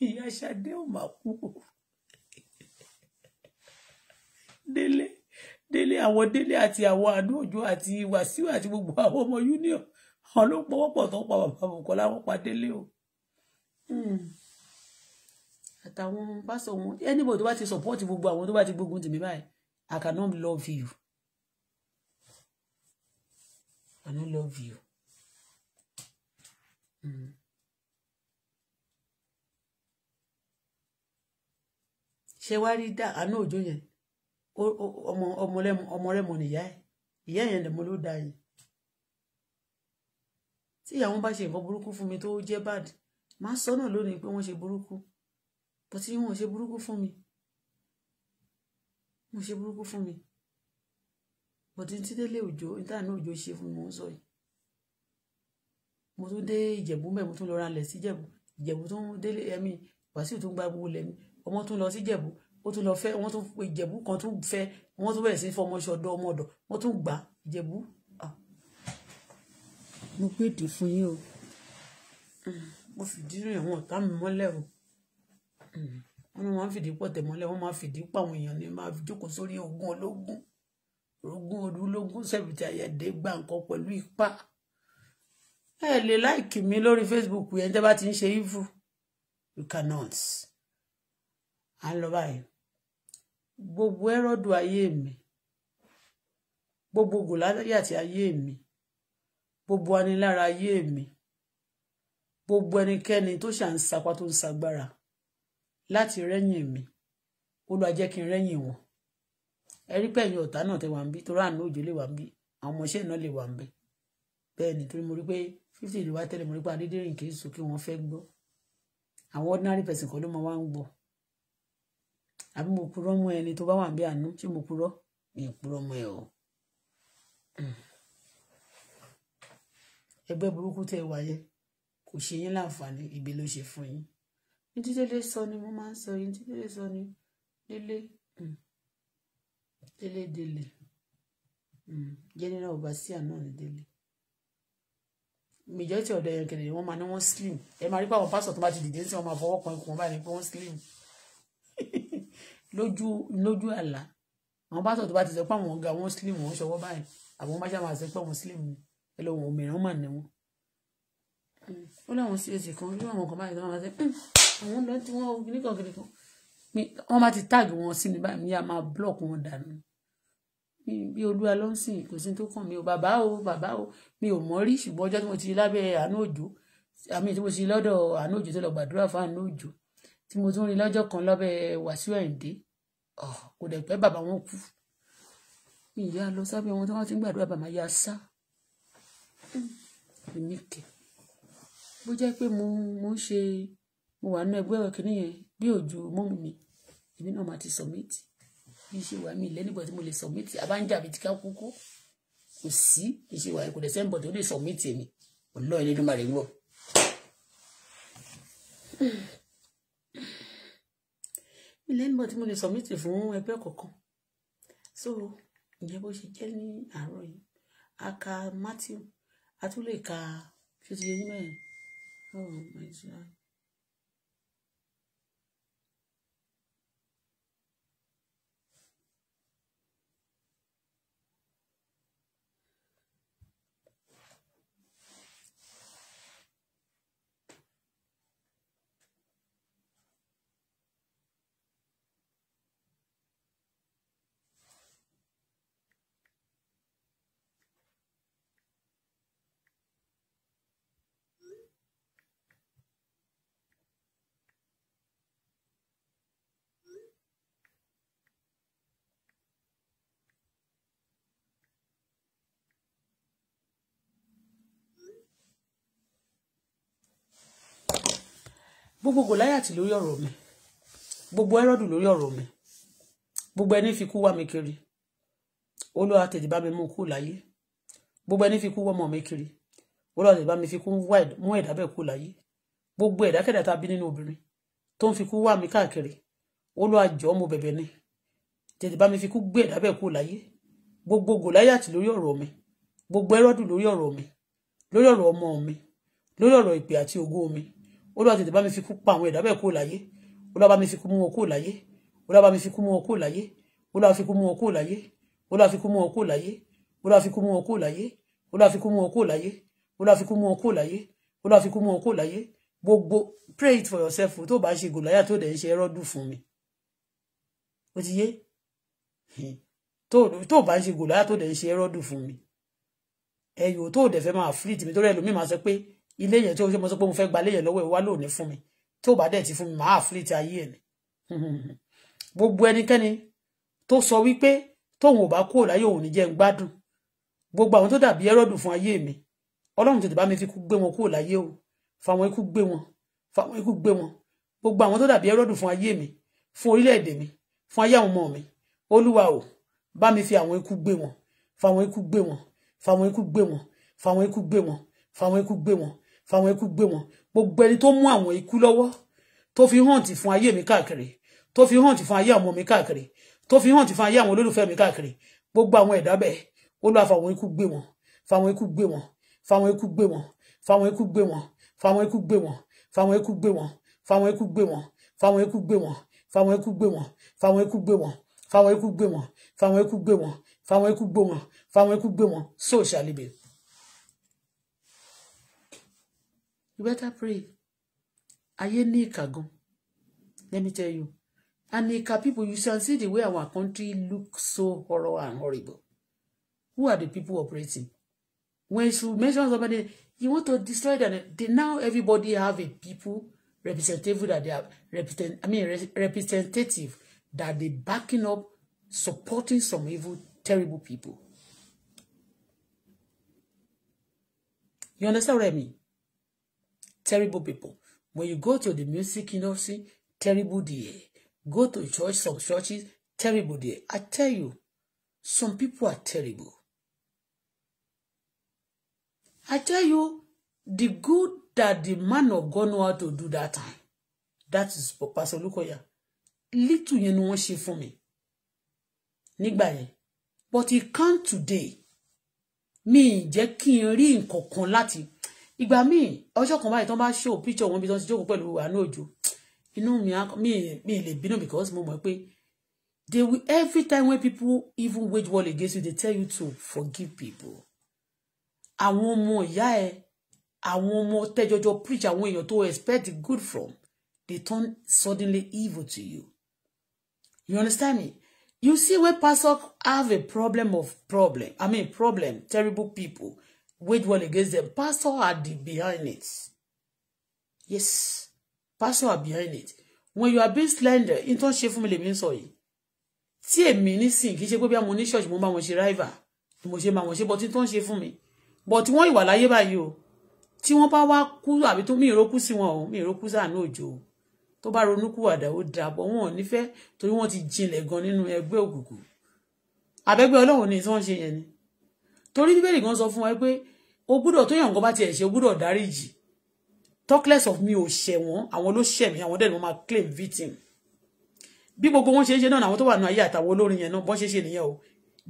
ìyá Ṣadé ò mà kú o délé délé àwọn délé àti àwọn àánú òjò àti wàsíù àti gbogbo àwọn ọmọ union àwọn ló pọwọ́pọ̀ tó pa bàbá Bùkọ́lá wọn pa délé o hmm. àtàwọn pásọ wọn anybody tó bá ti support gbogbo àwọn tó bá ti gbógun tèmi báyìí I cannot love you I cannot love you. Mm. ṣé wá rí dá àánú òjò yẹn ọmọ ọmọlẹ́mọ ọmọrẹ́mọ nìyá ẹ̀ ìyá yẹn lẹ́mọ ló dá yẹn tí ìyàwó bá ṣe nǹkan burúkú fún mi tó jẹ́ bad máa sọ náà lónìí pé wọ́n ṣe burúkú bó tí wọ́n ṣe burúkú fún mi wọ́n ṣe burúkú fún mi bọ̀dí tí délé òjò ìdáná òjò ṣe fún mi mò sọ yìí mo tún dé ìjẹ̀bú mẹ́ mo tún lọ ra lẹ̀ sí ìjẹ̀bú ìjẹ̀bú tún délé ẹ̀mí wàsíù tún gba gbogbo lẹ̀mí ọmọ tún lọ sí ìjẹ̀bú ó tún lọ fẹ́ wọ́n tún ìjẹ̀bú kan tún fẹ́ wọ́n tún bẹ̀rẹ̀ sí fọmọ ṣọ̀dọ̀ ọmọ ọ̀dọ̀ wọ́n tún gbà ìjẹ̀bú. mo gbèdè fún yín o mo fìdí rìn wọn ọ̀tá mi mọ́lẹ̀ o wọn ni wọn fìdí pọ̀tẹ̀ mọ́lẹ̀ wọn máa fìdí pàwọn èèyàn ni máa jókòó sórí ogún ológun ogún ológun sẹ̀bìtì àyẹ̀dẹ́ gbà nǹkan pẹ̀lú ipá ẹ lè láìkì mi lórí Facebook yẹn tẹ́ bá ti ń ṣe evil you cannot à ń lọ báyìí gbogbo ẹrọdù ayé mi gbogbo gòláyà ti ayé mi gbogbo anilára ayé mi gbogbo ẹnikẹ́ni tó ṣà ń sapá tó ń sagbára láti rẹ́yìn mi Olúwa jẹ́ kí n rẹ́yìn wọn ẹrí pẹ̀yìn ọ̀tá náà tẹ wà ń bí torí àánú òjò lè wà ń bí àwọn ọmọọṣẹ́ náà lè wà ń bẹ bẹ́ẹ̀ ni torí mo rí pé fífi ìlú wa tẹ́lẹ̀ mọ́ nípa adédèrìn kì í sùn kí wọ́n fẹ́ gbọ́ àwọn ordinary person kan ló mọ wá ń gbọ́ àbí mo purọ́ mọ́ ẹni tó bá wà bí àánú ṣé mo purọ́ mi purọ́ mọ́ ẹ o ẹgbẹ́ burúkú tẹ́ ẹ wáyé kò ṣe yín láǹfààní ibi ló ṣe fún yín ní sọ ni mo máa ń sọ yín títẹ́lẹ̀ sọ ni délé hmm, délé délé hmm, general overseer náà ni délé majority ọ̀dọ̀ èèyàn kẹ̀lẹ́ wọ́n máa ní wọ́n slim ẹ máa rí pé àwọn pásítọ̀ tó bá ti dìde sí wọn máa fọwọ́ kan ikùn wọn báyìí pé wọ́n slim lójú lójú àlá àwọn pásítọ̀ tó bá ti sọ pé àwọn wọn slim wọn ṣọwọ́ báyìí àwọn máṣá máa sọ pé àwọn slim ni ẹ lọ wọn òmìnira mà ní wọn. ó láwọn csc kan ó láwọn kan báyìí tó máa sẹ hmm, àwọn lọ tí wọn ò ní kankan kan wọn bá ti táàgì wọn sí mi báyìí bí olúwa ló ń sìn kò sí tó kàn mí o bàbá o bàbá o mi ò mọ̀ rí ṣùgbọ́n ọjọ́ tí mo ti rí lábẹ́ àánú òjò àmì tí mo ti rí lọ́dọ̀ àánú òjò tó lọ gbàdúrà fún àánú òjò tí mo tún rí lọ́jọ́ kan lábẹ́ wàsíù àyìndé kò dẹ̀ pẹ́ bàbá wọn kú ìyá lọ sábẹ́ wọn tí wọ́n ti ń gbàdúrà bàbá ya sá èmi kẹ bó jẹ́ pé mo mo ń ṣe mo wà nínú ẹgbẹ́ ọ̀kìnìyẹn bí òjò mọ́mí mi èmi náà máa ti sọ̀mẹ́tì kì í ṣe wà mí lẹ́nìbọ̀ tí mo lè submit abáńjà bíi tíká kúkú kò sí kì í ṣe wà kò dẹ̀ sẹ́ńbọ̀ tó lè submit èmi ọlọ́ ẹlẹ́dùnmá rẹ̀ ń bọ̀. mi lẹ́nìbọ̀ tí mo lè submit fún ẹgbẹ́ kọ̀ọ̀kan so ìyẹn bó ṣe jẹ́ ní àárọ̀ yìí a ka Matthew a tún lè ka fìdí ẹni mẹ́rin oh my God. gbogbo gòláyàtì lórí ọ̀rọ̀ mi gbogbo ẹrọdù lórí ọ̀rọ̀ mi gbogbo ẹni fi kú wá mi kiri olúwa tètè bá mi mú kú láyé gbogbo ẹni fi kú wọ́mọ mi kiri olúwa tètè bá mi fi kú mú ẹ̀dá bẹ́ẹ̀ kú láyé gbogbo ẹ̀dákẹ́dá tá a bí nínú obìnrin tó ń fi kú wá mi káàkiri olúwa jọ̀ọ́ mo bẹ̀bẹ̀ ni tètè bá mi fi kú gbé ẹ̀dá bẹ́ẹ̀ kú láyé gbogbo gòláyàtì lórí ọ̀rọ̀ mi gbogbo ẹrọdù lórí ọ̀rọ̀ mi lórí ọ̀rọ̀ ọmọ mi lórí ọ̀rọ̀ ìpè àti ògo mi olúwa tètè bá mi fi kú pa àwọn ẹ̀dá bẹ́ẹ̀ kúrò láyé olúwa bá mi fi kú mú wọn kúrò láyé olúwa bá mi fi kú mú wọn kúrò láyé olúwa fi kú mú wọn kúrò láyé olúwa fi kú mú wọn kúrò láyé olúwa fi kú mú wọn kúrò láyé olúwa fi kú mú wọn kúrò láyé olúwa fi kú mú wọn kúrò láyé olúwa fi kú mú wọn kúrò láyé gbogbo pray it for yourself tó bá ṣe gòláyà tó dẹ̀ ń ṣe ẹrọ́dù fún mi ó ti yé hmm. tó bá ń ṣe gòláyà tó dẹ̀ ń ṣe ẹrọ́dù fún mi ẹ̀yọ́ tó dẹ̀ fẹ́ máa fleet mi tó rẹ̀ lómi máa sọ pé ilé yẹn tó mo sọ pé mo fẹ́ gba ilé yẹn lọ́wọ́ ẹ̀ wá lónìí fún mi tí ò bá dẹ̀ ti fún mi màá àfúlé ti ayé ẹ̀ ni gbogbo ẹnikẹ́ni tó sọ wípé tóun ò bá kúrò láyé òun ní jẹ́ ń gbádùn gbogbo àwọn tó dàbí ẹrọ́dùn fún ayé mi ọlọ́run tètè bá mi fi gbé wọn kúrò láyé o fáwọn ikú gbé wọn fáwọn ikú gbé wọn gbogbo àwọn tó dàbí ẹrọ́dùn fún ayé mi fún orílẹ̀-èdè mi fún ayé àwọn ọmọ mi olúwa o bá mi fi àwọn ikú gbé wọn fáwọn ikú gbé wọn fáwọn ikú gbé wọn fáwọn ikú gbé wọn fáwọn ikú gbé wọn fáwọn ikú gbé wọn gbogbo ẹni tó mú àwọn ikú lọ́wọ́ tó fi hàn tì fún ayé mi káàkiri tó fi hàn tì fún ayé àwọn ọmọ mi káàkiri tó fi hàn tì fún ayé àwọn olólùfẹ́ mi káàkiri gbogbo àwọn ẹ̀dá bẹ́ẹ̀ Olúwa fáwọn ikú gbé wọn fáwọn ikú gbé wọn fáwọn ikú gbé wọn fáwọn ikú gbé wọn fáwọn ikú gbé wọn fáwọn ikú gbé wọn fáwọn ikú gbé wọn fáwọn ikú gbé wọn fáwọn ikú gbé wọn fáwọn ikú gbé wọn fáwọn ikú gbé wọn fáwọn ikú gbé wọn fáwọn ikú gbé wọn fáwọn ikú gbé wọn so shall you better pray ayé ní ìkà gan let me tell you and ìkà people you shall see the way our country look so horror and horrible who are the people operating when you mention somebody you want to destroy them they now everybody have a people representative that they are represent I mean representative that they backing up supporting some evil terrible people you understand what I mean terrible people. When you go to the music industry, terrible there. Go to church, some churches, terrible there. I tell you, some people are terrible. I tell you, the good that the man of God know how to do that time. That is for Pastor Lukoya. Little you know wọ́n ṣe fún mi. Nígbà But he come today. Me, jẹ́ kí n rí ìgbà míì ọjọ́ kan báyìí tán bá ṣó píṣọ wọn bí tán ti jókòó pẹ̀lú àánú òjò inú mi mi lè bínú because mo mọ̀ pé they will every time when people even wage war against you they tell you to forgive people àwọn ọmọ ìyá ẹ àwọn ọmọ tẹjọjọ preach àwọn èèyàn tó expect good from they turn suddenly evil to you you understand me you see when pastor have a problem of problem i mean problem terrible people wage war against them. Pastor are the behind it. Yes, pastor are behind it. When you are being slender, in tó ń ṣe fún mi lèmi ń sọ yìí. he èmi nísìn kì í church, pé bí àwọn oníṣọ́ọ̀ṣì mo bá wọn ṣe ráìvà ni mo ṣe máa wọn ṣe bọ́tí tó ń ṣe fún mi. Bọ̀ tí wọ́n ìwà láyé báyìí o. Tí wọ́n bá wá kú àbí tó mi ìrókú sí wọn o, mi ìrókú sàánú òjò o. Tó bá ronúkúwàdà ó dáa bọ̀ wọn ò nífẹ̀ẹ́ torí wọ́n ti jinlẹ̀ gan nínú ẹgbẹ́ òkùnkùn. Àbẹ́gbẹ́ Ọlọ́run ni tí wọ́n ṣe yẹn ni torí bíbélì gan sọ fún wa pé o tó yàn nǹkan bá tiẹ̀ ṣe o dáríjì talk less of me ò ṣẹ̀ wọ́n àwọn ló ṣẹ̀ mí àwọn dẹ́nu máa claim victim bí gbogbo wọn ṣe ń ṣe náà àwọn tó wà ní ayé àtàwọn olórin yẹn náà bọ́n ṣe ṣe nìyẹn o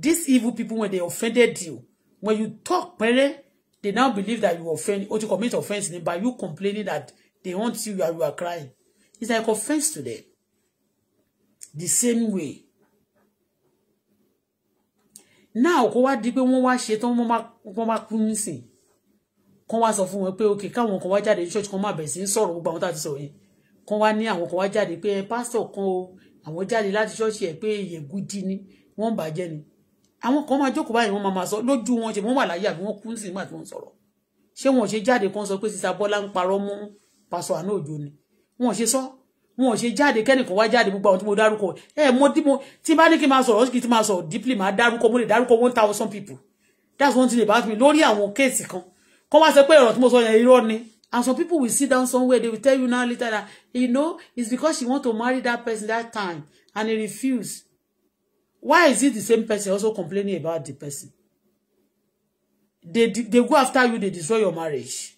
these evil people when they offended you when you talk pẹ̀rẹ́ they now believe that you offend or you commit offence ni by you complaining that they want you and you are crying it's like offence to them the same way now kó wá di pé wọ́n wá ṣe tán wọ́n má kú nísìn kán wá sọ fún wọn pé òkè káwọn kan wá jáde ní ṣọ́ọ̀ṣì kan má bẹ̀ sí sọ̀rọ̀ gbogbo àwọn tá a ti sọ̀rọ̀ yẹn kán wá ní àwọn kan wá jáde pé pásítọ̀ kan o àwọn jáde láti ṣọ́ọ̀ṣì ẹ̀ pé ìyẹ̀gù di ni wọ́n ń bàjẹ́ ni àwọn kan máa jókòó báyìí wọ́n máa máa sọ lójú wọn ṣe wọ́n wà láyé àbí wọ́n kú sí nígbà tí wọ́n sọ̀rọ̀ ṣé wọn ò ṣe jáde kan sọ pé sísá Bọ́lá ń parọ́ mú pásọ àná òjò ni wọn ṣe sọ wọn ṣe jáde kẹ́nìkan wá jáde gbogbo àwọn tí mo dárúkọ ẹ mo tí mo tí bá ní kí n máa sọ̀rọ̀ kí n ti máa sọ̀rọ̀ dípìlì máa dárúkọ mo lè dárúkọ one thousand people that's one thing about me lórí àwọn kéèsì kan kọ́ wá sọ pé ọ̀rọ̀ tí mo sọ yẹn irọ́ ni and some people will sit down somewhere they will tell you now later that you know it's because she want to marry that person that time and he refuse why is it the same person also complaining about the person they they go after you they destroy your marriage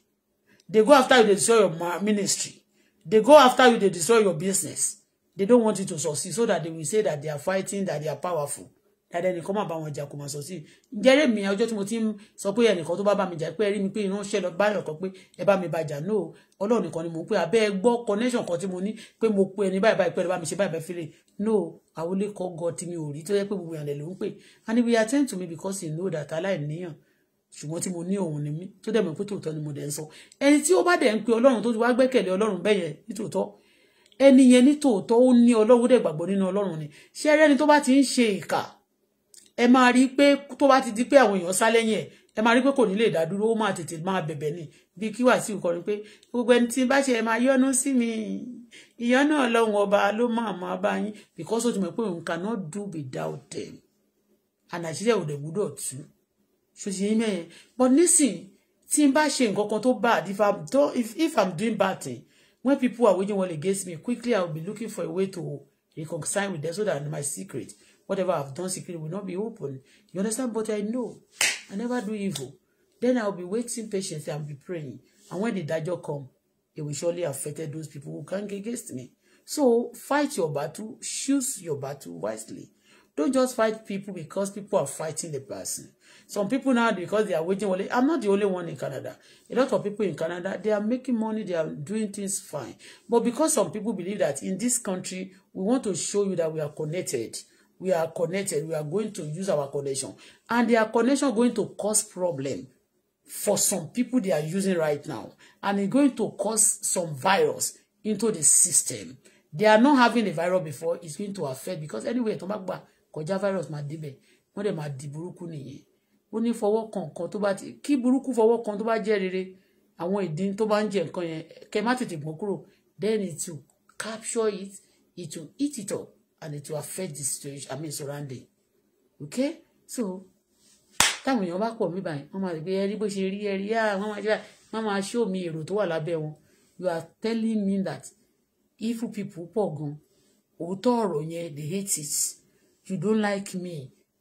they go after you they destroy your ministry they go after you they destroy your business they don't want you to succeed so that they will say that they are fighting that they are powerful dáadáa ẹnìkan máa bá wọn jà kó máa sọ sí i jẹ́rẹ́ mi ọjọ́ tí mo ti ń sọ pé ẹnìkan tó bá bá mi jà pé rí mi pé ìránṣẹ́ lọ báyọ̀ kan pé ẹ bá mi bàjà náà ọlọ́run nìkan ni mo pé abẹ́ gbọ́ connection kan tí mo ní pé mo pe ẹni báyìí báyìí pé ẹ bá mi ṣe báyìí báyìí fílẹ̀ no àwọlé kọ́ gọ tí mi ò rí tó yẹ pé gbogbo ìrànlẹ̀ ló ń pè and we attend to me because he know that aláìníyàn ṣùgbọ́n tí mo ní òun ni mí tó dẹ̀ mọ̀ pé tòótọ́ ni mo dẹ̀ ń sọ ẹni tí ó bá dẹ̀ ń pe ọlọ́run tó ti wá gbẹ́kẹ̀lé ọlọ́run bẹ́yẹn ní tòótọ́ ẹni yẹn ní tòótọ́ ó ní ọlọ́run gbàgbọ́ nínú ọlọ́run ni ṣé ẹrẹ́ni tó bá ti ń ṣe ìkà ẹ máa rí i pé tó bá ti di pé àwọn èèyàn sá lẹ́yìn ẹ̀ ẹ máa rí pé kò ní lè dádúró ó máa tètè máa bẹ̀bẹ̀ ni bí kí Wàsíù kọrin pé gbogbo ẹni tí bá ṣe ẹ máa yọ́nú sí mi ìyọ́nú Ọlọ́run ọba ló máa máa bá yín because ó ti mọ̀ pé òun cannot do without them and àṣìṣe òde gbúdọ̀ tú ṣòṣì yín mẹ́yẹn but nísìn tí n bá ṣe nǹkan kan tó bad if i'm if if i'm doing bad thing when people are waging war against me quickly i will be looking for a way to reconcile with them so that my secret whatever I've done secretly will not be open. You understand? But I know I never do evil. Then I'll be waiting patiently and be praying. And when the danger come, it will surely affect those people who can't get against me. So fight your battle, choose your battle wisely. Don't just fight people because people are fighting the person. Some people now, because they are waiting, only, I'm not the only one in Canada. A lot of people in Canada, they are making money, they are doing things fine. But because some people believe that in this country, we want to show you that we are connected we are connected we are going to use our connection and their connection going to cause problem for some people they are using right now and it's going to cause some virus into the system they are not having a virus before it's going to affect because anyway tó bá gbà virus máa débẹ̀ wọ́n dẹ̀ máa di burúkú nìyẹn ó ní fọwọ́ kọ̀ọ̀kan tó bá ti kí burúkú fọwọ́ kan to bá jẹ́ rere àwọn ìdí tó bá ń jẹ nǹkan yẹn kẹ má tètè gbọ́n then it will capture it it will eat it up and it will affect the situation I mean surrounding okay so táwọn when bá pọ̀ home, báyìí wọ́n máa rí pé ẹrí bó ṣe rí ẹrí á ah, wọ́n máa ṣe báyìí wọ́n máa ṣó mi èrò tó wà lábẹ́ wọn you are telling me that evil people poor gan òótọ́ ọ̀rọ̀ yẹn they hate it you don't like me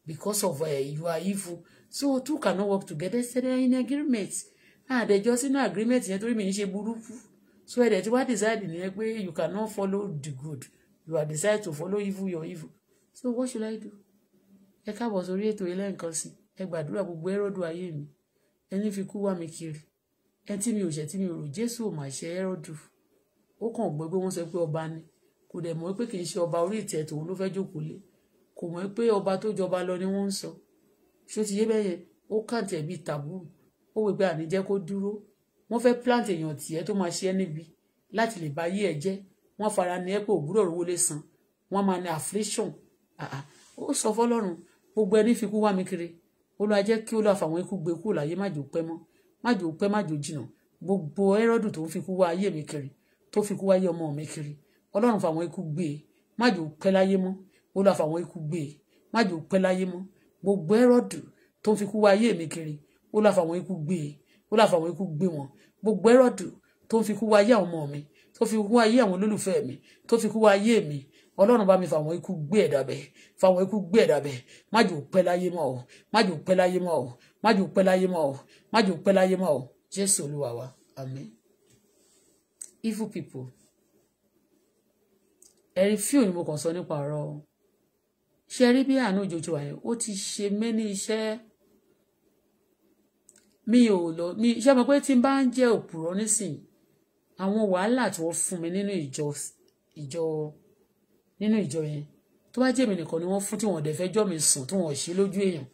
because of uh, you are evil so two cannot work together instead are in agreement àdẹjọ́ ah, sínú agreement yẹn torí mi ń ṣe burúkú so ẹ̀dẹ̀ tí wàá decide nìyẹn pé you cannot follow the good you are decided to follow evil your evil so what should i do ẹ káàbọ̀ sórí ètò ilé nǹkan sí ẹ gbàdúrà gbogbo ẹrọ́dù ayé mi ẹni fi kú wá mi kiri ẹ tí mi ò ṣẹ̀ tí mi ò rò jésù ò mà ṣe ẹrọ́dù ó kàn gbọ́ pé wọ́n sọ pé ọba ni kò dẹ̀ mọ̀ pé kì í ṣe ọba orí ìtẹ́ tòun ló fẹ́ jókòó lé kò mọ̀ pé ọba tó jọba lọ ni wọ́n ń sọ ṣó ti yé bẹ́yẹn ó kàǹtẹ̀ bíi tàbú ó wí pé àníjẹ́ kó dúró wọ́n fẹ́ plant èèyàn tìẹ́ tó máa ṣe ẹ́ níbi láti lè bá yé ẹ jẹ́ wọ́n fara ní ẹ́pẹ́ òbúrò òrówó lè san wọ́n máa ní affliction ó sọ fọlọ́run gbogbo ẹni fi kú wá mi kiri ó lọ ajẹ́ kí ó lọ àfàwọn ikú gbé kú láyé má jò pẹ́ mọ́ má jò pẹ́ má jò jìnà gbogbo ẹ́rọ́dù tó fi kú wá ayé mi kiri tó fi kú wáyé ọmọ mi kiri ọlọ́run fàwọn ikú gbé e, má jò pẹ́ láyé mọ́ ó àfàwọn ikú gbé e, má jò pẹ́ láyé mọ́ gbogbo ẹ́rọ́dù tó fi kú wá ayé mi kiri ó àfàwọn ikú gbé e àfàwọn ikú gbé wọn gbogbo ẹ́rọ́dù tó fi kú wáyé ọmọ mi tó fi kú ayé àwọn olólùfẹ́ mi tó fi kú ayé mi ọlọ́run bá mi fàwọn ikú gbé ẹ̀dá bẹ̀ fàwọn ikú gbé ẹ̀dá bẹ̀ má jù pẹ́ láyé mọ́ o má jù pẹ́ láyé mọ́ o má jù pẹ́ láyé mọ́ o má jù pẹ́ láyé mọ́ o jésù olúwa wa àmín. evil people ẹ̀rí fíò ni mo kàn sọ nípa ọ̀rọ̀ ṣe rí bí àánú òjòjò àyẹn ó ti ṣe mẹ́ni iṣẹ́ mi ò lọ mi ṣe mọ̀ pé tí n bá ń jẹ́ òpùrọ̀ nísìnyí àwọn wàhálà tí wọ́n fún mi nínú ìjọ ìjọ nínú ìjọ yẹn tó bá jẹ́ mi nìkan ni wọ́n fún tí wọ́n dẹ̀ fẹ́ jọ́ mi sùn tí wọ́n ṣe lójú èèyàn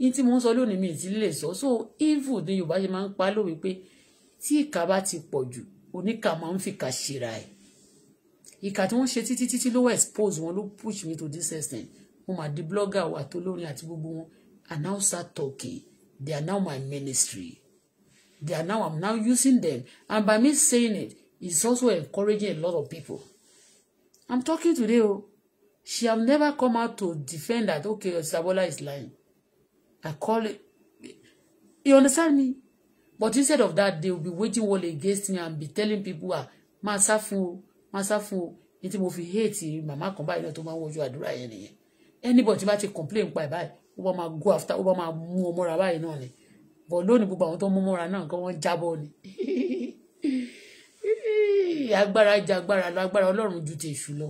yín tí mo ń sọ lónìí mi ti lè sọ so evil ni yorùbá ṣe máa ń pa lówe pé tí ìka bá ti pọ̀ jù oníkà máa ń fìkà ṣera ẹ̀ ìka tí wọ́n ṣe títí títí ló wà expose wọn ló push me to this extent mo mà di blogger wà tó lórin àti gbogbo wọn and talking they are now my ministry They are now, I'm now using them. And by me saying it, it's also encouraging a lot of people. I'm talking today. Oh, she have never come out to defend that, okay, Sabola is lying. I call it. You understand me? But instead of that, they will be waiting war against me and be telling people, ah, máa sá fún o, máa sá fún hate màmá kan báyìí náà tó máa ń You are yẹn nìyẹn. Anybody bá ti complain bye bye. Obama go after, Obama more more mú ọmọ ra but lónìí gbogbo àwọn tó mú mọ́ra náà nǹkan wọ́n jábọ́ ni agbára jagbára lágbára ọlọ́run ju tèṣù lọ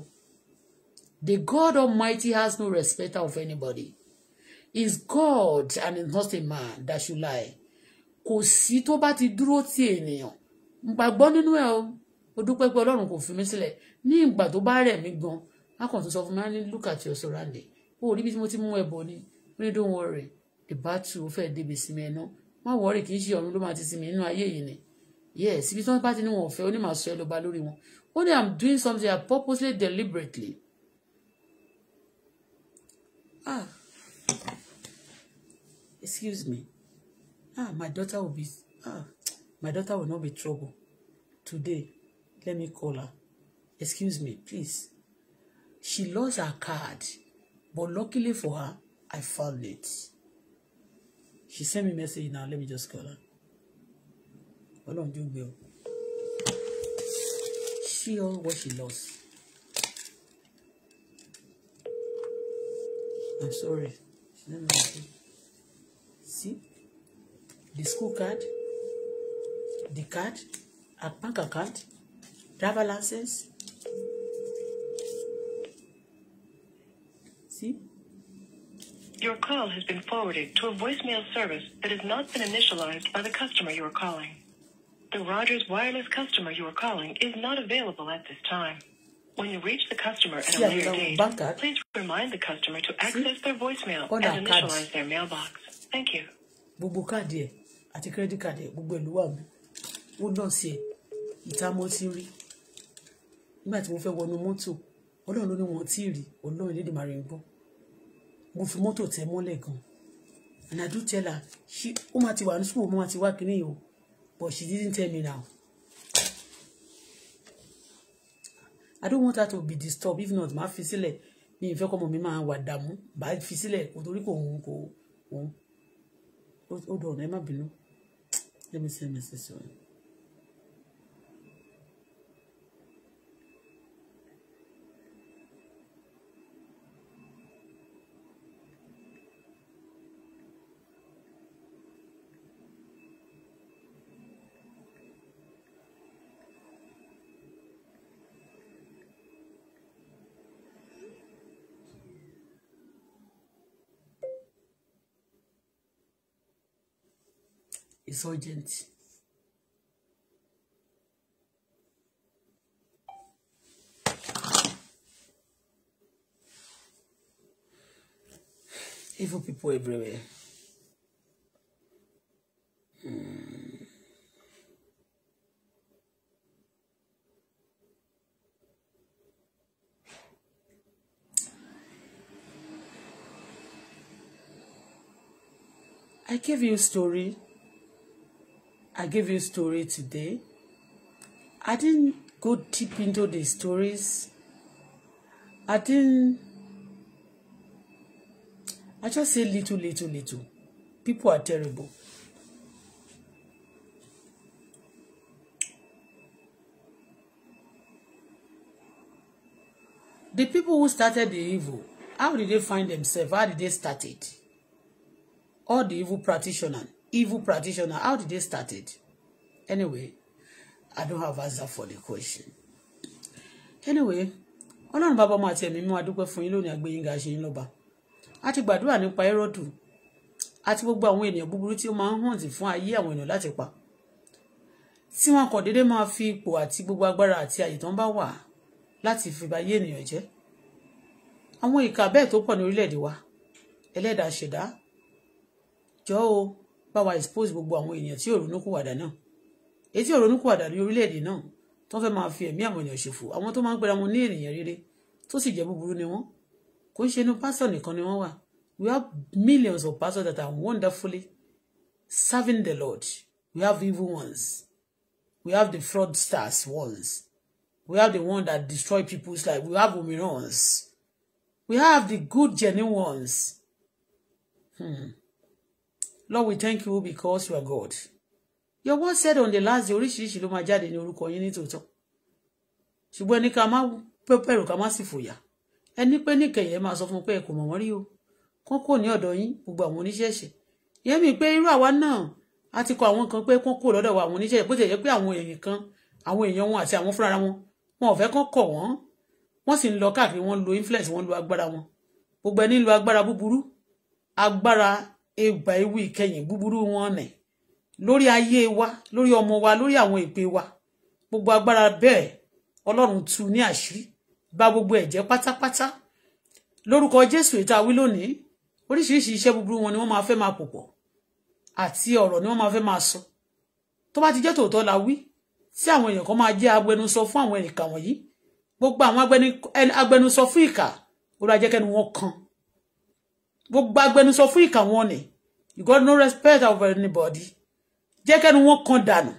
the God Almighty has no respect of anybody is God and is not a man that should lie kò sí tó bá ti dúró ti ènìyàn gbàgbọ́ nínú ẹ̀ o ó dúpẹ́ pé ọlọ́run kò fi mí sílẹ̀ ní ìgbà tó bá rẹ̀ mí gan akọ̀tún sọ fún mi ní look at your surrounding o rí bí mo ti mú ẹbọ ni rí don't worry the battle ó fẹ́ débi sí mi ẹ̀ náà má wọrí kì í ṣe ọ̀run ló máa ti sinmi nínú ayé yìí ni yes ibi tí wọ́n bá ti ní wọn ọ̀fẹ́ ó ní màá sọ ẹ ló ba lórí wọn ó ní i'm doing something i purposely deliberately ah excuse me ah my daughter will be ah my daughter will not be trouble today let me call her excuse me please she lost her card but luckily for her i found it she sent me message now let me just call her Ọlọ́run jó gbé will she all what she lost I'm sorry she sent see the school card the card a bank account driver license Your call has been forwarded to a voicemail service that has not been initialized by the customer you are calling. The Rogers Wireless customer you are calling is not available at this time. When you reach the customer at a later date, please remind the customer to access their voicemail and initialize their mailbox. Thank you. gbogbo káàdì ẹ àti kírẹ́dì káàdì ẹ gbogbo ìlú wà mí ó náà sí ẹ ìta mo ti rí nígbà tí mo fẹ́ wọnú mọ́tò ọlọ́run ló ní wọn tí ì rí gbọ́ mo fi mọ́tò tẹ mọ́lẹ̀ gan and I do tell her she ó máa ti wà ní school mo máa ti wá kínní yìí o but she didn't tell me now I don't want her to be disturbed if not màá fi sílẹ̀ mi ìfẹ́ kọ́mọ mi máa wà dààmú bá fi sílẹ̀ kò torí kò òun kò òun ó dọ̀nà ẹ má bínú let me see, message to It's urgent. Evil people everywhere. Mm. I gave you a story. I give you story today. I didn't go deep into the stories. I didn't. I just say little, little, little. People are terrible. The people who started the evil, how did they find themselves? How did they start it? All the evil practitioners evil practitioner, how did they start it? Anyway, I don't have answer for the question. Anyway, ọlọ́run bàbá ọmọ àti ẹ̀mí mú adúpẹ́ fún yín lónìí àgbéyìnga ṣe yín lọ́ba a ti gbàdúrà nípa ẹ́rọ́dù àti gbogbo àwọn ènìyàn búburú tí ó máa ń hàn tì fún ayé àwọn ènìyàn láti pa tí wọn kàn déédéé máa fi ipò àti gbogbo agbára àti àyè tó ń bá wà láti fi ba ayé ènìyàn jẹ́ àwọn ìka bẹ́ẹ̀ tó pọ̀ ní orílẹ̀-èdè wa ẹlẹ́dàá ṣẹ̀dá jọ̀ọ́ o bá wa expose gbogbo àwọn èèyàn tí òrónúkúwàdà náà èyí tí òrónúkúwàdà ní orílẹ̀-èdè náà tó fẹ́ máa fi ẹ̀mí àwọn èèyàn ṣòfò àwọn tó máa ń pera wọn ní ènìyàn rere tó sì jẹ́ búburú ni wọ́n kò ń ṣe inú pásọ̀ nìkan ni wọ́n wà we have millions of pastors that are wonderfully serving the Lord we have evil ones we have the fraudsters ones we have the one that destroy people's life we have omiran ones we have the good genuine ones. Hmm. Lord, we thank you because you are God. Your word said on the last day, oríṣiríṣi ló máa jáde ní orúkọ yín nítòótọ́. Ṣùgbọ́n ẹni ká má pẹ́pẹ́rù ká má sì fòyà. Ẹni pé níkẹyẹ máa sọ fún pé ẹ kò mọ̀ wọ́n rí o. Kán kò ní ọ̀dọ̀ yín gbogbo àwọn oníṣẹ̀ṣẹ̀. Ìyẹn mi pé irú àwa náà a ti kọ àwọn kan pé kán kò lọ́dọ̀ wa àwọn oníṣẹ̀ṣẹ̀ bó ti jẹ́ pé àwọn èèyàn kan àwọn èèyàn wọn àti àwọn fúnra wọn wọn ò fẹ́ kán kọ̀ wọ́n. Wọ́n sì ń lọ lo influence wọ́n lo agbára wọn. Gbogbo ẹni lo agbára búburú agbára ègbà ewu ìkẹyìn buburu wọn nì lórí ayé wa lori ọmọ wa lórí àwọn èpè wa gbogbo agbára bẹ́ẹ̀ Ọlọ́run tú ní àṣírí bà gbogbo ẹ̀jẹ́ pátápátá lórúkọ Jésù ìta wí lónìí oríṣiríṣi iṣẹ́ búburú wọn ni wọ́n máa fẹ́ máa pòpọ̀ àti ọ̀rọ̀ ni wọ́n máa fẹ́ máa sọ tó bá ti jẹ́ tòótọ́ la wí tí àwọn èèyàn kan máa jẹ́ agbẹnusọ fún àwọn ẹnìkà wọ̀nyí gbogbo àwọn agbẹnusọ fún ìkà olùwàjẹkẹnu wọn kan gbogbo agbẹnusọ fún ìkà wọn ni you got no respect over anybody jẹ́ kẹ́nu wọn kan dànù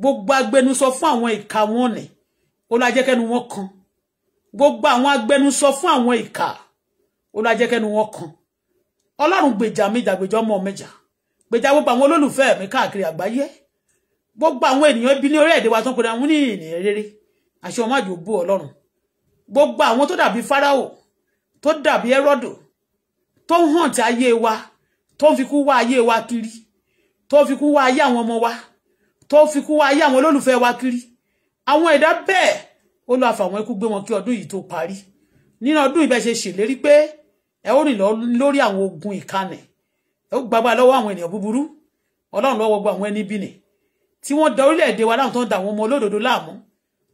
gbogbo agbẹnusọ fún àwọn ìkà wọn ni ó la jẹ́ kẹ́nu wọn kan gbogbo àwọn agbẹnusọ fún àwọn ìkà ó la jẹ́ kẹ́nu wọn kan ọlọ́run gbèjà méjà gbèjà ọmọ méjà gbèjà gbogbo àwọn olólùfẹ́ mi káàkiri àgbáyé gbogbo àwọn ènìyàn ibi ní orílẹ̀-èdè wa tó ń pera wọn ní ènìyàn rere àṣẹ ọmọ àjò bú ọlọ́run gbogbo àwọn tó dàbí fáráò tó dàbí ẹrọ́dò tó ń hàn tí ayé wa tó ń fi kú wá ayé wa kiri tó ń fi kú wá ayé àwọn ọmọ wa tó ń fi kú wá ayé àwọn olólùfẹ́ wa kiri àwọn ẹ̀dá bẹ́ẹ̀ ó lọ àfàwọn ikú gbé wọn kí ọdún yìí tó parí nínú ọdún ìbẹ́ ṣe ṣèlérí pé ẹ ó rìn lórí àwọn ogun ìkànnì ẹ ó gbàgbà lọ́wọ́ àwọn ènìyàn búburú ọlọ́run lọ́wọ́ gbogbo àwọn ẹni bìnì tí wọ́n da orílẹ̀-èdè wa láwọn tó ń da àwọn ọmọ olódodo láàmú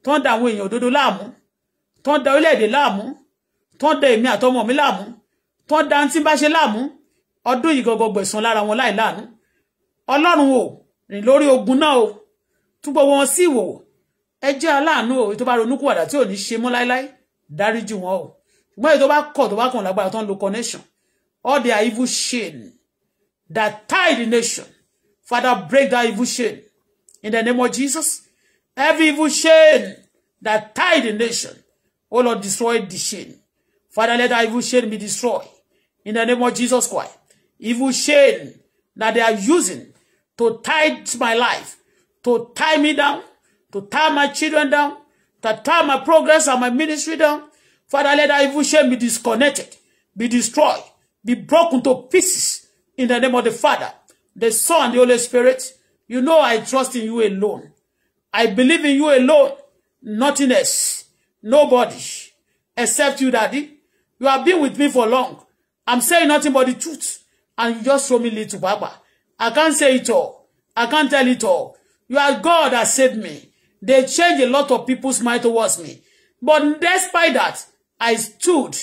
tó ń da àwọn èèyàn òdodo láàmú tó ń da orílẹ̀-èdè láàmú tó ń da èmi àtọmọ mi láàmú tán dáńtí bá ṣe láàmú ọdún yìí gọgọ gbẹ̀sán lára wọn láì láàánú ọlọ́run o rìn lórí ogun náà o túbọ̀ wọn sí ìwòwò ẹ jẹ́ aláàánú o tó bá ronúkúwàdà tí ò ní ṣe mọ́ láéláé dáríjì wọn o ṣùgbọ́n èyí tó bá kọ̀ tó bá kàn lágbára tó ń lo connection all their evil chain that tie the nation father break that evil chain in the name of jesus every evil chain that tie the nation oh lord destroy the chain father let that evil chain be destroyed in the name of Jesus Christ. Evil shame that they are using to tie my life, to tie me down, to tie my children down, to tie my progress and my ministry down. Father, let that evil shame be disconnected, be destroyed, be broken to pieces in the name of the Father, the Son, the Holy Spirit. You know I trust in you alone. I believe in you alone. Nothing else. Nobody. Except you, Daddy. You have been with me for long. I'm saying nothing but the truth. And you just show me little Baba. I can't say it all. I can't tell it all. You are God that saved me. They changed a lot of people's mind towards me. But despite that, I stood,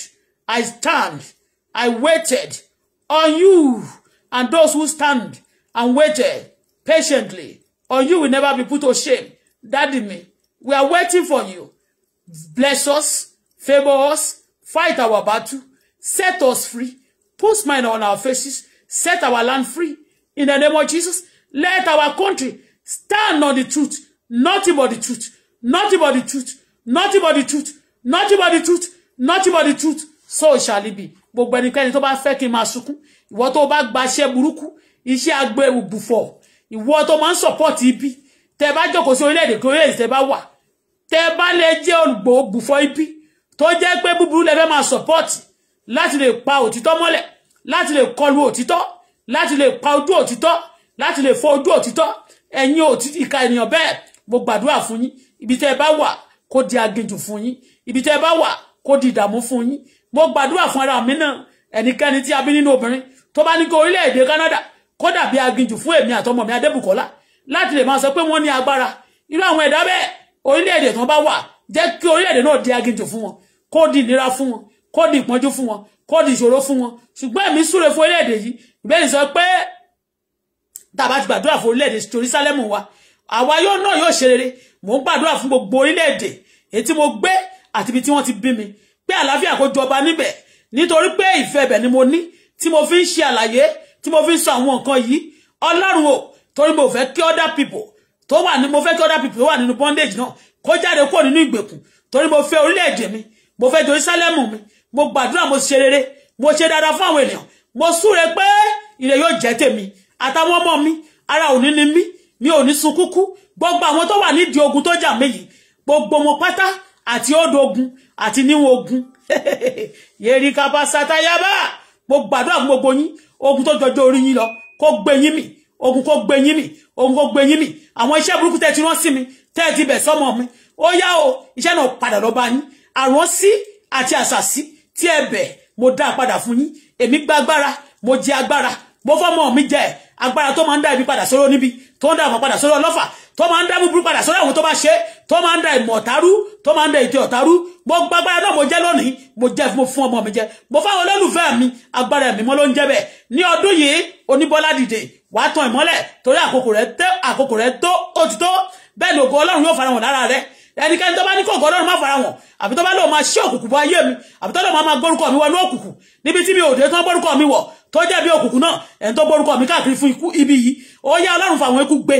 I stand, I waited on you and those who stand and waited patiently on you will never be put to shame. Daddy me, we are waiting for you. Bless us, favor us, fight our battle. Set us free. Put smile on our faces. Set our land free. In the name of Jesus, let our country stand on the truth. Nothing but the truth. Nothing but the truth. Nothing but the truth. Nothing but the truth. Nothing but the truth. So shall it be. Gbogbo ẹnikẹ́ni tó bá fẹ́ kí n máa sunkún. Ìwọ tó bá gba iṣẹ́ burúkú. Iṣẹ́ agbẹ̀wò bùfọ̀. Ìwọ tó máa ń sọ̀pọ̀tì ibi. Tẹ bá jókòó sí orílẹ̀-èdè kí orílẹ̀-èdè tẹ bá wà. Tẹ bá lè jẹ́ olùgbò bùfọ̀ ibi. Tó jẹ́ pé búburú lẹ fẹ́ máa sọ̀pọ̀tì láti lè pa òtítọ́ mọ́lẹ̀ láti lè kọlu òtítọ́ láti lè pa ojú òtítọ́ láti lè fọ ojú òtítọ́ ẹ̀yin òtítọ́ ìka ènìyàn bẹ́ẹ̀ mo gbàdúrà fún yín ibi tẹ́ ẹ bá wà kó di aginjù fún yín ibi tẹ́ ẹ bá wà kó di ìdààmú fún yín mo gbàdúrà fún ara mi náà ẹnikẹ́ni tí a bí nínú obìnrin tó bá ní kí orílẹ̀-èdè Canada kó dàbí aginjù fún èmi àtọmọ mi Adébùkọ́lá láti lè máa sọ pé wọ́n ní agbára irú àwọn ẹ̀dá bẹ́ẹ̀ orílẹ̀-èdè tó bá wà jẹ́ kí orílẹ̀-èdè náà di aginjù fún wọn kó di ìnira fún wọn kó di ìpọ́njú fún wọn kó di ìṣòro fún wọn ṣùgbọ́n èmi súre fún orílẹ̀-èdè yìí ìbéèrè sọ pé tàbá ti gbàdúrà fún orílẹ̀-èdè Jerusalem wa àwa yóò náà yóò ṣe rere mò ń gbàdúrà fún gbogbo orílẹ̀-èdè èyí tí mo gbé àti ibi tí wọ́n ti bí mi pé àlàáfíà kó jọba níbẹ̀ nítorí pé ìfẹ́ ibẹ̀ ni mo ní tí mo fi ń ṣe àlàyé tí mo fi ń sọ àwọn nǹkan yìí ọlọ́run o torí mo fẹ́ kí other people tó wà ní mo fẹ́ kí other people tó wà nínú bondage náà kó jáde kúrò nínú ìgbèkùn torí mo fẹ́ orílẹ̀-èdè mi mo fẹ́ Jerusalem mi mo gbàdúrà mo ṣe rere mo ṣe dáadáa fún àwọn ènìyàn mo súre pé ire yóò jẹ́ tèmi àtàwọn ọmọ mi ara òní ni mí mi ò ní sun kúkú gbogbo àwọn tó wà nídìí ogun tó jà méyìí gbogbo wọn pátá àti odò ogun àti níwọ̀n ogun yèrí kaba satayaba mo gbàdúrà fún gbogbo yín ogun tó jọjọ orí yín lọ kó gbé yín mì ogun kó gbé yín mì ogun kó gbé yín mì àwọn iṣẹ́ burúkú tẹ́ ti rán sí mi tẹ́ ti bẹ̀ sọ́mọ mi ó yá o iṣẹ́ náà padà lọ bá yín àrùn sí àti àṣàsí tí ẹ mo da a padà fún yín èmi gba agbára mo jẹ agbára mo mo mi jẹ agbára to máa ń dá ibi padà sóró níbi tó ń dá àwọn padà sóró ọlọ́fà tó máa ń dá búburú padà sóró àwọn tó bá ṣe tó máa ń dá ìmọ̀ ọ̀tárú tó máa ń dá ìdí ọ̀tárú mo gba agbára náà mo jẹ lónìí mo jẹ mo fún ọmọ mi jẹ mo fa fáwọn olólùfẹ́ mi agbára ẹ̀mí mọ́ ló Ni jẹ bẹ́ẹ̀ ní ọdún yìí oníbọ́lá dìde wàá tan ìmọ́lẹ̀ torí àkókò rẹ tó ó ti tó bẹ́ẹ̀ ni ògo ọlọ́run yóò farahàn lára rẹ̀ ẹnikẹ́ni tó bá ní kòkó ọlọ́run má fara wọn àbí tó bá lọ́ọ́ máa ṣí òkùnkùn bọ ayé mi àbí tó lọ́ọ́ máa gbórúkọ mi wọnú òkùnkùn níbi tí mi ò dé tán gbórúkọ mi wọ̀ tó jẹ́ bí òkùnkùn náà ẹni tó gbórúkọ mi káàkiri fún ikú ibi yìí ó yá ọlọ́run fàwọn ikú gbé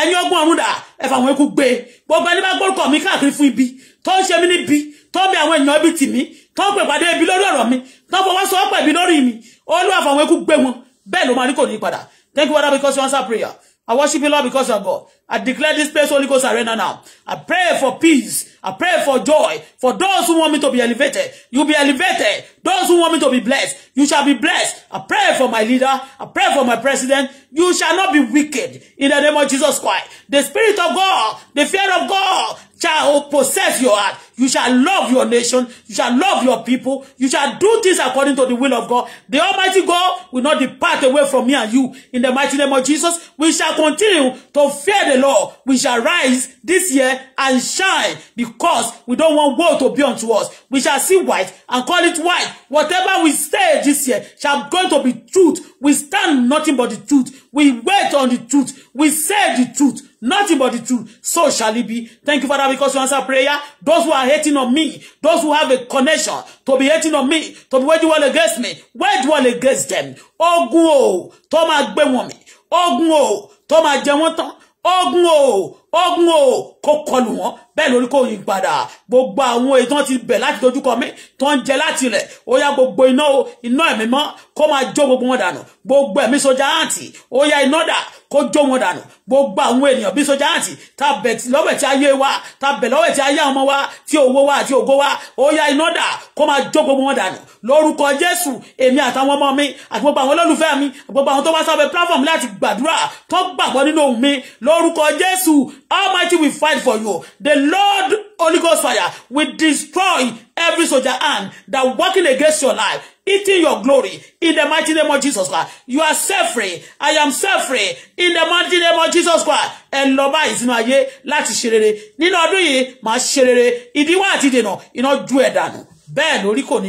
ẹni ọgbọ́n ọ̀run dà ẹ fàwọn ikú gbé gbogbo ẹni bá gbórúkọ mi káàkiri fún ibi tó ń ṣe mí níbi tó ń bẹ àwọn èèyàn ibi tì mí tó ń pè pàdé ibi lórí ọ̀rọ̀ mi tó ń fọwọ́ sọ pẹ̀bí lórí mi olúwa fàwọn ikú gbé wọn bẹ́ẹ̀ ló máa ní kò ní padà thank you father because you answer prayer I worship you Lord because you are God I declare this place Holy Ghost arena now. I pray for peace. I pray for joy. For those who want me to be elevated, you'll be elevated. Those who want me to be blessed, you shall be blessed. I pray for my leader. I pray for my president. You shall not be wicked in the name of Jesus Christ. The spirit of God, the fear of God shall possess your heart. You shall love your nation. You shall love your people. You shall do things according to the will of God. The Almighty God will not depart away from me and you. In the mighty name of Jesus, we shall continue to fear the Lord Lord, we shall rise this year and shine because we don't want woe to be unto us. We shall see white and call it white. Whatever we say this year shall going to be truth. We stand nothing but the truth. We wait on the truth. We say the truth. Nothing but the truth. So shall it be. Thank you, Father, because you answer prayer. Those who are hating on me, those who have a connection to be hating on me, to be waging war against me, wage war against them. Ogun o, tó máa gbé wọn mì. Ogun o, tó máa jẹ wọ́n tán ogun o ogun o kò kọlù wọn bẹ́ẹ̀ lórí kò yí padà gbogbo àwọn èyí tó ti bẹ̀ láti dojúkọ mi tó ń jẹ láti ilẹ̀ ó yá gbogbo iná o iná ẹ̀mí mọ́ kó máa jó gbogbo wọn dànù gbogbo ẹ̀mí sójà àǹtì ó yá iná dà kó jó wọn dànù gbogbo àwọn ènìyàn bí sójà àǹtì tá bẹ̀ lọ́wẹ̀ tí wa tá bẹ̀ lọ́wẹ̀ tí ayé àwọn ọmọ wa ti owó wa àti ògo wa ó yá iná dà kó máa jó gbogbo wọn dànù lórúkọ Jésù èmi àtàwọn ọmọ mi àti gbogbo àwọn olólùfẹ́ mi gbogbo àwọn tó wá sábẹ́ platform láti gbàdúrà tó gbàgbọ́ nínú òun mi lórúkọ Jésù Almighty will fight for you. The Lord Holy Ghost fire will destroy every soldier hand that working against your life, eating your glory in the mighty name of Jesus Christ. You are set free. I am set free in the mighty name of Jesus Christ. Ẹ lọ báyìí sínú ayé láti ṣe rere. Nínú ọdún yìí, màá ṣe rere. Ìdíwọ́ àti ìdènà iná ju ẹ̀ dànù. Bẹ́ẹ̀ lórí kò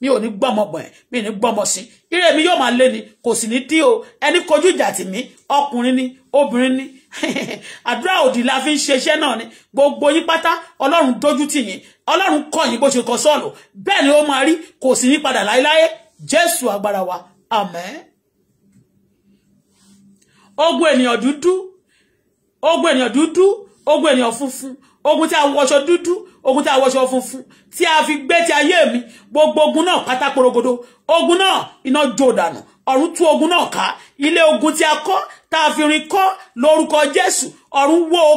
Mi ò ní gbọ́mọpọ̀ ẹ̀, mi ò ní gbọ́mọ Ire mi yóò máa lé ni, kò sì ní dí o. Ẹni kojú ìjà tì mí, ọkùnrin ni, obìnrin ni, àdúrà òdì la fi ń ṣeṣẹ́ náà ni gbogbo yín pátá ọlọ́run dójú tì yín ọlọ́run kọ̀ yín bó ṣe kọ sọ́ọ̀lù bẹ́ẹ̀ ni ó máa rí kò sì ní padà láéláé jésù agbára wa àmín. ogun ènìyàn dúdú ogun ènìyàn dúdú ogun ènìyàn funfun ogun tí a wọṣọ dúdú ogun tí a wọṣọ funfun tí a fi gbé ti ayé mi gbogbo ogun náà pátá porogodo ogun náà iná jó dànù ọ̀run tú ogun náà ká ilé ogun tí a kọ́ tá a fi rin kọ́ lórúkọ Jésù ọ̀run wó o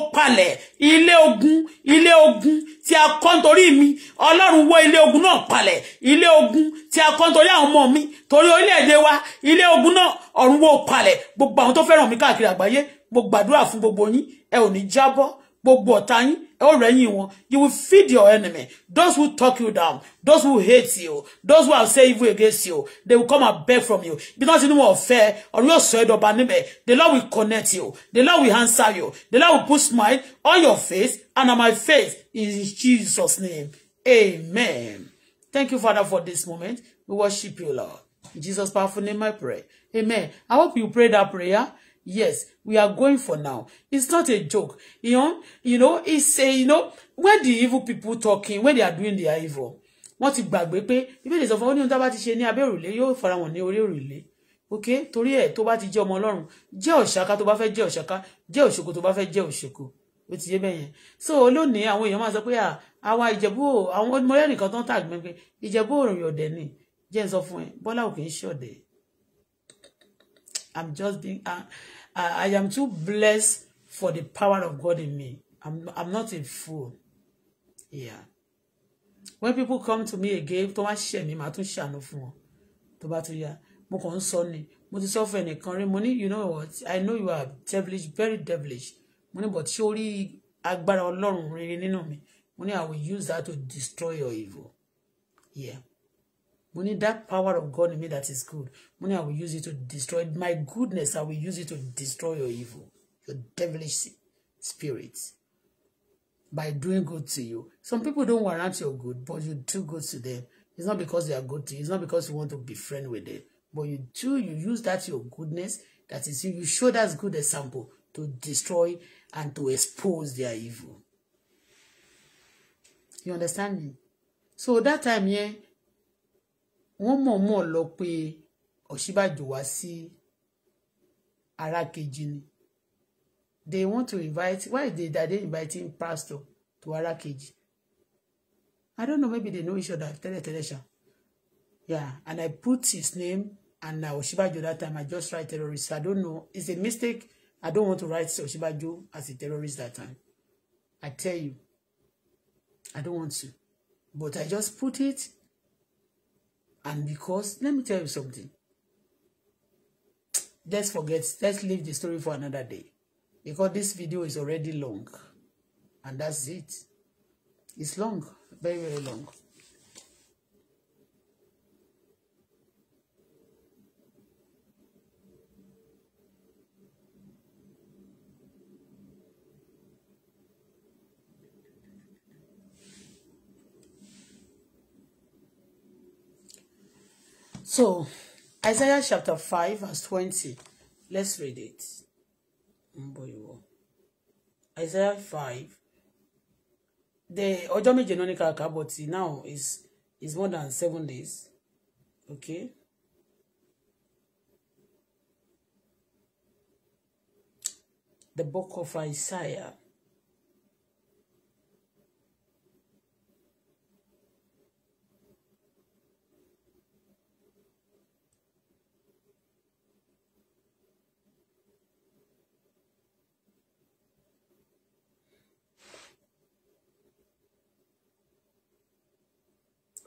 ilé ogun ilé ogun ti a kọ́ nítorí mi Ọlọ́run wó ilé ogun náà palẹ̀ ilé ogun ti a kọ́ nítorí àwọn ọmọ mi torí orílẹ̀-èdè wa ilé ogun náà ọ̀run wó o palẹ̀ gbogbo àwọn tó fẹ́ràn mi káàkiri àgbáyé mo gbàdúrà fún gbogbo yín ẹ ò ní jábọ́ gbogbo ọ̀tá yín Already, rẹ̀yìn you will feed your enemy those who talk you down those who hate you those who have say evil against you they will come and beg from you because inú wọn fẹ́ ọ̀rọ̀ yóò sọ ẹ̀dọ̀ bá níbẹ̀ the Lord will connect you the Lord will answer you the Lord will put smile on your face and on my face in Jesus name amen thank you Father for this moment we worship you Lord in Jesus powerful name I pray amen I hope you pray that prayer. Yes, we are going for now. It's not a joke. You know, you know, it's say you know, when the evil people talking, when they are doing their evil, wọ́n ti gbàgbé pé ìbéèrè sọ fún ọ ní ohun tá bá ti ṣe ní abẹ́ òrùlé yóò fara wọn ní orí òrùlé ok torí ẹ̀ tó bá ti jẹ́ ọmọ Ọlọ́run jẹ́ òṣàká tó bá fẹ́ jẹ́ òṣàká jẹ́ òṣòkò tó bá fẹ́ jẹ́ òṣòkò ó ti yé bẹ́yẹn so lónìí àwọn èèyàn máa sọ pé àwa Ìjẹ̀bú àwọn ọmọlẹ́rìn nìkan tó ń tàgbé pé Ìjẹ̀bú òrùn ọ̀dẹ̀ ni jẹ́ ń sọ fún ẹ Bọ́lá ò kì í ṣọ̀dẹ̀ I'm just being uh, I, I am too blessed for the power of God in me. I'm, I'm not a fool. Yeah. When people come to me again, tó wá ṣẹ̀ mí, màá tún ṣàánú fún to Tó bá tún mo kàn ń ni. Mo ti sọ fún ẹnìkan rí, mo ní, you know what, I know you are devilish, very devilish. Mo ní, but surely o olorun agbára Ọlọ́run rere nínú mi? Mo ní, I will use that to destroy your evil. Yeah mo ní that power of God in me that is good mo I will use it to destroy my goodness I will use it to destroy your evil your devilish spirits by doing good to you some people don't warrant your good but you do good to them it's not because they are good to you it's not because you want to be friend with them but you do you use that your goodness that is you show that good example to destroy and to expose their evil. You understand me? So that time here, yeah, wọ́n mọ̀ọ́mọ̀ lọ pé Ọ̀ṣínbàjò wá sí ara kejì ni they want to invite why they that they inviting pastor to ara kejì I don't know maybe they know each other tẹ́lẹ̀ tẹ́lẹ̀ ṣá yeah and I put his name and na Ọ̀ṣínbàjò that time I just write terrorist I don't know it's a mistake I don't want to write Ọ̀ṣínbàjò as a terrorist that time I tell you I don't want to but I just put it And because, let me tell you something. Let's forget, let's leave the story for another day. Because this video is already long. And that's it. It's long, very, very long. So, Isaiah chapter 5, verse 20. Let's read it. Isaiah 5. The ọjọ́ méje kaboti now is is more than seven days. Okay. The book of Isaiah.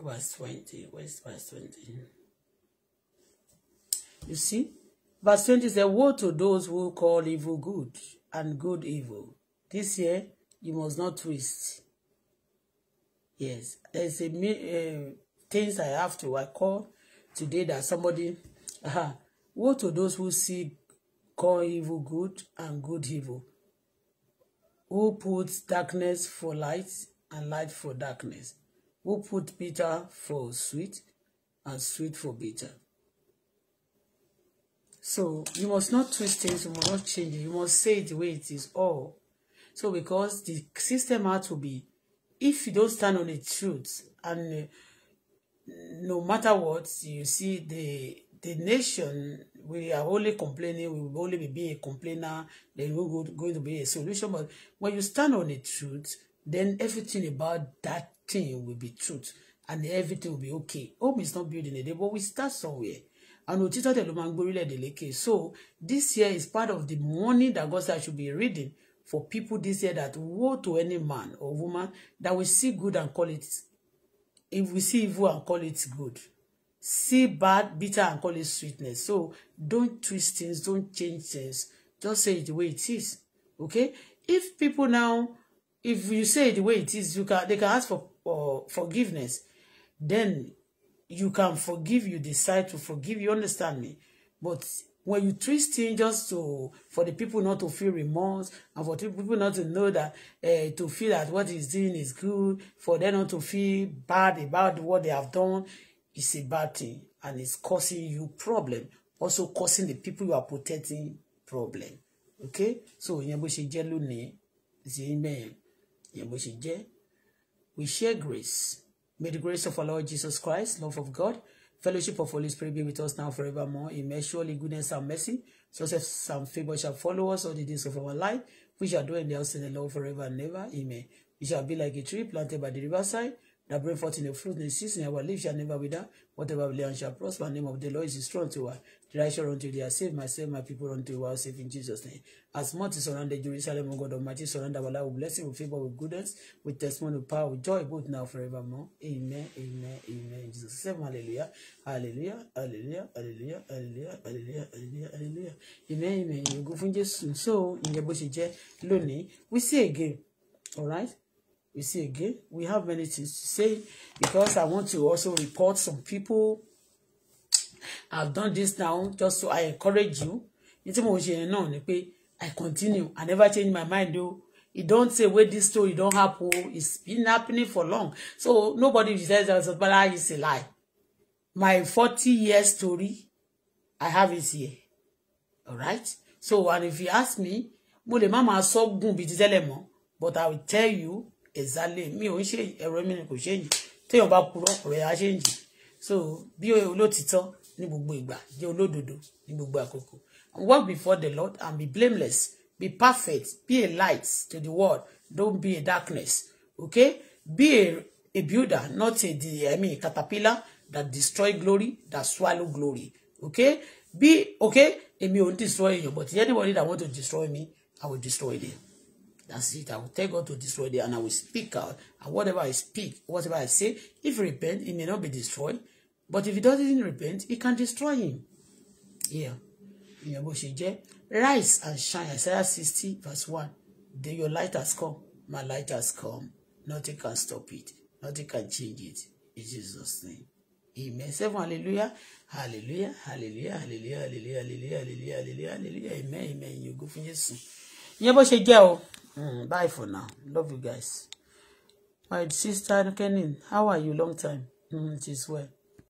verse 20. Where's verse 20? You see? Verse 20 says, Woe to those who call evil good and good evil. This year, you must not twist. Yes, there's a uh, things I have to I today that somebody. Uh, woe to those who see call evil good and good evil, who puts darkness for light and light for darkness who put bitter for sweet and sweet for bitter. So you must not twist things, you must not change it, you must say it the way it is all. So because the system has to be, if you don't stand on the truth and uh, no matter what, you see the the nation, we are only complaining, we will only be a complainer, then we're going to be a solution. But when you stand on the truth, then everything about that thing will be truth and everything will be okay home is not building a day but we start somewhere and òtítọ́ tẹ̀ ló máa ń gbórílẹ̀ èdè so this year is part of the morning that God said I should be reading for people this year that woe to any man or woman that will see good and call it if we see evil and call it good see bad bitter and call it sweetness so don't twist things don't change things just say it the way it is okay if people now if you say the way it is you can they can ask for uh, forgiveness then you can forgive you decide to forgive you understand me but when you twist things just to for the people not to feel remorse and for people not to know that uh, to feel that what he's doing is good for them not to feel bad about what they have done it's a bad thing and it's causing you problem also causing the people you are protecting problem okay so ìyẹn bó ṣe jẹ́ lónìí ìyẹn bó ṣe jẹ́ we share grace may the grace of our lord jesus christ love of god fellowship of holy spirit be with us now forevermore amen surely goodness and mercy success and favour shall follow us all the days of our life we shall do in the house of the lord forever and ever amen we shall be like a tree planted by the riverside that bring forth in the fruit in the season our leaves shall never wither whatever we lay on shall prosper the name of the lord is strong to us Righteous until they are saved, myself, my people until we are saved Jesus' name. As much as surrounded Jerusalem, O God Almighty, surround our life with blessing, with favor, with goodness, with testimony, with power, with joy, both now forevermore. Amen, amen, amen. Jesus' name, hallelujah, hallelujah, hallelujah, hallelujah, hallelujah, hallelujah, hallelujah, hallelujah. Amen, amen. You go from Jesus. So, in the bush, lónìí, we see again. All right? We see again. We have many things to say because I want to also report some people I've done this now just so I encourage you ní tí mo ṣe yẹn náà ni pé I continue I never change my mind o e don say wey this story don happen o it's been happening for long so nobody says that Oshobola is a lie my forty year story I have it here alright so and if you ask me mo lè má máa sọ gùn bíi ti tẹ́lẹ̀ but I will tell you exactly mi ò ń ṣe ẹ̀rọ mi ni kò ṣe yìí téèyàn bá purọ́ ọ̀rẹ́ á ṣe yìí so bí olótìtọ́ ní gbogbo ìgbà jẹ́ olódodo ní gbogbo àkókò and walk before the Lord and be blameless be perfect be a light to the world don't be a darkness okay be a, a builder not a I mean caterpillar that destroy glory that swallow glory okay be okay èmi ò ń destroy èèyàn but anybody that want to destroy me I will destroy them. That's it. I will tell God to destroy them and I will speak out. And whatever I speak, whatever I say, if you repent, it may not be destroyed but if he doesn't repent he can destroy him yeah ìyẹn bó ṣe jẹ́ rise and shine Isaiah sixty verse one then your light has come my light has come nothing can stop it nothing can change it in Jesus name amen seven hallelujah hallelujah hallelujah hallelujah hallelujah hallelujah hallelujah hallelujah hallelujah amen amen You go finish. Jésù ìyẹn bó ṣe jẹ́ hmm, bye for now love you guys my sister Kenin how are you long time mm, it well.